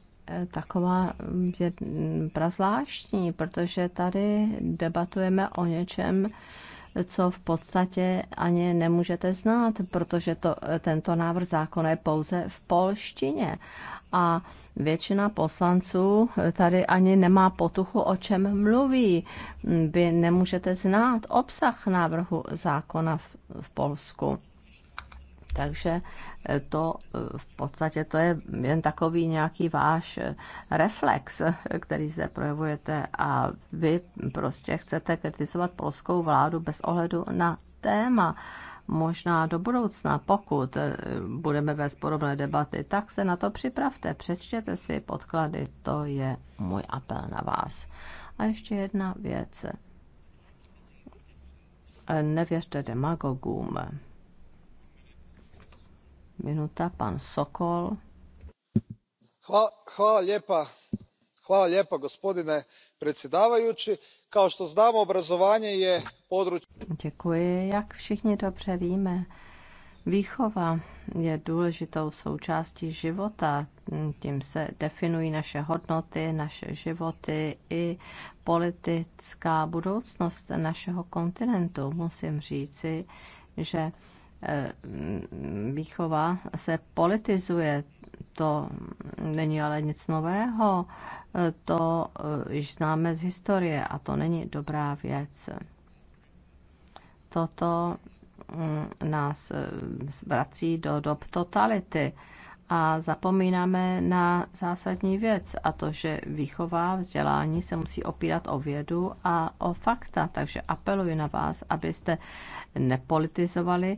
taková mm, prazvláštní, protože tady debatujeme o něčem, co v podstatě ani nemůžete znát, protože to, tento návrh zákona je pouze v polštině. A většina poslanců tady ani nemá potuchu, o čem mluví. Vy nemůžete znát obsah návrhu zákona v, v Polsku. Takže eh, to eh, v podstatě to je jen takový nějaký váš eh, reflex, který se projevujete a vy prostě chcete kritizovat polskou vládu bez ohledu na téma možná do budoucna, pokud budeme vést podobné debaty, tak se na to připravte, přečtěte si podklady, to je můj apel na vás. A ještě jedna věc. Nevěřte demagogům. Minuta, pan Sokol. Hvala, lijepa. Hvala lijepa, gospodine předsedávající. Kao što znamo, obrazovanje je područje... Děkuji, jak všichni dobře víme. Výchova je důležitou součástí života, tím se definují naše hodnoty, naše životy i politická budoucnost našeho kontinentu. Musím říci, že Eh, výchova se politizuje. To není ale nic nového, eh, to eh, již známe z historie a to není dobrá věc. Toto mm, nás vrací do dob totality a zapomínáme na zásadní věc, a to, že výchova vzdělání se musí opírat o vědu a o fakta. Takže apeluji na vás, abyste nepolitizovali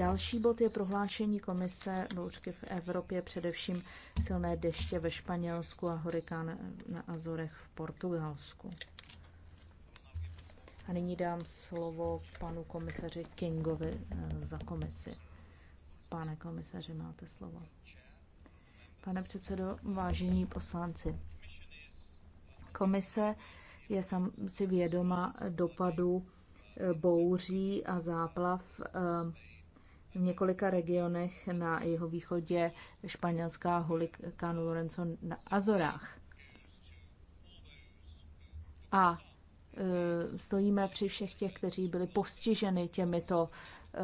Další bod je prohlášení komise bouřky v Evropě, především silné deště ve Španělsku a hurikán na Azorech v Portugalsku. A nyní dám slovo panu komisaři Kingovi eh, za komisi. Pane komisaři, máte slovo. Pane předsedo, vážení poslanci, komise je sam, si vědoma dopadu eh, bouří a záplav eh, v několika regionech na jeho východě španělská hurikánu Lorenzo na Azorách. A e, stojíme při všech těch, kteří byli postiženi těmito e,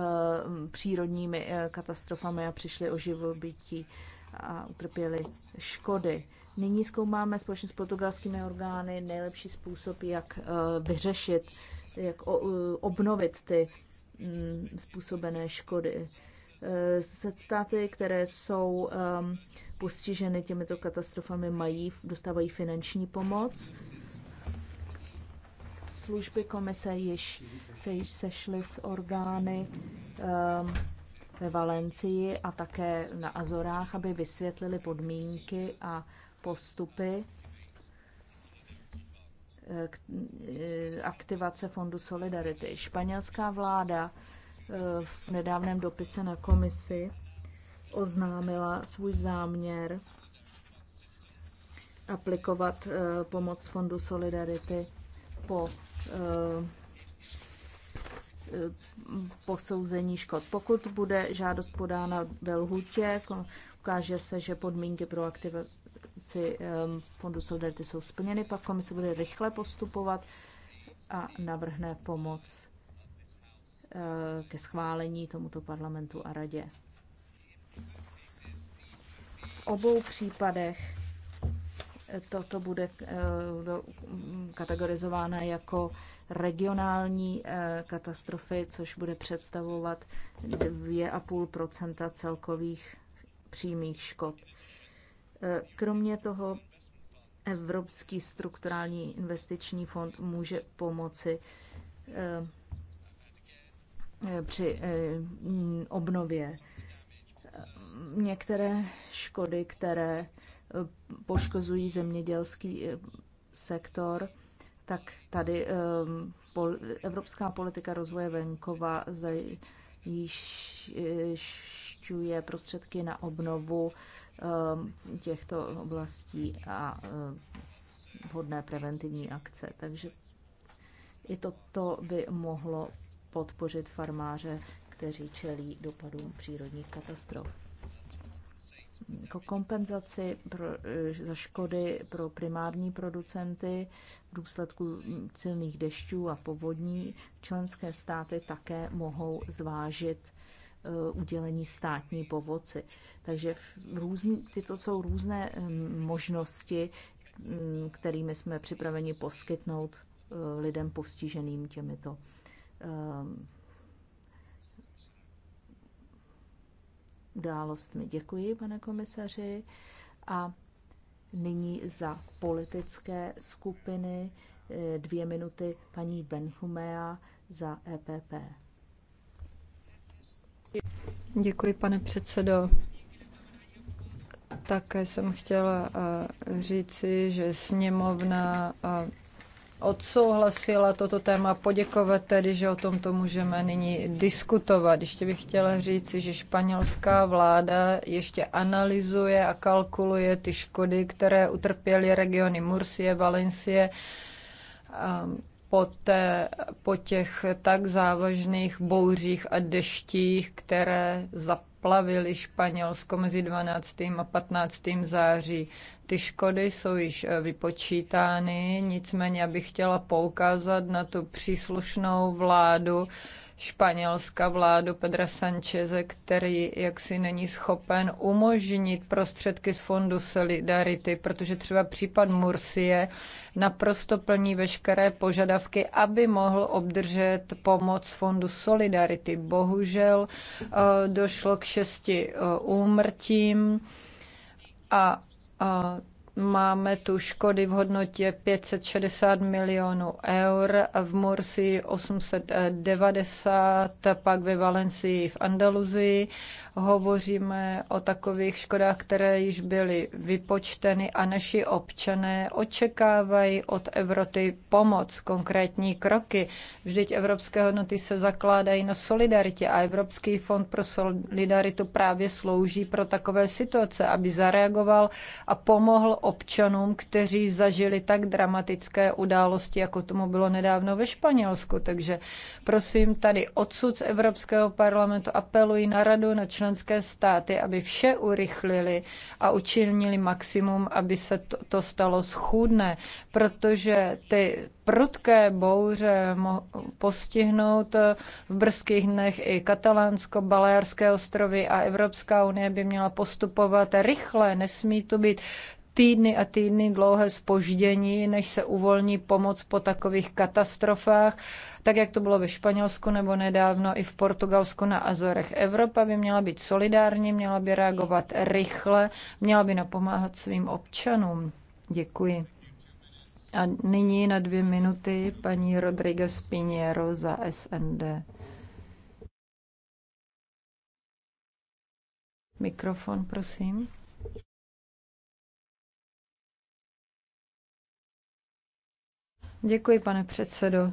přírodními e, katastrofami a přišli o živobytí a utrpěli škody. Nyní zkoumáme společně s portugalskými orgány nejlepší způsob, jak e, vyřešit, jak o, e, obnovit ty Mm, způsobené škody. Eh, se státy, které jsou ehm, postiženy těmito katastrofami, mají, dostávají finanční pomoc. Služby komise již se již sešly s orgány ehm, ve Valencii a také na Azorách, aby vysvětlili podmínky a postupy Eh, eh, aktivace Fondu Solidarity. Španělská vláda eh, v nedávném dopise na komisi oznámila svůj záměr aplikovat pomoc Fondu Solidarity po posouzení škod. Pokud bude žádost podána ve lhutě, ukáže se, že podmínky pro aktivaci rámci Fondu Solidarity jsou splněny, pak komise bude rychle postupovat a navrhne pomoc eh, ke schválení tomuto parlamentu a radě. V obou případech eh, toto bude eh, mm, kategorizována jako regionální katastrofy, což bude představovat 2,5 celkových přímých škod. Eh, kromě toho Evropský strukturální investiční fond může pomoci eh, eh, při obnově. Některé škody, které poškozují zemědělský sektor, tak tady Evropská politika rozvoje venkova zajišťuje prostředky na obnovu Um, těchto oblastí a um, vhodné preventivní akce. Takže i toto by mohlo podpořit farmáře, kteří čelí dopadům přírodních katastrof. Jako kompenzaci pro, za škody pro primární producenty v důsledku silných dešťů a povodní členské státy také mohou zvážit Eh, udělení státní pomoci. Takže různý, tyto jsou různé mm, možnosti, mm, kterými jsme připraveni poskytnout eh, lidem postiženým těmito eh, událostmi. Děkuji, pane komisaři. A nyní za politické skupiny dvě minuty paní Benchumea za EPP. Děkuji, pane předsedo. Také jsem chtěla eh, říci, že sněmovna eh, odsouhlasila toto téma, poděkovat tedy, že o tomto můžeme nyní diskutovat. Ještě bych chtěla říci, že španělská vláda ještě analyzuje a kalkuluje ty škody, které utrpěly regiony Mursie, Valencie po, té, po těch tak závažných bouřích a deštích, které zaplavily Španělsko mezi 12. a 15. září. Ty škody jsou již eh, vypočítány, nicméně bych chtěla poukázat na tu příslušnou vládu, Španělska vládu Pedra Sancheze, který jaksi není schopen umožnit prostředky z Fondu Solidarity, protože třeba případ Mursie naprosto plní veškeré požadavky, aby mohl obdržet pomoc z Fondu Solidarity. Bohužel eh, došlo k šesti eh, úmrtím a, a eh, Máme tu škody v hodnotě 560 milionů eur, v Mursi 890, pak ve Valencii v Andaluzii. Hovoříme o takových škodách, které již byly vypočteny a naši občané očekávají od Evropy pomoc, konkrétní kroky. Vždyť evropské hodnoty se zakládají na solidaritě a Evropský fond pro solidaritu právě slouží pro takové situace, aby zareagoval a pomohl občanům, kteří zažili tak dramatické události, jako tomu bylo nedávno ve Španělsku. Takže prosím, tady odsud z Evropského parlamentu apeluji na radu, na členské státy, aby vše urychlili a učinili maximum, aby se to, to stalo schůdné, protože ty prudké bouře postihnout v brzkých dnech i Katalánsko, Balearské ostrovy a Evropská unie by měla postupovat rychle, nesmí to být týdny a týdny dlouhé spoždění, než se uvolní pomoc po takových katastrofách, tak jak to bylo ve Španělsku nebo nedávno i v Portugalsku na Azorech. Evropa by měla být solidární, měla by reagovat rychle, měla by napomáhat svým občanům. Děkuji. A nyní na dvě minuty paní Rodriguez Piniero za SND. Mikrofon, prosím. Děkuji, pane předsedo.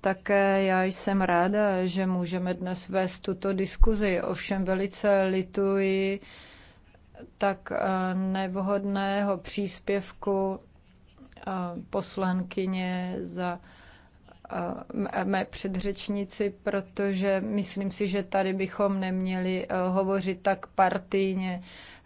Také já jsem ráda, že můžeme dnes vést tuto diskuzi. Ovšem velice lituji tak eh, nevhodného příspěvku eh, poslankyně za mé předřečnici, protože myslím si, že tady bychom neměli eh, hovořit tak partijně.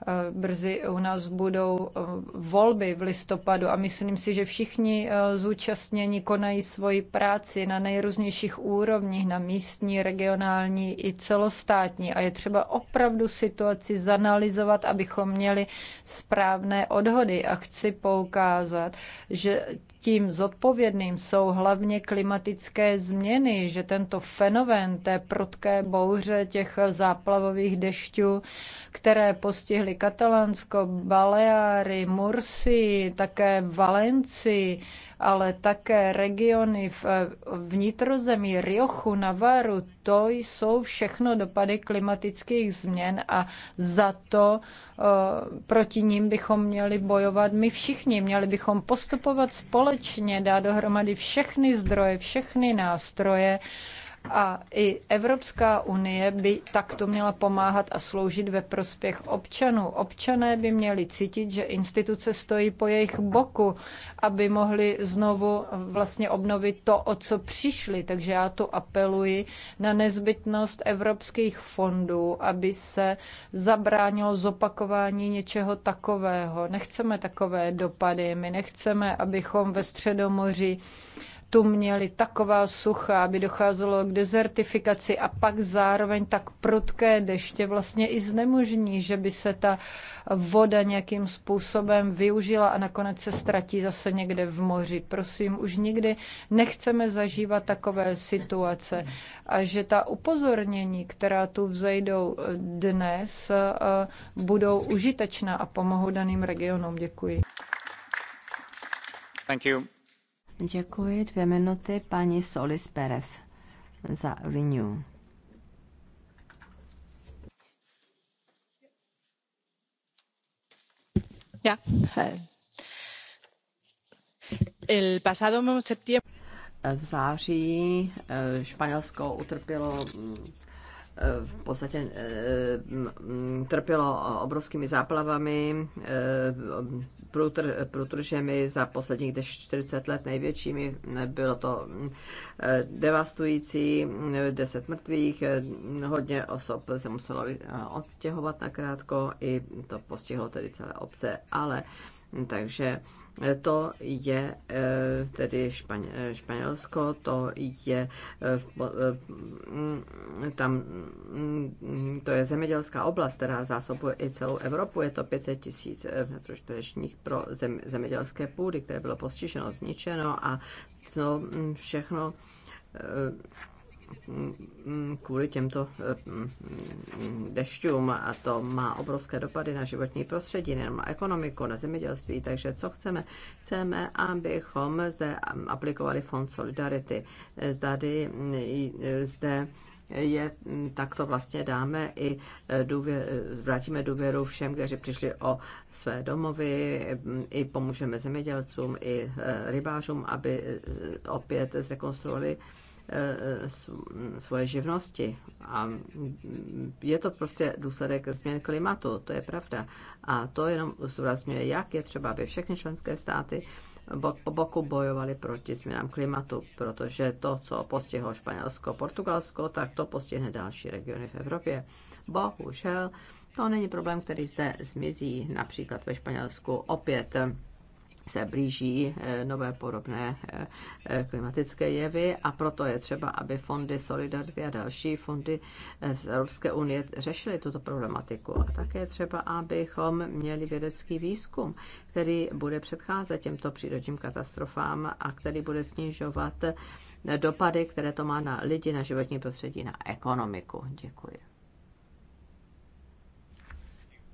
Eh, brzy u nás budou eh, volby v listopadu a myslím si, že všichni zúčastnění konají svoji práci na nejrůznějších úrovních, na místní, regionální i celostátní. A je třeba opravdu situaci zanalizovat, abychom měli správné odhody. A chci poukázat, že tím zodpovědným jsou hlavně klimatické změny, že tento fenomén té prudké bouře těch záplavových dešťů, které postihly Katalánsko, Baleáry, Mursi, také Valenci ale také regiony v eh, vnitrozemí Riochu, Navaru, to jsou všechno dopady klimatických změn a za to eh, proti ním bychom měli bojovat my všichni. Měli bychom postupovat společně, dát dohromady všechny zdroje, všechny nástroje, a i Evropská unie by takto měla pomáhat a sloužit ve prospěch občanů. Občané by měli cítit, že instituce stojí po jejich boku, aby mohli znovu vlastně obnovit to, o co přišli. Takže já tu apeluji na nezbytnost evropských fondů, aby se zabránilo zopakování něčeho takového. Nechceme takové dopady. My nechceme, abychom ve Středomoří tu měli taková sucha, aby docházelo k dezertifikaci a pak zároveň tak prudké deště vlastně i znemožní, že by se ta voda nějakým způsobem využila a nakonec se ztratí zase někde v moři. Prosím, už nikdy nechceme zažívat takové situace a že ta upozornění, která tu vzejdou eh, dnes, eh, budou užitečná a pomohou daným regionům. Děkuji. Thank you. Děkuji. Dvě minuty paní Solis Perez za Renew. Ja. El pasado septiembre... V září eh, Španělsko utrpělo eh, v podstatě eh, trpělo obrovskými záplavami, průtr, průtržemi za posledních 40 let největšími. Bylo to mm, eh, devastující, 10 mm, mrtvých, mm, hodně osob se muselo eh, odstěhovat nakrátko, i to postihlo tedy celé obce, ale takže to je eh, tedy eh, Španělsko, to je eh, tam, mm, to je zemědělská oblast, která zásobuje i celou Evropu. Je to 500 tisíc metrů čtverečních pro zem, zemědělské půdy, které bylo postiženo, zničeno a to mm, všechno Mm, kvůli těmto eh, mm, mm, dešťům a to má obrovské dopady na životní prostředí, nejenom na ekonomiku, na zemědělství. Takže co chceme? Chceme, abychom zde aplikovali fond Solidarity. Eh, tady eh, zde je, tak to vlastně dáme i důvěr, vrátíme důvěru všem, kteří přišli o své domovy, i pomůžeme zemědělcům, i rybářům, aby opět zrekonstruovali Eh, eh, svoje živnosti. A je to prostě důsledek změn klimatu, to je pravda. A to jenom zdůrazňuje, jak je třeba, aby všechny členské státy bok po boku bojovali proti změnám klimatu, protože to, co postihlo Španělsko, Portugalsko, tak to postihne další regiony v Evropě. Bohužel, to není problém, který zde zmizí. Například ve Španělsku opět se blíží eh, nové podobné eh, eh, klimatické jevy a proto je třeba, aby fondy Solidarity a další fondy z Evropské unie řešily tuto problematiku. A také třeba, abychom měli vědecký výzkum, který bude předcházet těmto přírodním katastrofám a který bude snižovat dopady, které to má na lidi, na životní prostředí, na ekonomiku. Děkuji.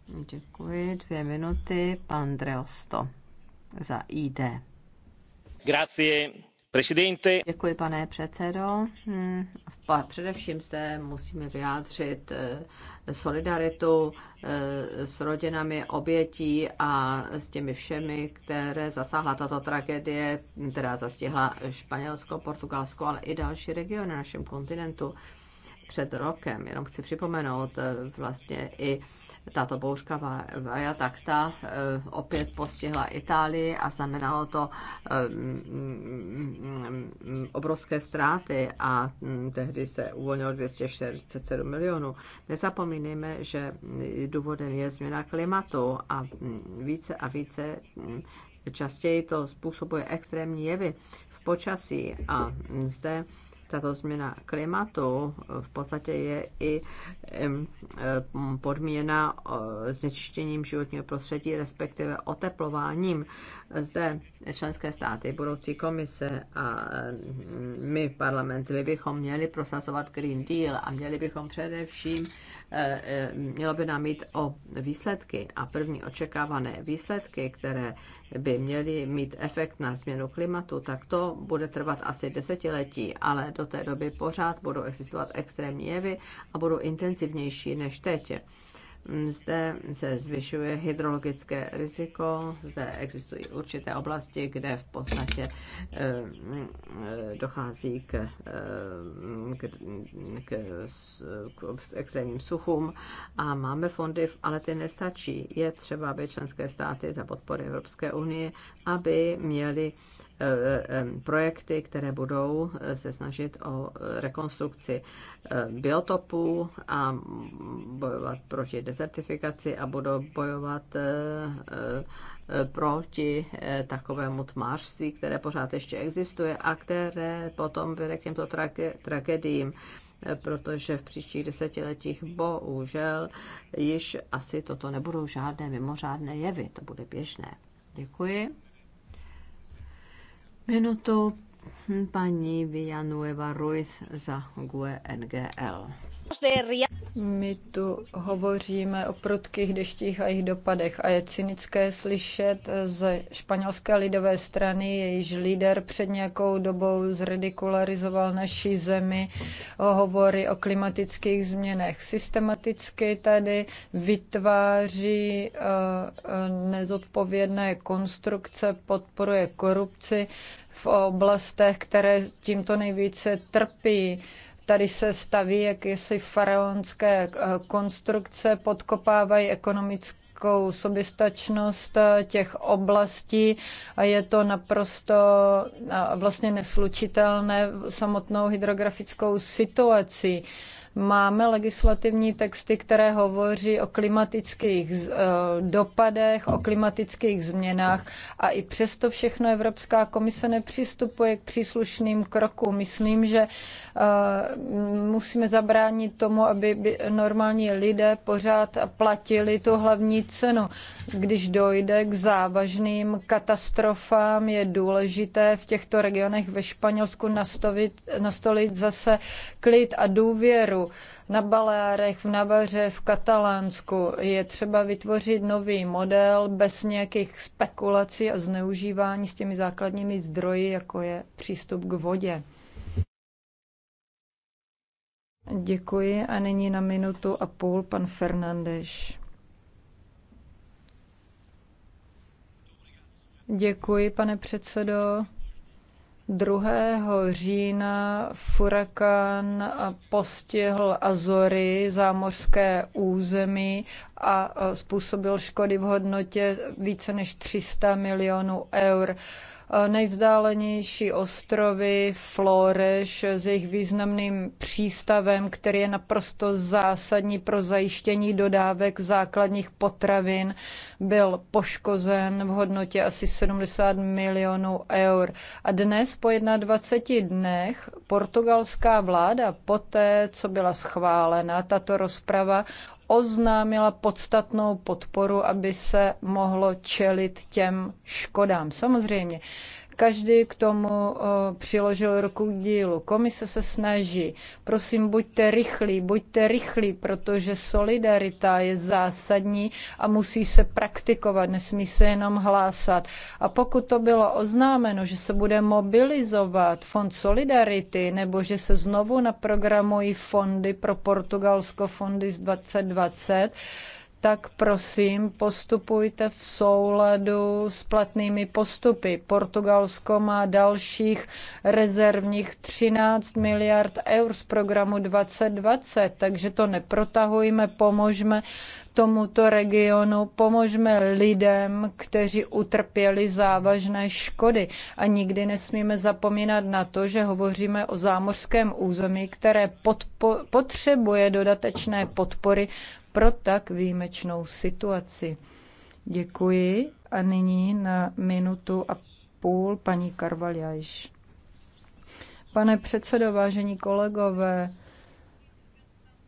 Děkuji. Dvě minuty. Pan Dreosto za ID. Děkuji, pane předsedo. Hmm, především zde musíme vyjádřit eh, solidaritu eh, s rodinami obětí a s těmi všemi, které zasáhla tato tragédie, která zastihla Španělsko, Portugalsko, ale i další regiony na našem kontinentu před rokem. Jenom chci připomenout eh, vlastně i tato bouřka Vaja, tak ta e, opět postihla Itálii a znamenalo to e, mm, mm, mm, obrovské ztráty a tehdy se uvolnilo 247 milionů. Nezapomínejme, že důvodem je změna klimatu a více a více častěji to způsobuje extrémní jevy v počasí a zde tato změna klimatu v podstatě je i podmíněna znečištěním životního prostředí, respektive oteplováním zde členské státy, budoucí komise a mm, my v parlamentu, my bychom měli prosazovat Green Deal a měli bychom především, e, e, mělo by nám mít o výsledky a první očekávané výsledky, které by měly mít efekt na změnu klimatu, tak to bude trvat asi desetiletí, ale do té doby pořád budou existovat extrémní jevy a budou intenzivnější než teď. Zde se zvyšuje hydrologické riziko, zde existují určité oblasti, kde v podstatě eh, dochází k, eh, k, k, k extrémním suchům a máme fondy, ale ty nestačí. Je třeba, aby členské státy za podpory Evropské unie, aby měly Eh, projekty, které budou eh, se snažit o eh, rekonstrukci biotopů a bojovat proti desertifikaci a budou bojovat proti takovému tmářství, které pořád ještě existuje a které potom vede k těmto trage- tragédiím protože v příštích desetiletích bohužel již asi toto nebudou žádné mimořádné jevy, to bude běžné. Děkuji. Minuto paní Villanueva Ruiz za GUE NGL. My tu hovoříme o prudkých deštích a jejich dopadech a je cynické slyšet ze španělské lidové strany, jejíž líder před nějakou dobou zredikularizoval naší zemi hovory o klimatických změnách. Systematicky tady vytváří eh, nezodpovědné konstrukce, podporuje korupci v oblastech, které tímto nejvíce trpí Tady se staví jakési faraonské eh, konstrukce, podkopávají ekonomické soběstačnost eh, těch oblastí a je to naprosto eh, vlastně neslučitelné samotnou hydrografickou situací. Máme legislativní texty, které hovoří o klimatických eh, dopadech, o klimatických změnách a i přesto všechno Evropská komise nepřistupuje k příslušným krokům. Myslím, že eh, musíme zabránit tomu, aby normální lidé pořád platili tu hlavní cenu. Když dojde k závažným katastrofám, je důležité v těchto regionech ve Španělsku nastavit, nastolit zase klid a důvěru na Baleárech, v Navaře, v Katalánsku. Je třeba vytvořit nový model bez nějakých spekulací a zneužívání s těmi základními zdroji, jako je přístup k vodě. Děkuji a nyní na minutu a půl pan Fernandeš. Děkuji, pane předsedo. 2. října furakan postihl Azory, zámořské území a způsobil škody v hodnotě více než 300 milionů eur nejvzdálenější ostrovy Flores s jejich významným přístavem, který je naprosto zásadní pro zajištění dodávek základních potravin, byl poškozen v hodnotě asi 70 milionů eur. A dnes po 21 dnech portugalská vláda poté, co byla schválena tato rozprava, oznámila podstatnou podporu, aby se mohlo čelit těm škodám. Samozřejmě, Každý k tomu přiložil ruku dílu. Komise se snaží. Prosím, buďte rychlí, buďte rychlí, protože solidarita je zásadní a musí se praktikovat, nesmí se jenom hlásat. A pokud to bylo oznámeno, že se bude mobilizovat fond solidarity nebo že se znovu naprogramují fondy pro Portugalsko, fondy z 2020, tak prosím postupujte v souladu s platnými postupy. Portugalsko má dalších rezervních 13 miliard eur z programu 2020, takže to neprotahujme, pomožme tomuto regionu, pomožme lidem, kteří utrpěli závažné škody. A nikdy nesmíme zapomínat na to, že hovoříme o zámořském území, které potpo- potřebuje dodatečné podpory pro tak výjimečnou situaci. Děkuji a nyní na minutu a půl paní Karvaljajš. Pane předsedo, vážení kolegové,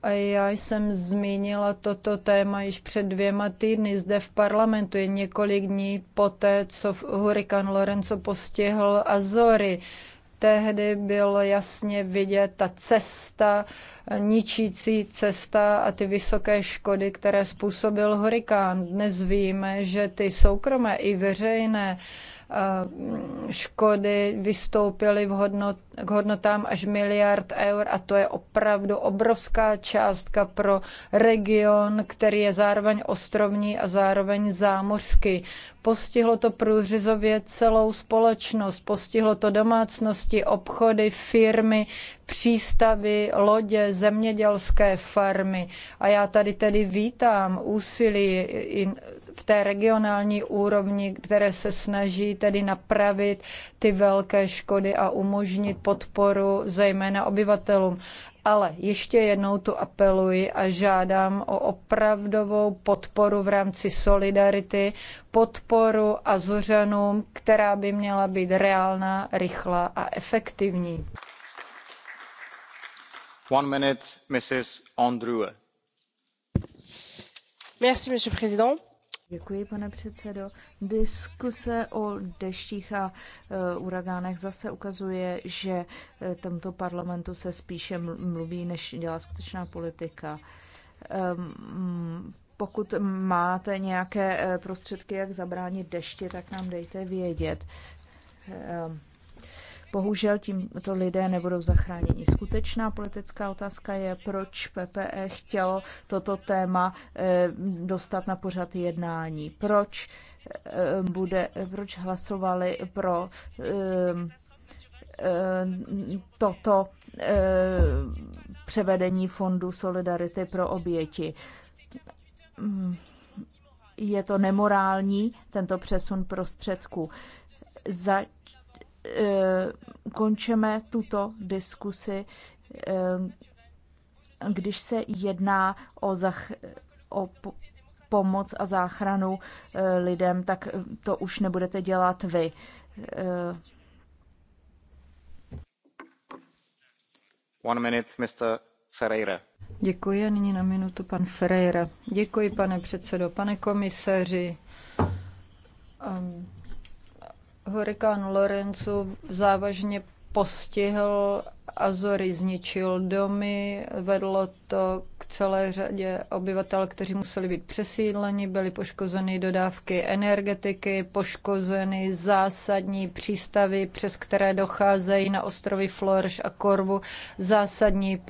a já jsem zmínila toto téma již před dvěma týdny zde v parlamentu, je několik dní poté, co hurikán Lorenzo postihl Azory tehdy byl jasně vidět ta cesta, ničící cesta a ty vysoké škody, které způsobil hurikán. Dnes víme, že ty soukromé i veřejné Eh, škody vystoupily v hodnot, k hodnotám až miliard eur a to je opravdu obrovská částka pro region, který je zároveň ostrovní a zároveň zámořský. Postihlo to průřezově celou společnost, postihlo to domácnosti, obchody, firmy, přístavy, lodě, zemědělské farmy. A já tady tedy vítám úsilí té regionální úrovni, které se snaží tedy napravit ty velké škody a umožnit podporu zejména obyvatelům. Ale ještě jednou tu apeluji a žádám o opravdovou podporu v rámci solidarity, podporu Azořanům, která by měla být reálná, rychlá a efektivní. One minute, Mrs. Andrew. Merci, Monsieur le Président Děkuji, pane předsedo. Diskuse o deštích a uh, uragánech zase ukazuje, že uh, tomto parlamentu se spíše mluví, než dělá skutečná politika. Um, pokud máte nějaké e, prostředky, jak zabránit dešti, tak nám dejte vědět. Um, Bohužel tímto lidé nebudou zachráněni. Skutečná politická otázka je, proč PPE chtělo toto téma eh, dostat na pořad jednání. Proč, eh, bude, proč hlasovali pro eh, toto převedení fondu Solidarity pro oběti. Je to nemorální, tento přesun prostředků. Za Eh, končeme tuto diskusi, eh, když se jedná o, zach, o pomoc a záchranu eh, lidem, tak to už nebudete dělat vy. One minute, Mr. Ferreira. Děkuji a nyní na minutu pan Ferreira. Děkuji, pane předsedo, pane komisaři. Ehm, hurikán Lorenzo závažně postihl Azory zničil domy, vedlo to k celé řadě obyvatel, kteří museli být přesídleni, byly poškozeny dodávky energetiky, poškozeny zásadní přístavy, přes které docházejí na ostrovy Florš a Korvu zásadní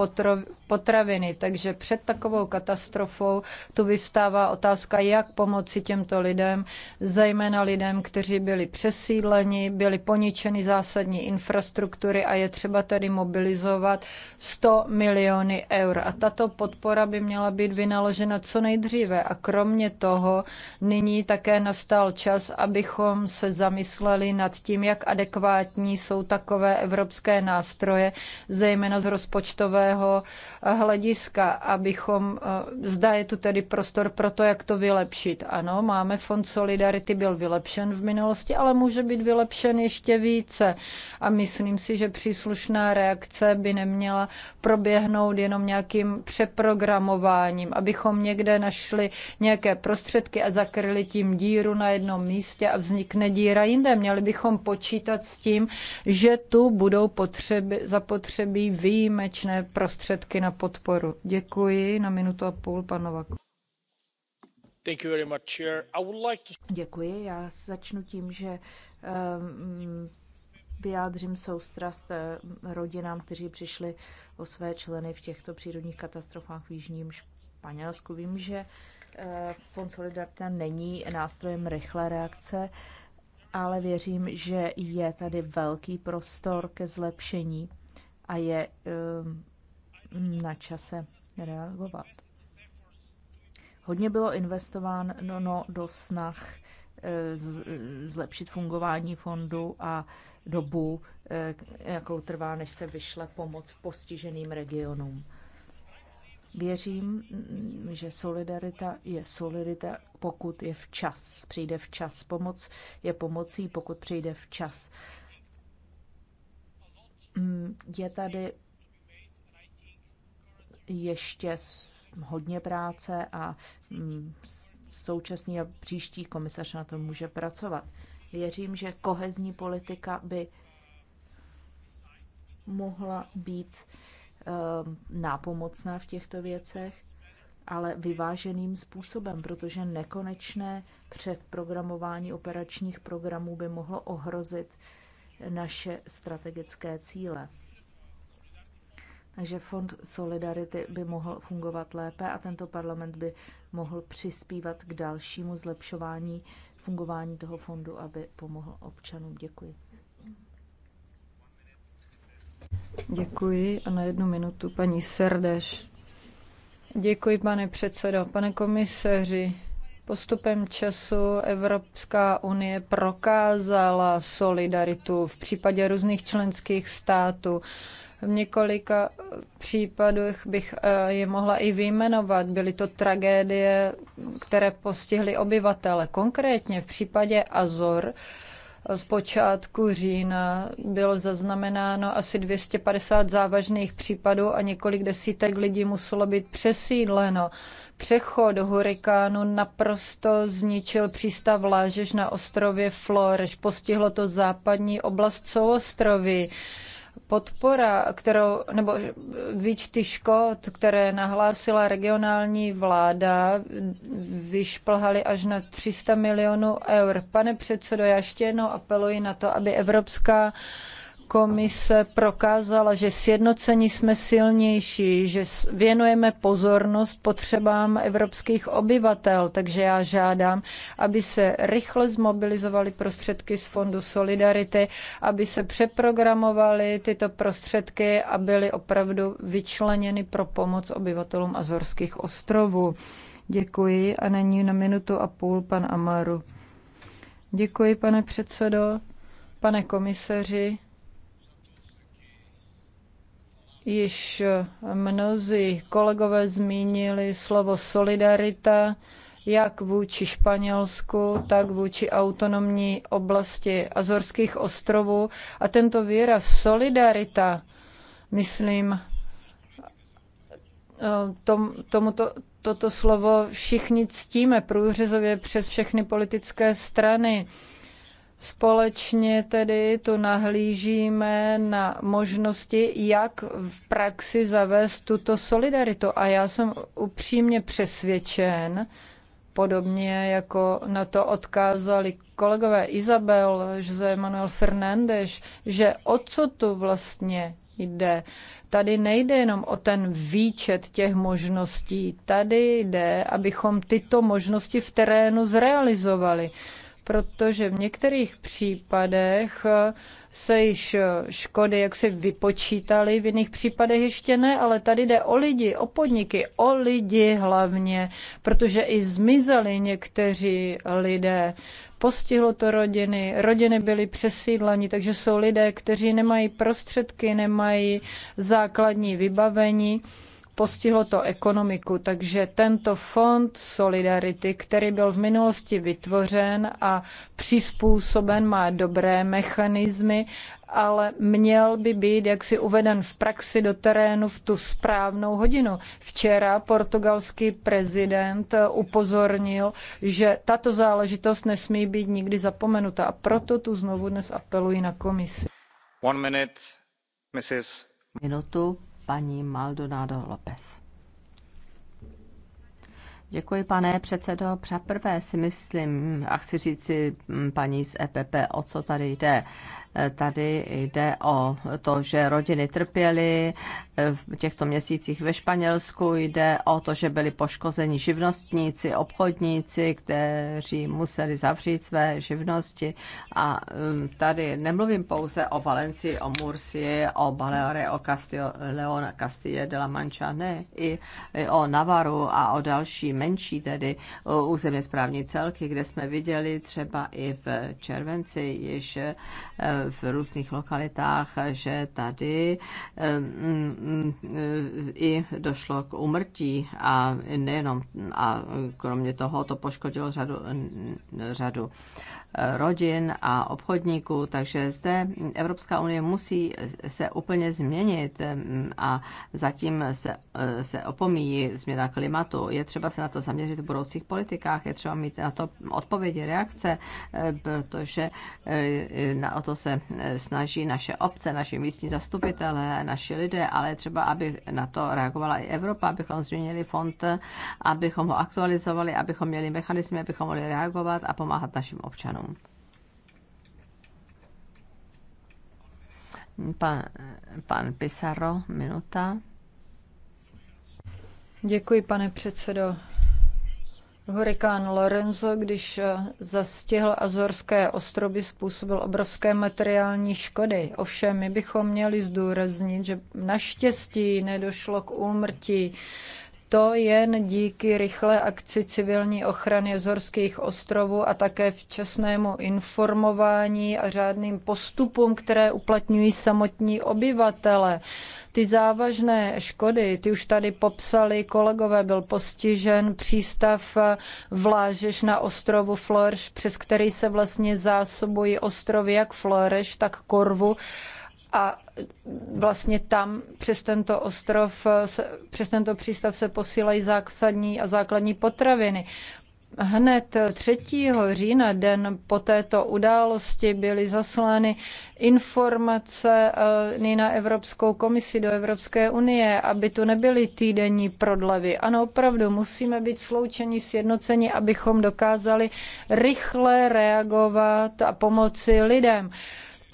potraviny. Takže před takovou katastrofou tu vyvstává otázka, jak pomoci těmto lidem, zejména lidem, kteří byli přesídleni, byly poničeny zásadní infrastruktury a je třeba tedy mobilizovat mobilizovat 100 miliony eur. A tato podpora by měla být vynaložena co nejdříve. A kromě toho nyní také nastal čas, abychom se zamysleli nad tím, jak adekvátní jsou takové evropské nástroje, zejména z rozpočtového eh, hlediska, abychom, eh, zda je tu tedy prostor pro to, jak to vylepšit. Ano, máme fond Solidarity, byl vylepšen v minulosti, ale může být vylepšen ještě více. A myslím si, že příslušná reakce reakce by neměla proběhnout jenom nějakým přeprogramováním, abychom někde našli nějaké prostředky a zakryli tím díru na jednom místě a vznikne díra jinde. Měli bychom počítat s tím, že tu budou potřeby, zapotřebí výjimečné prostředky na podporu. Děkuji. Na minutu a půl, pan Novak. Děkuji. Já začnu tím, že um, vyjádřím soustrast eh, rodinám, kteří přišli o své členy v těchto přírodních katastrofách v Jižním Španělsku. Vím, že eh, Fond Solidarita není nástrojem rychlé reakce, ale věřím, že je tady velký prostor ke zlepšení a je eh, na čase reagovat. Hodně bylo investováno no, no, do snah zlepšit fungování fondu a dobu, eh, jakou trvá, než se vyšle pomoc postiženým regionům. Věřím, mm, že solidarita je solidarita, pokud je včas. Přijde včas. Pomoc je pomocí, pokud přijde včas. Mm, je tady ještě hodně práce a mm, současný a příští komisař na tom může pracovat. Věřím, že kohezní politika by mohla být ehm, nápomocná v těchto věcech, ale vyváženým způsobem, protože nekonečné předprogramování operačních programů by mohlo ohrozit naše strategické cíle. Takže Fond Solidarity by mohl fungovat lépe a tento parlament by mohl přispívat k dalšímu zlepšování fungování toho fondu, aby pomohl občanům. Děkuji. Děkuji a na jednu minutu paní Serdeš. Děkuji, pane předsedo. Pane komisaři, Postupem času Evropská unie prokázala solidaritu v případě různých členských států. V několika případech bych eh, je mohla i vyjmenovat. Byly to tragédie, které postihly obyvatele. Konkrétně v případě Azor z počátku října bylo zaznamenáno asi 250 závažných případů a několik desítek lidí muselo být přesídleno. Přechod hurikánu naprosto zničil přístav Lážeš na ostrově Flores. Postihlo to západní oblast souostroví podpora, kterou, nebo výčty škod, které nahlásila regionální vláda, vyšplhaly až na 300 milionů eur. Pane předsedo, já ještě jednou apeluji na to, aby Evropská komise prokázala, že sjednocení jsme silnější, že věnujeme pozornost potřebám evropských obyvatel, takže já žádám, aby se rychle zmobilizovaly prostředky z Fondu Solidarity, aby se přeprogramovaly tyto prostředky a byly opravdu vyčleněny pro pomoc obyvatelům Azorských ostrovů. Děkuji a není na minutu a půl pan Amaru. Děkuji, pane předsedo, pane komisaři. Již eh, mnozí kolegové zmínili slovo solidarita, jak vůči Španělsku, tak vůči autonomní oblasti Azorských ostrovů. A tento výraz solidarita, myslím, eh, tom, tomuto, toto slovo všichni ctíme průřezově přes všechny politické strany. Společně tedy tu nahlížíme na možnosti, jak v praxi zavést tuto solidaritu. A já jsem upřímně přesvědčen, podobně jako na to odkázali kolegové Izabel, José Manuel Fernández, že o co tu vlastně jde. Tady nejde jenom o ten výčet těch možností, tady jde, abychom tyto možnosti v terénu zrealizovali protože v některých případech eh, se již eh, škody jak se vypočítaly, v jiných případech ještě ne, ale tady jde o lidi, o podniky, o lidi hlavně, protože i zmizeli někteří lidé. Postihlo to rodiny, rodiny byly přesídleni, takže jsou lidé, kteří nemají prostředky, nemají základní vybavení postihlo to ekonomiku. Takže tento fond Solidarity, který byl v minulosti vytvořen a přizpůsoben, má dobré mechanismy, ale měl by být jaksi uveden v praxi do terénu v tu správnou hodinu. Včera portugalský prezident upozornil, že tato záležitost nesmí být nikdy zapomenuta a proto tu znovu dnes apeluji na komisi. One minute, Mrs. Minutu, paní Maldonado López. Děkuji, pane předsedo. Přeprvé si myslím, a chci říci mm, paní z EPP, o co tady jde. Eh, tady jde o to, že rodiny trpěly eh, v těchto měsících ve Španělsku, jde o to, že byli poškozeni živnostníci, obchodníci, kteří museli zavřít své živnosti. A mm, tady nemluvím pouze o Valencii, o Mursii, o Baleare, o Castillo, Leon, Castille de la Mancha, ne, i o Navaru a o další menší tedy eh, územně správní celky, kde jsme viděli třeba i v červenci již v různých lokalitách, že tady i došlo k umrtí a nejenom, a kromě toho to poškodilo řadu, řadu rodin a obchodníků, takže zde Evropská unie musí se úplně změnit mm, a zatím se, eh, se opomíjí změna klimatu. Je třeba se na to zaměřit v budoucích politikách, je třeba mít na to odpovědi, reakce, eh, protože eh, na o to se snaží naše obce, naši místní zastupitelé, naši lidé, ale třeba, aby na to reagovala i Evropa, abychom změnili fond, abychom ho aktualizovali, abychom měli mechanizmy, abychom mohli reagovat a pomáhat našim občanům občanům. Pan, pan Pisaro, minuta. Děkuji, pane předsedo. Hurikán Lorenzo, když eh, zastihl Azorské ostrovy, způsobil obrovské materiální škody. Ovšem, my bychom měli zdůraznit, že naštěstí nedošlo k úmrtí to jen díky rychlé akci civilní ochrany Zorských ostrovů a také včasnému informování a řádným postupům, které uplatňují samotní obyvatele. Ty závažné škody, ty už tady popsali kolegové, byl postižen přístav Vlážeš na ostrovu Floreš, přes který se vlastně zásobují ostrovy jak Floreš, tak Korvu a vlastně tam přes tento ostrov, přes tento přístav se posílají zásadní a základní potraviny. Hned 3. října, den po této události, byly zaslány informace eh, na Evropskou komisi do Evropské unie, aby tu nebyly týdenní prodlevy. Ano, opravdu musíme být sloučeni, sjednoceni, abychom dokázali rychle reagovat a pomoci lidem.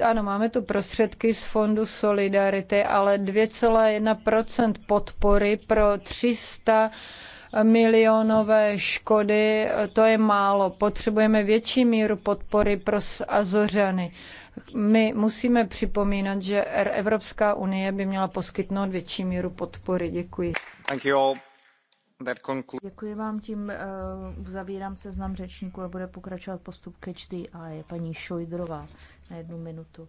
Ano, máme tu prostředky z Fondu Solidarity, ale 2,1 podpory pro 300 milionové škody, to je málo. Potřebujeme větší míru podpory pro Azořany. My musíme připomínat, že Evropská unie by měla poskytnout větší míru podpory. Děkuji. Děkuji vám, tím eh, zavírám seznam řečníků a bude pokračovat postup ke čtyři a je paní Šojdrová na jednu minutu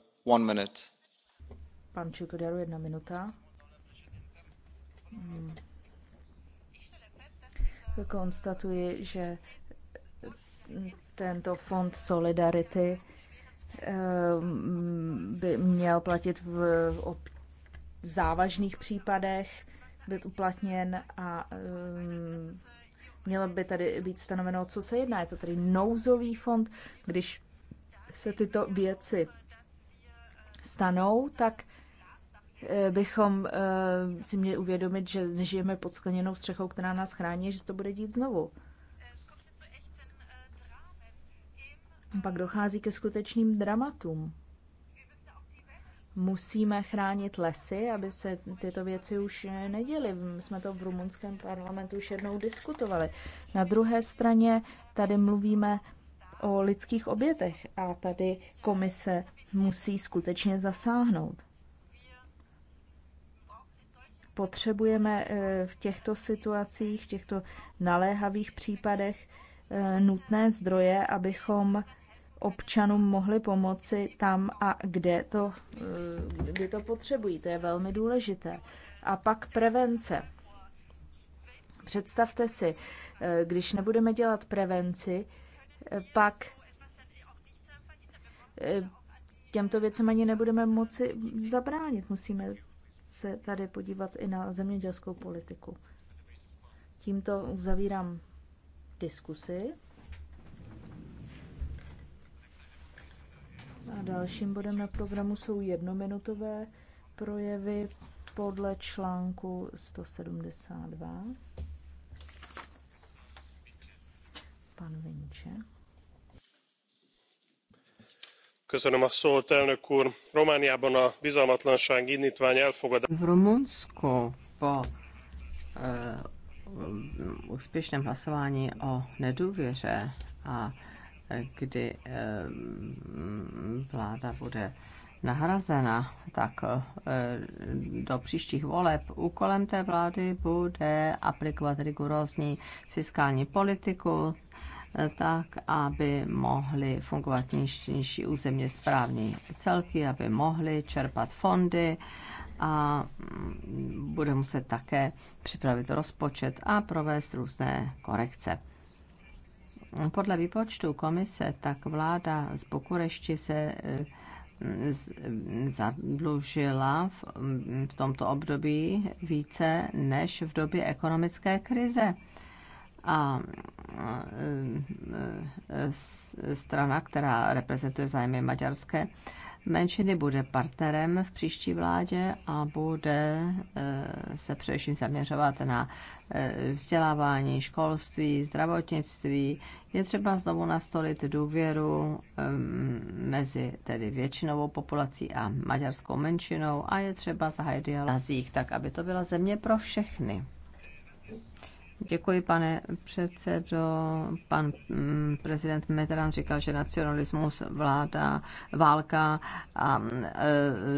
Hmm. Konstatuji, že tento fond Solidarity ehm, by měl platit v, v závažných případech, být uplatněn a ehm, mělo by tady být stanoveno, co se jedná. Je to tedy nouzový fond, když se tyto věci stanou, tak eh, bychom eh, si měli uvědomit, že nežijeme pod skleněnou střechou, která nás chrání, že se to bude dít znovu. Pak dochází ke skutečným dramatům. Musíme chránit lesy, aby se tyto věci už eh, neděly. Jsme to v rumunském parlamentu už jednou diskutovali. Na druhé straně tady mluvíme o lidských obětech a tady komise musí skutečně zasáhnout. Potřebujeme eh, v těchto situacích, v těchto naléhavých případech eh, nutné zdroje, abychom občanům mohli pomoci tam a kde to, eh, kdy to potřebují. To je velmi důležité. A pak prevence. Představte si, když nebudeme dělat prevenci, pak těmto věcem ani nebudeme moci zabránit. Musíme se tady podívat i na zemědělskou politiku. Tímto uzavírám diskusi. A dalším bodem na programu jsou jednominutové projevy podle článku 172. Pan Vinče. V Rumunsku po uh, úspěšném hlasování o nedůvěře a kdy uh, vláda bude nahrazena, tak e, do příštích voleb úkolem té vlády bude aplikovat rigorózní fiskální politiku, tak aby mohly fungovat nižší územně správní celky, aby mohly čerpat fondy a bude muset také připravit rozpočet a provést různé korekce. Podle výpočtu komise tak vláda z Bukurešti se eh, zadlužila v, v tomto období více než v době ekonomické krize a e, e, e, strana, která reprezentuje zájmy maďarské menšiny, bude partnerem v příští vládě a bude se především zaměřovat na vzdělávání, školství, zdravotnictví. Je třeba znovu nastolit důvěru mezi tedy většinovou populací a maďarskou menšinou a je třeba zahájit dialog tak, aby to byla země pro všechny. Děkuji, pane předsedo. Pan mm, prezident Medran říkal, že nacionalismus vláda válka a e,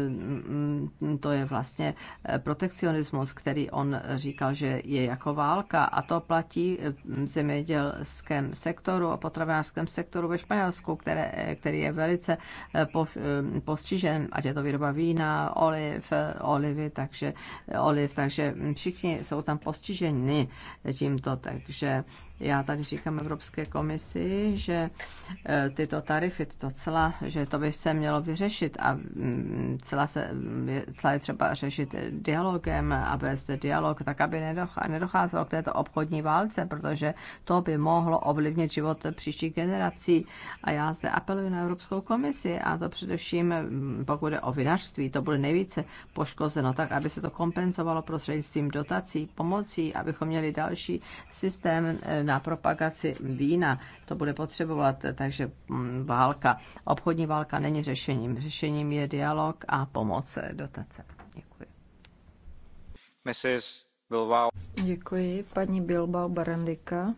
mm, to je vlastně e, protekcionismus, který on říkal, že je jako válka a to platí v zemědělském sektoru a potravinářském sektoru ve Španělsku, které, který je velice e, postižen, ať je to výroba vína, oliv, olivy, takže oliv, takže všichni jsou tam postiženi netvrdím to, takže já tady říkám Evropské komisi, že e, tyto tarify, to celá, že to by se mělo vyřešit a mm, celá se, celá je třeba řešit dialogem a vést dialog tak, aby nedocházelo k této obchodní válce, protože to by mohlo ovlivnit život příští generací. A já zde apeluji na Evropskou komisi a to především mm, pokud je o vinařství, to bude nejvíce poškozeno, tak aby se to kompenzovalo prostřednictvím dotací, pomocí, abychom měli další systém e, na na propagaci vína. To bude potřebovat, takže mm, válka, obchodní válka není řešením. Řešením je dialog a pomoc eh, dotace. Děkuji. Mrs. Bilbao. Děkuji, paní Bilbao Barandika.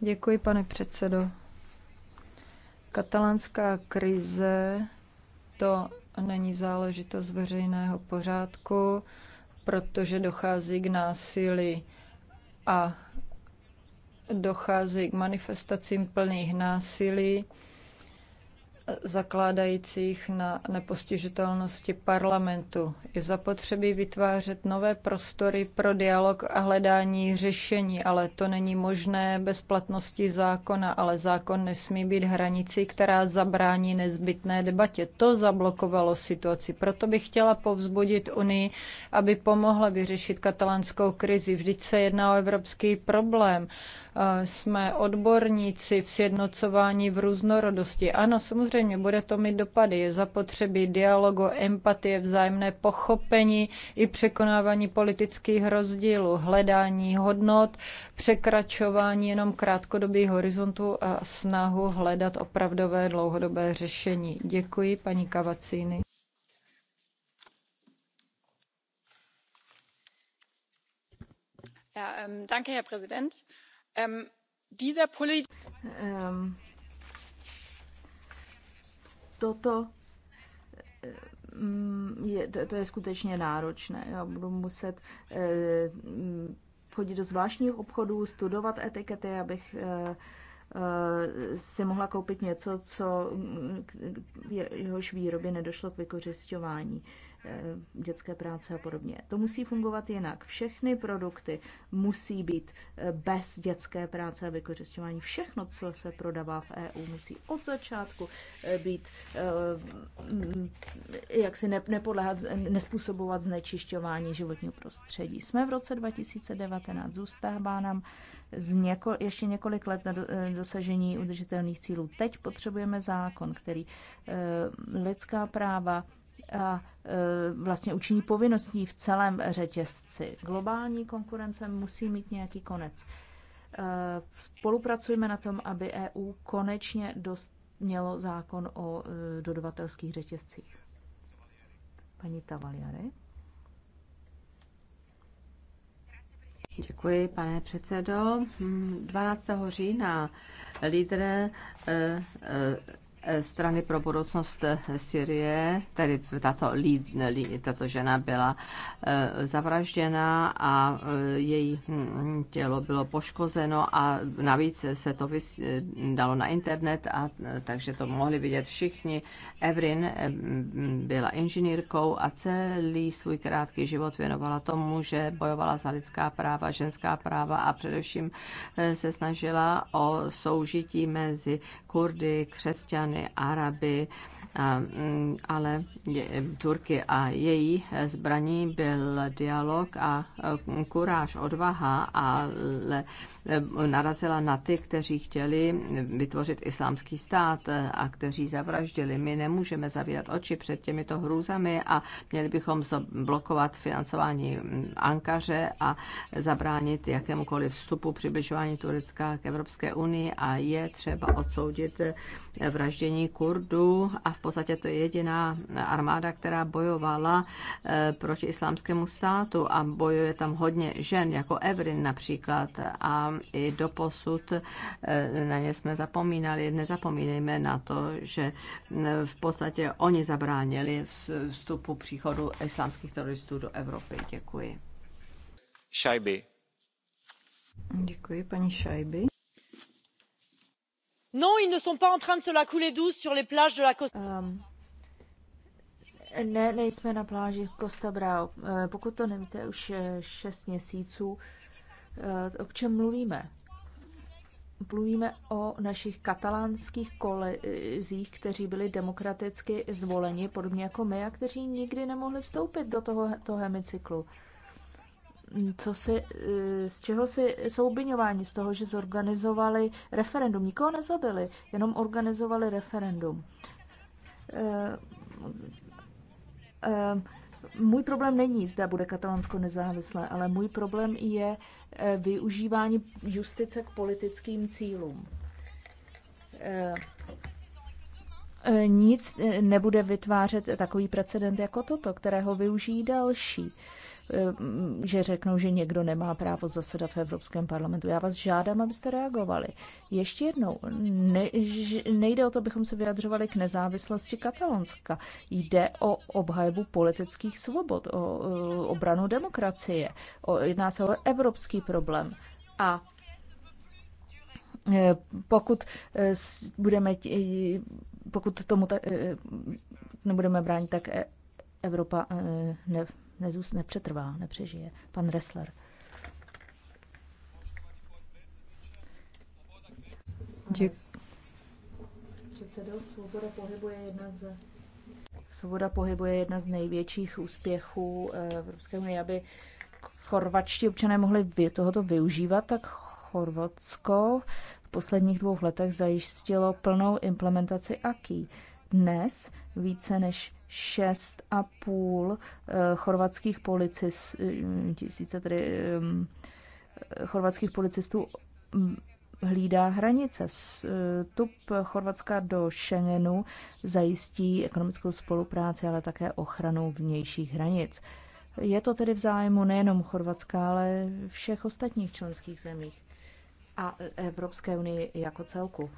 Děkuji, pane předsedo. Katalánská krize to není záležitost veřejného pořádku protože dochází k násilí a dochází k manifestacím plných násilí zakládajících na nepostižitelnosti parlamentu. Je zapotřebí vytvářet nové prostory pro dialog a hledání řešení, ale to není možné bez platnosti zákona, ale zákon nesmí být hranicí, která zabrání nezbytné debatě. To zablokovalo situaci. Proto bych chtěla povzbudit Unii, aby pomohla vyřešit katalánskou krizi. Vždyť se jedná o evropský problém jsme odborníci v sjednocování v různorodosti. Ano, samozřejmě, bude to mít dopady. Je zapotřebí dialogu, empatie, vzájemné pochopení i překonávání politických rozdílů, hledání hodnot, překračování jenom krátkodobých horizontů a snahu hledat opravdové dlouhodobé řešení. Děkuji, paní Kavacíny. Ähm, herr präsident! Ähm, ehm, toto ehm, je, to, to je skutečně náročné. Já budu muset eh, chodit do zvláštních obchodů, studovat etikety, abych eh, eh si mohla koupit něco, co mm, jehož výrobě nedošlo k vykořišťování. Eh, Eh, dětské práce a podobně. To musí fungovat jinak. Všechny produkty musí být eh, bez dětské práce a vykořišťování. Všechno, co se prodává v EU, musí od začátku eh, být jak si nepodlehat, nespůsobovat znečišťování životního prostředí. Jsme v roce 2019, zůstává nám z něko, ještě několik let na dosažení udržitelných cílů. Teď potřebujeme zákon, který lidská práva a e, vlastně učiní povinností v celém řetězci. Globální konkurence musí mít nějaký konec. E, spolupracujeme na tom, aby EU konečně dost mělo zákon o e, dodavatelských řetězcích. Paní Tavaliary. Děkuji, pane předsedo. 12. Hm, října lídr strany pro budoucnost Syrie, tedy tato, lí, tato žena byla eh, zavražděna a eh, její hm, tělo bylo poškozeno a navíc se to vys, dalo na internet, a, eh, takže to mohli vidět všichni. Evrin hm, byla inženýrkou a celý svůj krátký život věnovala tomu, že bojovala za lidská práva, ženská práva a především se snažila o soužití mezi Kurdy, křesťany, Afričany, Araby, Mm, ale Turky a její zbraní byl dialog a mm, kuráž, odvaha, ale mm, narazila na ty, kteří chtěli vytvořit islámský stát a kteří zavraždili. My nemůžeme zavírat oči před těmito hrůzami a měli bychom blokovat financování Ankaře a zabránit jakémukoliv vstupu přibližování Turecka k Evropské unii a je třeba odsoudit vraždění Kurdů a v podstatě to je jediná armáda, která bojovala eh, proti islámskému státu a bojuje tam hodně žen, jako Evrin například. A i doposud eh, na ně jsme zapomínali. Nezapomínejme na to, že eh, v podstatě oni zabránili vstupu příchodu islámských teroristů do Evropy. Děkuji. Šajby. Děkuji, paní Šajby non ils ne sont pas en train de se la couler douce sur les plages de la Costa um, Ne, nejsme na pláži Costa Bravo. Ehm, pokud to nevíte už eh, šest měsíců, eh, o čem mluvíme? Mluvíme o našich katalánských kolezích, kteří byli demokraticky zvoleni, podobně jako my, a kteří nikdy nemohli vstoupit do toho, hemicyklu co si, eh, z čeho si jsou obviňováni? Z toho, že zorganizovali referendum. Nikoho nezabili, jenom organizovali referendum. Eh, eh, můj problém není, zda bude Katalánsko nezávislé, ale můj problém je využívání justice k politickým cílům. nic nebude vytvářet takový precedent jako toto, kterého využijí další. Eh, že řeknou, že někdo nemá právo zasedat v Evropském parlamentu. Já vás žádám, abyste reagovali. Ještě jednou, ne, nejde o to, abychom se vyjadřovali k nezávislosti Katalonska. Jde o obhajbu politických svobod, o, o eh, obranu demokracie. O, jedná se o evropský problém. A eh, pokud budeme, pokud tomu tak, nebudeme bránit, tak Evropa ne, nezůst, nepřetrvá, nepřežije. Pan Ressler. Děkuji. Předsedo, svoboda pohybu je jedna z Svoboda pohybu je jedna z největších úspěchů eh, Evropské unie, aby chorvačtí občané mohli tohoto využívat, tak Chorvatsko v posledních dvou letech zajistilo plnou implementaci AKI. Dnes více než šest a půl eh, eh, chorvatských policistů, chorvatských policistů hlídá hranice. Vstup eh, Chorvatska do Schengenu zajistí ekonomickou spolupráci, ale také ochranu vnějších hranic. Je to tedy v zájmu nejenom Chorvatska, ale všech ostatních členských zemích a Evropské unii jako celku.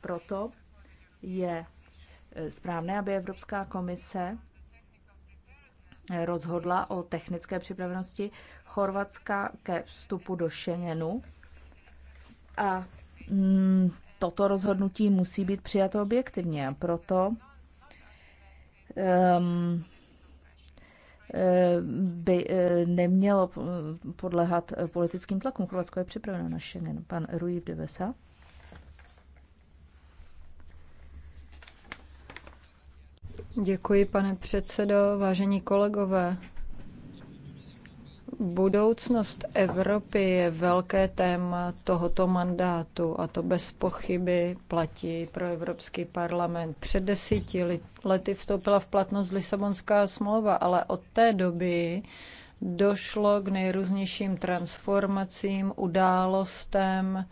Proto je správné, aby Evropská komise rozhodla o technické připravenosti Chorvatska ke vstupu do Schengenu. A mm, toto rozhodnutí musí být přijato objektivně. proto um, by eh, nemělo eh, podlehat politickým tlakům. Chorvatsko je připraveno na Schengen. Pan Rui Devesa. Děkuji, pane předsedo, vážení kolegové. Budoucnost Evropy je velké téma tohoto mandátu a to bez pochyby platí pro Evropský parlament. Před desíti lety vstoupila v platnost Lisabonská smlouva, ale od té doby došlo k nejrůznějším transformacím, událostem,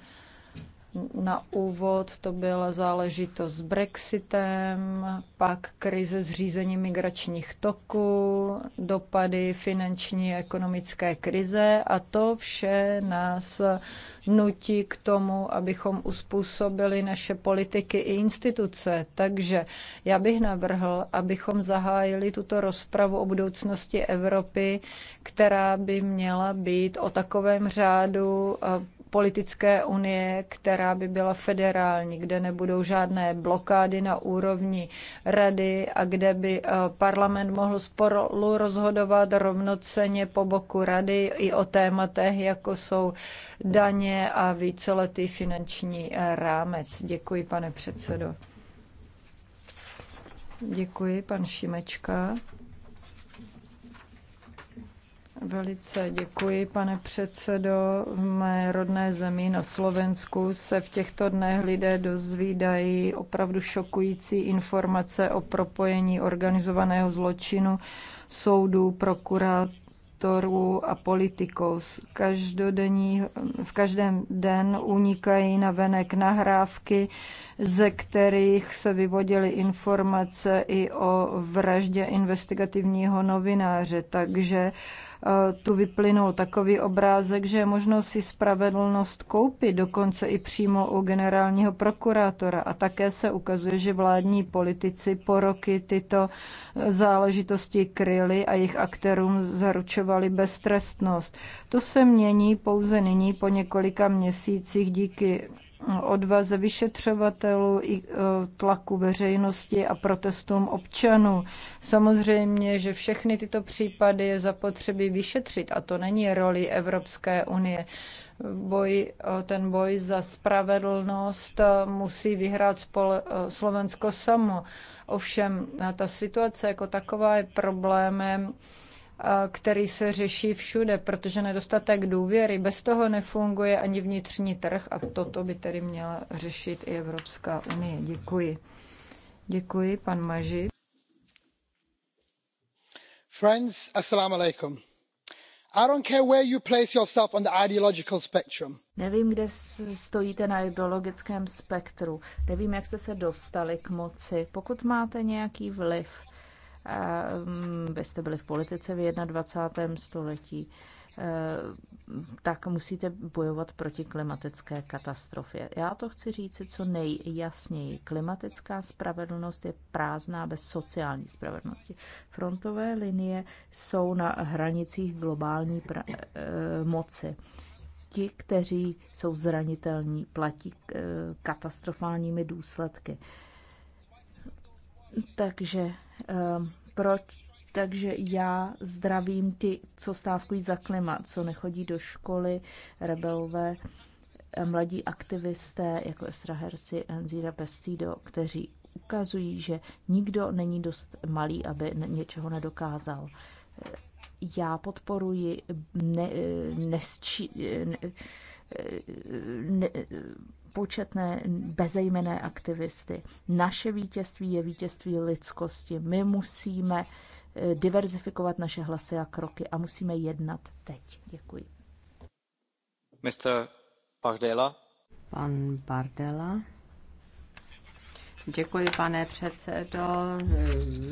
na úvod to byla záležitost s Brexitem, pak krize s řízením migračních toků, dopady finanční a ekonomické krize a to vše nás nutí k tomu, abychom uspůsobili naše politiky i instituce. Takže já bych navrhl, abychom zahájili tuto rozpravu o budoucnosti Evropy, která by měla být o takovém řádu politické unie, která by byla federální, kde nebudou žádné blokády na úrovni rady a kde by eh, parlament mohl spolu rozhodovat rovnoceně po boku rady i o tématech, jako jsou daně a víceletý finanční eh, rámec. Děkuji, pane předsedo. Děkuji, pan Šimečka. Velice děkuji, pane předsedo. V mé rodné zemi na Slovensku se v těchto dnech lidé dozvídají opravdu šokující informace o propojení organizovaného zločinu, soudů, prokurátorů a politiků. Každodenní, v každém den unikají na venek nahrávky, ze kterých se vyvodily informace i o vraždě investigativního novináře. Takže Eh, tu vyplynul takový obrázek, že je možno si spravedlnost koupit, dokonce i přímo u generálního prokurátora. A také se ukazuje, že vládní politici po roky tyto eh, záležitosti kryli a jejich aktérům zaručovali beztrestnost. To se mění pouze nyní po několika měsících díky odvaze vyšetřovatelů i e, tlaku veřejnosti a protestům občanů. Samozřejmě, že všechny tyto případy je zapotřebí vyšetřit a to není roli Evropské unie. Boj, e, ten boj za spravedlnost e, musí vyhrát spole, Slovensko samo. Ovšem, ta situace jako taková je problémem který se řeší všude, protože nedostatek důvěry bez toho nefunguje ani vnitřní trh a toto by tedy měla řešit i Evropská unie. Děkuji. Děkuji, pan Maži. Friends, assalamu alaikum. I don't care where you place yourself on the ideological spectrum. Nevím, kde stojíte na ideologickém spektru. Nevím, jak jste se dostali k moci. Pokud máte nějaký vliv, Mm, vy jste byli v politice v 21. století, e, tak musíte bojovat proti klimatické katastrofě. Já to chci říct co nejjasněji. Klimatická spravedlnost je prázdná bez sociální spravedlnosti. Frontové linie jsou na hranicích globální pra- e, moci. Ti, kteří jsou zranitelní, platí e, katastrofálními důsledky. Takže Ehm, proč, takže já zdravím ty, co stávkují za klima, co nechodí do školy, rebelové, eh, mladí aktivisté jako Esra Hersi, Enzira Pestido, kteří ukazují, že nikdo není dost malý, aby něčeho nedokázal. Eh, já podporuji ne, eh, nesčí, ne, ne, početné bezejmené aktivisty. Naše vítězství je vítězství lidskosti. My musíme eh, diverzifikovat naše hlasy a kroky a musíme jednat teď. Děkuji. Mr. Bardella. Pan Bardella. Děkuji, pane předsedo.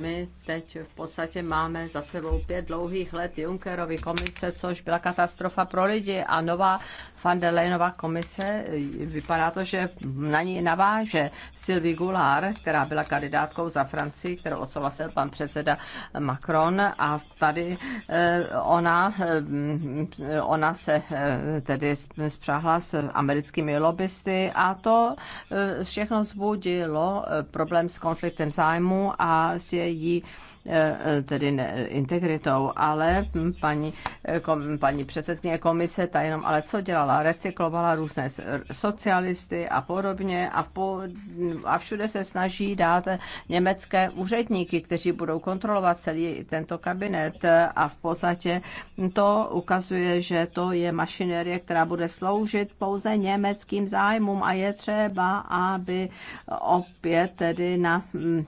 My teď v podstatě máme za sebou pět dlouhých let Junckerovy komise, což byla katastrofa pro lidi a nová van der Leyenová komise, vypadá to, že na ní naváže Sylvie Goulard, která byla kandidátkou za Francii, kterou odsouhlasil pan předseda Macron a tady eh, ona, eh, ona se eh, tedy spřáhla s americkými lobbysty a to všechno vzbudilo problém s konfliktem zájmu a s její Eh, tedy ne, integritou, ale paní, eh, kom, paní předsedkyně komise, ta jenom ale co dělala? Recyklovala různé socialisty a podobně a, po, a všude se snaží dát německé úředníky, kteří budou kontrolovat celý tento kabinet a v podstatě to ukazuje, že to je mašinerie, která bude sloužit pouze německým zájmům a je třeba, aby opět tedy na mm,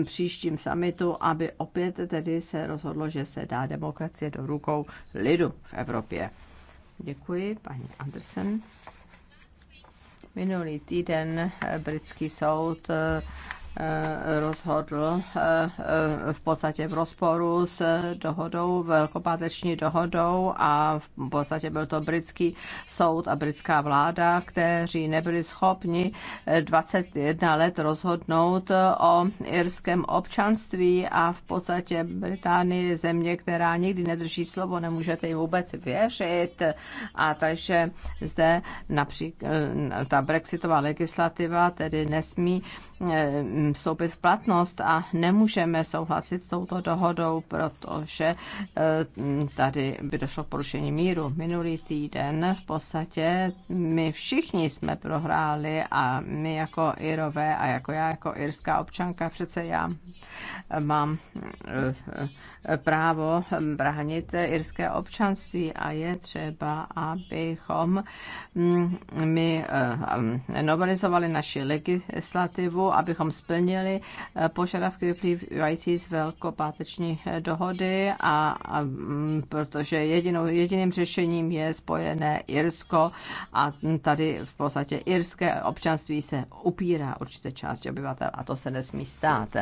eh, příštím summitu, aby aby opět tedy se rozhodlo, že se dá demokracie do rukou lidu v Evropě. Děkuji, paní Andersen. Minulý týden britský soud Eh, rozhodl eh, v podstatě v rozporu s dohodou, velkopáteční dohodou a v podstatě byl to britský soud a britská vláda, kteří nebyli schopni 21 let rozhodnout o irském občanství a v podstatě Británie je země, která nikdy nedrží slovo, nemůžete jim vůbec věřit. A takže zde například ta brexitová legislativa tedy nesmí Eh, vstoupit v platnost a nemůžeme souhlasit s touto dohodou, protože eh, tady by došlo k porušení míru. Minulý týden v podstatě my všichni jsme prohráli a my jako Irové a jako já jako irská občanka, přece já mám eh, právo bránit irské občanství a je třeba, abychom mm, my eh, novelizovali naši legislativu, abychom splnili eh, požadavky vyplývající z velkopáteční eh, dohody a, a mm, protože jedinou, jediným řešením je spojené Irsko a tady v podstatě irské občanství se upírá určité části obyvatel a to se nesmí stát.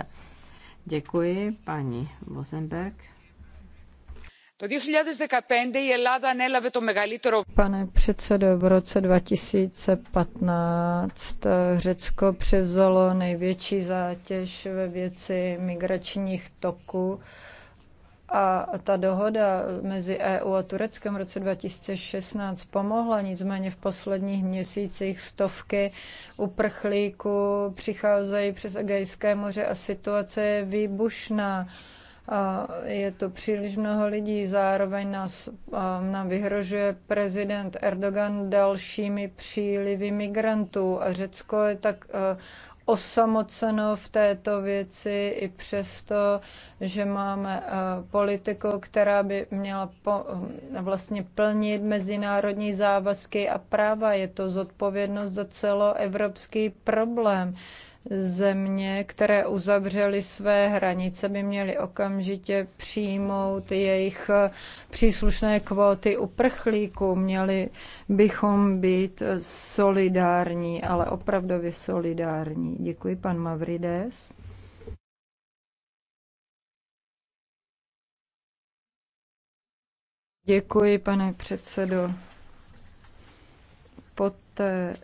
Děkuji, paní Vosenberg. Pane předsedo, v roce 2015 Řecko převzalo největší zátěž ve věci migračních toků a ta dohoda mezi EU a Tureckem v roce 2016 pomohla, nicméně v posledních měsících stovky uprchlíků přicházejí přes Egejské moře a situace je výbušná. A je to příliš mnoho lidí, zároveň nás, nám vyhrožuje prezident Erdogan dalšími přílivy migrantů a Řecko je tak osamoceno v této věci i přesto, že máme eh, politiku, která by měla po, eh, vlastně plnit mezinárodní závazky a práva. Je to zodpovědnost za celoevropský problém země, které uzavřely své hranice, by měly okamžitě přijmout jejich eh, příslušné kvóty uprchlíků. Měli bychom být solidární, ale opravdově solidární. Děkuji, pan Mavrides. Děkuji, pane předsedo. Poté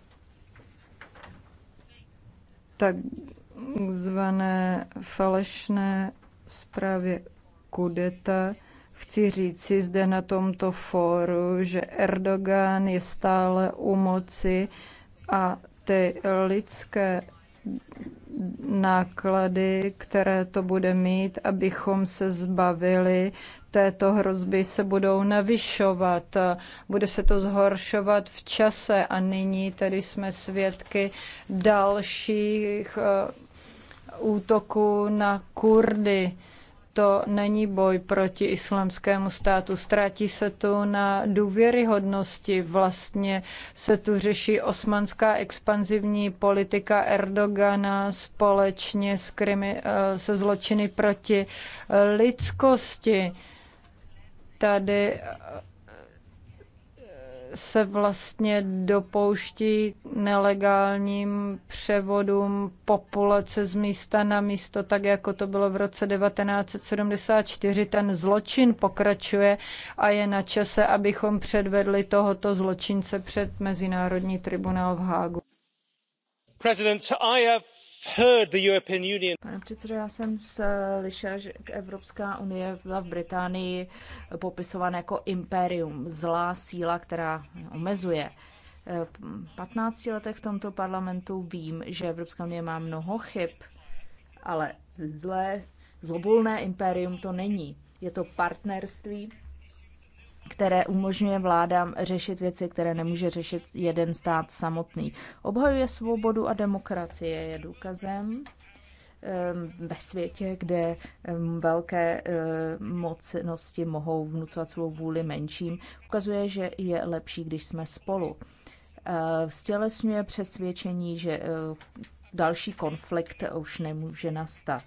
takzvané falešné zprávě kudeta, chci říci zde na tomto fóru, že Erdogan je stále u moci a ty lidské náklady, které to bude mít, abychom se zbavili této hrozby se budou navyšovat, bude se to zhoršovat v čase a nyní tedy jsme svědky dalších eh, útoků na Kurdy to není boj proti islamskému státu. Ztrátí se tu na důvěryhodnosti. Vlastně se tu řeší osmanská expanzivní politika Erdogana společně s krimi, eh, se zločiny proti lidskosti tady eh, se vlastně dopouští nelegálním převodům populace z místa na místo, tak jako to bylo v roce 1974. Ten zločin pokračuje a je na čase, abychom předvedli tohoto zločince před Mezinárodní tribunál v Hágu. President, I have Pane předsedo, já jsem slyšel, že Evropská unie byla v Británii popisována jako imperium, zlá síla, která omezuje. V 15 letech v tomto parlamentu vím, že Evropská unie má mnoho chyb, ale zlé, zlobulné imperium to není. Je to partnerství, které umožňuje vládám řešit věci, které nemůže řešit jeden stát samotný. Obhajuje svobodu a demokracie je důkazem ehm, ve světě, kde ehm, velké ehm, mocnosti mohou vnucovat svou vůli menším, ukazuje, že je lepší, když jsme spolu. Stělesňuje přesvědčení, že další konflikt už nemůže nastat.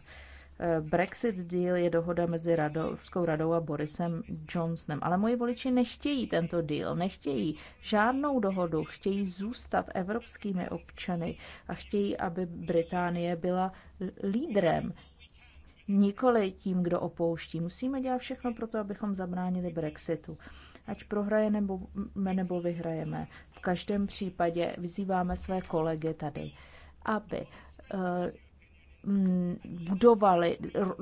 Eh, Brexit deal je dohoda mezi Radovskou radou a Borisem Johnsonem, ale moji voliči nechtějí tento deal, nechtějí žádnou dohodu, chtějí zůstat evropskými občany a chtějí, aby Británie byla lídrem, nikoli tím, kdo opouští. Musíme dělat všechno pro to, abychom zabránili Brexitu. Ať prohrajeme nebo, nebo vyhrajeme. V každém případě vyzýváme své kolegy tady, aby eh, Mm, budovali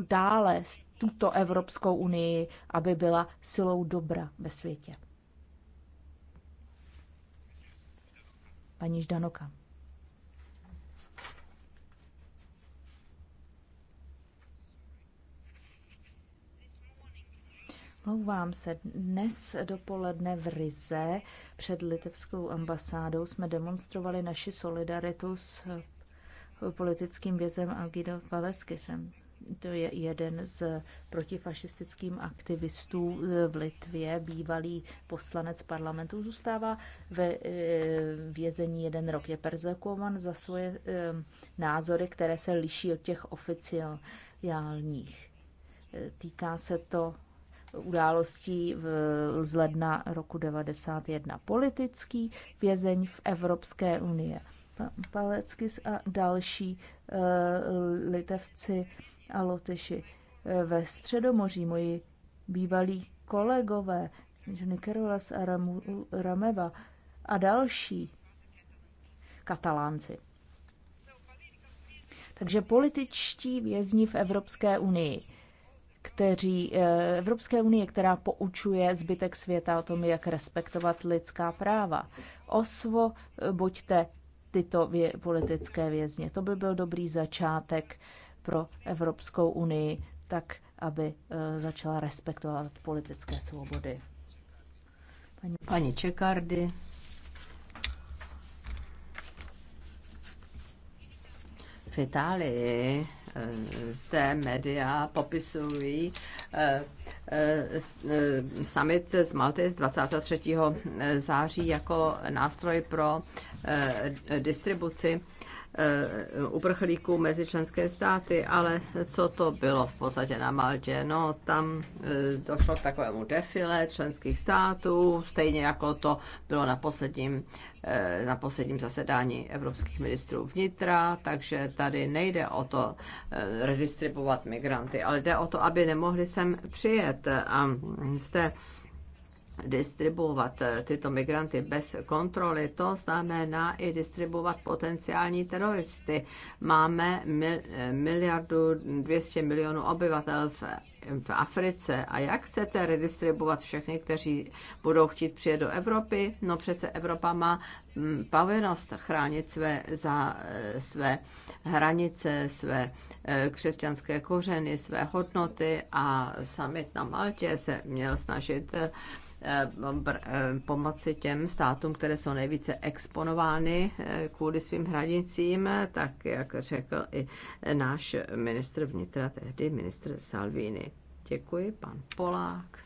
dále tuto Evropskou unii, aby byla silou dobra ve světě. Paní Ždanoka. Mlouvám se. Dnes dopoledne v Rize před litevskou ambasádou jsme demonstrovali naši solidaritu s politickým vězem Algido Valeskisem. To je jeden z protifašistickým aktivistů v Litvě, bývalý poslanec parlamentu, zůstává ve e, vězení jeden rok. Je perzekovan za svoje e, názory, které se liší od těch oficiálních. E, týká se to událostí v, z ledna roku 1991. Politický vězeň v Evropské unii Paleckis a další eh, litevci a lotyši. Eh, ve Středomoří moji bývalí kolegové, Nikerolas a Ramu, Rameva a další katalánci. Takže političtí vězni v Evropské unii, kteří, eh, Evropské unie, která poučuje zbytek světa o tom, jak respektovat lidská práva. Osvo, buďte tyto vě- politické vězně. To by byl dobrý začátek pro Evropskou unii, tak aby eh, začala respektovat politické svobody. Paní, Paní Čekardy. V Itálii eh, zde média popisují eh, Eh, eh, summit z Malty z 23. Eh, září jako nástroj pro distribuci uprchlíků mezi členské státy, ale co to bylo v podstatě na Maltě? No, tam došlo k takovému defile členských států, stejně jako to bylo na posledním Eh, na posledním zasedání evropských ministrů vnitra, takže tady nejde o to eh, redistribuovat migranty, ale jde o to, aby nemohli sem přijet. A jste distribuovat eh, tyto migranty bez kontroly, to znamená i distribuovat potenciální teroristy. Máme miliardu 200 milionů obyvatel v v Africe. A jak chcete redistribuovat všechny, kteří budou chtít přijet do Evropy? No přece Evropa má mm, povinnost chránit své, za, eh, své hranice, své eh, křesťanské kořeny, své hodnoty a summit na Maltě se měl snažit eh, Eh, pomoci těm státům, které jsou nejvíce exponovány eh, kvůli svým hranicím, tak jak řekl i náš ministr vnitra, tehdy ministr Salvini. Děkuji, pan Polák.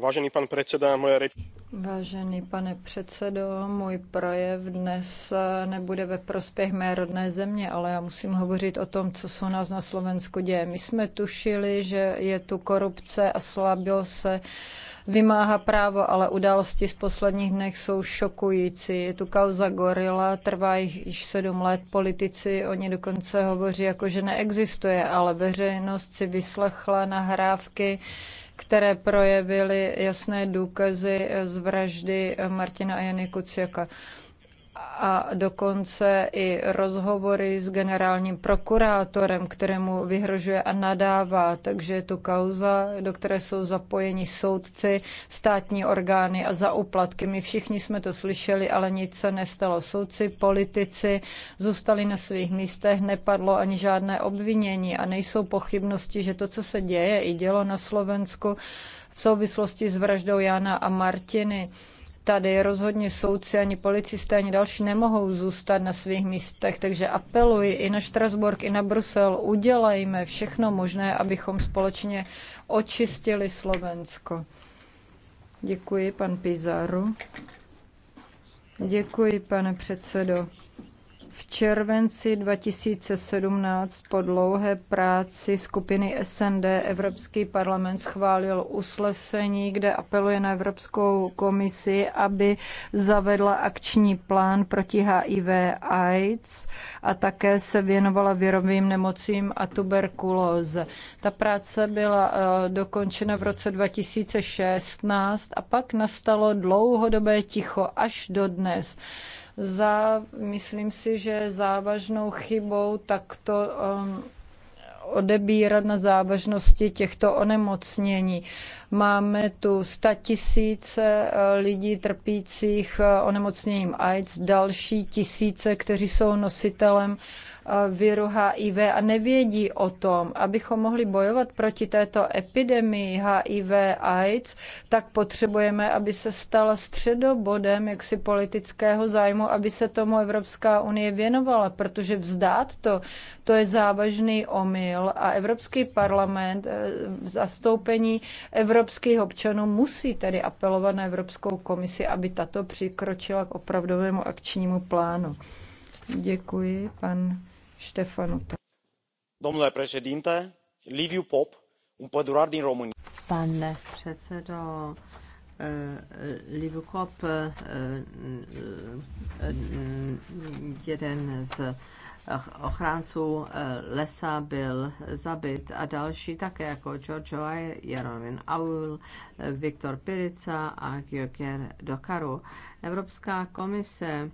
Vážený pan předseda, moje reč Vážený pane předsedo, můj projev dnes eh, nebude ve prospěch mé rodné země, ale já musím hovořit o tom, co se u nás na Slovensku děje. My jsme tušili, že je tu korupce a slabil se vymáhá právo, ale události z posledních dnech jsou šokující. Je tu kauza gorila, trvá jich již sedm let, politici oni dokonce hovoří jako, že neexistuje, ale veřejnost si vyslechla nahrávky které projevily jasné důkazy z vraždy Martina a Jany Kuciaka a dokonce i rozhovory s generálním prokurátorem, kterému vyhrožuje a nadává. Takže je tu kauza, do které jsou zapojeni soudci, státní orgány a za uplatky. My všichni jsme to slyšeli, ale nic se nestalo. Soudci, politici zůstali na svých místech, nepadlo ani žádné obvinění a nejsou pochybnosti, že to, co se děje, i dělo na Slovensku v souvislosti s vraždou Jana a Martiny, Tady rozhodně soudci, ani policisté, ani další nemohou zůstat na svých místech, takže apeluji i na Štrasburg, i na Brusel, udělejme všechno možné, abychom společně očistili Slovensko. Děkuji, pan Pizaru. Děkuji, pane předsedo červenci 2017 po dlouhé práci skupiny SND Evropský parlament schválil usnesení, kde apeluje na Evropskou komisi, aby zavedla akční plán proti HIV AIDS a také se věnovala virovým nemocím a tuberkulóze. Ta práce byla eh, dokončena v roce 2016 a pak nastalo dlouhodobé ticho až do dnes za, myslím si, že závažnou chybou takto um, odebírat na závažnosti těchto onemocnění. Máme tu 100 tisíce eh, lidí trpících eh, onemocněním AIDS, další tisíce, kteří jsou nositelem uh, Eh, viru HIV a nevědí o tom. Abychom mohli bojovat proti této epidemii HIV AIDS, tak potřebujeme, aby se stala středobodem jaksi politického zájmu, aby se tomu Evropská unie věnovala, protože vzdát to, to je závažný omyl a Evropský parlament eh, v zastoupení evropských občanů musí tedy apelovat na Evropskou komisi, aby tato přikročila k opravdovému akčnímu plánu. Děkuji, pan Domnule președinte, Liviu Pop, un pădurar din România. Pane předsedo, eh, eh, Liviu pop eh, jeden z ochránců lesa byl zabit a další také jako George Oai, Jaromin Aul, Viktor Pirica a Giokier Dokaru. Evropská komise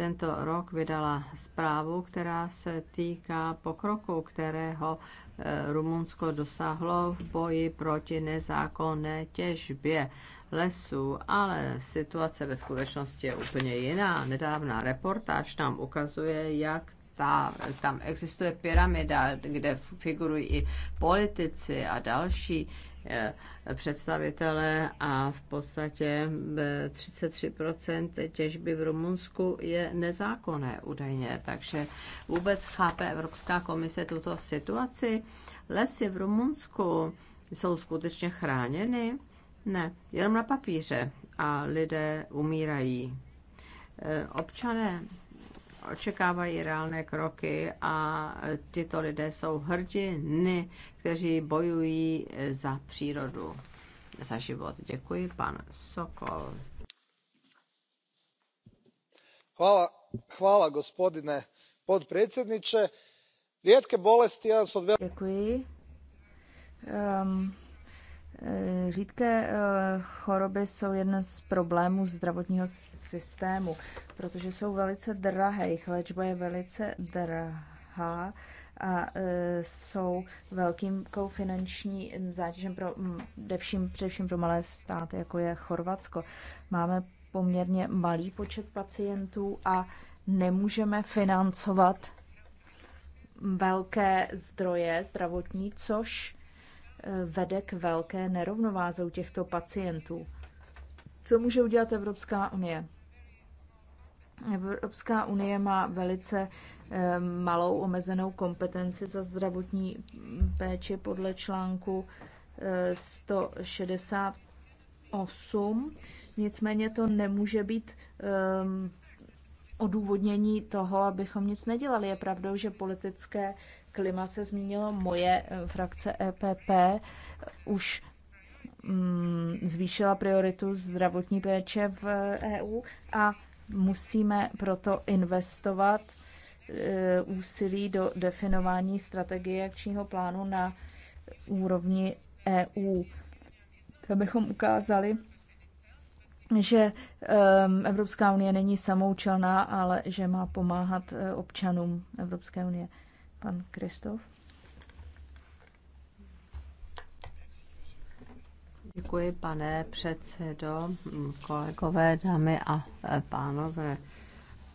tento rok vydala zprávu, která se týká pokroku, kterého eh, Rumunsko dosáhlo v boji proti nezákonné těžbě lesů, ale situace ve skutečnosti je úplně jiná. Nedávná reportáž nám ukazuje, jak ta, tam existuje pyramida, kde figurují i politici a další Eh, představitele a v podstatě 33% eh, těžby v Rumunsku je nezákonné údajně. Takže vůbec chápe Evropská komise tuto situaci. Lesy v Rumunsku jsou skutečně chráněny? Ne, jenom na papíře a lidé umírají. Eh, občané očekávají reálné kroky a tyto lidé jsou hrdiny, kteří bojují za přírodu, za život. Děkuji, pan Sokol. Hvala, hvala gospodine podpredsjedniče. Rědké bolesti jsou od... Děkuji. Um, Eh, řídké eh, choroby jsou jedna z problémů zdravotního systému, protože jsou velice drahé, jejich léčba je velice drahá a eh, jsou velkým finanční zátěžem pro, mm, devším, především pro malé státy, jako je Chorvatsko. Máme poměrně malý počet pacientů a nemůžeme financovat velké zdroje zdravotní, což vede k velké nerovnováze u těchto pacientů. Co může udělat Evropská unie? Evropská unie má velice eh, malou omezenou kompetenci za zdravotní mm, péči podle článku 168. Eh, Nicméně to nemůže být eh, odůvodnění toho, abychom nic nedělali. Je pravdou, že politické klima se zmínilo, moje eh, frakce EPP eh, už mm, zvýšila prioritu zdravotní péče v EU eh, e a musíme proto investovat úsilí do definování strategie akčního plánu na úrovni EU. Abychom ukázali, že ehm, Evropská unie není samoučelná, ale že má pomáhat občanům Evropské unie. Pan Kristof. Děkuji, pane předsedo, kolegové, dámy a e, pánové.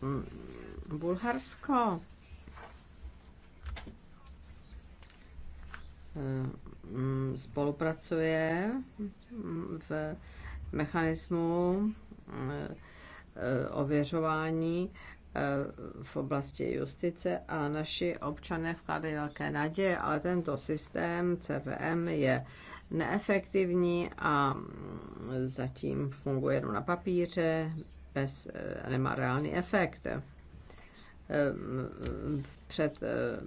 Mm, Bulharsko e, mm, spolupracuje mm, v mechanismu e, ověřování v oblasti justice a naši občané vkládají velké naděje, ale tento systém CVM je neefektivní a zatím funguje jenom na papíře, bez, eh, nemá reálný efekt. Eh, před eh,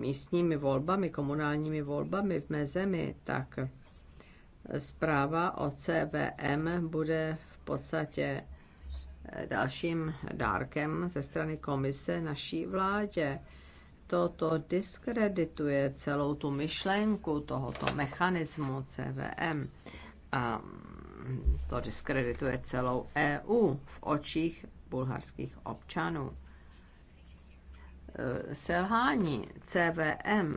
místními volbami, komunálními volbami v mé zemi, tak zpráva o CVM bude v podstatě dalším dárkem ze strany komise naší vládě. Toto diskredituje celou tu myšlenku tohoto mechanismu CVM a to diskredituje celou EU v očích bulharských občanů. Selhání CVM,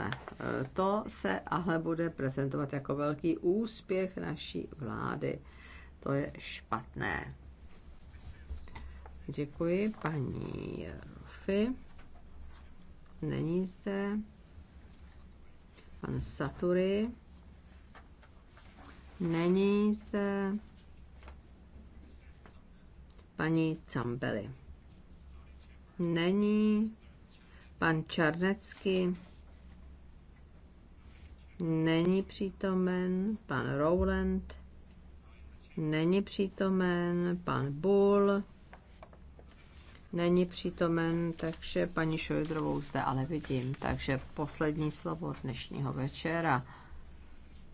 to se ale bude prezentovat jako velký úspěch naší vlády. To je špatné. Děkuji paní Fi. Není zde. Pan Satury. Není zde. Paní Campeli. Není. Pan Čarnecký. Není přítomen. Pan Rowland. Není přítomen. Pan Bull není přítomen, takže paní Šojdrovou zde ale vidím. Takže poslední slovo dnešního večera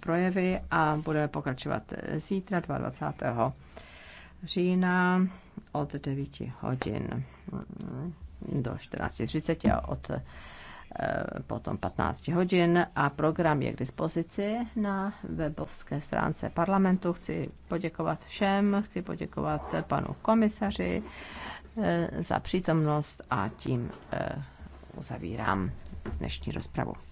projevy a budeme pokračovat zítra 22. října od 9 hodin do 14.30 a od eh, potom 15 hodin a program je k dispozici na webovské stránce parlamentu. Chci poděkovat všem, chci poděkovat panu komisaři eh, za přítomnost a tím eh, uzavírám dnešní rozpravu.